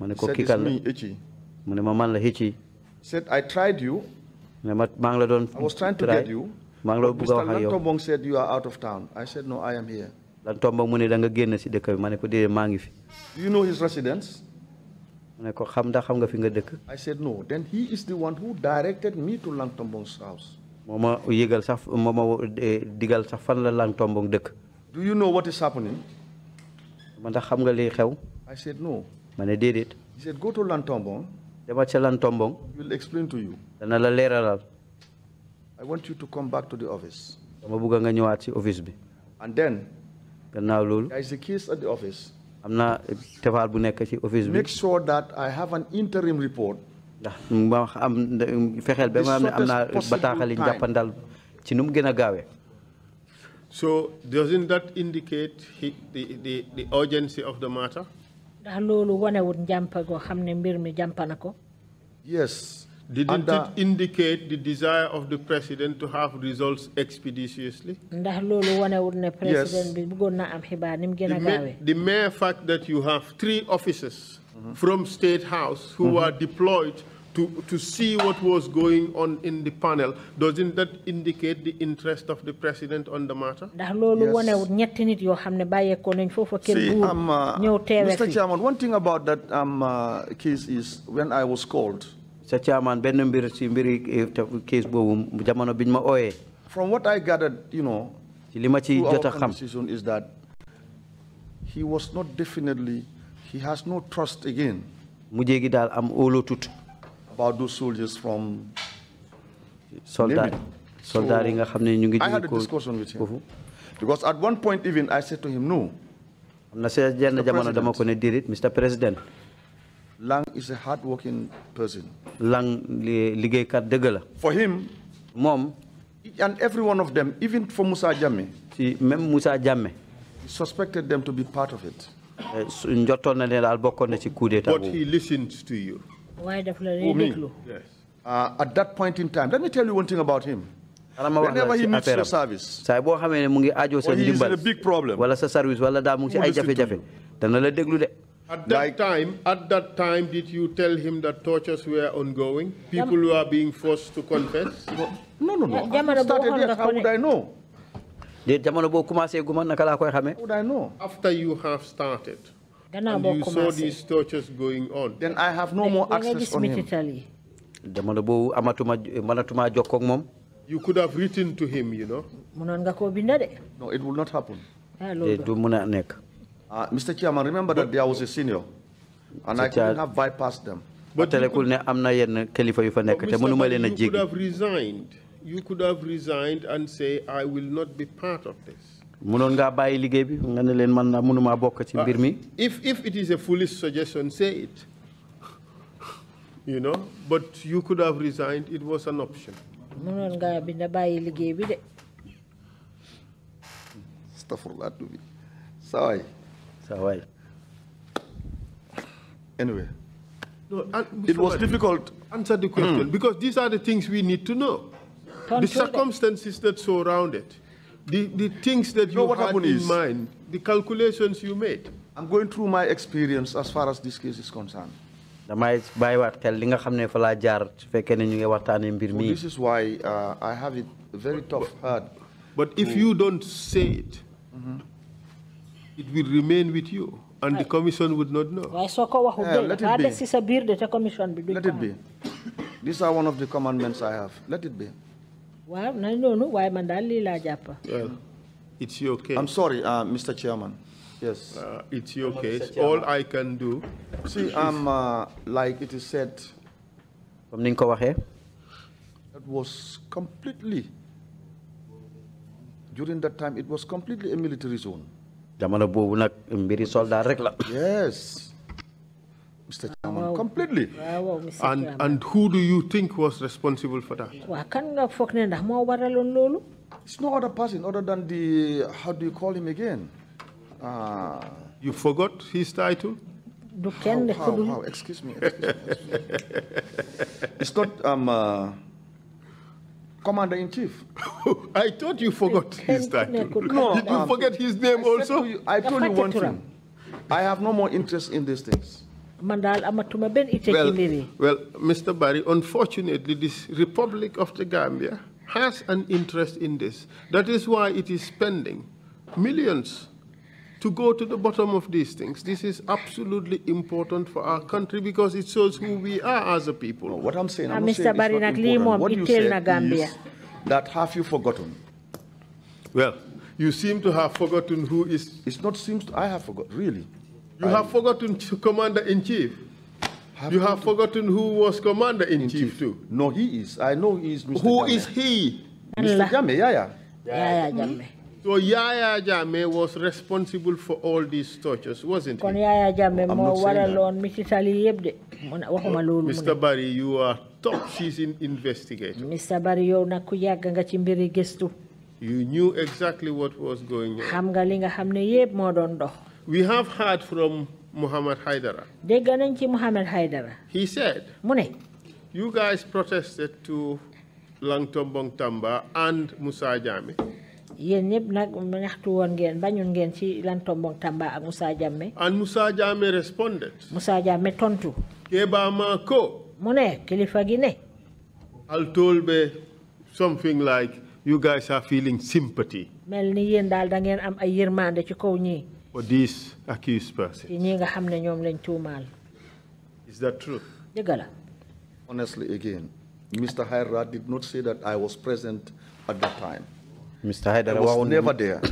ma ne ko kikal la. ma Hichi. Said I tried you. Ne I was trying to get you. Maa Mr. Lantombong said you are out of town. I said no, I am here. Lantombong mu ne da again, génn si dëkk bi ma ne ko déedéet maa ngi fi. Do you know his residence? I said no. Then he is the one who directed me to Lantombong's house. Mama yegal sax mama eh, digal sax la Lantombong Tombong do you know what is happening? I said no. I did it. he said go to Lantombong. dama will explain to you. I want you to come back to the office. and then. there is a case at the office. make sure that I have an interim report. ndax so doesn't that indicate he, the, the, the urgency of the matter? Yes. Didn't uh, it indicate the desire of the president to have results expeditiously? yes. The, mere, the mere fact that you have three officers mm -hmm. from State House who mm -hmm. are deployed to, to see what was going on in the panel, doesn't that indicate the interest of the president on the matter? Yes. See, um, uh, Mr. Chairman, one thing about that um, uh, case is when I was called. Mr. Chairman, benn mbir ci mbiri eh, case bobu jamono biñ ma oyé. From what I gathered, you know, ci lima is that he was not definitely he has no trust again. Mujé gi am olotut about those soldiers from soldat soldat I had a discussion with him because at one point even I said to him no am na sa jenn jamono dama ko ne Mr President Lang is a hard working person Lang liggéeykat dëgg la for him mom, and every one of them even for Moussa Jammeh ci même Moussa Jammeh he suspected them to be part of it eh, njottoon ne daal bokkoon na ci but he listened to you why the oh, me? Yes. Uh, at that point in time, let me tell you one thing about him. Whenever he needs your service, or he is in a big problem, wala sa service, wala da mung si ay jafe jafe. Dana la deglu de. At that like, time, at that time, did you tell him that tortures were ongoing? People who are being forced to confess? No, no, no. I started yet. How would I know? How would I know? After you have started and you saw these tortures going on. Then I have no more access on him. You could have written to him, you know. No, it will not happen. Eh, uh, ah, Mr. Chairman, remember but, that there was a senior, and I could have bypassed them. But, but you could, but Mr. you could have resigned. You could have resigned and say, I will not be part of this mënoon ngaa bàyyi liggéey bi nga ne leen man naa mënumaa bokk ci mbir mi. Uh, if if it is a foolish suggestion say it you know but you could have resigned it was an option. mënoon ngaa bind bàyyi liggéey bi de. astafurlah bi sawaay. sawaay. anyway. No, it was difficult. Answer the question hmm. because these are the things we need to know. the circumstances that surround it. The, the things that you, know what in is, mind, the calculations you made. I'm going through my experience as far as this case is concerned. damay this is why uh, I have it very tough hard. But if you don't say it, mm -hmm. it will remain with you, and right. the commission would not know. Yeah, let it be. Let it be. These are one of the commandments I have. Let it be. Well, na noonu waaye man daal lii laa it's your case. I'm sorry, uh, Mr. Chairman. Yes. Uh, it's your case. All I can do. See, I'm uh, like it is said. From niñ here. It was completely. During that time, it was completely a military zone. la. Yes. Mr. Ah, Chairman, completely. And and who do you think was responsible for that? It's no other person other than the how do you call him again? Uh, you forgot his title. How, how, how? Excuse me. Excuse me, excuse me. it's not um, uh, commander in chief. I thought you forgot his title. No, Did you um, forget his name I also? You, I told you one thing. I have no more interest in these things. Well, well, Mr. Barry, unfortunately, this Republic of the Gambia has an interest in this. That is why it is spending millions to go to the bottom of these things. This is absolutely important for our country because it shows who we are as a people. No, what I'm saying, I'm ah, Mr. Saying Barry, What you said Gambia. is that have you forgotten? Well, you seem to have forgotten who is... It's not seems... To, I have forgotten, really. You have forgotten commander in chief. you have forgotten who was commander in, chief, too. No, he is. I know he is Mr. Who Jame. is he? Mr. Jame, Yaya. Yaya Jame. Hmm? So Yaya Jame was responsible for all these tortures, wasn't he? Yaya Jame mo waralon Mrs. Ali yebde. Mr. Barry, you are top season investigator. Mr. Barry, you nak ku yag nga ci gestu. You knew exactly what was going on. Xam nga yeb mo we have heard from Muhammad Haidara. dégg nañ Muhammad Haidara. he said. "Mune, you guys protested to Langtombong Tamba and Musa Jammeh. yéen ñëpp nag ñaxtu woon ngeen bañoon ngeen Tamba ak Musa and Musa Jammeh responded. Musa Jammeh tontu. Kebama ko. mu ne kilifa gi ne. be something like you guys are feeling sympathy. Melni yen dal daal am ay yërmande ci kaw for these accused persons? Is that true? Honestly, again, Mr. Haidara did not say that I was present at that time. Mr. Haidara I was never there.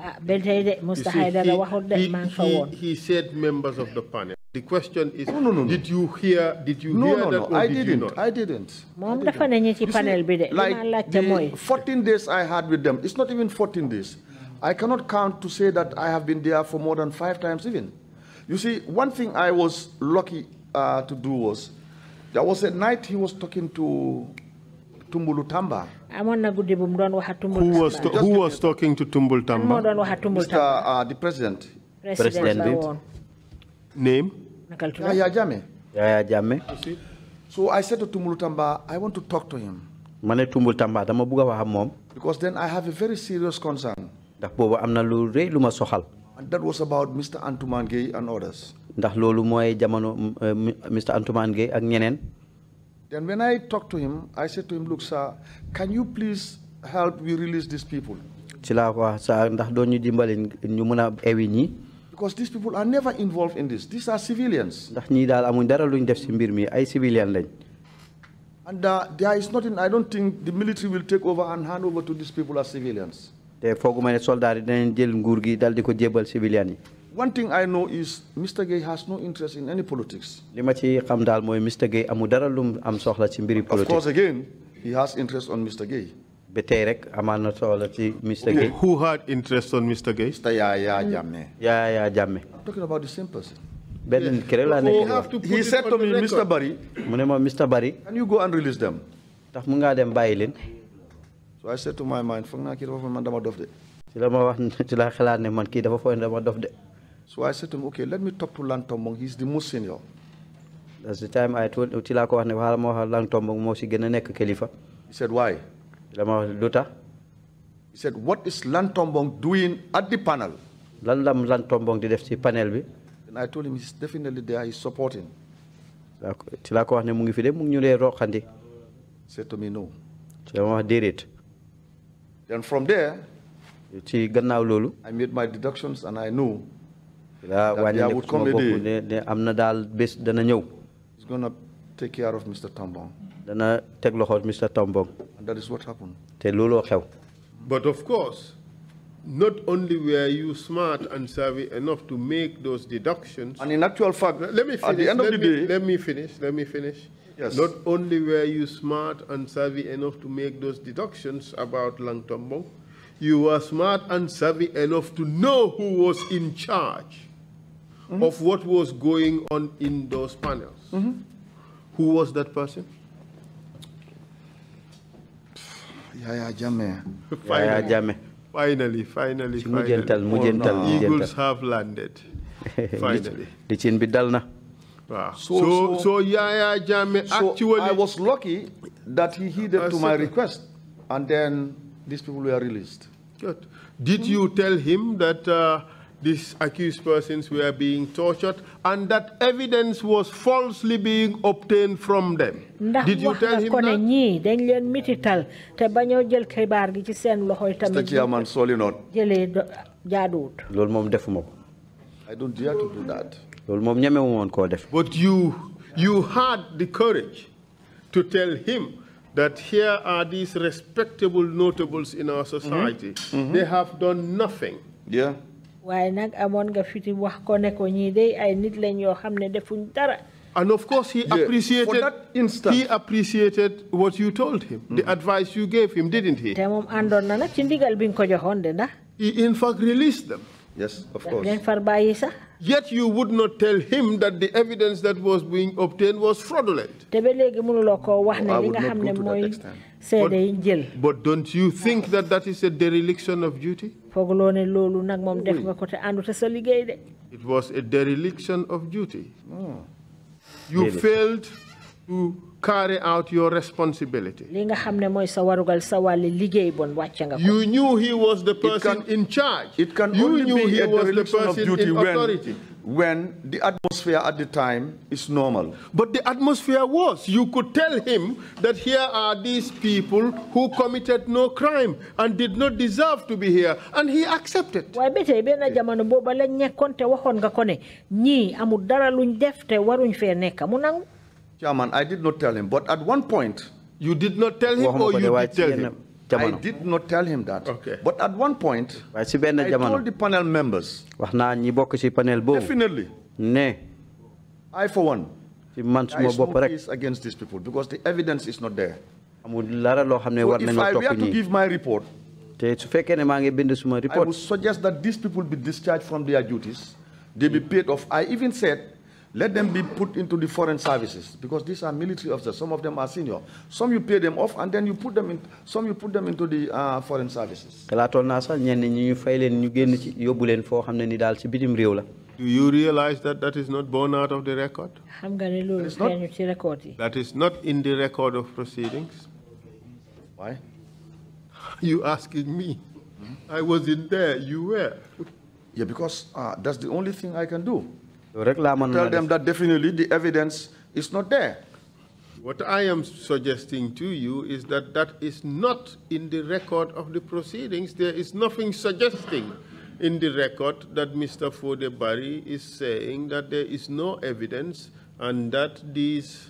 Ah, see, he, he, he said members of the panel. The question is, no, no, no, did you hear? Did you hear that? No, no, no. I didn't. I didn't. I didn't. See, like the 14 days I had with them, it's not even 14 days. I cannot count to say that I have been there for more than five times even. You see, one thing I was lucky uh, to do was, there was a night he was talking to Tumbulu Tamba. Who was, who was talking to Tumbul Tamba? Mr. Uh, the president. President. president. Name? Yaya Jame. Yaya Jame. So I said to Tumbulu Tamba, I want to talk to him. Because then I have a very serious concern ndax boobu am lu rëy lu soxal. and that was about Mr Antoumane Gueye and others. ndax loolu mooy jamono eh, Mr Antoumane Gueye ak ñeneen. then when I talked to him I said to him look sir can you please help we release these people. ci laa ko wax ah, sa ndax doo ñu dimbali ñu mën ewi ñi. because these people are never involved in this these are civilians. ndax ni dal amuñ dara luñ def si mbir mi ay civilian lañ. and uh, there is nothing I don't think the military will take over and hand over to these people as civilians te fooguma ne soldat yi danañ jël nguur gi dal di ko civilian yi. one thing I know is Mr. Gay has no interest in any politics. li ma ci xam daal mooy Mr. Gay amul dara lu am soxla ci mbiri politique. of course again he has interest on Mr. Gay. ba tey rek amaan soxla ci Mr. Gay. who had interest on Mr. Gay. Mr. Yaya Ya Yaya Jammeh. I'm talking about the same person. benn kere laa nekk. he said to me Mr. Bari. mu ne ma Mr. Bari. can you go and release them. ndax mu ngaa dem bàyyi leen so I said to my mind foog naa dafa foog man dama dof de. ci la ma wax ci la xalaat ne man dafa dama dof de. so I said to him okay let me talk to Lantombong he he's the most senior. that's the time I told ci laa ko wax ne xaaral ma wax Lantombong moo si gën a he said why. ci la ma wax he said what is Lantombong doing at the panel. lan lam Lantombong di def ci panel bi. and I told him he's definitely there he's supporting. ci laa ko wax ne mu ngi fi de mu ngi ñu said to me no. ci la ma wax then from there, I made my deductions and I knew that there would come a day. He's going to take care of Mr. Tambong. Dana tek loxo Mr. Tambong. And that is what happened. Te lolo But of course, not only were you smart and savvy enough to make those deductions. And in actual fact, let me finish, at the end of the me, day, let me finish. Let me finish. Yes. Not only were you smart and savvy enough to make those deductions about Lang Tombong, you were smart and savvy enough to know who was in charge mm -hmm. of what was going on in those panels. Mm -hmm. Who was that person? Yaya Jame. Yaya Jame. Finally, finally, finally. Mujental, mujental, oh, Eagles have landed. finally. The chin bidal na. Ah. So, so, so, so, Yaya Jame actually. I was lucky that he heeded to my request, and then these people were released. Good. Did you tell him that uh, these accused persons were being tortured and that evidence was falsely being obtained from them? Did you tell him that? Mr. Chairman, sorry not. I don't dare to do that but you you had the courage to tell him that here are these respectable notables in our society. Mm-hmm. Mm-hmm. they have done nothing. yeah. And of course, he yeah. appreciated. Instant, he appreciated what you told him, mm. the mm-hmm. advice you gave him, didn't he? He in fact released them. Yes, of course. Yet you would not tell him that the evidence that was being obtained was fraudulent. I would not go to that extent. But, but don't you think that that is a dereliction of duty? It was a dereliction of duty. Hmm. You failed to carry out your responsibility. You knew he was the person can, in charge. It can you only knew be he was the person of duty in authority. When, when the atmosphere at the time is normal. But the atmosphere was. You could tell him that here are these people who committed no crime and did not deserve to be here, and he accepted. Chairman, I did not tell him, but at one point. You did not tell him or you did tell him? I did not tell him that. Okay. But at one point, I told the panel members, definitely, I for one, I smoke against these people because the evidence is not there. So if I were to give my report, I would suggest that these people be discharged from their duties. They be paid off. I even said let them be put into the foreign services because these are military officers. Some of them are senior. Some you pay them off and then you put them in. Some you put them into the uh, foreign services. ñi Do you realize that that is not born out of the record? xam nga record That is not in the record of proceedings. Why? You asking me? I was in there. You were. Yeah, because uh, that's the only thing I can do. Tell them that definitely the evidence is not there. What I am suggesting to you is that that is not in the record of the proceedings. There is nothing suggesting in the record that Mr. Fodebari is saying that there is no evidence and that these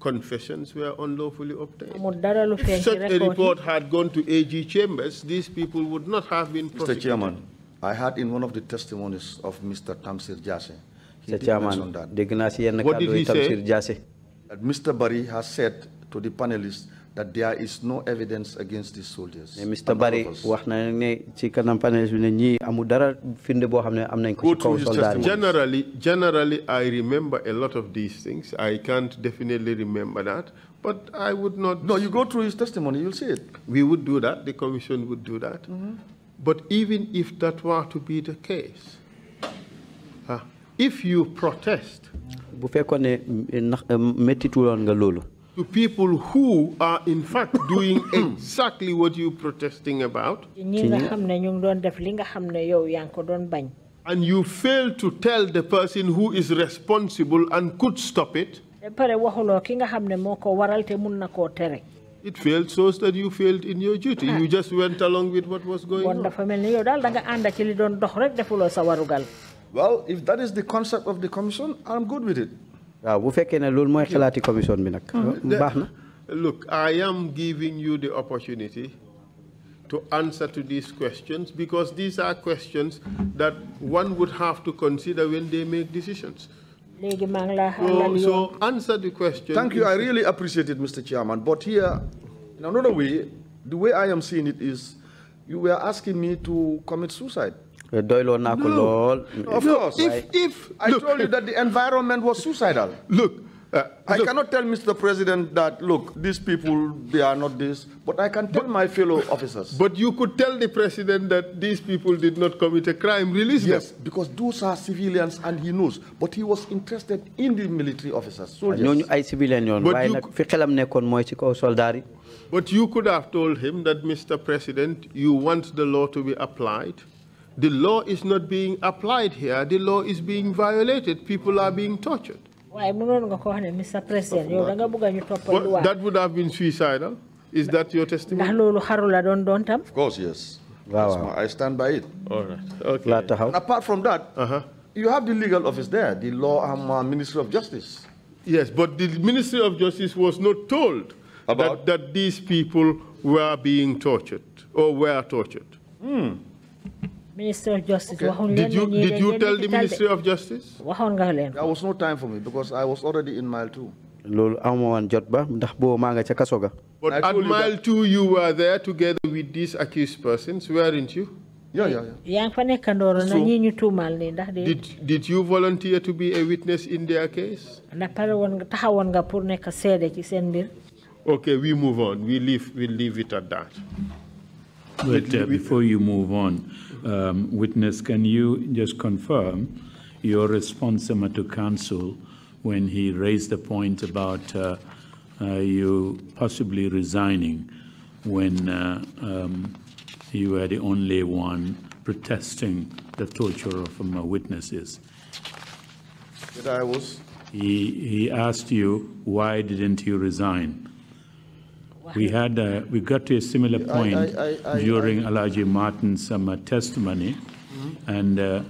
confessions were unlawfully obtained. If such a report had gone to AG Chambers, these people would not have been prosecuted. Mr. Chairman, I heard in one of the testimonies of Mr. Tamsir Jase. He did that. What did he Tamsir say? Mr. Bari has said to the panelists that there is no evidence against these soldiers. Mr. Bari panelists am Generally, generally I remember a lot of these things. I can't definitely remember that. But I would not... No, you go through his testimony, you'll see it. We would do that. The commission would do that. Mm -hmm. But even if that were to be the case, uh, if you protest, eh, eh, to people who are in fact doing exactly what you're protesting about, and you fail to tell the person who is responsible and could stop it, it failed so that you failed in your duty. You ah. just went along with what was going on. dafa mel ni yow daal da nga ànd ci li doon dox rek defuloo well if that is the concept of the commission I'm good with it. waaw commission mm-hmm. look I am giving you the opportunity to answer to these questions because these are questions that one would have to consider when they make decisions. So, so answer the question. Thank you. I really appreciate it, Mr. Chairman. But here, in another way, the way I am seeing it is you were asking me to commit suicide. Eh, no. Of no. course. If, if I look, told you that the environment was suicidal. Look, uh, I look, cannot tell Mr. President that, look, these people, they are not this, but I can tell but, my fellow officers. But you could tell the president that these people did not commit a crime, release yes, them. Yes, because those are civilians and he knows. But he was interested in the military officers, soldiers. civilian But you could have told him that, Mr. President, you want the law to be applied. The law is not being applied here. The law is being violated. People are being tortured. Well, that would have been suicidal. Is that your testimony? Of course, yes. Wow. I stand by it. All right. Okay. And apart from that, uh -huh. you have the legal office there, the law and uh, Ministry of Justice. Yes, but the Ministry of Justice was not told About? That, that these people were being tortured or were tortured. Hmm. Minister of Justice. Okay. Did you did you tell the Ministry of Justice? There was no time for me because I was already in mile two. But at mile two, you were there together with these accused persons, weren't you? Yeah, yeah, yeah. So, did, did you volunteer to be a witness in their case? Okay, we move on. We leave, we leave it at that. But uh, before you move on, um, witness, can you just confirm your response uh, to counsel when he raised the point about uh, uh, you possibly resigning when uh, um, you were the only one protesting the torture of um, witnesses? That I was. He, he asked you, why didn't you resign? We had, uh, we got to a similar point I, I, I, during Alaji Martin's um, uh, testimony, mm -hmm. and uh,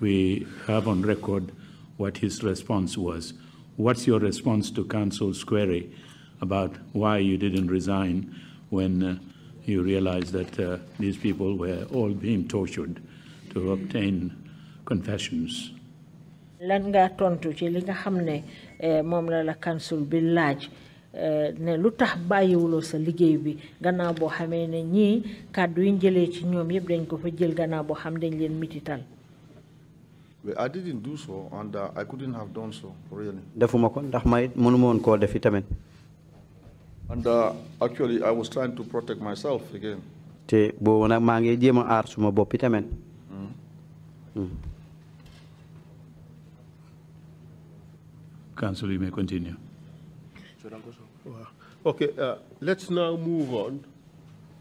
we have on record what his response was. What's your response to counsel's query about why you didn't resign when uh, you realized that uh, these people were all being tortured to obtain confessions? lan nga tontu ci li nga eh, la la council bi laaj ne sa bi gannaaw ne kàddu yi ci ñoom yëpp dañ ko fa jël gannaaw xam dañ leen I didn't do so and uh, I couldn't have done so really. defuma ko ndax may mënuma woon koo defi tamit. and uh, actually I was trying to protect myself again. te boobu nag maa ngi jéem a suma boppi tamit. Mm-hmm. Mm. council you may continue. Okay, uh, let's now move on.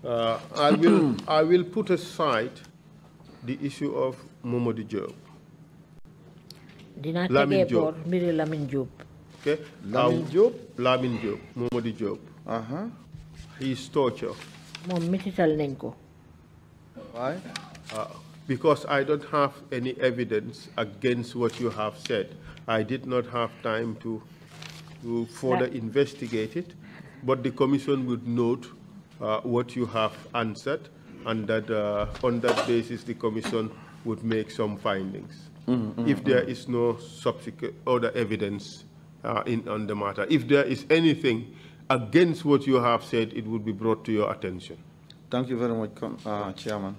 Uh, I, will, I will put aside the issue of di Job. Lamin Job. Mire Lamin Job. Okay. Lamin Job? Lamin Job. di Job. Uh-huh. is torture. Mom, Why? Uh, because I don't have any evidence against what you have said. I did not have time to, to further investigate it but the commission would note uh, what you have answered and that uh, on that basis the commission would make some findings mm -hmm. if there is no subsequent other evidence uh, in on the matter if there is anything against what you have said it would be brought to your attention thank you very much uh, chairman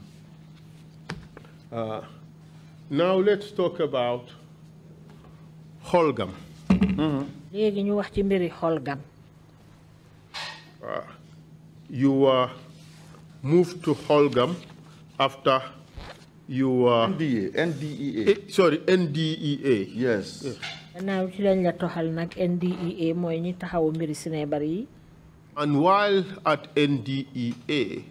uh, now let's talk about holgam mm -hmm. Uh, you were uh, moved to Holgam after you were... Uh, NDA, NDEA. Eh, sorry, NDEA. Yes. yes. NDEA and while at NDEA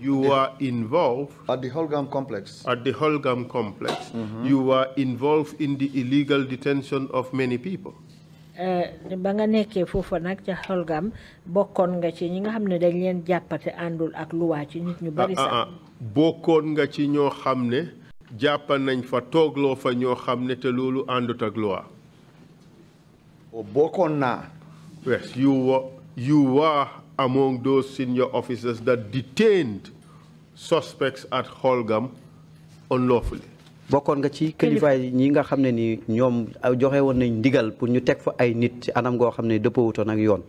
you the, were involved at the Holgam complex at the Holgam complex mm -hmm. you were involved in the illegal detention of many people Eh, ba nga nekkee foofa nag ca xolgam bokkoon nga ci ñi nga xam ne dañ leen jàppate àndul ak luwaa ci nit ñu bari ah, ah, sax ah, bokkoon nga ci ñoo xam ne jàpp nañ fa toogloo fa ñoo xam ne te loolu àndut ak luwaa oh, bokkoon naa yes you were you were among those senior officers that detained suspects at Holgam unlawfully bokkoon nga ci kilifa yi ñi nga xam ne nii ñoom joxe woon nañ ndigal pour ñu teg fa ay nit ci anam goo xam ne dëppawutoon ak yoon.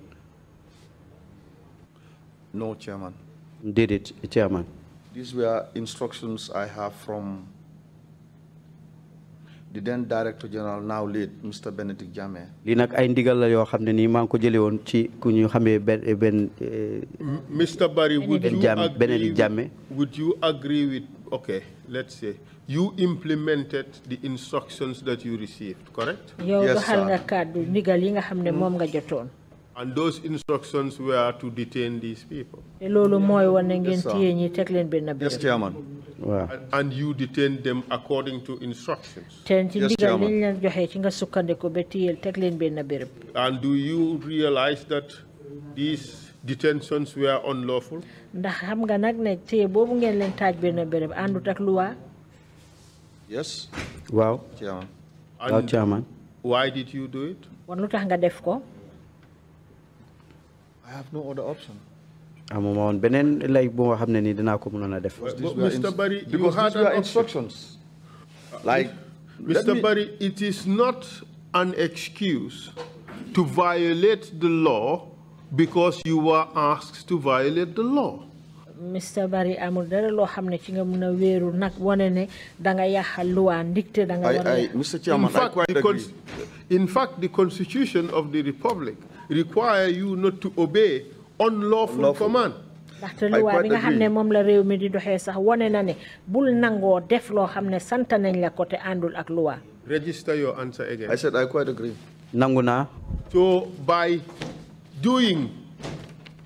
no chairman. déedéet chairman. these were instructions I have from the then director general now lii nag ay ndigal la yoo xam ne nii maa ngi ko jëlee woon ci ku ñu xamee benn benn. Mr Barry would you agree would you you implemented the instructions that you received, correct? Yes, sir. Hmm. And those instructions were to detain these people. Yes, sir. yes Chairman. And you detained them according to instructions. Yes, Chairman. And do you realize that these detentions were unlawful? Yes. Wow. Chairman. And wow, Chairman. Why did you do it? I have no other option. amuma woon beneen lay bu nga xam ne ni dinaa a def. Mr. Barry, you had an instructions. Uh, like, Mr. Barry, it is not an excuse to violate the law because you were asked to violate the law. Mr Barry amul dara loo xam ci nga ne da nga da nga In fact, the constitution of the republic require you not to obey unlawful, unlawful. command. ndaxte bi nga la mi di sax na ne bul def sant nañ la àndul ak register your answer again. I said I quite agree. so by doing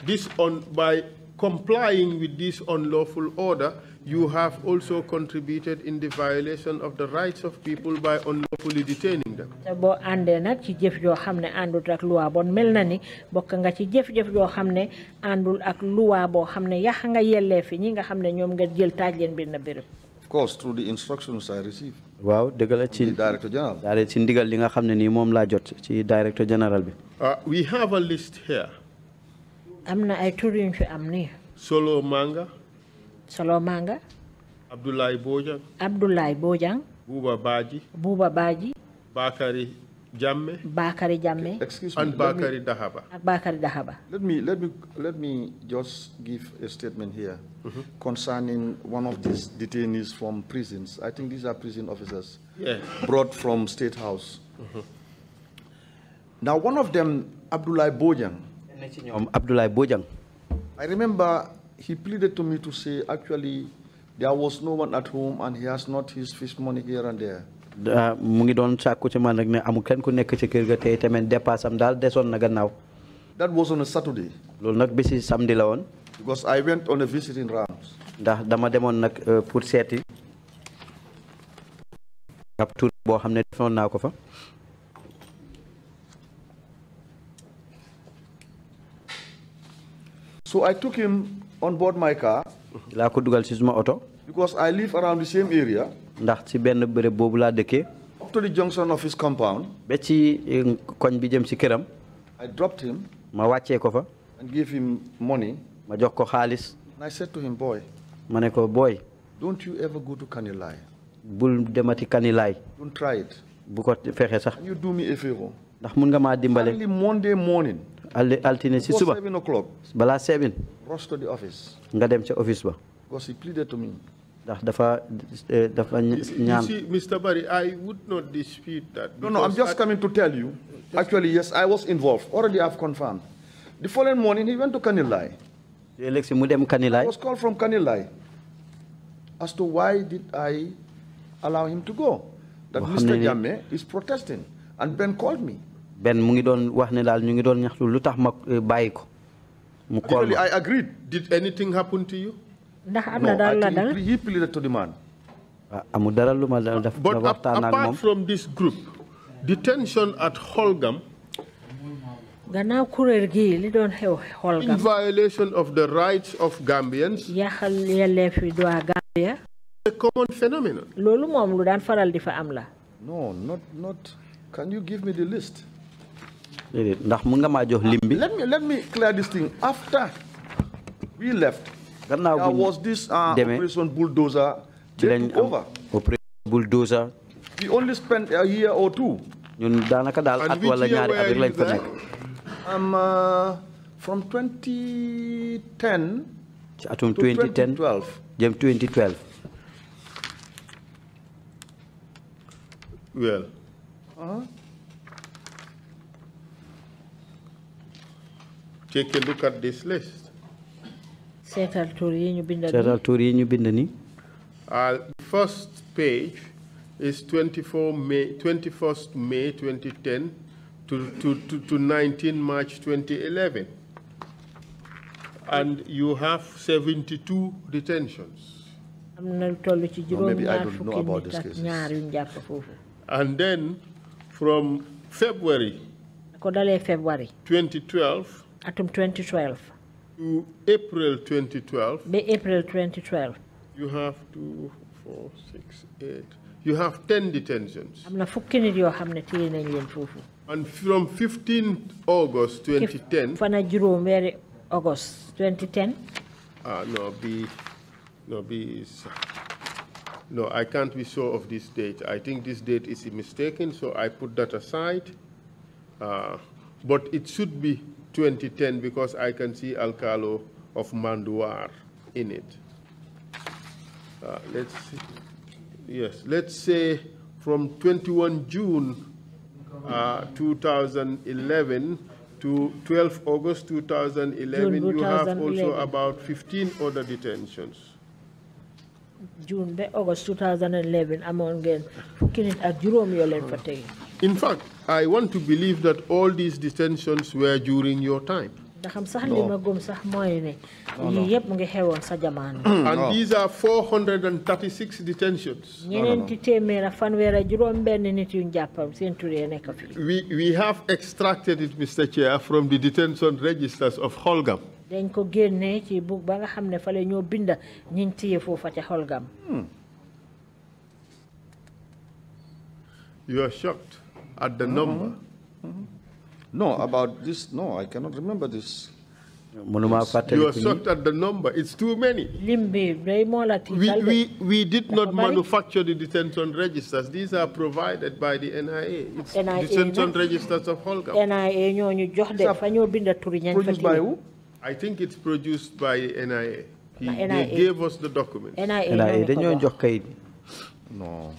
this on by complying with this unlawful order, you have also contributed in the violation of the rights of people by unlawfully detaining them. of course through the instructions i received waaw the director general daare uh, we have a list here Amna na ay tur yuñ fi am Solo Manga. Solo Manga. Abdoulaye Bojang. Abdoulaye Bojang. Bouba Baji. Bouba Baji. Bakari Jamme. Bakari Jamme. Excuse me. And Bakari Dahaba. Bakari Dahaba. Let me let me let me just give a statement here mm -hmm. concerning one of these detainees from prisons. I think these are prison officers yeah. brought from State House. Mm -hmm. Now, one of them, Abdullah Bojang, ne Bojang. I remember he pleaded to me to say actually there was no one at home and he has not his fish money here and there. mu ngi doon sàkku ci man rek ne amul kenn ku nekk ci kër ga tey tamit dépasse am na gannaaw. That was on a Saturday. loolu nag bisi samedi la woon. Because I went on a visiting rounds. ndax dama demoon nag euh, pour seeti. ab tur boo ne defoon naa ko So I took him on board my car. laa ko dugal ci suma oto. because I live around the same area. ndax ci benn bërëb boobu laa dëkkee. up to the junction of his compound. ba ci eh, koñ bi jëm ci këram. I dropped him. ma wàccee ko fa. and gave him money. ma jox ko xaalis. and I said to him boy. ma ne ko boy. don't you ever go to Kanilai. bul demati Kanilai. don't try it. bu ko fexee sax. you do me a favor. ndax mun nga maa dimbale. only Monday morning altine si suba balaa seven rush to the office nga dem office ba because he pleaded to me ndax dafa eh, dafa ñaan see Mr. Barry I would not dispute that no no I'm just coming to tell you actually yes I was involved already I've confirmed the following morning he went to Kanilai léegi mu dem Kanilai I was called from Kanilai as to why did I allow him to go that Mr. jamme is protesting and Ben called me benn mu ngi doon wax ne daal ñu ngi doon ñaxtu lu tax ma eh, bàyyi ko. mu call I agreed. did anything happen to you? ndax am na dara la dal he pleaded to the man. Ah, amul dara lu ma dal def. na waxtaan ak moom but apart from this group. the tension at Holgam. gannaaw kuréel gii li doon xew Holgam. in violation of the rights of Gambians. yàqal yelleef yi doy Gambia. a common phenomenon. loolu moom lu daan faral di fa am la. no not not can you give me the list. déedéet ndax mu nga jox let me let me clear this thing after we left. gannaaw bu was this uh, operation bulldozer. ci over. am operation bulldozer. we only spent a year or two. ñun daanaka daal at wala ñaari at rek lañ fa am um, uh, from 2010. ci atum 2010 jëm 2012. well. Uh-huh. take a look at this list. seetal tur yi ñu bind. seetal tur uh, first page is 24 May 21st May 2010 to, to, to, to 19 March 2011 and you have 72 detentions. Or maybe I don't know about this case. And then from February. February 2012 atum 2012 to April 2012 ba April 2012 you have two four six eight you have ten detentions am na fukki nit yoo xam ne téye nañ leen and from 15 August 2010 fana juróom weeri August 2010 ah no bi no bi no, I can't be sure of this date. I think this date is mistaken, so I put that aside. Uh, but it should be 2010 because I can see Alcalo of Manduar in it. Uh, let's see. yes, let's say from 21 June uh, 2011 to 12 August 2011, June, you have also about 15 other detentions. June, August 2011, among them, in fact, I want to believe that all these detentions were during your time. No. and these are 436 detentions. we, we have extracted it, Mr. Chair, from the detention registers of Holgam. dañ ne binda Holgam. Hmm. You are shocked at the number? Mm-hmm. Mm-hmm. No, about this, no, I cannot remember this. You are shocked at the number. It's too many. We, we, we did not manufacture the detention registers. These are provided by the NIA. It's NIA detention registers of Holgam. NIA produced by who? I think it's produced by NIA. He, NIA. They gave us the documents. NIA. NIA. NIA. No.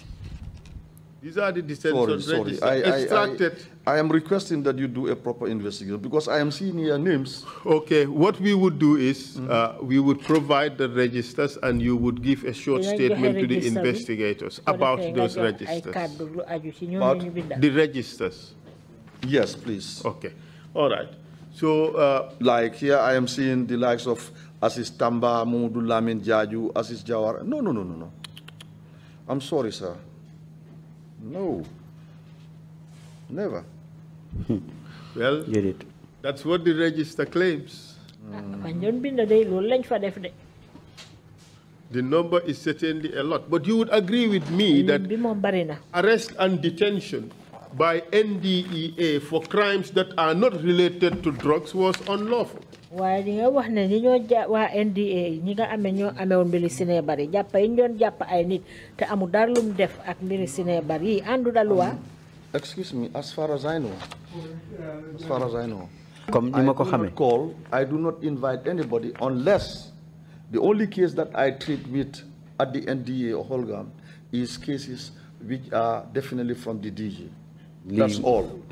These are the descendants I, extracted. I, I, I, am requesting that you do a proper investigation because I am seeing your names. Okay, what we would do is mm -hmm. uh, we would provide the registers and you would give a short statement to the investigators about those registers. About the registers. Yes, please. Okay, all right. So, uh, like here, I am seeing the likes of Asis Tamba, Mumudu Lamin Jaju, Asis Jawar. No, no, no, no, no. I'm sorry, sir. No. Never. well, Get it. that's what the register claims. Ah, ah, the number is certainly a lot. But you would agree with me that ah. arrest and detention by NDEA for crimes that are not related to drugs was unlawful. NDA def um, excuse me as far as I know as far as I know comme I ma ko call I do not invite anybody unless the only case that I treat with at the NDA or Holgam is cases which are definitely from the DG that's all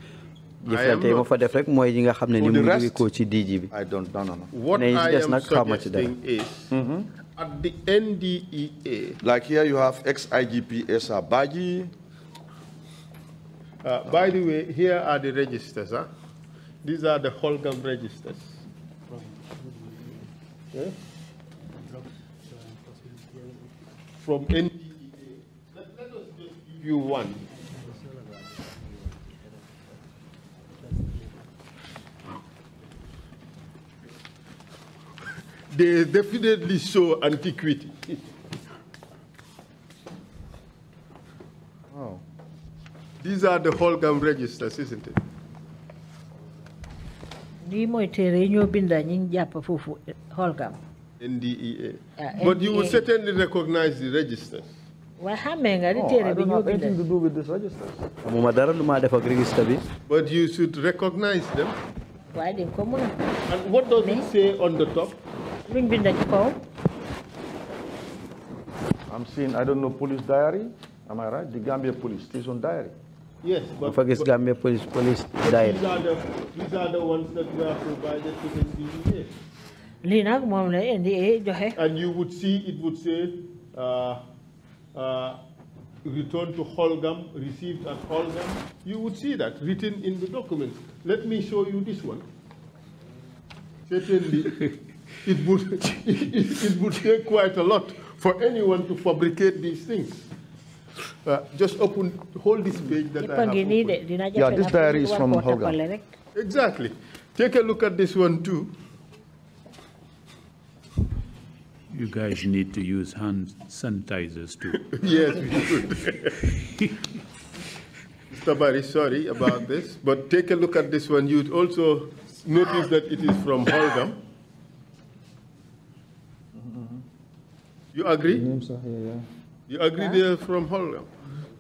yi nga ni mu ngi ko ci DG bi. I don't know no no. What I am suggesting is. Mm-hmm. at the NDEA. like here you have ex-IGP Baji. Uh, by the way, here are the registers. Huh? These are the Holgam registers. Yeah? From NDEA. Let, let us just give you one. they definitely show antiquity. Oh. These are the Holgam registers, isn't it? lii NDEA. but you will certainly recognize the registers. What xàmmee oh, I di not have anything to do with this register. but you should recognize them. and what does it say on the top? Bring phone. I'm seeing, I don't know, police diary. Am I right? The Gambia police station diary. Yes, but... Don't forget Gambia police, police diary. These are, the, these are the ones that were provided to the NDA. and you would see it would say uh, uh, return to Holgam received at Holgam you would see that written in the documents let me show you this one certainly it would, it, would take quite a lot for anyone to fabricate these things. Uh, just open, hold this page that I have Yeah, this diary is from Hogan. Exactly. Take a look at this one too. You guys need to use hand sanitizers too. yes, we should. Mr. Barry, sorry about this, but take a look at this one. You'd also notice that it is from Holgam. You agree? Names are here, yeah. You agree yeah. they're from Holland?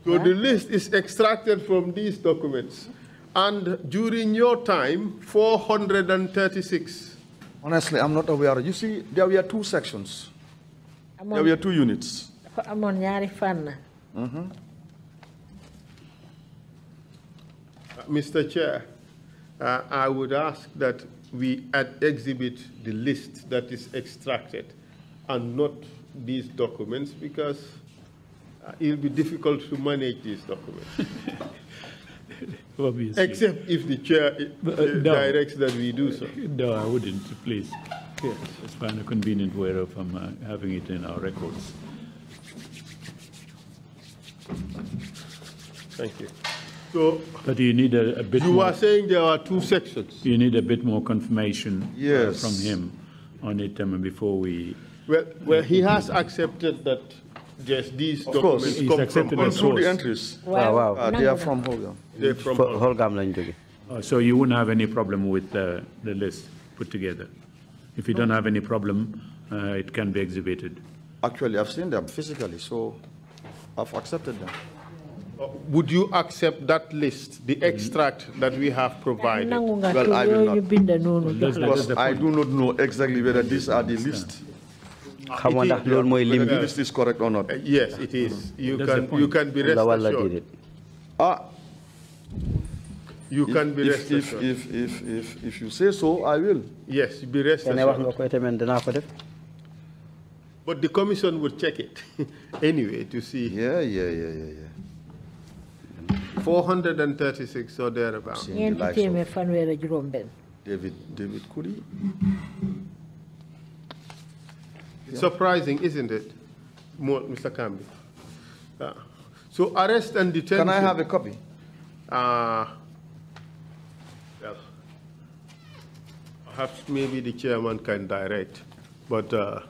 So yeah. the list is extracted from these documents. And during your time, 436. Honestly, I'm not aware. You see, there were two sections. Among, there were two units. Among ñaari fan. Mm-hmm. Uh, Mr. Chair, uh, I would ask that we exhibit the list that is extracted and not these documents because uh, it'll be difficult to manage these documents. Obviously. Except if the chair uh, uh, uh, no. directs that we do so. No, I wouldn't, please. Yes. find a convenient way of um, uh, having it in our records. Thank you. So, but you need a, a bit. You more, are saying there are two sections. You need a bit more confirmation yes. uh, from him on it um, before we well, well, he has accepted that yes, these of course, documents come accepted from the entries. Wow, wow. Uh, they are from Holgam. They're from Holgam. Uh, so you wouldn't have any problem with uh, the list put together? If you don't have any problem, uh, it can be exhibited? Actually, I've seen them physically, so I've accepted them. Uh, would you accept that list, the extract that we have provided? Well, I will not. Because I do not know exactly whether these are the list xam nga ndax loolu mooy lim is this correct or not uh, yes it is you can you can be rest assured ah you can be rest assured if if if if you say so I will yes be rest assured but the commission would check it anyway to see yeah yeah yeah yeah yeah 436 or thereabouts. David, David Cooley. Yeah. Surprising, isn't it, Mr. Kambi? Uh, so arrest and detention. Can I have a copy? Uh, ah. well, perhaps maybe the chairman can direct, but uh,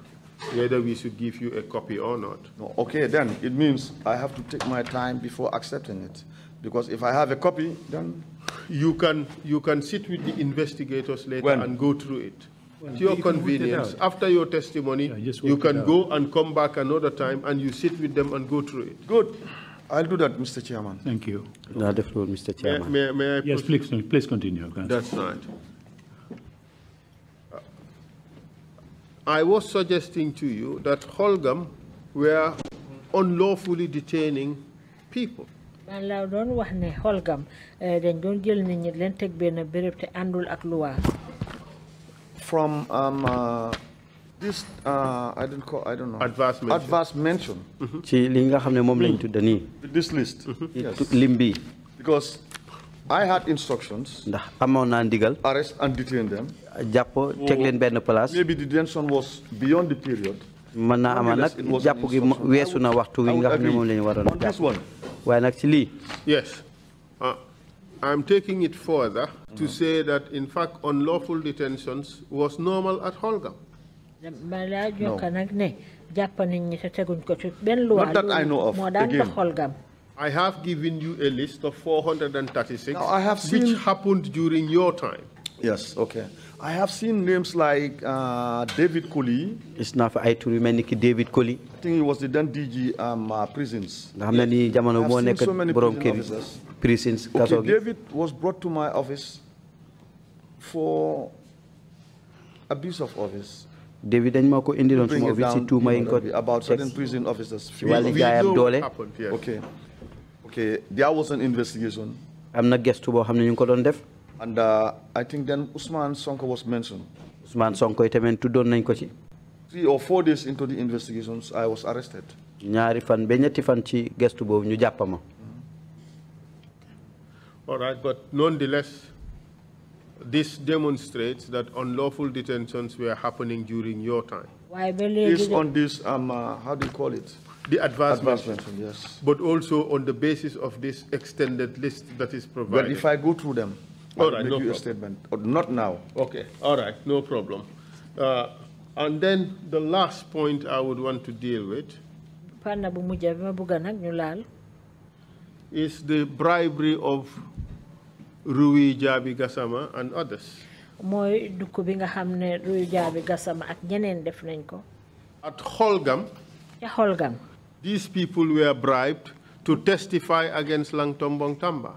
whether we should give you a copy or not. Okay, then it means I have to take my time before accepting it. Because if I have a copy, then... You can, you can sit with the investigators later when? and go through it well, to your convenience. After your testimony, yeah, you can go and come back another time and you sit with them and go through it. Good. I'll do that, Mr. Chairman. Thank you. Now the floor, Mr. Chairman. May, may, may I yes, please, please continue. That's right. I was suggesting to you that Holgam were unlawfully detaining people. man laa wax ne Holgam eh, dañ doon jël nit ñi leen teg benn béréb te àndul ak from um, uh, this uh, I don't call I don't know advance mention. advance mention. Mm-hmm. ci li nga xam ne moom lañ mm. tudda this list. Mm-hmm. yes lim because I had instructions. ndax amoon naa ndigal. arrest and detain them. jàpp teg leen benn place. maybe the detention was beyond the period. mën amanak ama ki jàpp gi weesu na waxtu wi nga xam ne moom la ñu waroon yes. Ah. I'm taking it further to mm-hmm. say that, in fact, unlawful detentions was normal at Holgam. No. Not that I know of. Again. I have given you a list of 436 I have seen... which happened during your time. Yes, okay. I have seen names like uh, David Colley. It's not fi ay tur yu David Colley. I think he was the then DG um, uh, prisons. nga xam ne nii jamono moo nekk borom kër prisons Okay, bi. David was brought to my office for abuse of office. David dañ ma ko indiloon suma office si tuuma yi ko about certain prison officers. We si wàllu jaayam doole. okay okay there was an investigation. i am not gëstu to xam ne ñu ngi ko doon and uh, I think then Usman Sonko was mentioned. Usman Sonko it meant nañ ko ci. Three or four days into the investigations, I was arrested. Ñaari fan be fan ci gestu All right, but nonetheless, this demonstrates that unlawful detentions were happening during your time. Why Based on this, um, uh, how do you call it? The advancement. advancement, yes. But also on the basis of this extended list that is provided. But if I go through them, all right, no problem. statement, or oh, not now. Okay, all right, no problem. Uh, and then the last point I would want to deal with is the bribery of Rui Jabi Gassama and others. At Holgam, yeah, Holgam, these people were bribed to testify against Lang Tombong Tamba.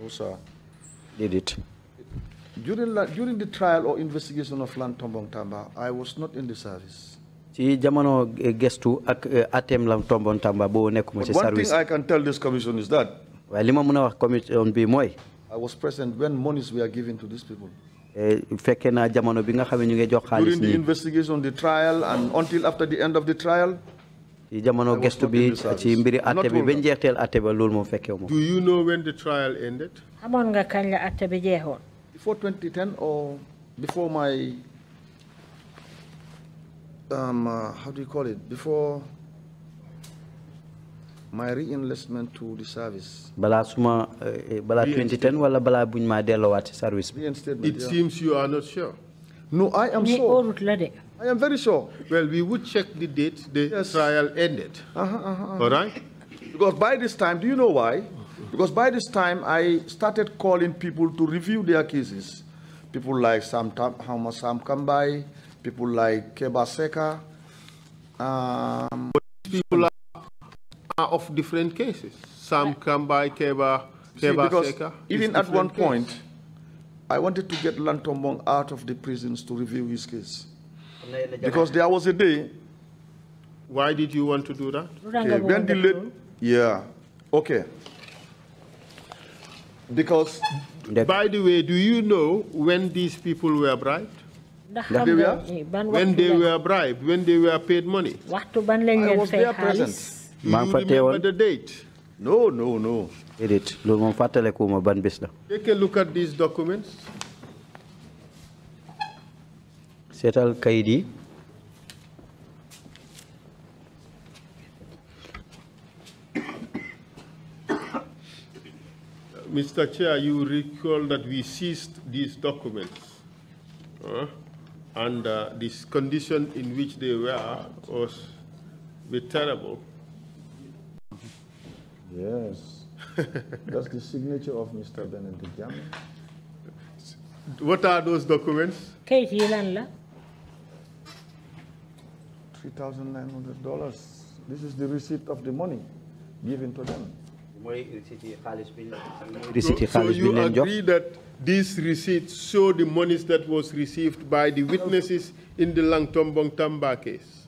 No, sir. Did it. During, during the trial or investigation of Lang Tombong Tamba, I was not in the service. See, jamono eh, gestu eh, atem lam tombon tamba bo nekuma one thing i can tell this commission is that i was present when monies were given to these people Eh, during the investigation the trial and until after the end of the trial do you know when the trial ended before 2010 or before my um, uh, how do you call it before my reinvestment to the service. Bala suma eh, eh, bala 2010 wala bala buñ ma delowat service. It seems you are not sure. No, I am sure. I am very sure. Well, we would check the date the yes. trial ended. Uh -huh, uh -huh. Uh-huh. All right? Because by this time, do you know why? Because by this time, I started calling people to review their cases. People like Sam, Tam, Sam Kambai, people like Keba Seka. Um, people like are of different cases. some Sam by Keba, Keba See, Seka. Even at one case. point, I wanted to get Lantombong out of the prisons to review his case. Because there was a day. Why did you want to do that? Okay, when the yeah, okay. Because, by the way, do you know when these people were bribed? They were? Eh, when they were bribed, when they were paid money. I was there present maa ngi the date. no no no. déedéet loolu moom fàttaliku ma ban bés la. take a look at these documents. seetal kayit Mr. Chair, you recall that we seized these documents uh, and uh, this condition in which they were was terrible. Yes. That's the signature of Mr. Benedict Jammeh. What are those documents? $3,900. This is the receipt of the money given to them. So, so you agree that these receipts show the monies that was received by the witnesses in the Langtombong Tamba case?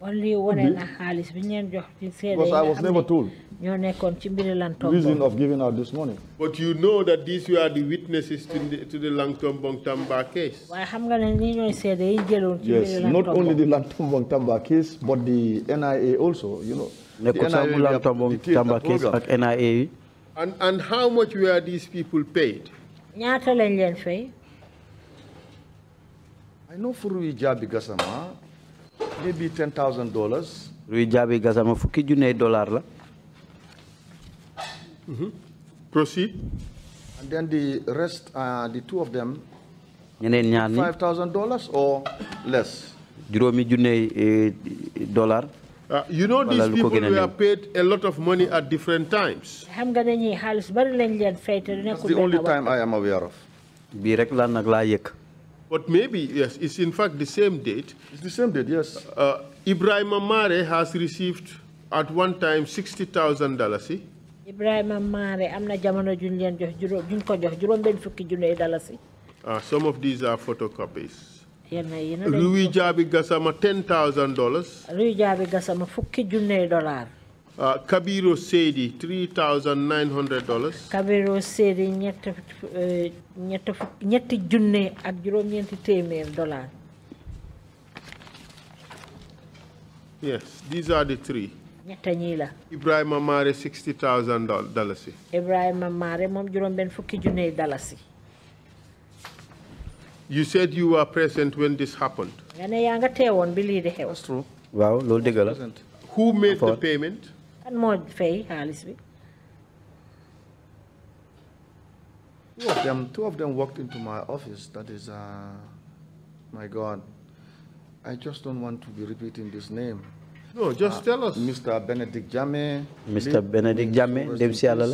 only one and a half Because I was never told. Reason of giving out this money. But you know that these were the witnesses to the, to the Langton Bongtamba case. Yes, not only the Langton Bongtamba case, but the NIA also, you know. The NIA, the case at NIA. And, and how much were these people paid? I know Furui Jabi Gasama maybe ten thousand dollars. luy jaabi gasama fukki junne dollar la. Mm-hmm. proceed. and then the rest uh, the two of them. five thousand dollars or less. juróomi junne eh, dollar. Uh, you know these people were paid a lot of money at different times. That's the only time I am aware of. But maybe, yes, it's in fact the same date. It's the same date, yes. Uh, Ibrahim Amare has received at one time $60,000. Ibrahim Amare, amna jamono juñ leen jox juroom juñ ko jox juroom ben fukki junne dalasi. Ah some of these are photocopies. Yenn yi na Louis Jabi Gassama $10,000. Louis Jabi Gassama fukki junne dollar. Uh, Kabiru Seydi three thousand nine hundred dollars. Kabiro Sedi ñett uh, ñett ñetti junne ak juroom dollar. Yes, these are the three. ñetta ñii la. Ibrahima Mare sixty thousand dalasi. Ibrahim Mare moom juróom-benn fukki junne dalasi. You said you were present when this happened. nga ne yaa nga teewoon bi lii di xew. That's true. waaw loolu dëgg la. Who made the payment? modify xaalis bi. Two of them, two of them walked into my office. That is, uh, my God, I just don't want to be repeating this name. No, just uh, tell us. Mr. Benedict Jame. Mr. Benedict Jame, dem si yàlla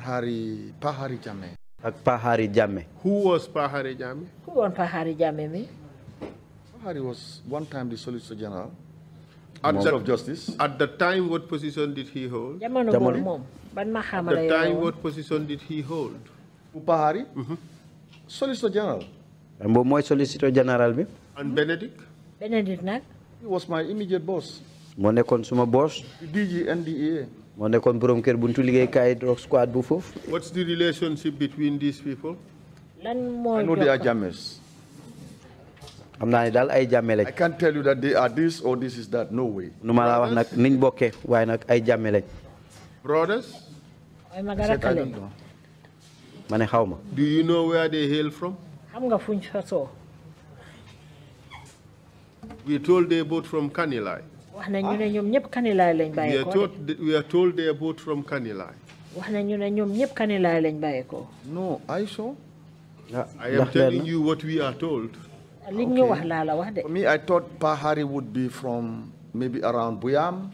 Hari Pahari Jame. ak Pahari Jame. Who was Pahari Jame? Who was Pahari Jame Me. Pahari was one time the Solicitor General at that, of justice. At the time, what position did he hold? Jamono at the time, what position did he hold? Upahari, mm -hmm. Solicitor General. And moy Solicitor General bi. And Benedict. Benedict na? He was my immediate boss. Mo nekkon suma boss. DG NDA. Mo nekkon borom kër buntu liggéey kay drug squad bu fof. What's the relationship between these people? Lan mo I know they are jammers xam naa ne daal ay I can't tell you that they are this or this is that no way. nu ma laa wax nag niñ bokkee waaye nag ay jàmme lañ. brothers. ay magarakale ma ne xaw do you know where they hail from. xam nga fuñ sosoo. we told they both from Kanilai. wax na ñu ne ñoom ñëpp Kanilai lañ we are told they are both from Kanilai. no I saw. Ah, I am telling you what we are told. Okay. For me, I thought Pahari would be from maybe around Buyam,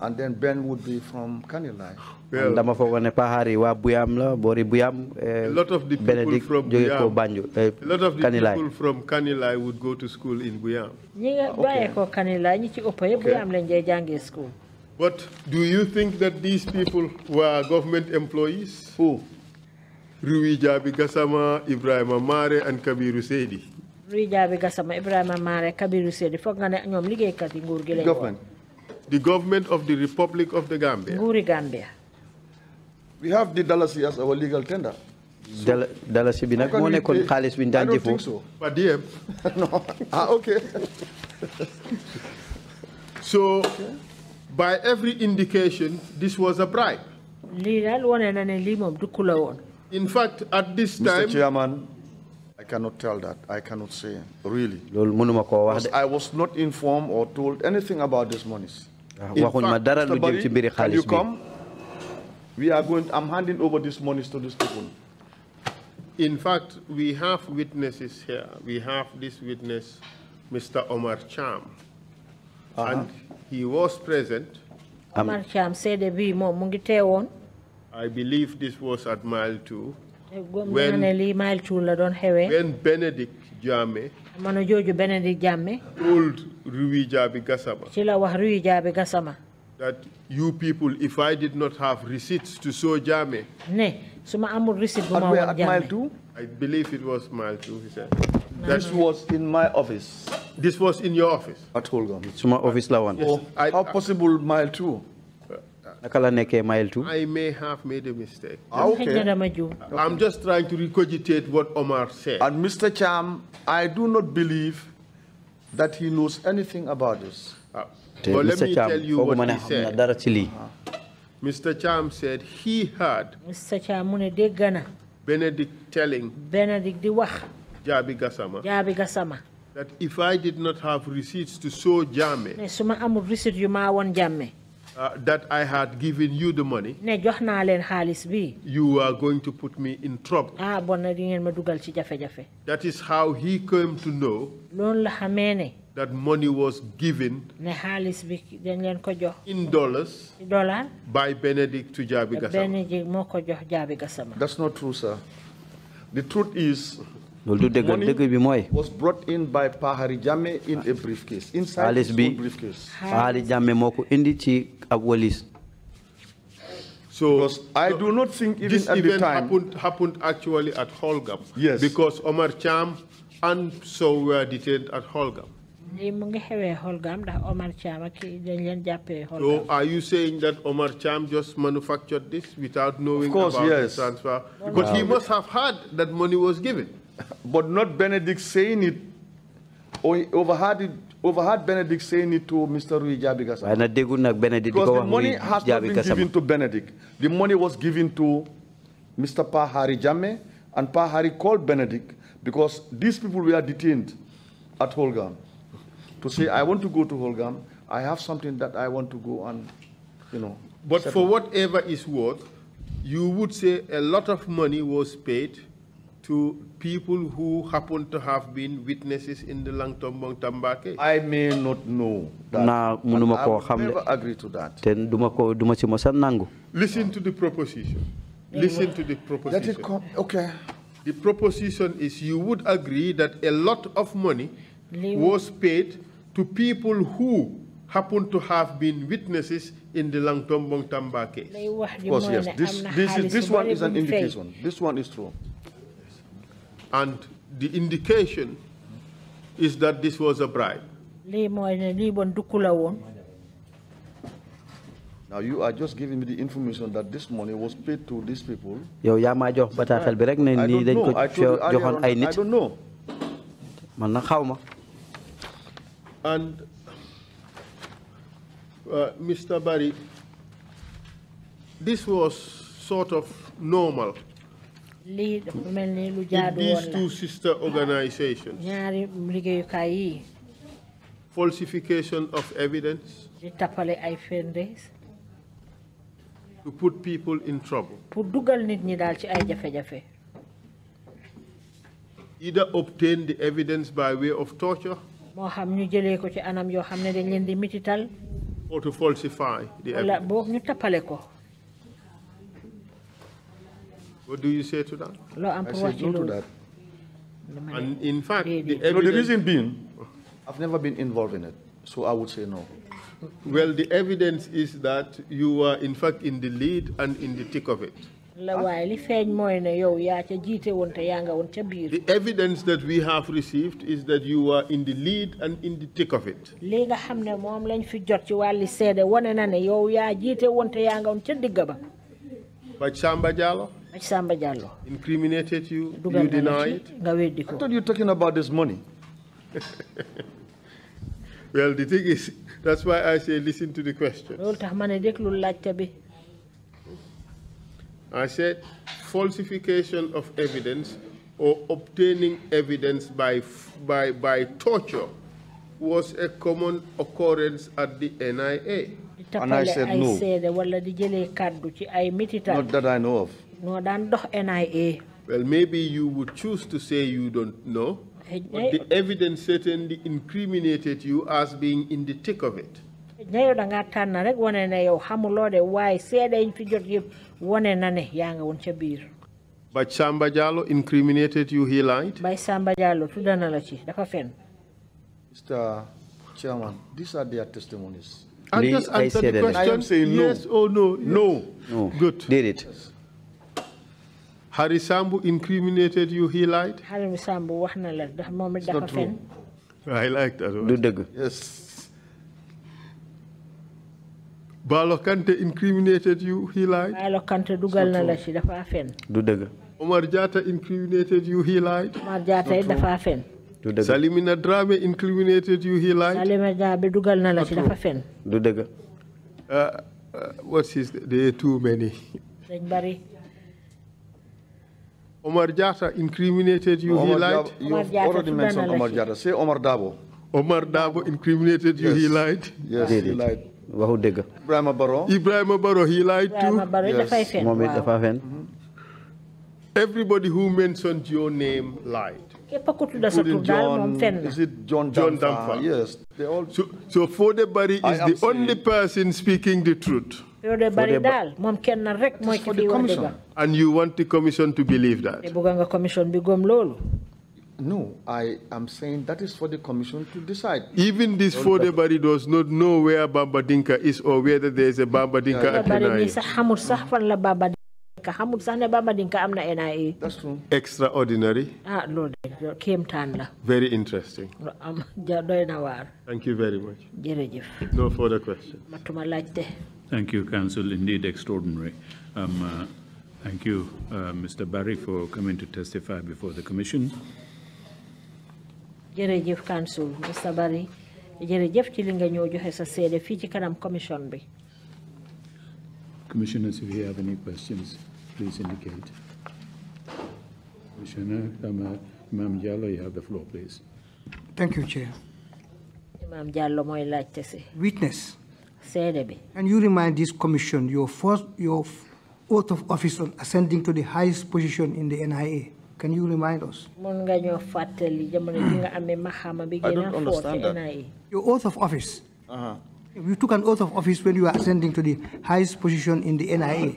and then Ben would be from Kanilai. Well, Buyam la Buyam. Eh, a lot of the people from Buyam, eh, a lot of the Kanilai. people from Kanilai would go to school in Buyam. Ah, okay. okay. But do you think that these people were government employees? Who? Rui Jabi Gassama, Ibrahim Amare, and Kabiru Sedi government the government of the Republic of the Gambia Guri Gambia we have the dalasi as our legal tender dalasi bi nag moo nekkoon ah ok so by every indication this was a bribe in fact at this time Mr. Chairman I cannot tell that. I cannot say, really. loolu I was not informed or told anything about these monies. Ah, waxuñ ma dara lu jëm ci mbiri We are going, I'm handing over these monies to these people. In fact, we have witnesses here. We have this witness, Mr. Omar Cham. Uh -huh. And he was present. Omar Cham said, I believe this was at mile two when, when Benedict Jame mano joju Benedict Jame told Rui Jabi Gassama that you people if I did not have receipts to show Jame ne suma amu receipt bu ma I believe it was mile 2 he said this was in my office this was in your office at It's my office la wan Oh, how possible mile 2 naka la mile two. I may have made a mistake. ah okay I'm just trying to recogitate what Omar said. and Mr. Cham I do not believe that he knows anything about this. Ah, but let me tell you what he said. Mr. Cham said he heard. Mr. Cham mu Benedict telling. Benedict di wax. Jabi Gassama. Jabi Gassama. that if I did not have receipts to show Jame, uh, that I had given you the money, ne jox naa leen bi. you are going to put me in trouble. ah bon na di ngeen ma ci jafe-jafe. that is how he came to know. loolu la that money was given Ne in dollars dollar by Benedict to Jabi Gassama. Benedict That's not true, sir. The truth is was brought in by Pahari in a briefcase. inside xaalis briefcase. Pahari Jammeh moo indi ci ab So because I do not think even this at event the time happened, happened actually at Holgam. Yes. Because Omar Cham and so were detained at Holgam. So are you saying that Omar Cham just manufactured this without knowing course, about yes. the transfer? Because no. he must have heard that money was given but not Benedict saying it, or oh, overheard it overheard Benedict saying it to Mr. Rui Jabigas. Because the money has not been given to Benedict. The money was given to Mr. Pahari Jame, and Pahari called Benedict because these people were detained at Holgam to say, I want to go to Holgam. I have something that I want to go and, you know. But for whatever is worth, you would say a lot of money was paid to people who happen to have been witnesses in the Langtombong Tamba case? I may not know that. Nah, I will never agree to that. Then duma ko duma ci mosa nangu. Listen to the proposition. Listen to the proposition. Let it come. Okay. The proposition is you would agree that a lot of money was paid to people who happen to have been witnesses in the Langtombong Tamba case. Of course, yes. This, this, is, this one is an indication. This one is true. And the indication is that this was a bribe. Now you are just giving me the information that this money was paid to these people. Yow ya ma jox I bi rek ne I don't know. And uh, Mr. Barry, this was sort of normal lii these two sister organisations. falsification of evidence. to put people in trouble. either obtain the evidence by way of torture. or to falsify the evidence. What do you say to that? I say no to that. And in fact, the, no, the reason being, I've never been involved in it, so I would say no. Well, the evidence is that you were, in fact, in the lead and in the thick of it. The evidence that we have received is that you were in the lead and in the thick of it. But Samba Jalo. Samba Incriminated you, you denied. I thought you were talking about this money. well, the thing is, that's why I say listen to the question. I said falsification of evidence or obtaining evidence by, by, by torture was a common occurrence at the NIA. And I said no. Not that I know of ñoo daan dox NIA. well maybe you would choose to say you don't know. but the evidence certainly incriminated you as being in the thick of it. na yow da ngaa tànn rek wane na yow xamuloo de waaye seede yi fi jot yëpp wane na ne yaa nga woon ca biir. But Samba Diallo incriminated you, he lied? By Samba Diallo, tudanalachi, dafa fen. Mr. Chairman, these are their testimonies. I just answered the question. I'm saying no. Yes. No. no. Good. Did it. Hari Sambu incriminated you, he lied? Hari Sambu wax na la ndax mom dafa fen. I like that one. Du deug. Yes. Balo Kante incriminated you, he lied? Balo Kante dugal na la si dafa fen. Du deug. Omar Jata incriminated you, he lied? Omar Jata dafa fen. Du deug. Salimina Drame incriminated you, he lied? Salimina Drame dugal na la si dafa fen. Du deug. Uh, uh, what's his, there are too many. Dañ bari. Omar Jata incriminated you, Omar he lied? Dab you have already mentioned Omar Jata. Say Omar Dabo. Omar Dabo incriminated you, yes. he lied? Yes, Did he lied. waxu Baro. Ibrahim Baro he lied too. Ibrahima Baro mm-hmm. everybody who mentioned your name lied. is it John John Danfa yes. so so Fodé Barry is the only person speaking the truth loolu bari daal moom kenn rek mooy ki di and you want the commission to believe that te bëgg commission bi gëm loolu No, I am saying that is for the commission to decide. Even this body does not know where Bambadinka is or whether there is a Bambadinka yeah. at Kenai. That's true. Extraordinary. Ah, Lord, came Tanla. Very interesting. Thank you very much. No further questions. Thank you, Council. Indeed extraordinary. Um, uh, thank you, uh, Mr. Barry, for coming to testify before the Commission. jërëjëf council Mr Barry jërëjëf ci li nga ñëw joxe sa seede fii ci kanam commission bi. Commissioners, if you have any questions, please indicate. Commissioner, Imam um, uh, Diallo, you have the floor, please. Thank you, Chair. Imam Diallo my laajte Witness. CDB. And you remind this commission your first, your oath of office on ascending to the highest position in the NIA. Can you remind us? I don't understand that. Your oath of office. Uh -huh. You took an oath of office when you were ascending to the highest position in the NIA.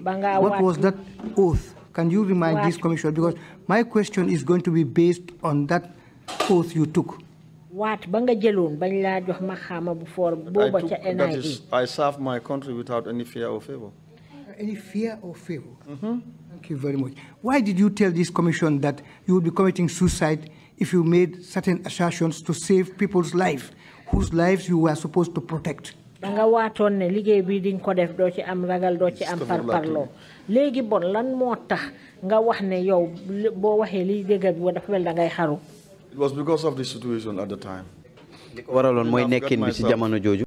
What was that oath? Can you remind this commission? Because my question is going to be based on that oath you took ba nga bañ jox bu booba ca I serve my country without any fear or favor any fear or favor mm -hmm. thank you very much why did you tell this commission that you would be committing suicide if you made certain assertions to save people's life whose lives you were supposed to protect da nga ne ko def ci am ragal ci am bon lan tax nga wax ne yow bi dafa mel da ngay xaru it was because of the situation at the time. li ko waraloon mooy nekkin bi ci jamono jooju.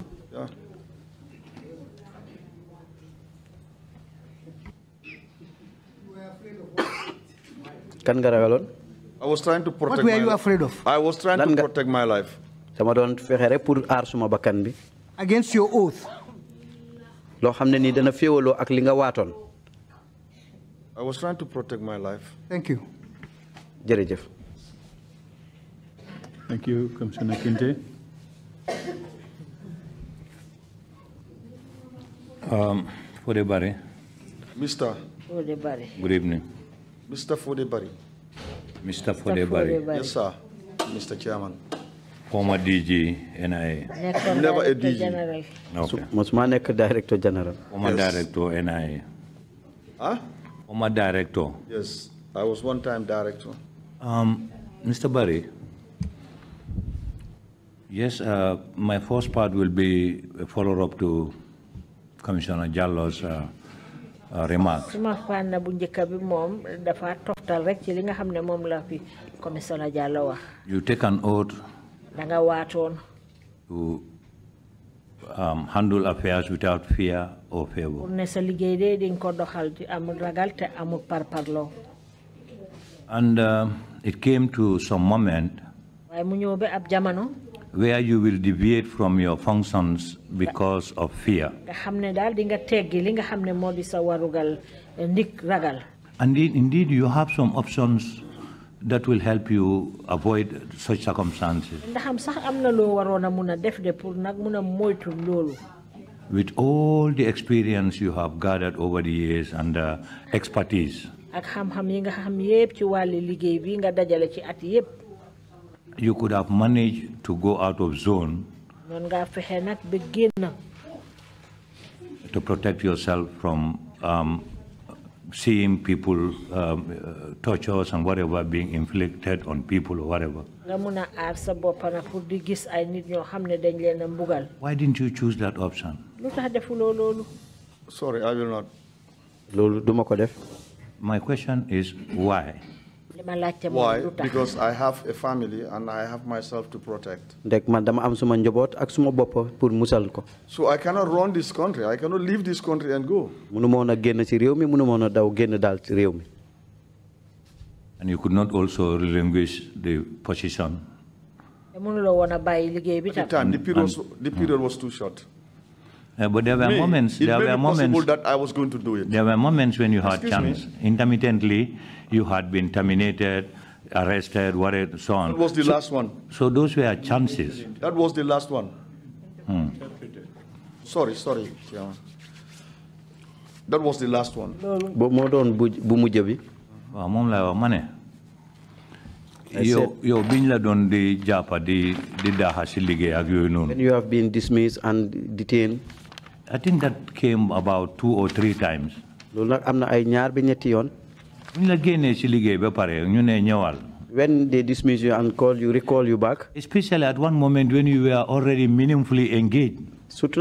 kan nga ragaloon. I was trying to protect. What were you afraid of? I was trying to protect my life. dama doon fexe rek pour aar suma bakkan bi. against your oath. Lo xam ne nii dana féewaloo ak li nga waatoon. I was trying to protect my life. Thank you. jërëjëf. Thank you, Commissioner Kinte. Um, Fodebari. Mr. Fodebari. Good evening. Mr. Fodebari. Mr. Fodebari. Yes, sir. Mr. Chairman. Former DG NIA. Never, Never a DG. General. Okay. So, Director General. Former yes. Director NIA. Huh? Former Director. Yes, I was one time Director. Um, Mr. Barry, Yes, uh, my first part will be a follow-up to Commissioner Jallo's uh, uh, remarks. You take an oath to um, handle affairs without fear or favor. And uh, it came to some moment where you will deviate from your functions because of fear. Eh, and indeed, you have some options that will help you avoid such circumstances. With all the experience you have gathered over the years and uh, expertise you could have managed to go out of zone to protect yourself from um, seeing people um, tortures and whatever being inflicted on people or whatever. Why didn't you choose that option? Sorry, I will not. My question is why? dama laajte moom why because I have a family and I have myself to protect. ndek man dama am suma njaboot ak suma bopp pour musal ko. so I cannot run this country I cannot leave this country and go. munu moon a génn ci réew mi munu moon a daw génn daal ci réew mi. and you could not also relinquish the position. munuloo woon a bàyyi liggéey bi the time the period was, the hmm. period was too short. Uh, but there were Me, moments. There were moments that I was going to do it. There were moments when you Excuse chance. Me? Intermittently, you had been terminated, arrested, whatever, and so on. That was the so, last one. So those were chances. That was the last one. Hmm. Sorry, sorry. That was the last one. But more on Bumujabi. Yo, yo, di di di you have been dismissed and detained. I think that came about two or three times. am na when they dismiss you and call you, recall you back? Especially at one moment when you were already meaningfully engaged. That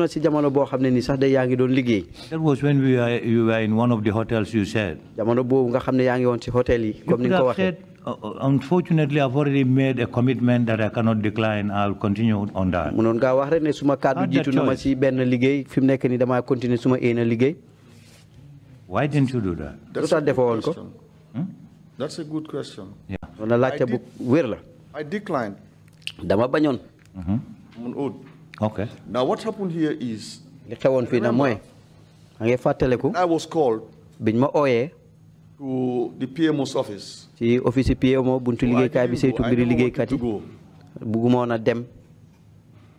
was when we were, you were in one of the hotels you said. You could have said, uh, uh, unfortunately, I've already made a commitment that I cannot decline. I'll continue on that. Munon nga ben Why didn't you do that? That's, That's a question that's a good question. yeah wala laajte la. I declined. dama mm-hmm. mun old. okay. now what happened here is. na I was called. biñ to the PMO's office. ci office PMO buntu liggéeykaay bi saytu to liggéeykat dem.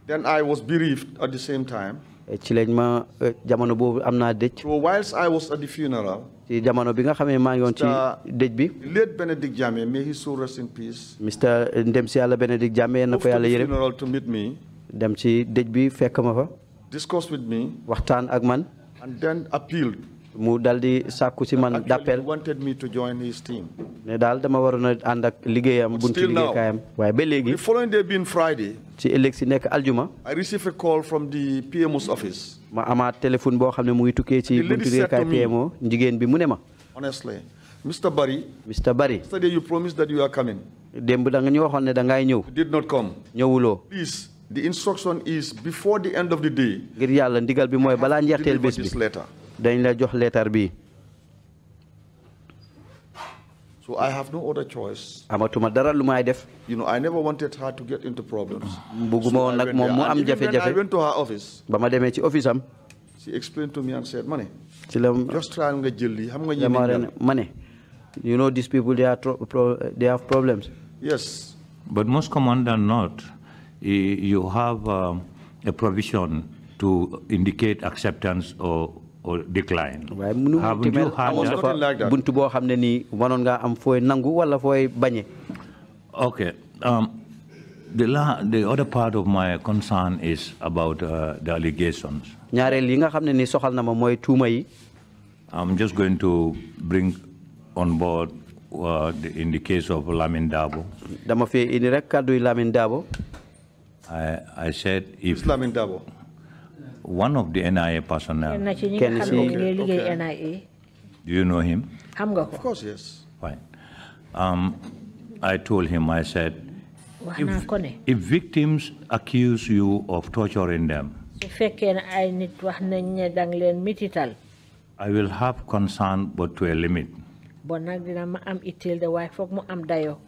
then I was bereaved at the same time. Eh, ci lañ ma eh, jamono boobu am naa so whilst I was at the funeral. ci jamono bi nga xamee maa ngi woon ci dëj bi. late Benedict Jammeh may his soul rest in peace. Mr ndem eh, si yàlla Benedict Jammeh na yàlla yërëm. funeral to meet me. dem ci dëj bi fekk ma fa. discuss with me. waxtaan ak man. and then appealed mu dal sàkku si man d'appel wanted me to join his team ne daal dama waroon ànd ak liggéeyam buntu liggéeykaayam waaye ba léegi the following day being Friday ci ëllëg si aljuma I received a call from the PMO's office ma amaat téléphone boo xam ne mu ngi tukkee ci buntu liggéeykaay PMO jigéen bi mu ne ma honestly Mr. Barry Mr. Barry yesterday you promised that you are coming démb da nga ñu waxoon da ngay ñëw did not come ñëwuloo please the instruction is before the end of the day ngir yàlla ndigal bi mooy balaa njeexteel bés bi letter dañ la jox leetar bi. So I have no other choice. Amatuma dara lu may def. You know, I never wanted her to get into problems. Buguma won nak mom mu am jafe jafe. I went to her office. Bama deme ci office am. She explained to me and said, "Money." Ci lam just try nga jël li, xam nga ñi money You know these people they are they have problems. Yes. But most common than not, you have um, a provision to indicate acceptance or or decline. okay um, the la the other part of my concern is about uh, the allegations. I'm just going to bring on board uh, the, in the case of Lamin Dabo. I I said if Lamin Dabo one of the NIA personnel. Okay. NIA. Do you know him? Of course, yes. Fine. Um, I told him, I said, if, if victims accuse you of torturing them, I will have concern, but to a limit.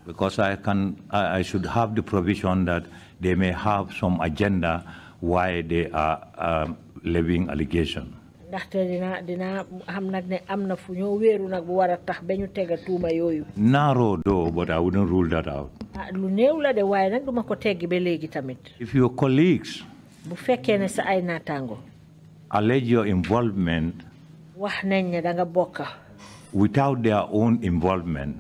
Because I can, I, I should have the provision that they may have some agenda why they are um, levying allegation. narrow though but I wouldn't rule that out. Ah, if your colleagues. allege your involvement. without their own involvement.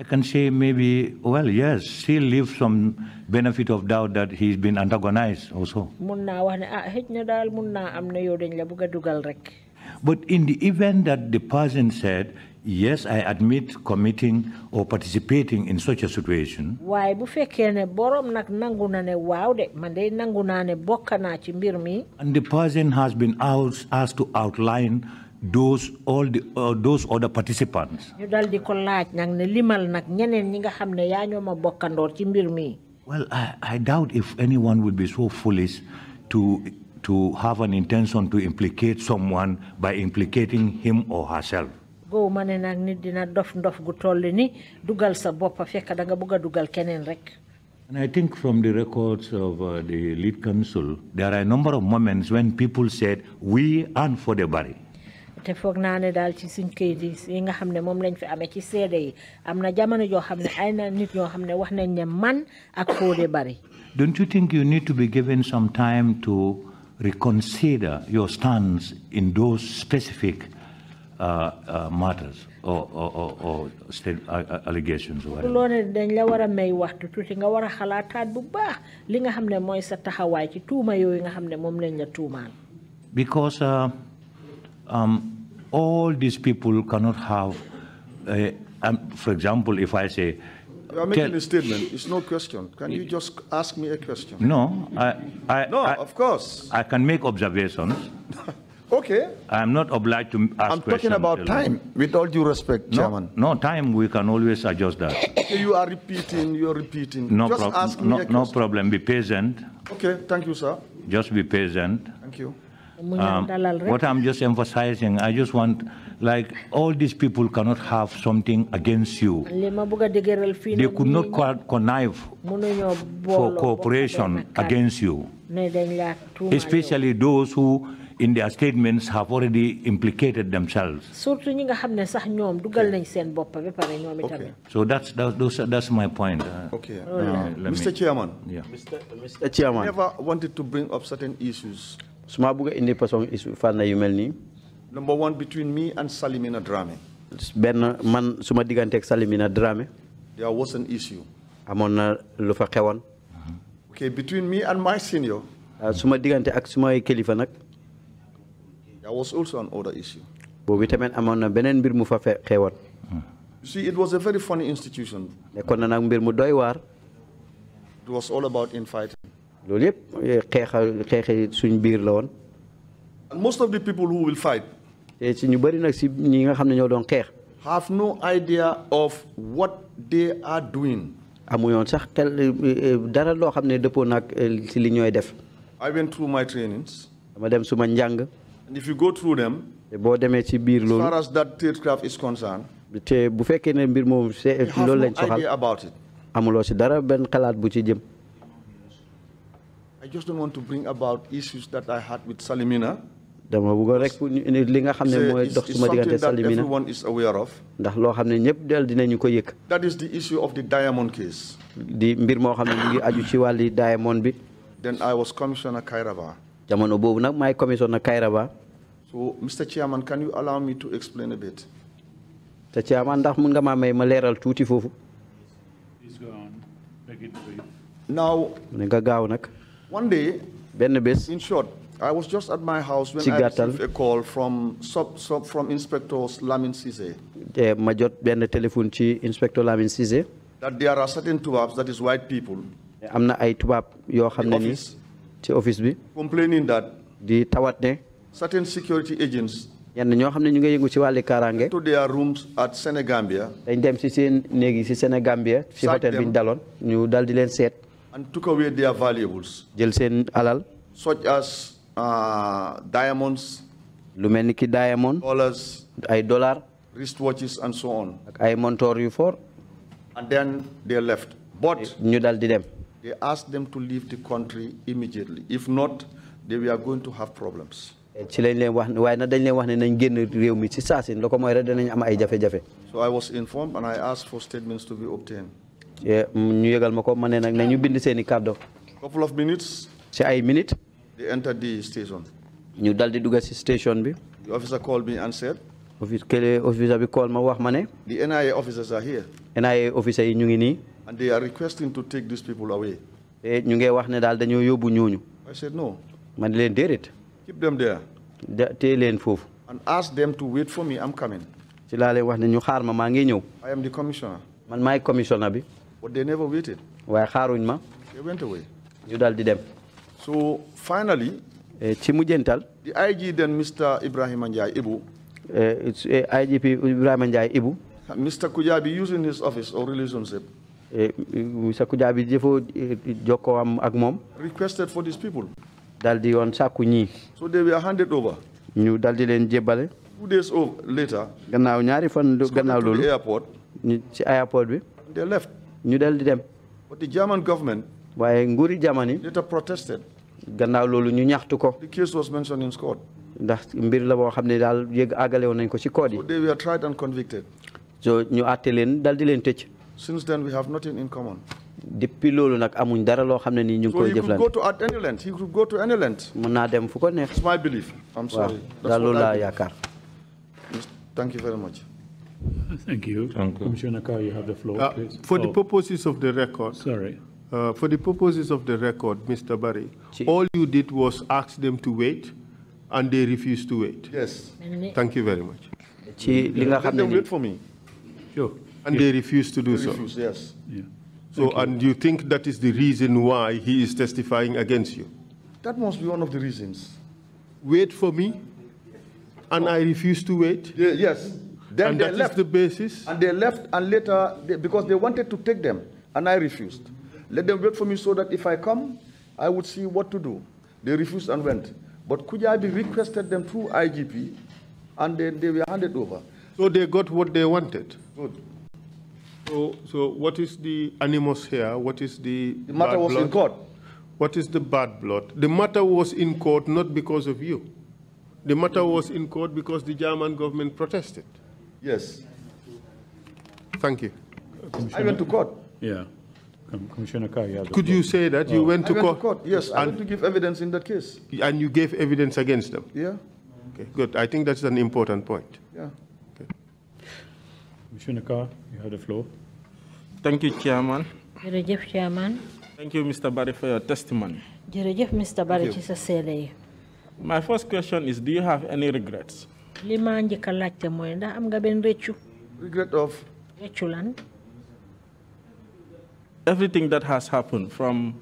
I can say maybe, well, yes, still leave some benefit of doubt that he's been antagonized also. Ah, but in the event that the person said, yes, I admit committing or participating in such a situation. And the person has been asked, asked to outline those all the uh, those other participants ñu dal di ko laaj nak ne limal nak ñeneen ñi nga xamne ya ci mbir mi well I, i doubt if anyone would be so foolish to to have an intention to implicate someone by implicating him or herself go mané nak nit dina dof ndof gu ni dugal sa bop fekk da nga bëgg dugal keneen rek and I think from the records of uh, the lead council, there are a number of moments when people said, we aren't for the body te ci yi nga lañ fi ci yi jamono nit ñoo wax nañ ne man ak Don't you think you need to be given some time to reconsider your stance in those specific uh, uh, matters or, or, or, or state uh, uh, allegations or whatever. dañ la may waxtu nga xalaataat bu baax li nga sa ci tuuma nga lañ la tuumaan. because. Uh, um, all these people cannot have, uh, um, for example, if I say, you are making a statement. It's no question. Can you just ask me a question? No, I. I no, I, of course. I can make observations. okay. I'm not obliged to ask I'm talking about time, with all due respect, no, Chairman. No, time, we can always adjust that. you are repeating, you are repeating. No, problem. no, no problem. Be patient. Okay, thank you, sir. Just be patient. Thank you. Um, what I'm just emphasizing, I just want, like, all these people cannot have something against you. They could not connive for cooperation against you, especially those who in their statements have already implicated themselves. Okay. So that's, that's, that's my point. Uh, okay. Uh, Mr. Chairman. Yeah. Mr. Mr. Chairman. I never wanted to bring up certain issues su bëgg indi façon fànn yu number one between me and Salimina Dramé. Ben, man suma ma Salimina Dramé. there was an issue. amoon na lu fa okay between me and my senior. Ah, suma ma diggante ak there was also an other issue. boobu tamit amoon na beneen mbir mu fa fe you see it was a very funny institution. mu it was all about infighting. Eh, suñ biir la most of the people who will fight. ñu ñi nga ñoo doon have no idea of what they are doing. sax eh, eh, dara li def. I went through my trainings. dama dem suma njàng. and if you go through them. boo demee ci biir loolu. as far as that tradecraft is concerned. te bu ne mbir lañ soxal. have no idea about it. dara xalaat bu ci jëm. I just don't want to bring about issues that I had with Salimina. dama bëggoon rek ni li nga Salimina ndax loo xam ne that is the issue of the diamond case. diamond then I was commissioner Kairaba. commissioner so Mr Chairman can you allow me to explain a bit. Chairman now. mu one day benn bés in short I was just at my house when I received a call from sub, sub from Inspector Lamine Cissé. ma jot benn téléphone ci Inspector Lamine Cissé. that there are certain tubaabs that is white people. i am na ay tubaab yoo xam ne ni ci office bi. complaining that. the tawat ne. certain security agents. yenn ñoo xam ne ñu ngi yëngu ci wàlli rooms at Senegambia. dañ dem ci seen néeg yi ci Senegambia. ci and took away their valuables. jël seen alal. such as uh, diamonds. lu mel ki diamond. dollars. ay dollar. wristwatches and so on. I ay montor yu for. and then they left. but ñu dal did dem. they asked them to leave the country immediately if not they were going to have problems. so I was informed and I asked for statements to be obtained. Mm, ñu yëgal ma ko ma ne nag ne ñu bind seen i couple of minutes. ci ay minute. they entered the station. ñu dal di dugg ci station bi. the officer called me and said. Officer, kële officer bi call ma wax mane. the NIA officers are here. NIA officers yi ñu ngi and they are requesting to take these people away. Eh, ñu ngi wax ne daal dañoo yobu ñooñu. I said no. Man, ne leen déedéet. keep them there. da téye leen and ask them to wait for me I'm coming. ci laa leen wax ne ñu xaar ma maa ngi ñëw. I am the commissioner. man my commissioner bi. But they never waited. waaye xaaruñ ma. they went away. ñu daal di dem. so finally. Eh, ci mujjantal. the IG then Mr Ibrahima Ndiaye Ibu. Eh, IGP eh, Ibrahima Ndiaye Ibu. Mr Kujabi using his office or relationship. Mr Kujabi jëfoo Joko am ak moom. requested for these people. daal di yoon sàkku ñii. so they were handed over. ñu daal di leen jébbale. two days later. gannaaw ñaari fan. gannaaw loolu. airport. ñu ci airport bi. they left ñu dal di dem. but the German government. waaye nguuri jamani. later protested. gannaaw loolu ñu ñaxtu ko. the case was mentioned in court. ndax mbir la boo xam dal daal agale àggale woon nañ ko ci code they were tried and convicted. so ñu àtte leen dal di leen tëj. since then we have nothing in common. depuis loolu nag amuñ dara loo xam ne ñu koy jëflante. so he could go to any land. You could go to any land. mën naa dem fu ko neex. it's my belief. I'm sorry. waaw daal loolu laa yaakaar. thank you very much. Thank you. Thank you. Commissioner Carr, you have the floor, Uh, please. For the oh. purposes of the record, Sorry. uh, for the purposes of the record, Mr. Barry, all you did was ask them to wait, and they refused to wait. Yes. Thank you very much. Chief, Let them wait for me. Sure. And they refused to do so. Refuse, yes. Yeah. So, and you think that is the reason why he is testifying against you? That must be one of the reasons. Wait for me, and I refuse to wait? Ye- Yes, then and they left. the basis? And they left, and later, they, because they wanted to take them, and I refused. Let them wait for me so that if I come, I would see what to do. They refused and went. But Kujabi requested them through IGP, and then they were handed over. So they got what they wanted? Good. So, so what is the animus here? What is the The matter was blood? in court. What is the bad blood? The matter was in court not because of you. The matter was in court because the German government protested. Yes. Thank you. I went to court. Yeah. Commissioner Kai, Could you say that you oh. went, to, went court, to court? Yes, I went to give evidence in that case. And you gave evidence against them? Yeah. Okay, good. I think that's an important point. Yeah. Okay. Commissioner Kai, you have the floor. Thank you, Chairman. Jerejef Chairman. Thank you, Mr. Barry, for your testimony. Jerejef, Mr. Barry, My first question is, do you have any regrets? ndax am nga rëccu. regret of. rëccu lan. everything that has happened from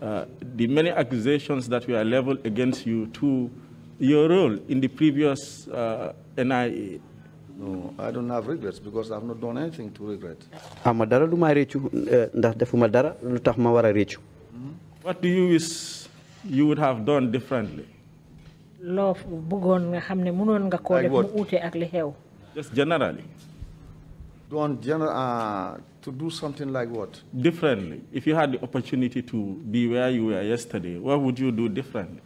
uh, the many accusations that were leveled against you to your role in the previous uh, NIA? No, I don't have regrets because I've not done anything to regret. Amadara wara uh, hmm? What do you wish you would have done differently? loo bëggoon nga just generally. doon general uh, to do something like what? Differently. If you had the opportunity to be where you were yesterday, what would you do differently?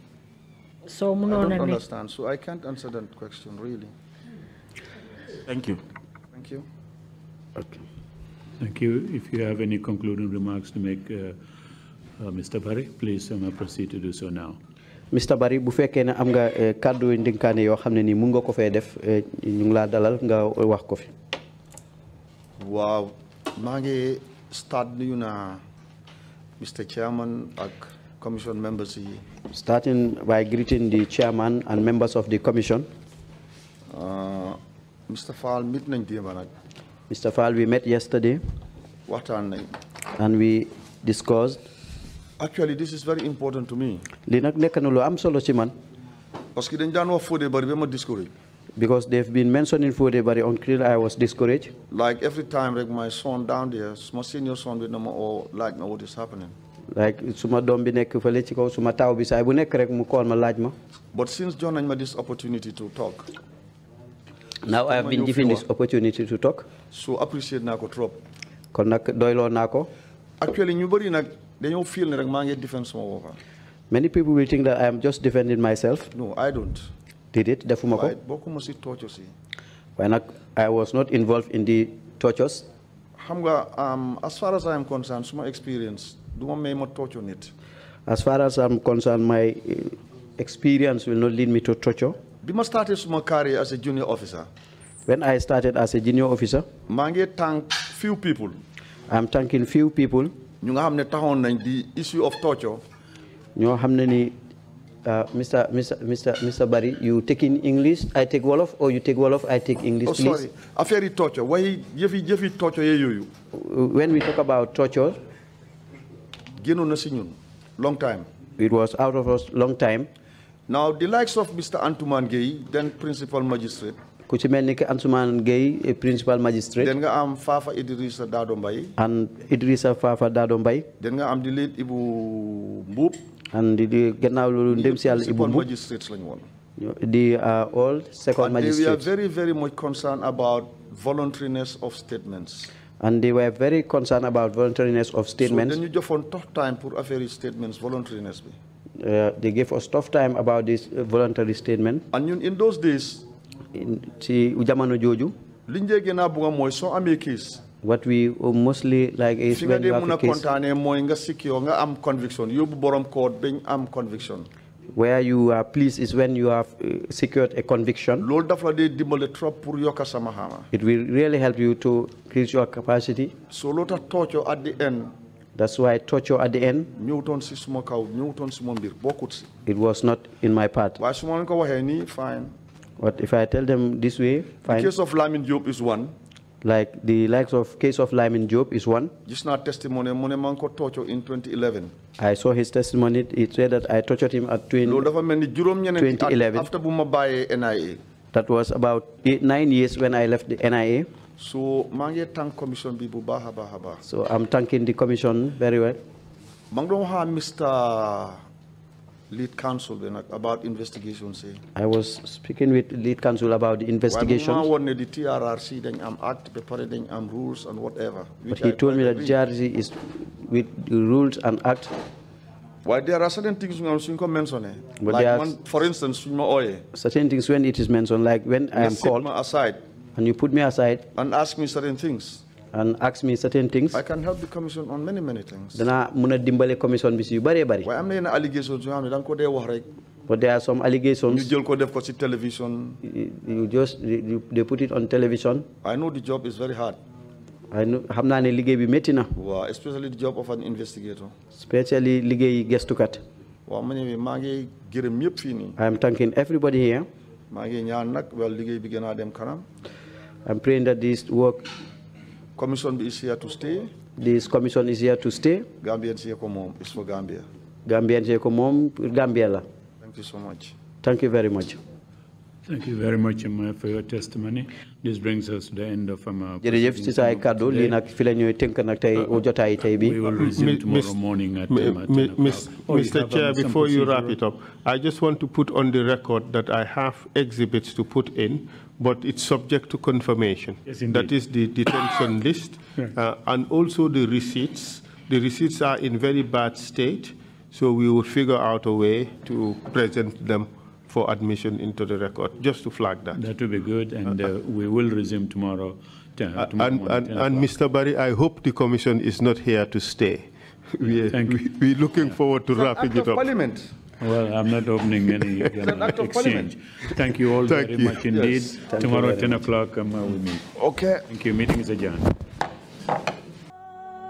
So I don't understand. So I can't answer that question really. Thank you. Thank you. Okay. Thank you. If you have any concluding remarks to make, uh, uh, Mr. Barry, please um, proceed to do so now. Mr Barry bu fekkee ne am nga eh, kàddu ndinkaane yoo xam ne nii mun nga ko fee def eh, ñu ngi dalal nga wax ko fi. waaw start nuyu na Mr Chairman ak commission members yi. starting by greeting the chairman and members of the commission. Uh, Mr Fall meet nañ Mr Fall we met yesterday. What nañ. and we discussed actually this is very important to me. li nag nekk na lu am solo ci man. parce que dañ daan wax Fodé Barry ba ma discourage. because they've been mentioning Fodé Barry until I was discouraged. like every time like my son down there my senior son bi na ma Like, what is happening. like suma doom bi nekk fële ci kaw suma taaw bi saay bu nekk mu call ma but since jox nañ ma this opportunity to talk. now I have been given this opportunity to talk. so appreciate Nako ko trop. kon nag actually nobody bëri dañoo feel ne rek maa ngi defend many people will think that I am just defending myself. No, I don't. Did it? Defuma ko? Bokkuma si torture si. I was not involved in the tortures. Xam um, as far as I am concerned, suma experience duma may ma torture nit. As far as I'm concerned, my eh, experience will not lead me to torture. Bima started suma career as a junior officer. When I started as a junior officer, maa ngi thank few people. I'm thanking few people ñu nga xam ne taxoon nañ di issue of torture. ñoo xam ne ni Mr Mr Mr Mr Barry you take in English I take Wolof or you take Wolof I take English. Oh, please oh sorry affaire yi torture waaye yëfi yëfi torture yee yooyu. when we talk about torture. génnoon na si ñun long time. it was out of us long time. now the likes of Mr Antoumane Gueye then principal magistrate ku ci mel ni ki Ansouman Gueye eh, principal magistrate. den nga am Fafa Idrissa Dado Mbaye. and Idrissa Fafa Dado Mbaye. den nga am di lead Ibou Mbuub. and di gannaaw loolu ndem si yàlla Ibou Mbuub magistrate lañu woon. di all ah, second magistrate. They we are very very much concerned about voluntariness of statements. and they were very concerned about voluntariness of statements. So then you just on tough time for affair statements, voluntariness. Uh, they gave us tough time about this uh, voluntary statement. And in, those days, ci jamono bëgg what we uh, mostly like is when you have a case. nga nga am conviction borom court am conviction. where you are pleased is when you have uh, secured a conviction. It will really help you to increase your capacity. So lot of torture at the end. That's why torture at the end. It was not in my part. Fine. But if I tell them this way, fine. The case of Lamin Job is one. Like the likes of case of Lamin Job is one. Just not testimony. Monemanko torture in 2011. I saw his testimony. It said that I tortured him at 20, 2011. After by NIA. That was about eight, nine years when I left the NIA. So mangi thank commission bi bu baha baha So I'm thanking the commission very well. Mangdong ha Mr lead counsel about investigations eh? I was speaking with lead counsel about the investigations. Well, one the TRRC then I'm act preparing um, rules and whatever. But he I told me that JRC is with rules and act. Well, there are certain things when Swinko mentioned. Eh? But like when, for instance, oil. Certain things when it is mentioned, like when I am called. aside. And you put me aside. And ask me certain things and ask me certain things. I can help the commission on many many things. danaa mun a commission bi si yu bëree bëri. waaye am na allegations yoo xam ne da nga but there are some allegations. You just television. You just you, they put it on television. I know the job is very hard. I know. Hamna ne ligay bi na. Wow, especially the job of an investigator. Especially ligay guest to cut. Wow, many mage gire yep fini. I am thanking everybody here. Mage nyanak well ligay bi gana dem karam. I'm praying that this work Commission is here to stay. This commission is here to stay. Gambians here come home. It's for Gambia. Gambians here come home. Gambia Thank you so much. Thank you very much. Thank you very much um, for your testimony. This brings us to the end of our um, uh, Jërëjëf ci uh, uh, We will resume tomorrow morning at, um, at Mr. Oh, Mr. Um, Chair, before you wrap it up, I just want to put on the record that I have exhibits to put in but it's subject to confirmation. Yes, that is the detention list uh, and also the receipts. The receipts are in very bad state, so we will figure out a way to present them for admission into the record, just to flag that. That will be good, and uh, we will resume tomorrow. Uh, tomorrow and, morning, and, and Mr. Barry, I hope the commission is not here to stay. we, are, we, we're looking yeah. forward to so wrapping it up. Parliament. Well, I'm not opening any uh, exchange. Thank you all Thank very you. much indeed. Yes. Tomorrow at 10 o'clock, I'm I will meet. Okay. Thank you. Meeting is adjourned.